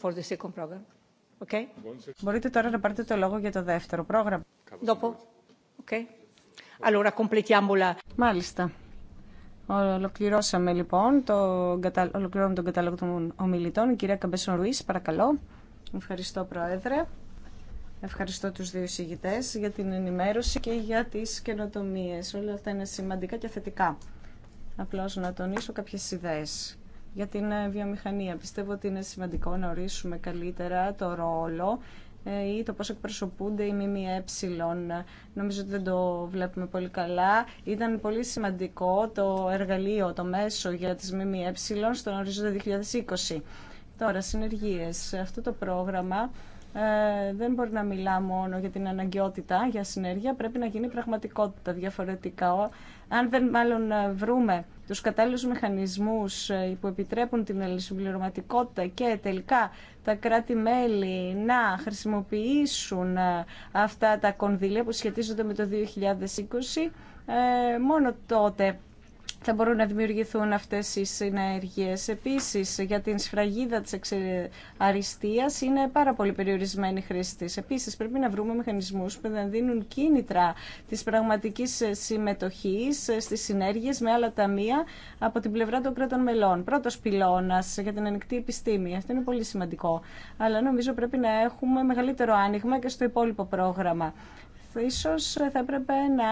For the second program. Μπορείτε τώρα να πάρετε το λόγο για το δεύτερο πρόγραμμα. Dopo. Okay. Allora, completiamo Μάλιστα. Ολοκληρώσαμε λοιπόν το, ολοκληρώνουμε τον κατάλογο των ομιλητών. κυρία Καμπέσον Ρουίς, παρακαλώ. Ευχαριστώ, Πρόεδρε. Ευχαριστώ τους δύο συγητές για την ενημέρωση και για τις καινοτομίες. Όλα αυτά είναι σημαντικά και θετικά. Απλώς να τονίσω κάποιες ιδέες για την ε, βιομηχανία. Πιστεύω ότι είναι σημαντικό να ορίσουμε καλύτερα το ρόλο ε, ή το πώς εκπροσωπούνται οι ΜΜΕ. Νομίζω ότι δεν το βλέπουμε πολύ καλά. Ήταν πολύ σημαντικό το εργαλείο, το μέσο για τις ΜΜΕ στον ορίζοντα 2020. Τώρα, συνεργίες. Αυτό το πρόγραμμα ε, δεν μπορεί να μιλά μόνο για την αναγκαιότητα, για συνέργεια. Πρέπει να γίνει πραγματικότητα διαφορετικά. Αν δεν μάλλον ε, βρούμε τους κατάλληλους μηχανισμούς ε, που επιτρέπουν την αλληλοσυμπληρωματικότητα και τελικά τα κράτη-μέλη να χρησιμοποιήσουν ε, αυτά τα κονδύλια που σχετίζονται με το 2020, ε, μόνο τότε θα μπορούν να δημιουργηθούν αυτές οι συνέργειες. Επίσης, για την σφραγίδα της αριστείας είναι πάρα πολύ περιορισμένη χρήση της. Επίσης, πρέπει να βρούμε μηχανισμούς που να δίνουν κίνητρα της πραγματικής συμμετοχής στις συνέργειες με άλλα ταμεία από την πλευρά των κρατών μελών. Πρώτος πυλώνας για την ανοιχτή επιστήμη. Αυτό είναι πολύ σημαντικό. Αλλά νομίζω πρέπει να έχουμε μεγαλύτερο άνοιγμα και στο υπόλοιπο πρόγραμμα ίσως ε, θα έπρεπε να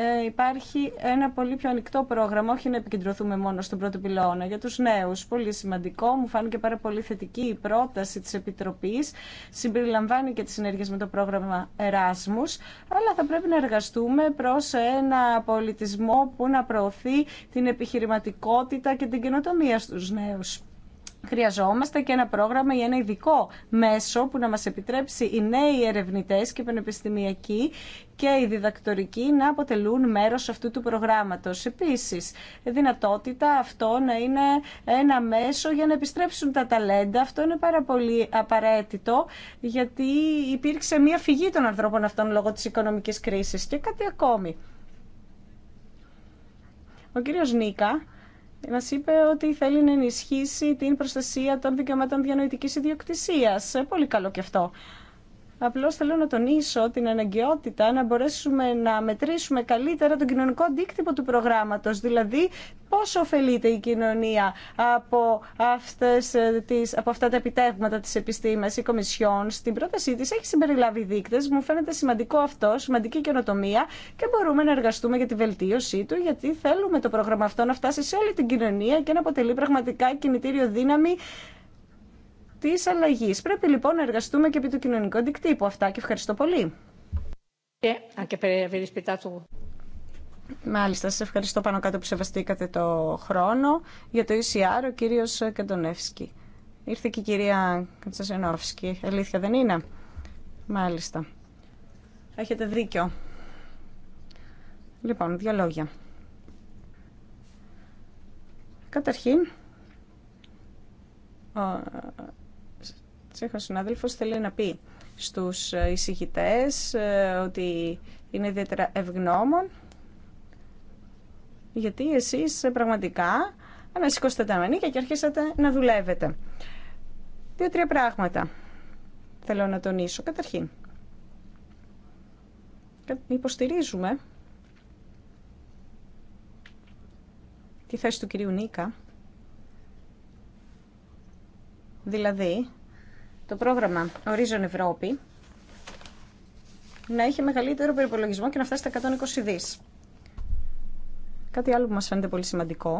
ε, υπάρχει ένα πολύ πιο ανοιχτό πρόγραμμα, όχι να επικεντρωθούμε μόνο στον πρώτο πυλώνα για τους νέους. Πολύ σημαντικό, μου φάνηκε πάρα πολύ θετική η πρόταση της Επιτροπής, συμπεριλαμβάνει και τις συνέργειες με το πρόγραμμα Εράσμους, αλλά θα πρέπει να εργαστούμε προς ένα πολιτισμό που να προωθεί την επιχειρηματικότητα και την καινοτομία στους νέους χρειαζόμαστε και ένα πρόγραμμα ή ένα ειδικό μέσο που να μας επιτρέψει οι νέοι ερευνητές και οι πανεπιστημιακοί και οι διδακτορικοί να αποτελούν μέρος αυτού του προγράμματος. Επίσης, δυνατότητα αυτό να είναι ένα μέσο για να επιστρέψουν τα ταλέντα. Αυτό είναι πάρα πολύ απαραίτητο, γιατί υπήρξε μια φυγή των ανθρώπων αυτών λόγω της οικονομικής κρίσης και κάτι ακόμη. Ο κύριος Νίκα Μα είπε ότι θέλει να ενισχύσει την προστασία των δικαιωμάτων διανοητική ιδιοκτησία. Πολύ καλό και αυτό. Απλώς θέλω να τονίσω την αναγκαιότητα να μπορέσουμε να μετρήσουμε καλύτερα τον κοινωνικό αντίκτυπο του προγράμματος, δηλαδή πόσο ωφελείται η κοινωνία από, αυτές ε, τις, από αυτά τα επιτεύγματα της επιστήμης ή κομισιόν. Στην πρότασή της έχει συμπεριλάβει δείκτες, μου φαίνεται σημαντικό αυτό, σημαντική καινοτομία και μπορούμε να εργαστούμε για τη βελτίωσή του, γιατί θέλουμε το πρόγραμμα αυτό να φτάσει σε όλη την κοινωνία και να αποτελεί πραγματικά κινητήριο δύναμη τη αλλαγή. Πρέπει λοιπόν να εργαστούμε και επί του κοινωνικού αντικτύπου. Αυτά και ευχαριστώ πολύ. Μάλιστα, σα ευχαριστώ πάνω κάτω που σεβαστήκατε το χρόνο. Για το ECR, ο κύριο Καντονεύσκη. Ήρθε και η κυρία Κατσασενόφσκη. Αλήθεια δεν είναι. Μάλιστα. Έχετε δίκιο. Λοιπόν, δύο λόγια. Καταρχήν, Τσέχος συνάδελφος θέλει να πει στους ε, εισηγητές ε, ότι είναι ιδιαίτερα ευγνώμων γιατί εσείς ε, πραγματικά ανασηκώσετε τα μανίκια και αρχίσατε να δουλεύετε. Δύο-τρία πράγματα θέλω να τονίσω. Καταρχήν, υποστηρίζουμε τη θέση του κυρίου Νίκα, δηλαδή το πρόγραμμα Horizon Ευρώπη να έχει μεγαλύτερο περιπολογισμό και να φτάσει στα 120 δις. Κάτι άλλο που μας φαίνεται πολύ σημαντικό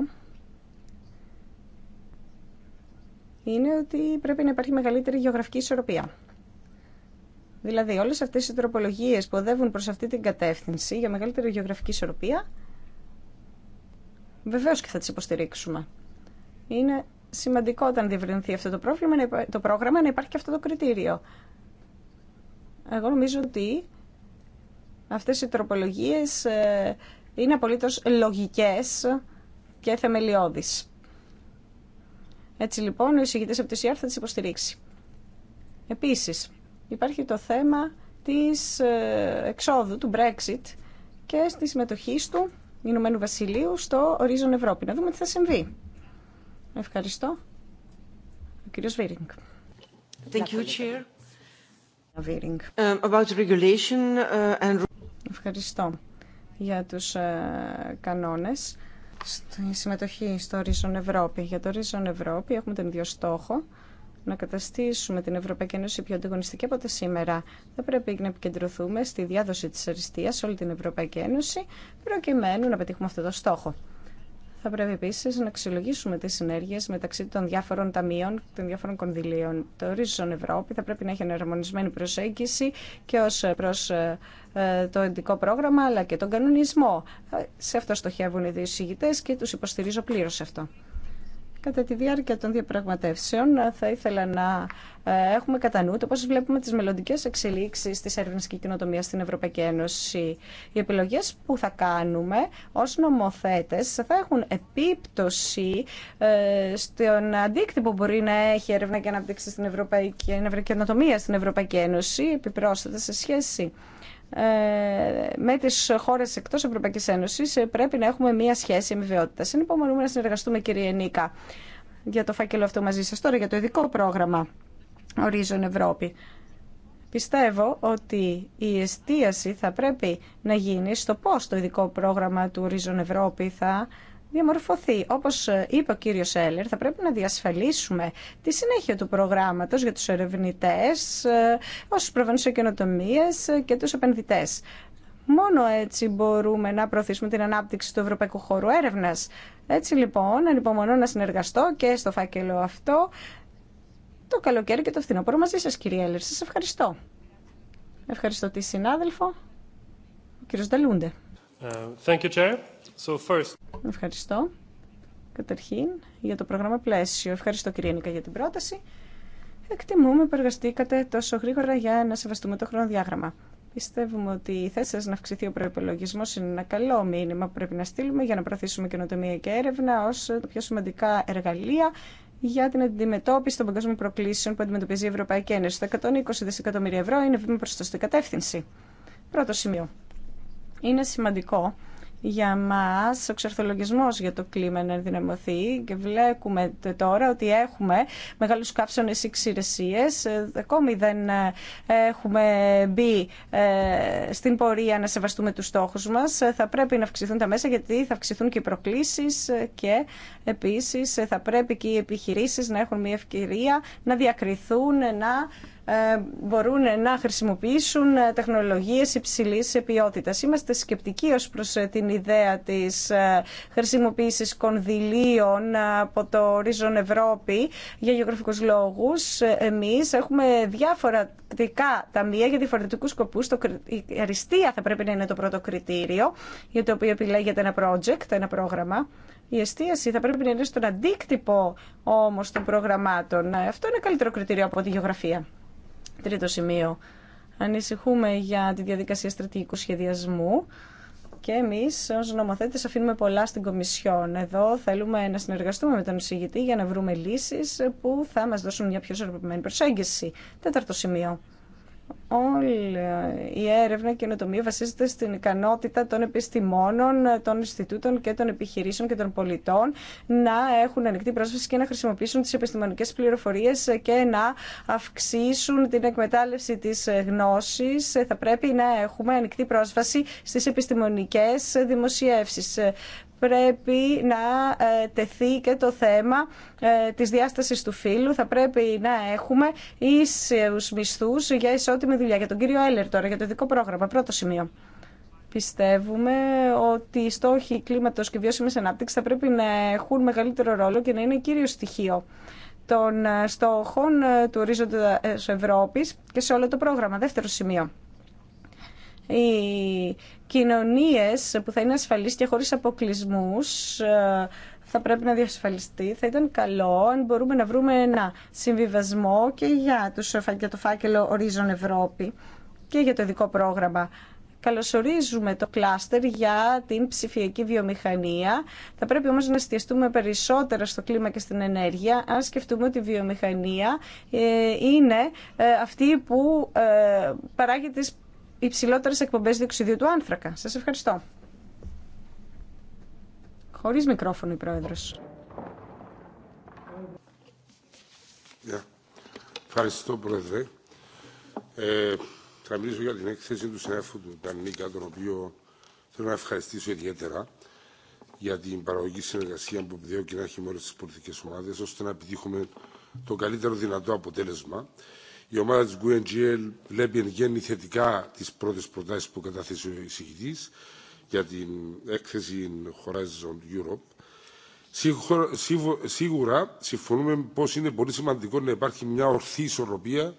είναι ότι πρέπει να υπάρχει μεγαλύτερη γεωγραφική ισορροπία. Δηλαδή, όλες αυτές οι τροπολογίες που οδεύουν προς αυτή την κατεύθυνση για μεγαλύτερη γεωγραφική ισορροπία, βεβαίως και θα τις υποστηρίξουμε. Είναι σημαντικό όταν διευρυνθεί αυτό το, το πρόγραμμα να υπάρχει και αυτό το κριτήριο. Εγώ νομίζω ότι αυτές οι τροπολογίες ε, είναι απολύτως λογικές και θεμελιώδεις. Έτσι λοιπόν, ο εισηγητής από τη ΣΥΑΡ θα τις υποστηρίξει. Επίσης, υπάρχει το θέμα της ε, εξόδου του Brexit και στη συμμετοχή του Ηνωμένου Βασιλείου στο ορίζον Ευρώπη. Να δούμε τι θα συμβεί. Ευχαριστώ. Ο κύριος Βίρινγκ. Thank you, Chair. Um, about regulation uh, and... Ευχαριστώ για τους ε, κανόνες στη συμμετοχή στο Horizon Ευρώπη. Για το Horizon Ευρώπη έχουμε τον ίδιο στόχο να καταστήσουμε την Ευρωπαϊκή Ένωση πιο ανταγωνιστική από τα σήμερα. Θα πρέπει να επικεντρωθούμε στη διάδοση της αριστείας σε όλη την Ευρωπαϊκή Ένωση προκειμένου να πετύχουμε αυτό το στόχο. Θα πρέπει επίσης να αξιολογήσουμε τις συνέργειες μεταξύ των διάφορων ταμείων, των διάφορων κονδυλίων. Το Horizon Ευρώπη θα πρέπει να έχει εναρμονισμένη προσέγγιση και ω προς ε, ε, το εντικό πρόγραμμα αλλά και τον κανονισμό. Ε, σε αυτό στοχεύουν οι δύο και τους υποστηρίζω πλήρως αυτό. Κατά τη διάρκεια των διαπραγματεύσεων θα ήθελα να ε, έχουμε κατά νου το πώς βλέπουμε τις μελλοντικέ εξελίξεις της έρευνας και κοινοτομίας στην Ευρωπαϊκή Ένωση. Οι επιλογές που θα κάνουμε ως νομοθέτες θα έχουν επίπτωση ε, στον αντίκτυπο που μπορεί να έχει έρευνα και αναπτύξη στην Ευρωπαϊκή Ένωση στην Ευρωπαϊκή Ένωση επιπρόσθετα σε σχέση ε, με τι χώρε εκτός Ευρωπαϊκή Ένωση ε, πρέπει να έχουμε μία σχέση αμοιβαιότητα. Συνεπομονούμε να συνεργαστούμε κύριε Νίκα για το φάκελο αυτό μαζί σα. τώρα για το ειδικό πρόγραμμα Ορίζον Ευρώπη. Πιστεύω ότι η εστίαση θα πρέπει να γίνει στο πώς το ειδικό πρόγραμμα του Ορίζον Ευρώπη θα διαμορφωθεί. Όπως ε, είπε ο κύριο Έλερ, θα πρέπει να διασφαλίσουμε τη συνέχεια του προγράμματο για τους ερευνητές, όσους ε, προβαίνουν σε καινοτομίες ε, και του επενδυτέ. Μόνο έτσι μπορούμε να προωθήσουμε την ανάπτυξη του ευρωπαϊκού χώρου έρευνα. Έτσι λοιπόν, ανυπομονώ να συνεργαστώ και στο φάκελο αυτό το καλοκαίρι και το φθινόπωρο μαζί σα, κύριε Έλερ. Σας ευχαριστώ. Ευχαριστώ τη συνάδελφο, ο κύριος Νταλούντε. Thank you, Chair. So first... Ευχαριστώ. Καταρχήν για το πρόγραμμα πλαίσιο. Ευχαριστώ κυρία Νίκα για την πρόταση. Εκτιμούμε που εργαστήκατε τόσο γρήγορα για να σεβαστούμε το χρονοδιάγραμμα. Πιστεύουμε ότι η θέση σα να αυξηθεί ο προπολογισμό είναι ένα καλό μήνυμα που πρέπει να στείλουμε για να προωθήσουμε καινοτομία και έρευνα ω τα πιο σημαντικά εργαλεία για την αντιμετώπιση των παγκόσμιων προκλήσεων που αντιμετωπίζει η Ευρωπαϊκή Ένωση. Τα 120 δισεκατομμύρια ευρώ είναι βήμα προ την κατεύθυνση. Πρώτο σημείο. Είναι σημαντικό για μας ο ξερθολογισμός για το κλίμα να ενδυναμωθεί και βλέπουμε τώρα ότι έχουμε μεγάλους καύσονες εξηρεσίες ε, ακόμη δεν ε, έχουμε μπει ε, στην πορεία να σεβαστούμε τους στόχους μας θα πρέπει να αυξηθούν τα μέσα γιατί θα αυξηθούν και οι προκλήσεις και επίσης θα πρέπει και οι επιχειρήσεις να έχουν μια ευκαιρία να διακριθούν, να ε, μπορούν να χρησιμοποιήσουν ε, τεχνολογίες υψηλής ποιότητας. Είμαστε σκεπτικοί ως προς ε, την ιδέα της χρησιμοποίησης κονδυλίων από το Horizon Ευρώπη για γεωγραφικούς λόγους. Εμείς έχουμε διαφορετικά ταμεία για διαφορετικούς σκοπούς. Το, η αριστεία θα πρέπει να είναι το πρώτο κριτήριο για το οποίο επιλέγεται ένα project, ένα πρόγραμμα. Η εστίαση θα πρέπει να είναι στον αντίκτυπο όμως των προγραμμάτων. Αυτό είναι καλύτερο κριτήριο από τη γεωγραφία. Τρίτο σημείο. Ανησυχούμε για τη διαδικασία στρατηγικού σχεδιασμού και εμεί ω νομοθέτε αφήνουμε πολλά στην Κομισιόν. Εδώ θέλουμε να συνεργαστούμε με τον εισηγητή για να βρούμε λύσει που θα μα δώσουν μια πιο ισορροπημένη προσέγγιση. Τέταρτο σημείο όλη η έρευνα και η καινοτομία βασίζεται στην ικανότητα των επιστημόνων, των Ινστιτούτων και των επιχειρήσεων και των πολιτών να έχουν ανοιχτή πρόσβαση και να χρησιμοποιήσουν τις επιστημονικές πληροφορίες και να αυξήσουν την εκμετάλλευση της γνώσης. Θα πρέπει να έχουμε ανοιχτή πρόσβαση στις επιστημονικές δημοσιεύσει πρέπει να ε, τεθεί και το θέμα ε, της διάστασης του φύλου. Θα πρέπει να έχουμε ίσους μισθούς για ισότιμη δουλειά. Για τον κύριο Έλερ τώρα, για το ειδικό πρόγραμμα, πρώτο σημείο. Πιστεύουμε ότι οι στόχοι κλίματος και βιώσιμης ανάπτυξης θα πρέπει να έχουν μεγαλύτερο ρόλο και να είναι κύριο στοιχείο των ε, στόχων του ορίζοντα Ευρώπης και σε όλο το πρόγραμμα. Δεύτερο σημείο οι κοινωνίες που θα είναι ασφαλείς και χωρίς αποκλεισμούς ε, θα πρέπει να διασφαλιστεί. Θα ήταν καλό αν μπορούμε να βρούμε ένα συμβιβασμό και για, τους, για το φάκελο Ορίζον Ευρώπη και για το ειδικό πρόγραμμα. Καλωσορίζουμε το κλάστερ για την ψηφιακή βιομηχανία. Θα πρέπει όμως να εστιαστούμε περισσότερο στο κλίμα και στην ενέργεια. Αν σκεφτούμε ότι η βιομηχανία ε, είναι ε, αυτή που παράγει τις Υψηλότερε εκπομπέ διοξιδίου του άνθρακα. Σα ευχαριστώ. Χωρί μικρόφωνο η πρόεδρο. Yeah. Ευχαριστώ Πρόεδρε. Ε, θα μιλήσω για την έκθεση του συνέφου του Ντανίκα, τον οποίο θέλω να ευχαριστήσω ιδιαίτερα για την παραγωγή συνεργασία που επιδιώκει να έχει με όλε τι πολιτικέ ομάδε, ώστε να επιτύχουμε το καλύτερο δυνατό αποτέλεσμα. Η ομάδα της GUNGL βλέπει εν γέννη θετικά τις πρώτες προτάσεις που καταθέσει ο εισηγητής για την έκθεση Horizon Europe. Σίγουρα συμφωνούμε πως είναι πολύ σημαντικό να υπάρχει μια ορθή ισορροπία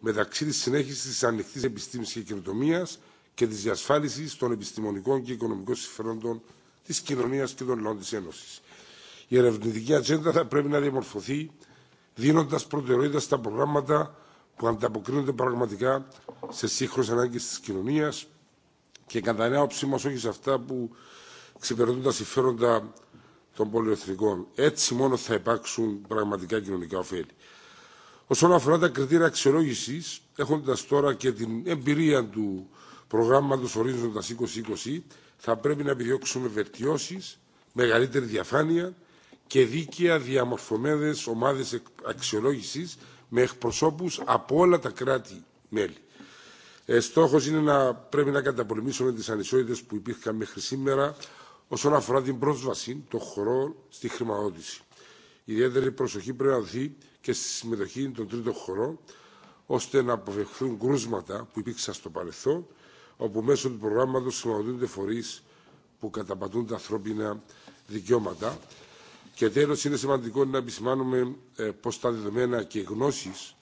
μεταξύ της συνέχισης της ανοιχτής επιστήμης και καινοτομίας και της διασφάλισης των επιστημονικών και οικονομικών συμφερόντων της κοινωνίας και των λαών της Ένωσης. Η ερευνητική ατζέντα θα πρέπει να διαμορφωθεί δίνοντας προτεραιότητα στα προγράμματα που ανταποκρίνονται πραγματικά σε σύγχρονε ανάγκε τη κοινωνία και κατά νέα όψη μα όχι σε αυτά που ξυπηρετούν τα συμφέροντα των πολυεθνικών. Έτσι μόνο θα υπάρξουν πραγματικά κοινωνικά ωφέλη. Όσον αφορά τα κριτήρια αξιολόγηση, έχοντα τώρα και την εμπειρία του προγράμματο Ορίζοντα 2020, θα πρέπει να επιδιώξουμε βελτιώσει, μεγαλύτερη διαφάνεια και δίκαια διαμορφωμένε ομάδε αξιολόγηση με εκπροσώπους από όλα τα κράτη-μέλη. Ε, στόχος είναι να πρέπει να καταπολεμήσουμε τις ανισότητες που υπήρχαν μέχρι σήμερα όσον αφορά την πρόσβαση των χωρών στη χρηματοδότηση. Ιδιαίτερη προσοχή πρέπει να δοθεί και στη συμμετοχή των τρίτων χωρών ώστε να αποφευχθούν κρούσματα που υπήρξαν στο παρελθόν όπου μέσω του προγράμματος χρηματοδοτούνται φορείς που καταπατούν τα ανθρώπινα δικαιώματα. Και τέλο είναι σημαντικό να επισημάνουμε ε, πω τα δεδομένα και οι γνώσεις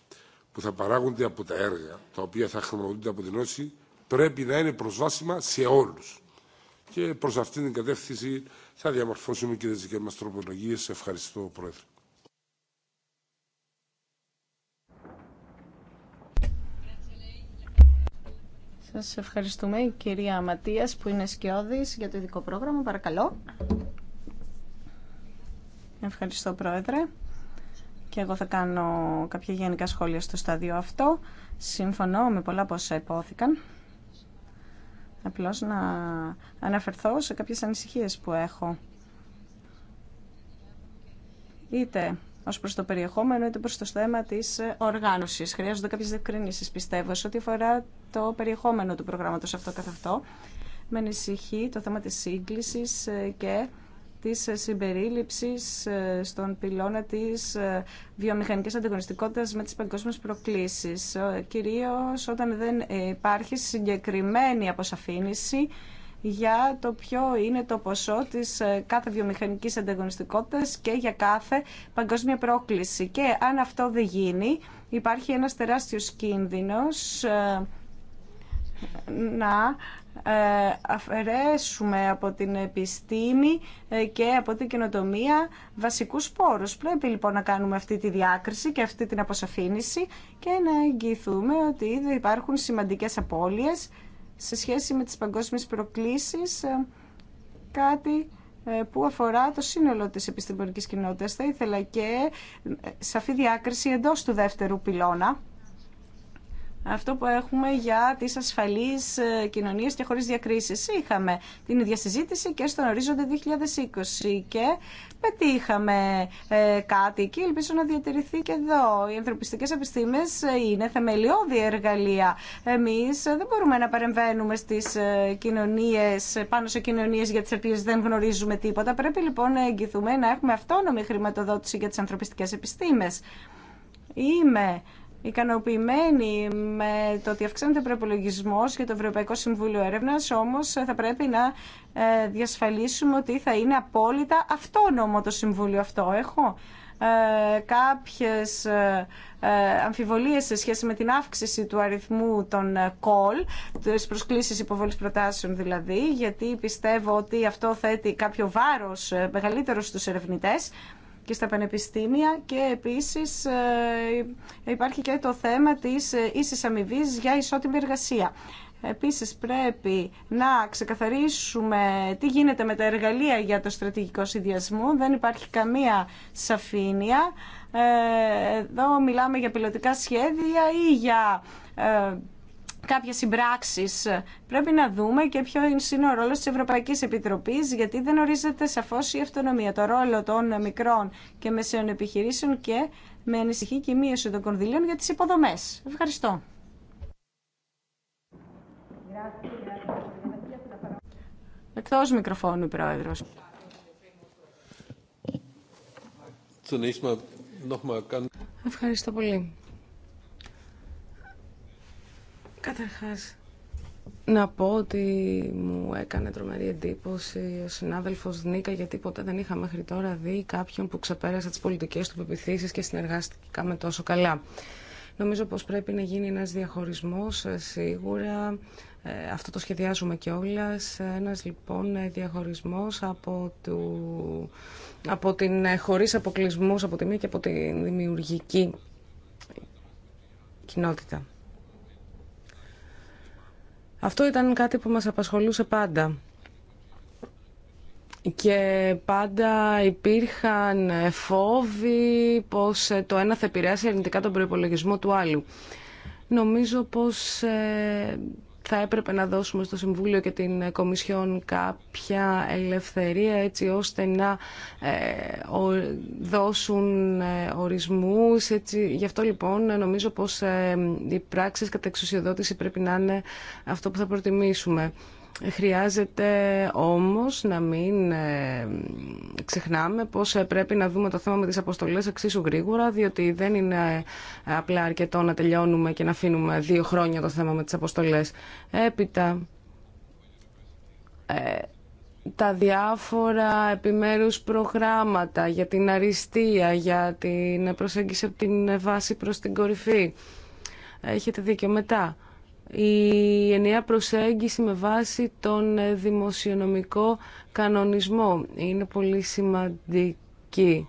που θα παράγονται από τα έργα, τα οποία θα χρηματοδοτούνται από την Όση, πρέπει να είναι προσβάσιμα σε όλους. Και προς αυτήν την κατεύθυνση θα διαμορφώσουμε και τι δικέ μα τροπολογίε. Ευχαριστώ, Πρόεδρε. Σας ευχαριστούμε, κυρία Ματίας, που είναι σκιώδης για το ειδικό πρόγραμμα. Παρακαλώ. Ευχαριστώ, Πρόεδρε. Και εγώ θα κάνω κάποια γενικά σχόλια στο στάδιο αυτό. Συμφωνώ με πολλά πόσα υπόθηκαν. Απλώς να αναφερθώ σε κάποιες ανησυχίες που έχω. Είτε ως προς το περιεχόμενο, είτε προς το θέμα της οργάνωσης. Χρειάζονται κάποιες διευκρίνισεις πιστεύω, σε ό,τι αφορά το περιεχόμενο του προγράμματος αυτό καθ' αυτό. Με ανησυχεί το θέμα της σύγκληση και της συμπερίληψης ε, στον πυλώνα της ε, βιομηχανικής ανταγωνιστικότητας με τις παγκόσμιες προκλήσεις. Κυρίως όταν δεν υπάρχει συγκεκριμένη αποσαφήνιση για το ποιο είναι το ποσό της ε, κάθε βιομηχανικής ανταγωνιστικότητας και για κάθε παγκόσμια πρόκληση. Και αν αυτό δεν γίνει, υπάρχει ένας τεράστιος κίνδυνος να ε, αφαιρέσουμε από την επιστήμη ε, και από την κοινοτομία βασικούς πόρους. Πρέπει λοιπόν να κάνουμε αυτή τη διάκριση και αυτή την αποσαφήνιση και να εγγυηθούμε ότι δεν υπάρχουν σημαντικές απώλειες σε σχέση με τις παγκόσμιες προκλήσεις, ε, κάτι που αφορά το σύνολο της επιστημονικής κοινότητας. Θα ήθελα και σαφή διάκριση εντός του δεύτερου πυλώνα αυτό που έχουμε για τις ασφαλείς ε, κοινωνίες και χωρίς διακρίσεις. Είχαμε την ίδια συζήτηση και στον ορίζοντα 2020 και πετύχαμε ε, κάτι και ελπίζω να διατηρηθεί και εδώ. Οι ανθρωπιστικές επιστήμες ε, είναι θεμελιώδη εργαλεία. Εμείς δεν μπορούμε να παρεμβαίνουμε στις κοινωνίες, πάνω σε κοινωνίες για τις οποίες δεν γνωρίζουμε τίποτα. Πρέπει λοιπόν να εγγυθούμε να έχουμε αυτόνομη χρηματοδότηση για τις ανθρωπιστικές επιστήμες. Είμαι ικανοποιημένοι με το ότι αυξάνεται ο προπολογισμό για το Ευρωπαϊκό Συμβούλιο Έρευνα, όμω θα πρέπει να ε, διασφαλίσουμε ότι θα είναι απόλυτα αυτόνομο το Συμβούλιο αυτό. Έχω ε, κάποιες ε, ε, αμφιβολίες σε σχέση με την αύξηση του αριθμού των κόλ, τις προσκλήσεις υποβολής προτάσεων δηλαδή, γιατί πιστεύω ότι αυτό θέτει κάποιο βάρος μεγαλύτερο στους ερευνητές και στα πανεπιστήμια και επίσης ε, υπάρχει και το θέμα της ε, ίσης αμοιβή για ισότιμη εργασία. Επίσης πρέπει να ξεκαθαρίσουμε τι γίνεται με τα εργαλεία για το στρατηγικό συνδυασμό. Δεν υπάρχει καμία σαφήνεια. Ε, εδώ μιλάμε για πιλωτικά σχέδια ή για κάποιες συμπράξει. Πρέπει να δούμε και ποιο είναι ο ρόλος της Ευρωπαϊκής Επιτροπής, γιατί δεν ορίζεται σαφώς η αυτονομία, το ρόλο των μικρών και μεσαίων επιχειρήσεων και με ανησυχεί και η μείωση των κονδυλίων για τι υποδομέ. Ευχαριστώ. Εκτό μικροφώνου, πρόεδρο. Ευχαριστώ πολύ. Καταρχάς, να πω ότι μου έκανε τρομερή εντύπωση ο συνάδελφος Νίκα γιατί ποτέ δεν είχα μέχρι τώρα δει κάποιον που ξεπέρασε τις πολιτικές του πεπιθήσεις και συνεργάστηκα με τόσο καλά. Νομίζω πως πρέπει να γίνει ένας διαχωρισμός ε, σίγουρα, ε, αυτό το σχεδιάζουμε κιόλα. ένας λοιπόν ε, διαχωρισμός από, του, από την χωρίς αποκλεισμούς από τη μία και από τη δημιουργική κοινότητα. Αυτό ήταν κάτι που μας απασχολούσε πάντα. Και πάντα υπήρχαν φόβοι πως ε, το ένα θα επηρεάσει αρνητικά τον προϋπολογισμό του άλλου. Νομίζω πως ε, θα έπρεπε να δώσουμε στο Συμβούλιο και την Κομισιόν κάποια ελευθερία έτσι ώστε να ε, δώσουν ε, ορισμούς. Έτσι. Γι' αυτό λοιπόν νομίζω πως ε, οι πράξεις κατά εξουσιοδότηση πρέπει να είναι αυτό που θα προτιμήσουμε. Χρειάζεται όμως να μην ε, ξεχνάμε πως ε, πρέπει να δούμε το θέμα με τις αποστολές εξίσου γρήγορα, διότι δεν είναι ε, απλά αρκετό να τελειώνουμε και να αφήνουμε δύο χρόνια το θέμα με τις αποστολές. Έπειτα, τα διάφορα επιμέρους προγράμματα για την αριστεία, για την προσέγγιση από την βάση προς την κορυφή. Έχετε δίκιο μετά η ενιαία προσέγγιση με βάση τον δημοσιονομικό κανονισμό είναι πολύ σημαντική.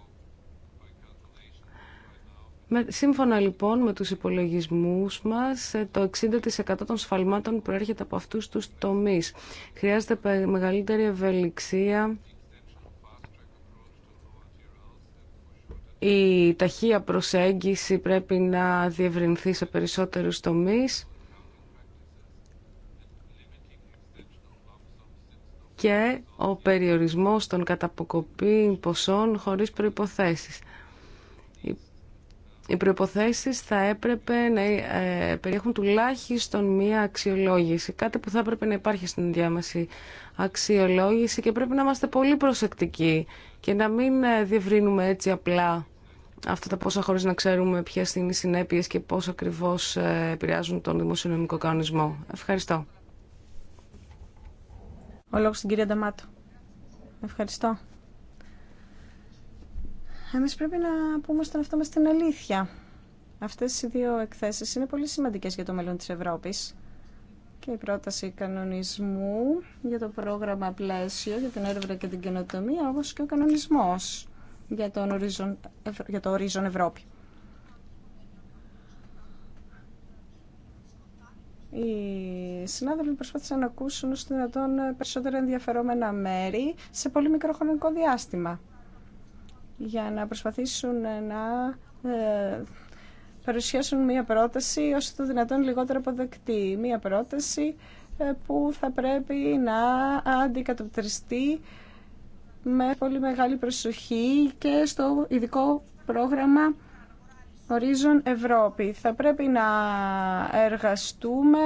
Με, σύμφωνα λοιπόν με τους υπολογισμούς μας, ε, το 60% των σφαλμάτων προέρχεται από αυτούς τους τομείς. Χρειάζεται μεγαλύτερη ευελιξία. Η ταχεία προσέγγιση πρέπει να διευρυνθεί σε περισσότερους τομείς. και ο περιορισμός των καταποκοπή ποσών χωρίς προϋποθέσεις. Οι προϋποθέσεις θα έπρεπε να ε, περιέχουν τουλάχιστον μία αξιολόγηση, κάτι που θα έπρεπε να υπάρχει στην διάμεση αξιολόγηση και πρέπει να είμαστε πολύ προσεκτικοί και να μην ε, διευρύνουμε έτσι απλά αυτά τα πόσα χωρίς να ξέρουμε ποιες είναι οι συνέπειες και πώς ακριβώς ε, επηρεάζουν τον δημοσιονομικό κανονισμό. Ευχαριστώ. Ο λόγος στην κυρία Νταμάτο. Ευχαριστώ. Εμείς πρέπει να πούμε στον αυτό μας την αλήθεια. Αυτές οι δύο εκθέσεις είναι πολύ σημαντικές για το μέλλον της Ευρώπης. Και η πρόταση κανονισμού για το πρόγραμμα πλαίσιο για την έρευνα και την καινοτομία, όπως και ο κανονισμός για, τον ορίζον, για το ορίζον Ευρώπη. οι συνάδελφοι προσπάθησαν να ακούσουν ώστε να τον περισσότερα ενδιαφερόμενα μέρη σε πολύ μικρό χρονικό διάστημα για να προσπαθήσουν να ε, παρουσιάσουν μία πρόταση όσο το δυνατόν λιγότερο αποδεκτή. Μία πρόταση ε, που θα πρέπει να αντικατοπτριστεί με πολύ μεγάλη προσοχή και στο ειδικό πρόγραμμα Ορίζον Ευρώπη. Θα πρέπει να εργαστούμε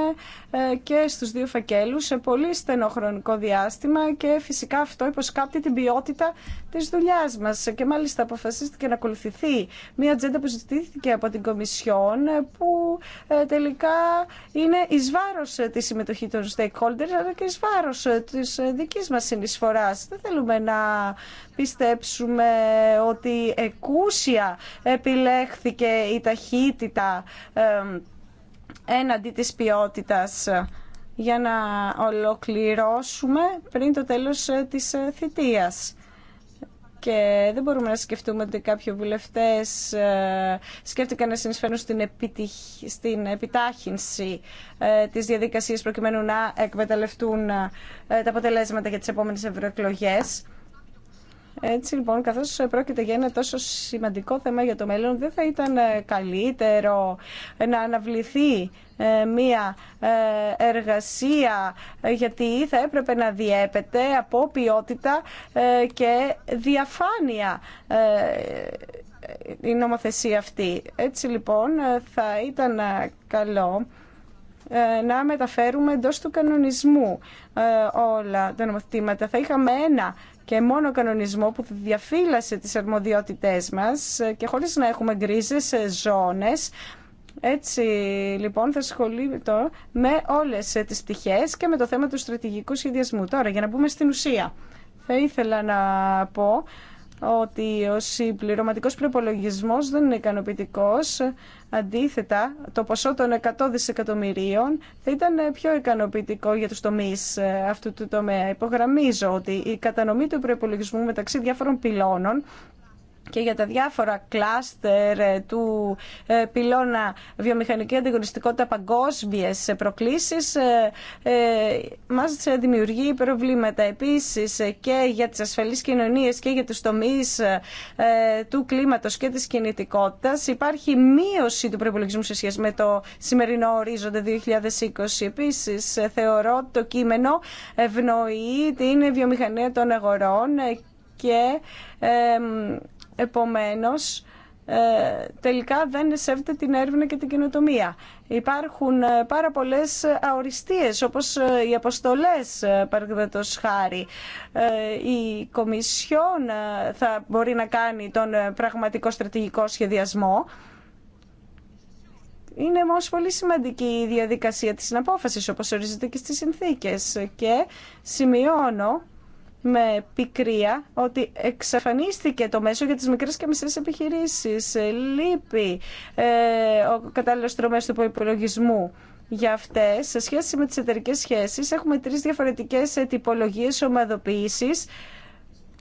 ε, και στους δύο φακέλους σε πολύ στενό χρονικό διάστημα και φυσικά αυτό υποσκάπτει την ποιότητα της δουλειάς μας και μάλιστα αποφασίστηκε να ακολουθηθεί μια ατζέντα που ζητήθηκε από την Κομισιόν που ε, τελικά είναι εις βάρος ε, τη συμμετοχή των stakeholders αλλά και εις βάρος της δικής μας συνεισφοράς. Δεν θέλουμε να πιστέψουμε ότι εκούσια επιλέχθηκε η ταχύτητα έναντι της ποιότητας για να ολοκληρώσουμε πριν το τέλος ε, της ε, θητείας. Και δεν μπορούμε να σκεφτούμε ότι κάποιοι βουλευτές ε, σκέφτηκαν να συνεισφέρουν στην, επιτυχ... στην επιτάχυνση της διαδικασίας προκειμένου να εκμεταλλευτούν τα αποτελέσματα για τις επόμενες ευρωεκλογές. Έτσι λοιπόν, καθώς πρόκειται για ένα τόσο σημαντικό θέμα για το μέλλον, δεν θα ήταν ε, καλύτερο ε, να αναβληθεί ε, μία εργασία, γιατί θα έπρεπε να διέπεται από ποιότητα και διαφάνεια η νομοθεσία αυτή. Έτσι λοιπόν, θα ήταν καλό να μεταφέρουμε εντό του κανονισμού όλα τα νομοθετήματα. Θα είχαμε ένα και μόνο κανονισμό που διαφύλασε τις αρμοδιότητές μας ε, και χωρίς να έχουμε γκρίζες ε, ζώνες. Έτσι λοιπόν θα ασχολείται με όλες ε, τις πτυχές και με το θέμα του στρατηγικού σχεδιασμού. Τώρα για να μπούμε στην ουσία. Θα ήθελα να πω ότι ο συμπληρωματικό προπολογισμό δεν είναι ικανοποιητικό. Αντίθετα, το ποσό των 100 δισεκατομμυρίων θα ήταν πιο ικανοποιητικό για του τομεί ε, αυτού του τομέα. Υπογραμμίζω ότι η κατανομή του προπολογισμού μεταξύ διάφορων πυλώνων και για τα διάφορα κλάστερ ε, του ε, πυλώνα βιομηχανική ανταγωνιστικότητα παγκόσμιε προκλήσεις ε, μας δημιουργεί προβλήματα επίσης και για τις ασφαλείς κοινωνίες και για τους τομείς του κλίματος και της κινητικότητας υπάρχει μείωση του προπολογισμού σε σχέση με το σημερινό ορίζοντα 2020 επίσης θεωρώ ότι το κείμενο ευνοεί την βιομηχανία των αγορών και Επομένως, ε, τελικά δεν σέβεται την έρευνα και την καινοτομία. Υπάρχουν ε, πάρα πολλές αοριστείες, όπως ε, οι αποστολές, παραδείγματος χάρη. Η Κομισιόν θα μπορεί να κάνει τον πραγματικό στρατηγικό σχεδιασμό, είναι όμω πολύ σημαντική η διαδικασία της συναπόφασης, όπως ορίζεται και στις συνθήκες. Και σημειώνω με πικρία ότι εξαφανίστηκε το μέσο για τις μικρές και μισές επιχειρήσεις. Λείπει ε, ο κατάλληλος τρομές του υπολογισμού για αυτές. Σε σχέση με τις εταιρικέ σχέσεις έχουμε τρεις διαφορετικές ε, τυπολογίε ομαδοποίηση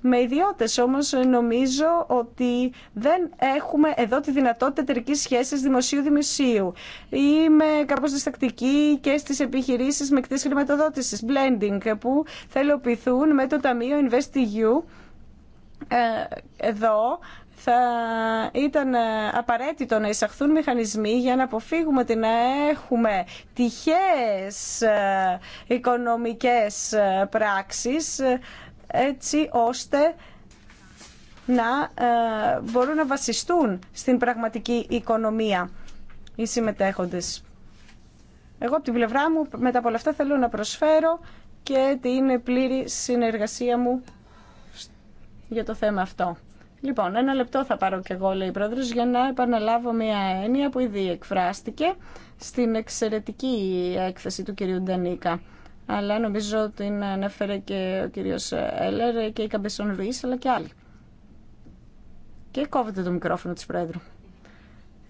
με ιδιώτε. Όμως νομίζω ότι δεν έχουμε εδώ τη δυνατότητα σχέση σχέσης δημοσίου-δημοσίου. Είμαι κάπως διστακτική και στις επιχειρήσεις με χρηματοδότηση, χρηματοδότησης, blending, που θελοποιηθούν με το Ταμείο InvestEU. Ε, εδώ θα ήταν απαραίτητο να εισαχθούν μηχανισμοί για να αποφύγουμε ότι να έχουμε τυχαίες ε, οικονομικές ε, πράξεις έτσι ώστε να ε, μπορούν να βασιστούν στην πραγματική οικονομία οι συμμετέχοντες. Εγώ από την πλευρά μου μετά από όλα αυτά θέλω να προσφέρω και την πλήρη συνεργασία μου για το θέμα αυτό. Λοιπόν, ένα λεπτό θα πάρω και εγώ, λέει η Πρόεδρος, για να επαναλάβω μια έννοια που ήδη εκφράστηκε στην εξαιρετική έκθεση του κυρίου Ντανίκα αλλά νομίζω την ανέφερε και ο κύριος Έλερ και η Καμπεσόν Ρουίς, αλλά και άλλοι. Και κόβεται το μικρόφωνο της Πρόεδρου.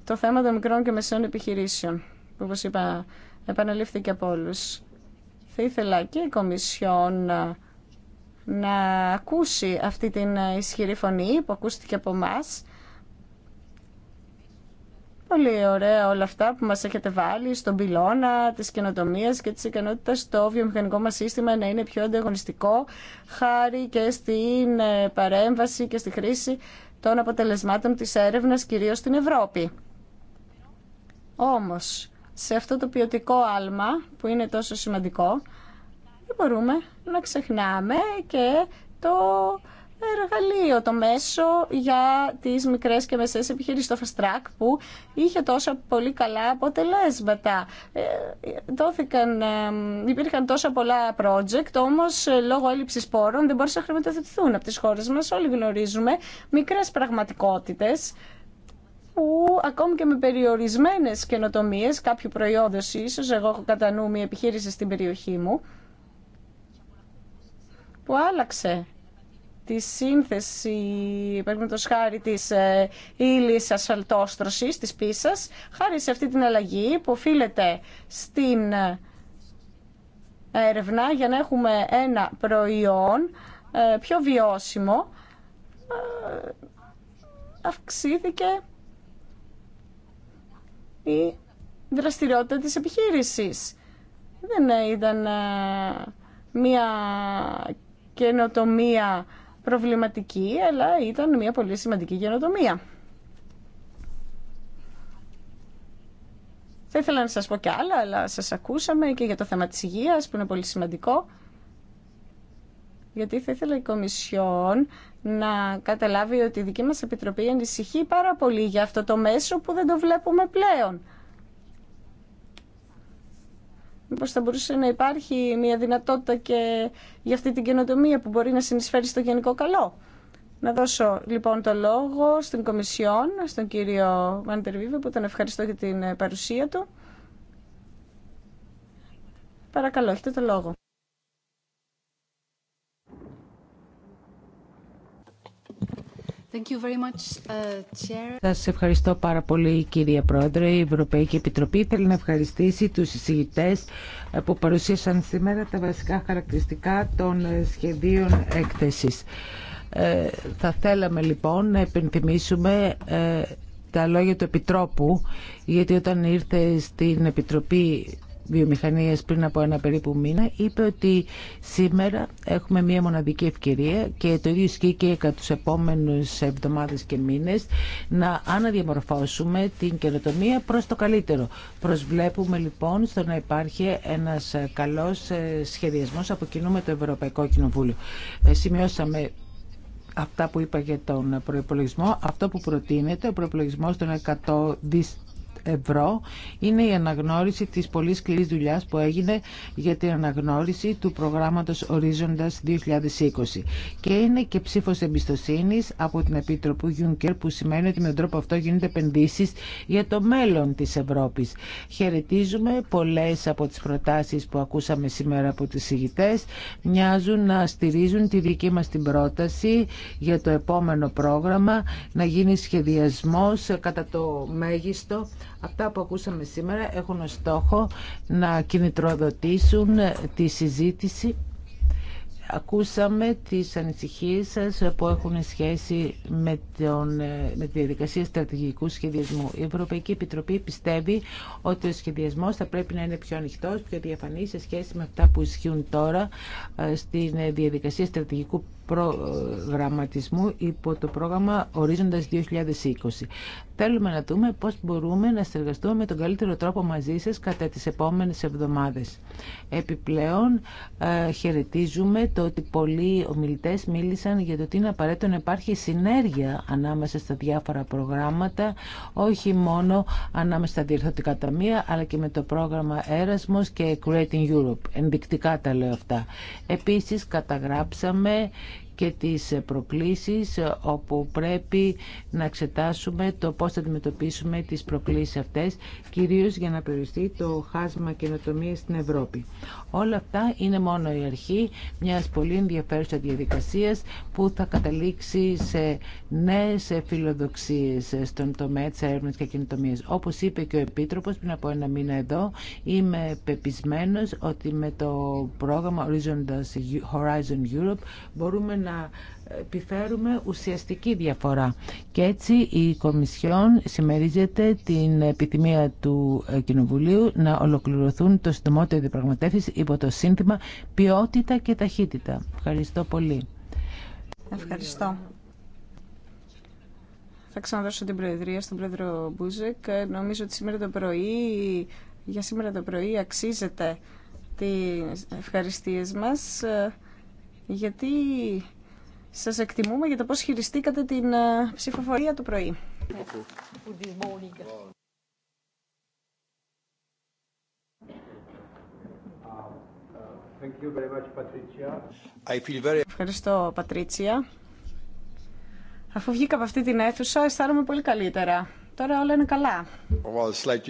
Το θέμα των μικρών και μεσαίων επιχειρήσεων, που όπως είπα επαναλήφθηκε από όλου. Θα ήθελα και η Κομισιόν να, να ακούσει αυτή την ισχυρή φωνή που ακούστηκε από εμά Πολύ ωραία όλα αυτά που μας έχετε βάλει στον πυλώνα της καινοτομίας και της ικανότητας στο βιομηχανικό μας σύστημα να είναι πιο ανταγωνιστικό χάρη και στην ε, παρέμβαση και στη χρήση των αποτελεσμάτων της έρευνας κυρίως στην Ευρώπη. Όμως, σε αυτό το ποιοτικό άλμα που είναι τόσο σημαντικό, δεν μπορούμε να ξεχνάμε και το εργαλείο, το μέσο για τις μικρές και μεσές επιχειρήσεις, το Fast Track, που είχε τόσα πολύ καλά αποτελέσματα. Ε, ε, υπήρχαν τόσα πολλά project, όμως ε, λόγω έλλειψης πόρων δεν μπορούσαν να χρηματοδοτηθούν από τις χώρες μας. Όλοι γνωρίζουμε μικρές πραγματικότητες που ακόμη και με περιορισμένες καινοτομίες, κάποιο προϊόντος ίσως, εγώ έχω κατά νου μια επιχείρηση στην περιοχή μου, που άλλαξε τη σύνθεση, το χάρη της ε, ύλης ασφαλτόστρωσης, της πίσας, χάρη σε αυτή την αλλαγή που οφείλεται στην ε, έρευνα για να έχουμε ένα προϊόν ε, πιο βιώσιμο, αυξήθηκε η δραστηριότητα της επιχείρησης. Δεν ήταν μια καινοτομία προβληματική, αλλά ήταν μια πολύ σημαντική γενοτομία. Θα ήθελα να σας πω και άλλα, αλλά σας ακούσαμε και για το θέμα της υγείας, που είναι πολύ σημαντικό. Γιατί θα ήθελα η Κομισιόν να καταλάβει ότι η δική μας Επιτροπή ανησυχεί πάρα πολύ για αυτό το μέσο που δεν το βλέπουμε πλέον μήπω θα μπορούσε να υπάρχει μια δυνατότητα και για αυτή την καινοτομία που μπορεί να συνεισφέρει στο γενικό καλό. Να δώσω λοιπόν το λόγο στην Κομισιόν, στον κύριο Μαντερβίβε, που τον ευχαριστώ για την παρουσία του. Παρακαλώ, έχετε το λόγο. Uh, Σα ευχαριστώ πάρα πολύ κύριε Πρόεδρε. Η Ευρωπαϊκή Επιτροπή θέλει να ευχαριστήσει τους συζητητές ε, που παρουσίασαν σήμερα τα βασικά χαρακτηριστικά των ε, σχεδίων έκθεσης. Ε, θα θέλαμε λοιπόν να επενθυμίσουμε τα λόγια του Επιτρόπου, γιατί όταν ήρθε στην Επιτροπή πριν από ένα περίπου μήνα είπε ότι σήμερα έχουμε μία μοναδική ευκαιρία και το ίδιο ισχύει και κατά τους επόμενους εβδομάδες και μήνες να αναδιαμορφώσουμε την καινοτομία προς το καλύτερο. Προσβλέπουμε λοιπόν στο να υπάρχει ένας καλός ε, σχεδιασμός από κοινού με το Ευρωπαϊκό Κοινοβούλιο. Ε, σημειώσαμε αυτά που είπα για τον προπολογισμό, αυτό που προτείνεται, ο προπολογισμό των 100 δις ευρώ είναι η αναγνώριση της πολύ σκληρής δουλειάς που έγινε για την αναγνώριση του προγράμματος Ορίζοντας 2020 και είναι και ψήφος εμπιστοσύνης από την Επίτροπο Γιούνκερ που σημαίνει ότι με τον τρόπο αυτό γίνονται επενδύσει για το μέλλον της Ευρώπης. Χαιρετίζουμε πολλές από τις προτάσεις που ακούσαμε σήμερα από τις ηγητές μοιάζουν να στηρίζουν τη δική μας την πρόταση για το επόμενο πρόγραμμα να γίνει σχεδιασμός κατά το μέγιστο Αυτά που ακούσαμε σήμερα έχουν ως στόχο να κινητροδοτήσουν τη συζήτηση ακούσαμε τις ανησυχίες σας που έχουν σχέση με, τον, ε, με τη διαδικασία στρατηγικού σχεδιασμού. Η Ευρωπαϊκή Επιτροπή πιστεύει ότι ο σχεδιασμός θα πρέπει να είναι πιο ανοιχτός, πιο διαφανής σε σχέση με αυτά που ισχύουν τώρα ε, στην ε, διαδικασία στρατηγικού προγραμματισμού υπό το πρόγραμμα Ορίζοντας 2020 θέλουμε να δούμε πώς μπορούμε να συνεργαστούμε με τον καλύτερο τρόπο μαζί σας κατά τις επόμενες εβδομάδες. Επιπλέον, ε, χαιρετίζουμε το ότι πολλοί ομιλητές μίλησαν για το ότι είναι απαραίτητο να υπάρχει συνέργεια ανάμεσα στα διάφορα προγράμματα, όχι μόνο ανάμεσα στα διερθωτικά ταμεία, αλλά και με το πρόγραμμα Erasmus και Creating Europe. Ενδεικτικά τα λέω αυτά. Επίσης, καταγράψαμε και τις προκλήσεις όπου πρέπει να εξετάσουμε το πώς θα αντιμετωπίσουμε τις προκλήσεις αυτές κυρίως για να περιοριστεί το χάσμα καινοτομία στην Ευρώπη. Όλα αυτά είναι μόνο η αρχή μιας πολύ ενδιαφέρουσα διαδικασία που θα καταλήξει σε νέες φιλοδοξίες στον τομέα της έρευνα και καινοτομίας. Όπως είπε και ο Επίτροπος πριν από ένα μήνα εδώ, είμαι πεπισμένος ότι με το πρόγραμμα Horizon Europe μπορούμε να να επιφέρουμε ουσιαστική διαφορά. Και έτσι η Κομισιόν συμμερίζεται την επιθυμία του ε, Κοινοβουλίου να ολοκληρωθούν το συντομότερο διαπραγματεύσεις υπό το σύνθημα ποιότητα και ταχύτητα. Ευχαριστώ πολύ. Ευχαριστώ. Θα ξαναδώσω την Προεδρία στον Πρόεδρο Μπούζεκ. Νομίζω ότι σήμερα το πρωί, για σήμερα το πρωί αξίζεται τις ευχαριστίες μας ε, γιατί σας εκτιμούμε για το πώ χειριστήκατε την ε, ψηφοφορία το πρωί. Ευχαριστώ, Πατρίτσια. Αφού βγήκα από αυτή την αίθουσα, αισθάνομαι πολύ καλύτερα. Τώρα όλα είναι καλά. Well,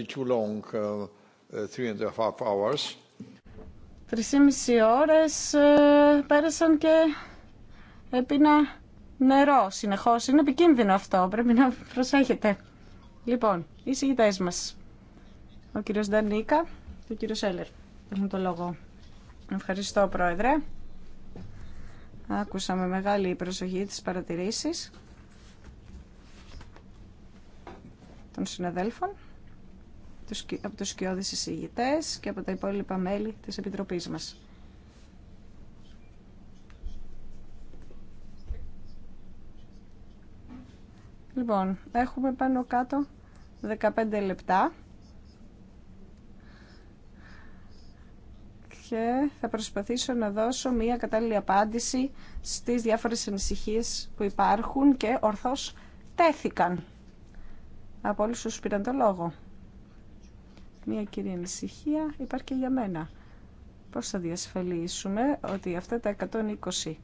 ή uh, uh, μισή ώρε ε, πέρασαν και έπινα νερό συνεχώς. Είναι επικίνδυνο αυτό, πρέπει να προσέχετε. Λοιπόν, οι συγητές μας. Ο κύριος Ντανίκα και ο κύριος Έλερ. Έχουν το λόγο. Ευχαριστώ, Πρόεδρε. Άκουσα με μεγάλη προσοχή τις παρατηρήσεις των συναδέλφων, από τους σκιώδεις εισηγητές και από τα υπόλοιπα μέλη της Επιτροπής μας. Λοιπόν, έχουμε πάνω κάτω 15 λεπτά και θα προσπαθήσω να δώσω μία κατάλληλη απάντηση στις διάφορες ανησυχίες που υπάρχουν και ορθώς τέθηκαν από όλους τους πήραν το λόγο. Μία κυρία ανησυχία υπάρχει και για μένα. Πώς θα διασφαλίσουμε ότι αυτά τα 120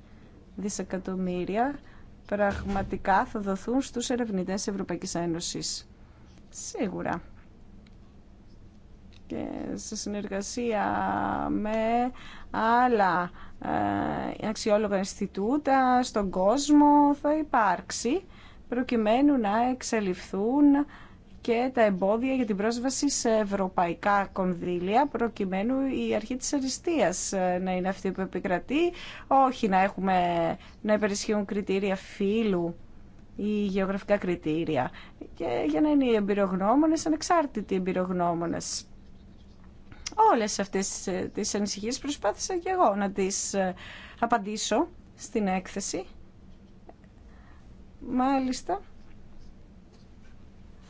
δισεκατομμύρια πραγματικά θα δοθούν στους ερευνητές της Ευρωπαϊκής Ένωσης. Σίγουρα. Και σε συνεργασία με άλλα ε, αξιόλογα Ινστιτούτα στον κόσμο θα υπάρξει προκειμένου να εξελιχθούν και τα εμπόδια για την πρόσβαση σε ευρωπαϊκά κονδύλια προκειμένου η αρχή της αριστείας ε, να είναι αυτή που επικρατεί όχι να έχουμε να υπερισχύουν κριτήρια φύλου ή γεωγραφικά κριτήρια και για να είναι οι εμπειρογνώμονες ανεξάρτητοι εμπειρογνώμονες όλες αυτές ε, τις ανησυχίες προσπάθησα και εγώ να τις ε, απαντήσω στην έκθεση μάλιστα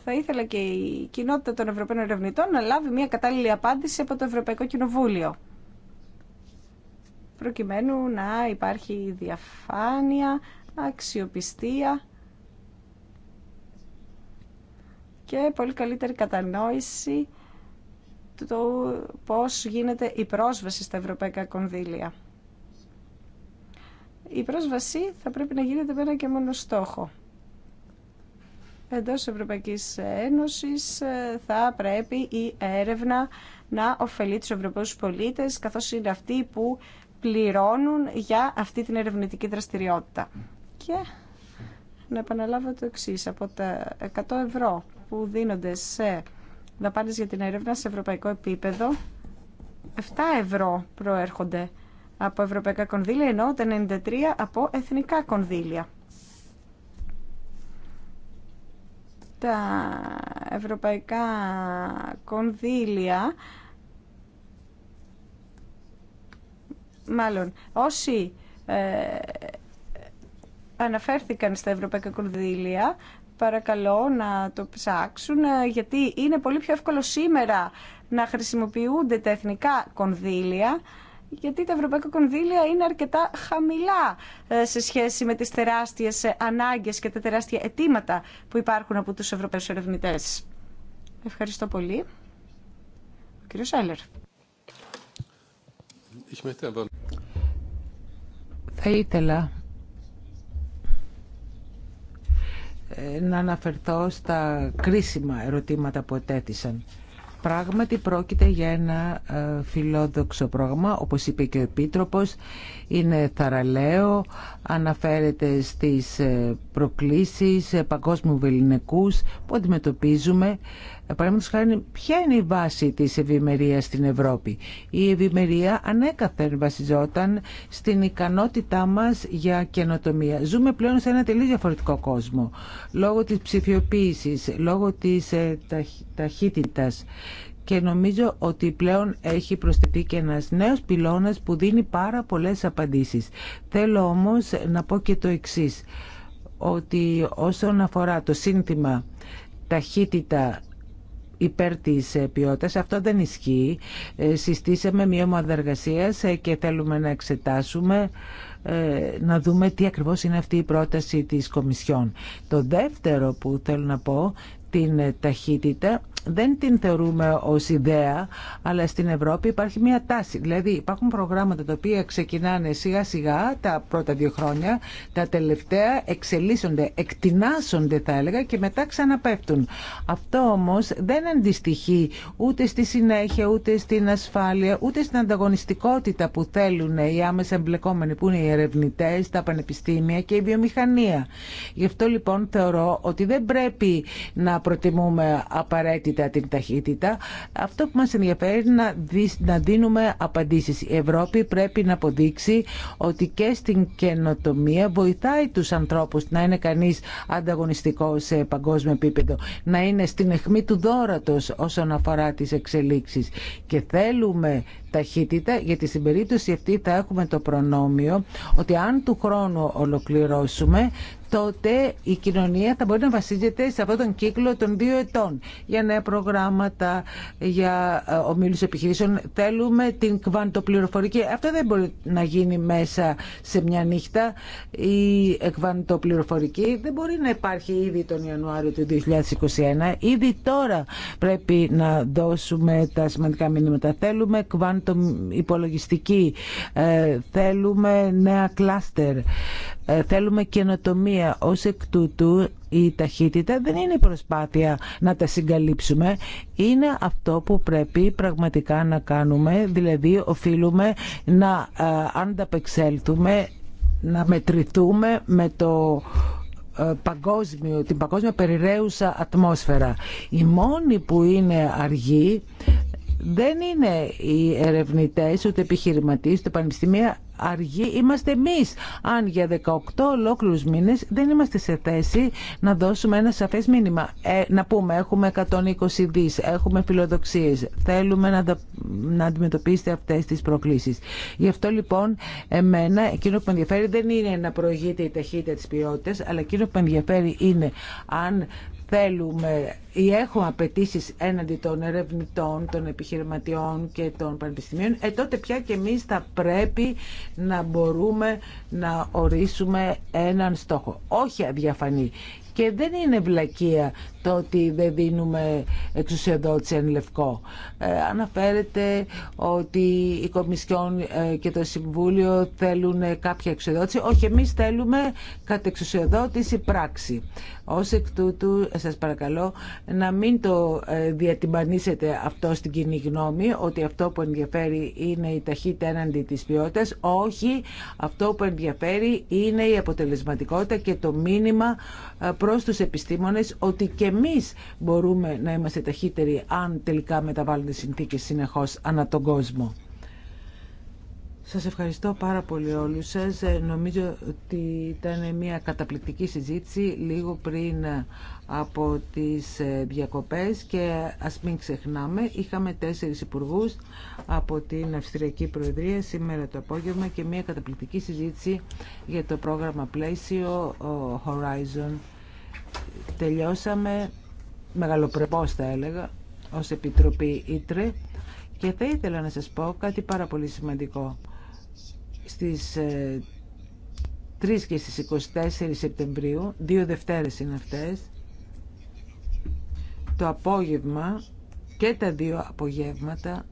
θα ήθελα και η κοινότητα των Ευρωπαίων Ερευνητών να λάβει μια κατάλληλη απάντηση από το Ευρωπαϊκό Κοινοβούλιο προκειμένου να υπάρχει διαφάνεια, αξιοπιστία και πολύ καλύτερη κατανόηση του πώς γίνεται η πρόσβαση στα ευρωπαϊκά κονδύλια. Η πρόσβαση θα πρέπει να γίνεται με ένα και μόνο στόχο εντός Ευρωπαϊκής Ένωσης ε, θα πρέπει η έρευνα να ωφελεί τους Ευρωπαίους πολίτες καθώς είναι αυτοί που πληρώνουν για αυτή την ερευνητική δραστηριότητα. Και να επαναλάβω το εξή από τα 100 ευρώ που δίνονται σε δαπάνες για την έρευνα σε ευρωπαϊκό επίπεδο 7 ευρώ προέρχονται από ευρωπαϊκά κονδύλια ενώ τα 93 από εθνικά κονδύλια. τα ευρωπαϊκά κονδύλια μάλλον όσοι ε, αναφέρθηκαν στα ευρωπαϊκά κονδύλια παρακαλώ να το ψάξουν ε, γιατί είναι πολύ πιο εύκολο σήμερα να χρησιμοποιούνται τα εθνικά κονδύλια γιατί τα ευρωπαϊκά κονδύλια είναι αρκετά χαμηλά ε, σε σχέση με τις τεράστιες ε, ανάγκες και τα τεράστια αιτήματα που υπάρχουν από τους ευρωπαίους ερευνητέ. Ευχαριστώ πολύ. Κύριο κύριος Θα ήθελα ε, να αναφερθώ στα κρίσιμα ερωτήματα που ετέθησαν. Πράγματι πρόκειται για ένα ε, φιλόδοξο πρόγραμμα, όπως είπε και ο Επίτροπος, είναι θαραλέο, αναφέρεται στις ε, προκλήσεις ε, παγκόσμιου βεληνικούς που αντιμετωπίζουμε. Ε, Παραδείγματο χάρη, ποια είναι η βάση τη ευημερία στην Ευρώπη. Η ευημερία ανέκαθεν βασιζόταν στην ικανότητά μα για καινοτομία. Ζούμε πλέον σε ένα τελείω διαφορετικό κόσμο. Λόγω τη ψηφιοποίηση, λόγω τη ε, ταχύτητα και νομίζω ότι πλέον έχει προσθεθεί και ένας νέος πυλώνας που δίνει πάρα πολλές απαντήσεις. Θέλω όμως να πω και το εξής, ότι όσον αφορά το σύνθημα ταχύτητα υπέρ τη ε, ποιότητα, Αυτό δεν ισχύει. Ε, συστήσαμε μία ομάδα εργασία ε, και θέλουμε να εξετάσουμε να δούμε τι ακριβώς είναι αυτή η πρόταση της Κομισιόν. Το δεύτερο που θέλω να πω την ταχύτητα δεν την θεωρούμε ως ιδέα, αλλά στην Ευρώπη υπάρχει μια τάση. Δηλαδή υπάρχουν προγράμματα τα οποία ξεκινάνε σιγά σιγά τα πρώτα δύο χρόνια, τα τελευταία εξελίσσονται, εκτινάσσονται θα έλεγα και μετά ξαναπέφτουν. Αυτό όμως δεν αντιστοιχεί ούτε στη συνέχεια, ούτε στην ασφάλεια, ούτε στην ανταγωνιστικότητα που θέλουν οι άμεσα εμπλεκόμενοι που είναι οι ερευνητές, τα πανεπιστήμια και η βιομηχανία. Γι' αυτό λοιπόν θεωρώ ότι δεν πρέπει να προτιμούμε απαραίτητα την ταχύτητα. Αυτό που μας ενδιαφέρει είναι να δίνουμε απαντήσεις. Η Ευρώπη πρέπει να αποδείξει ότι και στην καινοτομία βοηθάει τους ανθρώπους να είναι κανείς ανταγωνιστικό σε παγκόσμιο επίπεδο, να είναι στην αιχμή του δόρατος όσον αφορά τις εξελίξεις. Και θέλουμε ταχύτητα, γιατί στην περίπτωση αυτή θα έχουμε το προνόμιο ότι αν του χρόνου ολοκληρώσουμε τότε η κοινωνία θα μπορεί να βασίζεται σε αυτόν τον κύκλο των δύο ετών για νέα προγράμματα, για ε, ομίλους επιχειρήσεων. Θέλουμε την κβαντοπληροφορική. Αυτό δεν μπορεί να γίνει μέσα σε μια νύχτα. Η κβαντοπληροφορική δεν μπορεί να υπάρχει ήδη τον Ιανουάριο του 2021. Ήδη τώρα πρέπει να δώσουμε τα σημαντικά μηνύματα. Θέλουμε κβαντοπληροφορική υπολογιστική. Ε, θέλουμε νέα κλάστερ. Ε, θέλουμε καινοτομία. Ως εκ τούτου η ταχύτητα δεν είναι η προσπάθεια να τα συγκαλύψουμε. Είναι αυτό που πρέπει πραγματικά να κάνουμε, δηλαδή οφείλουμε να ε, ανταπεξέλθουμε, να μετρηθούμε με το ε, παγκόσμιο, την παγκόσμια περιραίουσα ατμόσφαιρα. Η μόνη που είναι αργή δεν είναι οι ερευνητές, ούτε επιχειρηματίες, ούτε πανεπιστημία αργή. είμαστε εμείς. Αν για 18 ολόκληρους μήνες δεν είμαστε σε θέση να δώσουμε ένα σαφές μήνυμα. Ε, να πούμε έχουμε 120 δις, έχουμε φιλοδοξίες, θέλουμε να, να αντιμετωπίσετε αυτές τις προκλήσεις. Γι' αυτό λοιπόν εμένα εκείνο που με ενδιαφέρει δεν είναι να προηγείται η ταχύτητα της ποιότητας, αλλά εκείνο που με ενδιαφέρει είναι αν θέλουμε ή έχω απαιτήσει έναντι των ερευνητών, των επιχειρηματιών και των πανεπιστημίων, ε, τότε πια και εμείς θα πρέπει να μπορούμε να ορίσουμε έναν στόχο. Όχι αδιαφανή. Και δεν είναι βλακεία ότι δεν δίνουμε εξουσιοδότηση εν λευκό. Ε, αναφέρεται ότι η Κομισιόν ε, και το Συμβούλιο θέλουν κάποια εξουσιοδότηση. Όχι, εμείς θέλουμε εξουσιοδότηση πράξη. Ως εκ τούτου, σας παρακαλώ, να μην το ε, διατυμπανίσετε αυτό στην κοινή γνώμη, ότι αυτό που ενδιαφέρει είναι η ταχύτητα έναντι της ποιότητας. Όχι, αυτό που ενδιαφέρει είναι η αποτελεσματικότητα και το μήνυμα προς τους επιστήμονες ότι και εμείς μπορούμε να είμαστε ταχύτεροι αν τελικά μεταβάλλονται συνθήκες συνεχώς ανά τον κόσμο. Σας ευχαριστώ πάρα πολύ όλους σας. Ε, νομίζω ότι ήταν μια καταπληκτική συζήτηση λίγο πριν ε, από τις ε, διακοπές και ας μην ξεχνάμε, είχαμε τέσσερις υπουργούς από την Αυστριακή Προεδρία σήμερα το απόγευμα και μια καταπληκτική συζήτηση για το πρόγραμμα πλαίσιο Horizon τελειώσαμε μεγαλοπρεπώς θα έλεγα ως Επιτροπή Ήτρε και θα ήθελα να σας πω κάτι πάρα πολύ σημαντικό. Στις 3 ε, και στις 24 Σεπτεμβρίου, δύο Δευτέρες είναι αυτές, το απόγευμα και τα δύο απογεύματα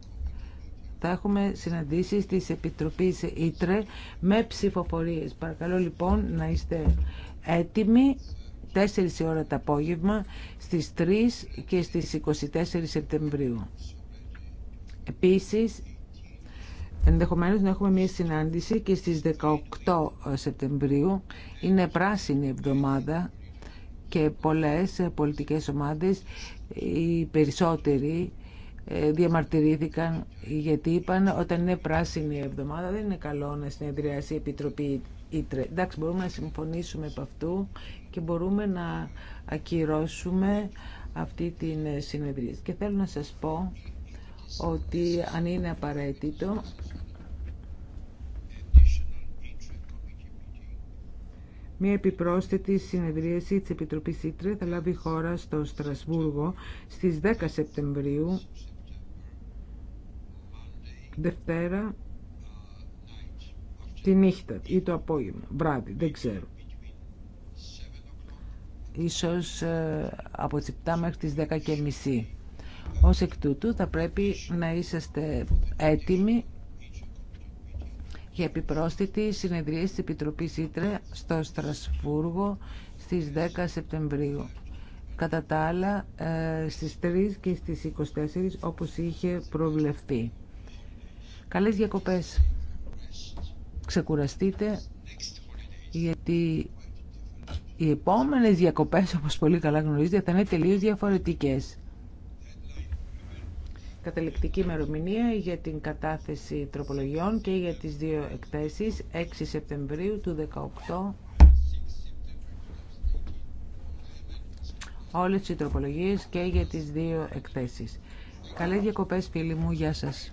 θα έχουμε συναντήσει της Επιτροπής Ήτρε με ψηφοφορίες. Παρακαλώ λοιπόν να είστε έτοιμοι 4 ώρα το απόγευμα, στις 3 και στις 24 Σεπτεμβρίου. Επίσης, ενδεχομένως να έχουμε μια συνάντηση και στις 18 Σεπτεμβρίου. Είναι πράσινη εβδομάδα και πολλές πολιτικές ομάδες, οι περισσότεροι, ε, διαμαρτυρήθηκαν γιατί είπαν όταν είναι πράσινη εβδομάδα δεν είναι καλό να συνεδριάσει η Επιτροπή Ήτρε. Εντάξει, μπορούμε να συμφωνήσουμε από αυτού και μπορούμε να ακυρώσουμε αυτή την συνεδρία. Και θέλω να σας πω ότι αν είναι απαραίτητο Μια επιπρόσθετη συνεδρίαση της Επιτροπής Ήτρε θα λάβει χώρα στο Στρασβούργο στις 10 Σεπτεμβρίου, Δευτέρα, τη νύχτα ή το απόγευμα, βράδυ, δεν ξέρω ίσως ε, από τις 7 μέχρι τις 10 και μισή. Ως εκ τούτου θα πρέπει να είσαστε έτοιμοι για επιπρόσθετη συνεδρία της Επιτροπής Ήτρε στο Στρασβούργο στις 10 Σεπτεμβρίου. Κατά τα άλλα ε, στις 3 και στις 24 όπως είχε προβλεφθεί. Καλές διακοπές. Ξεκουραστείτε γιατί οι επόμενες διακοπές, όπως πολύ καλά γνωρίζετε, θα είναι τελείως διαφορετικές. Καταληκτική ημερομηνία για την κατάθεση τροπολογιών και για τις δύο εκθέσεις 6 Σεπτεμβρίου του 18. Όλες οι τροπολογίες και για τις δύο εκθέσεις. Καλές διακοπές φίλοι μου, γεια σας.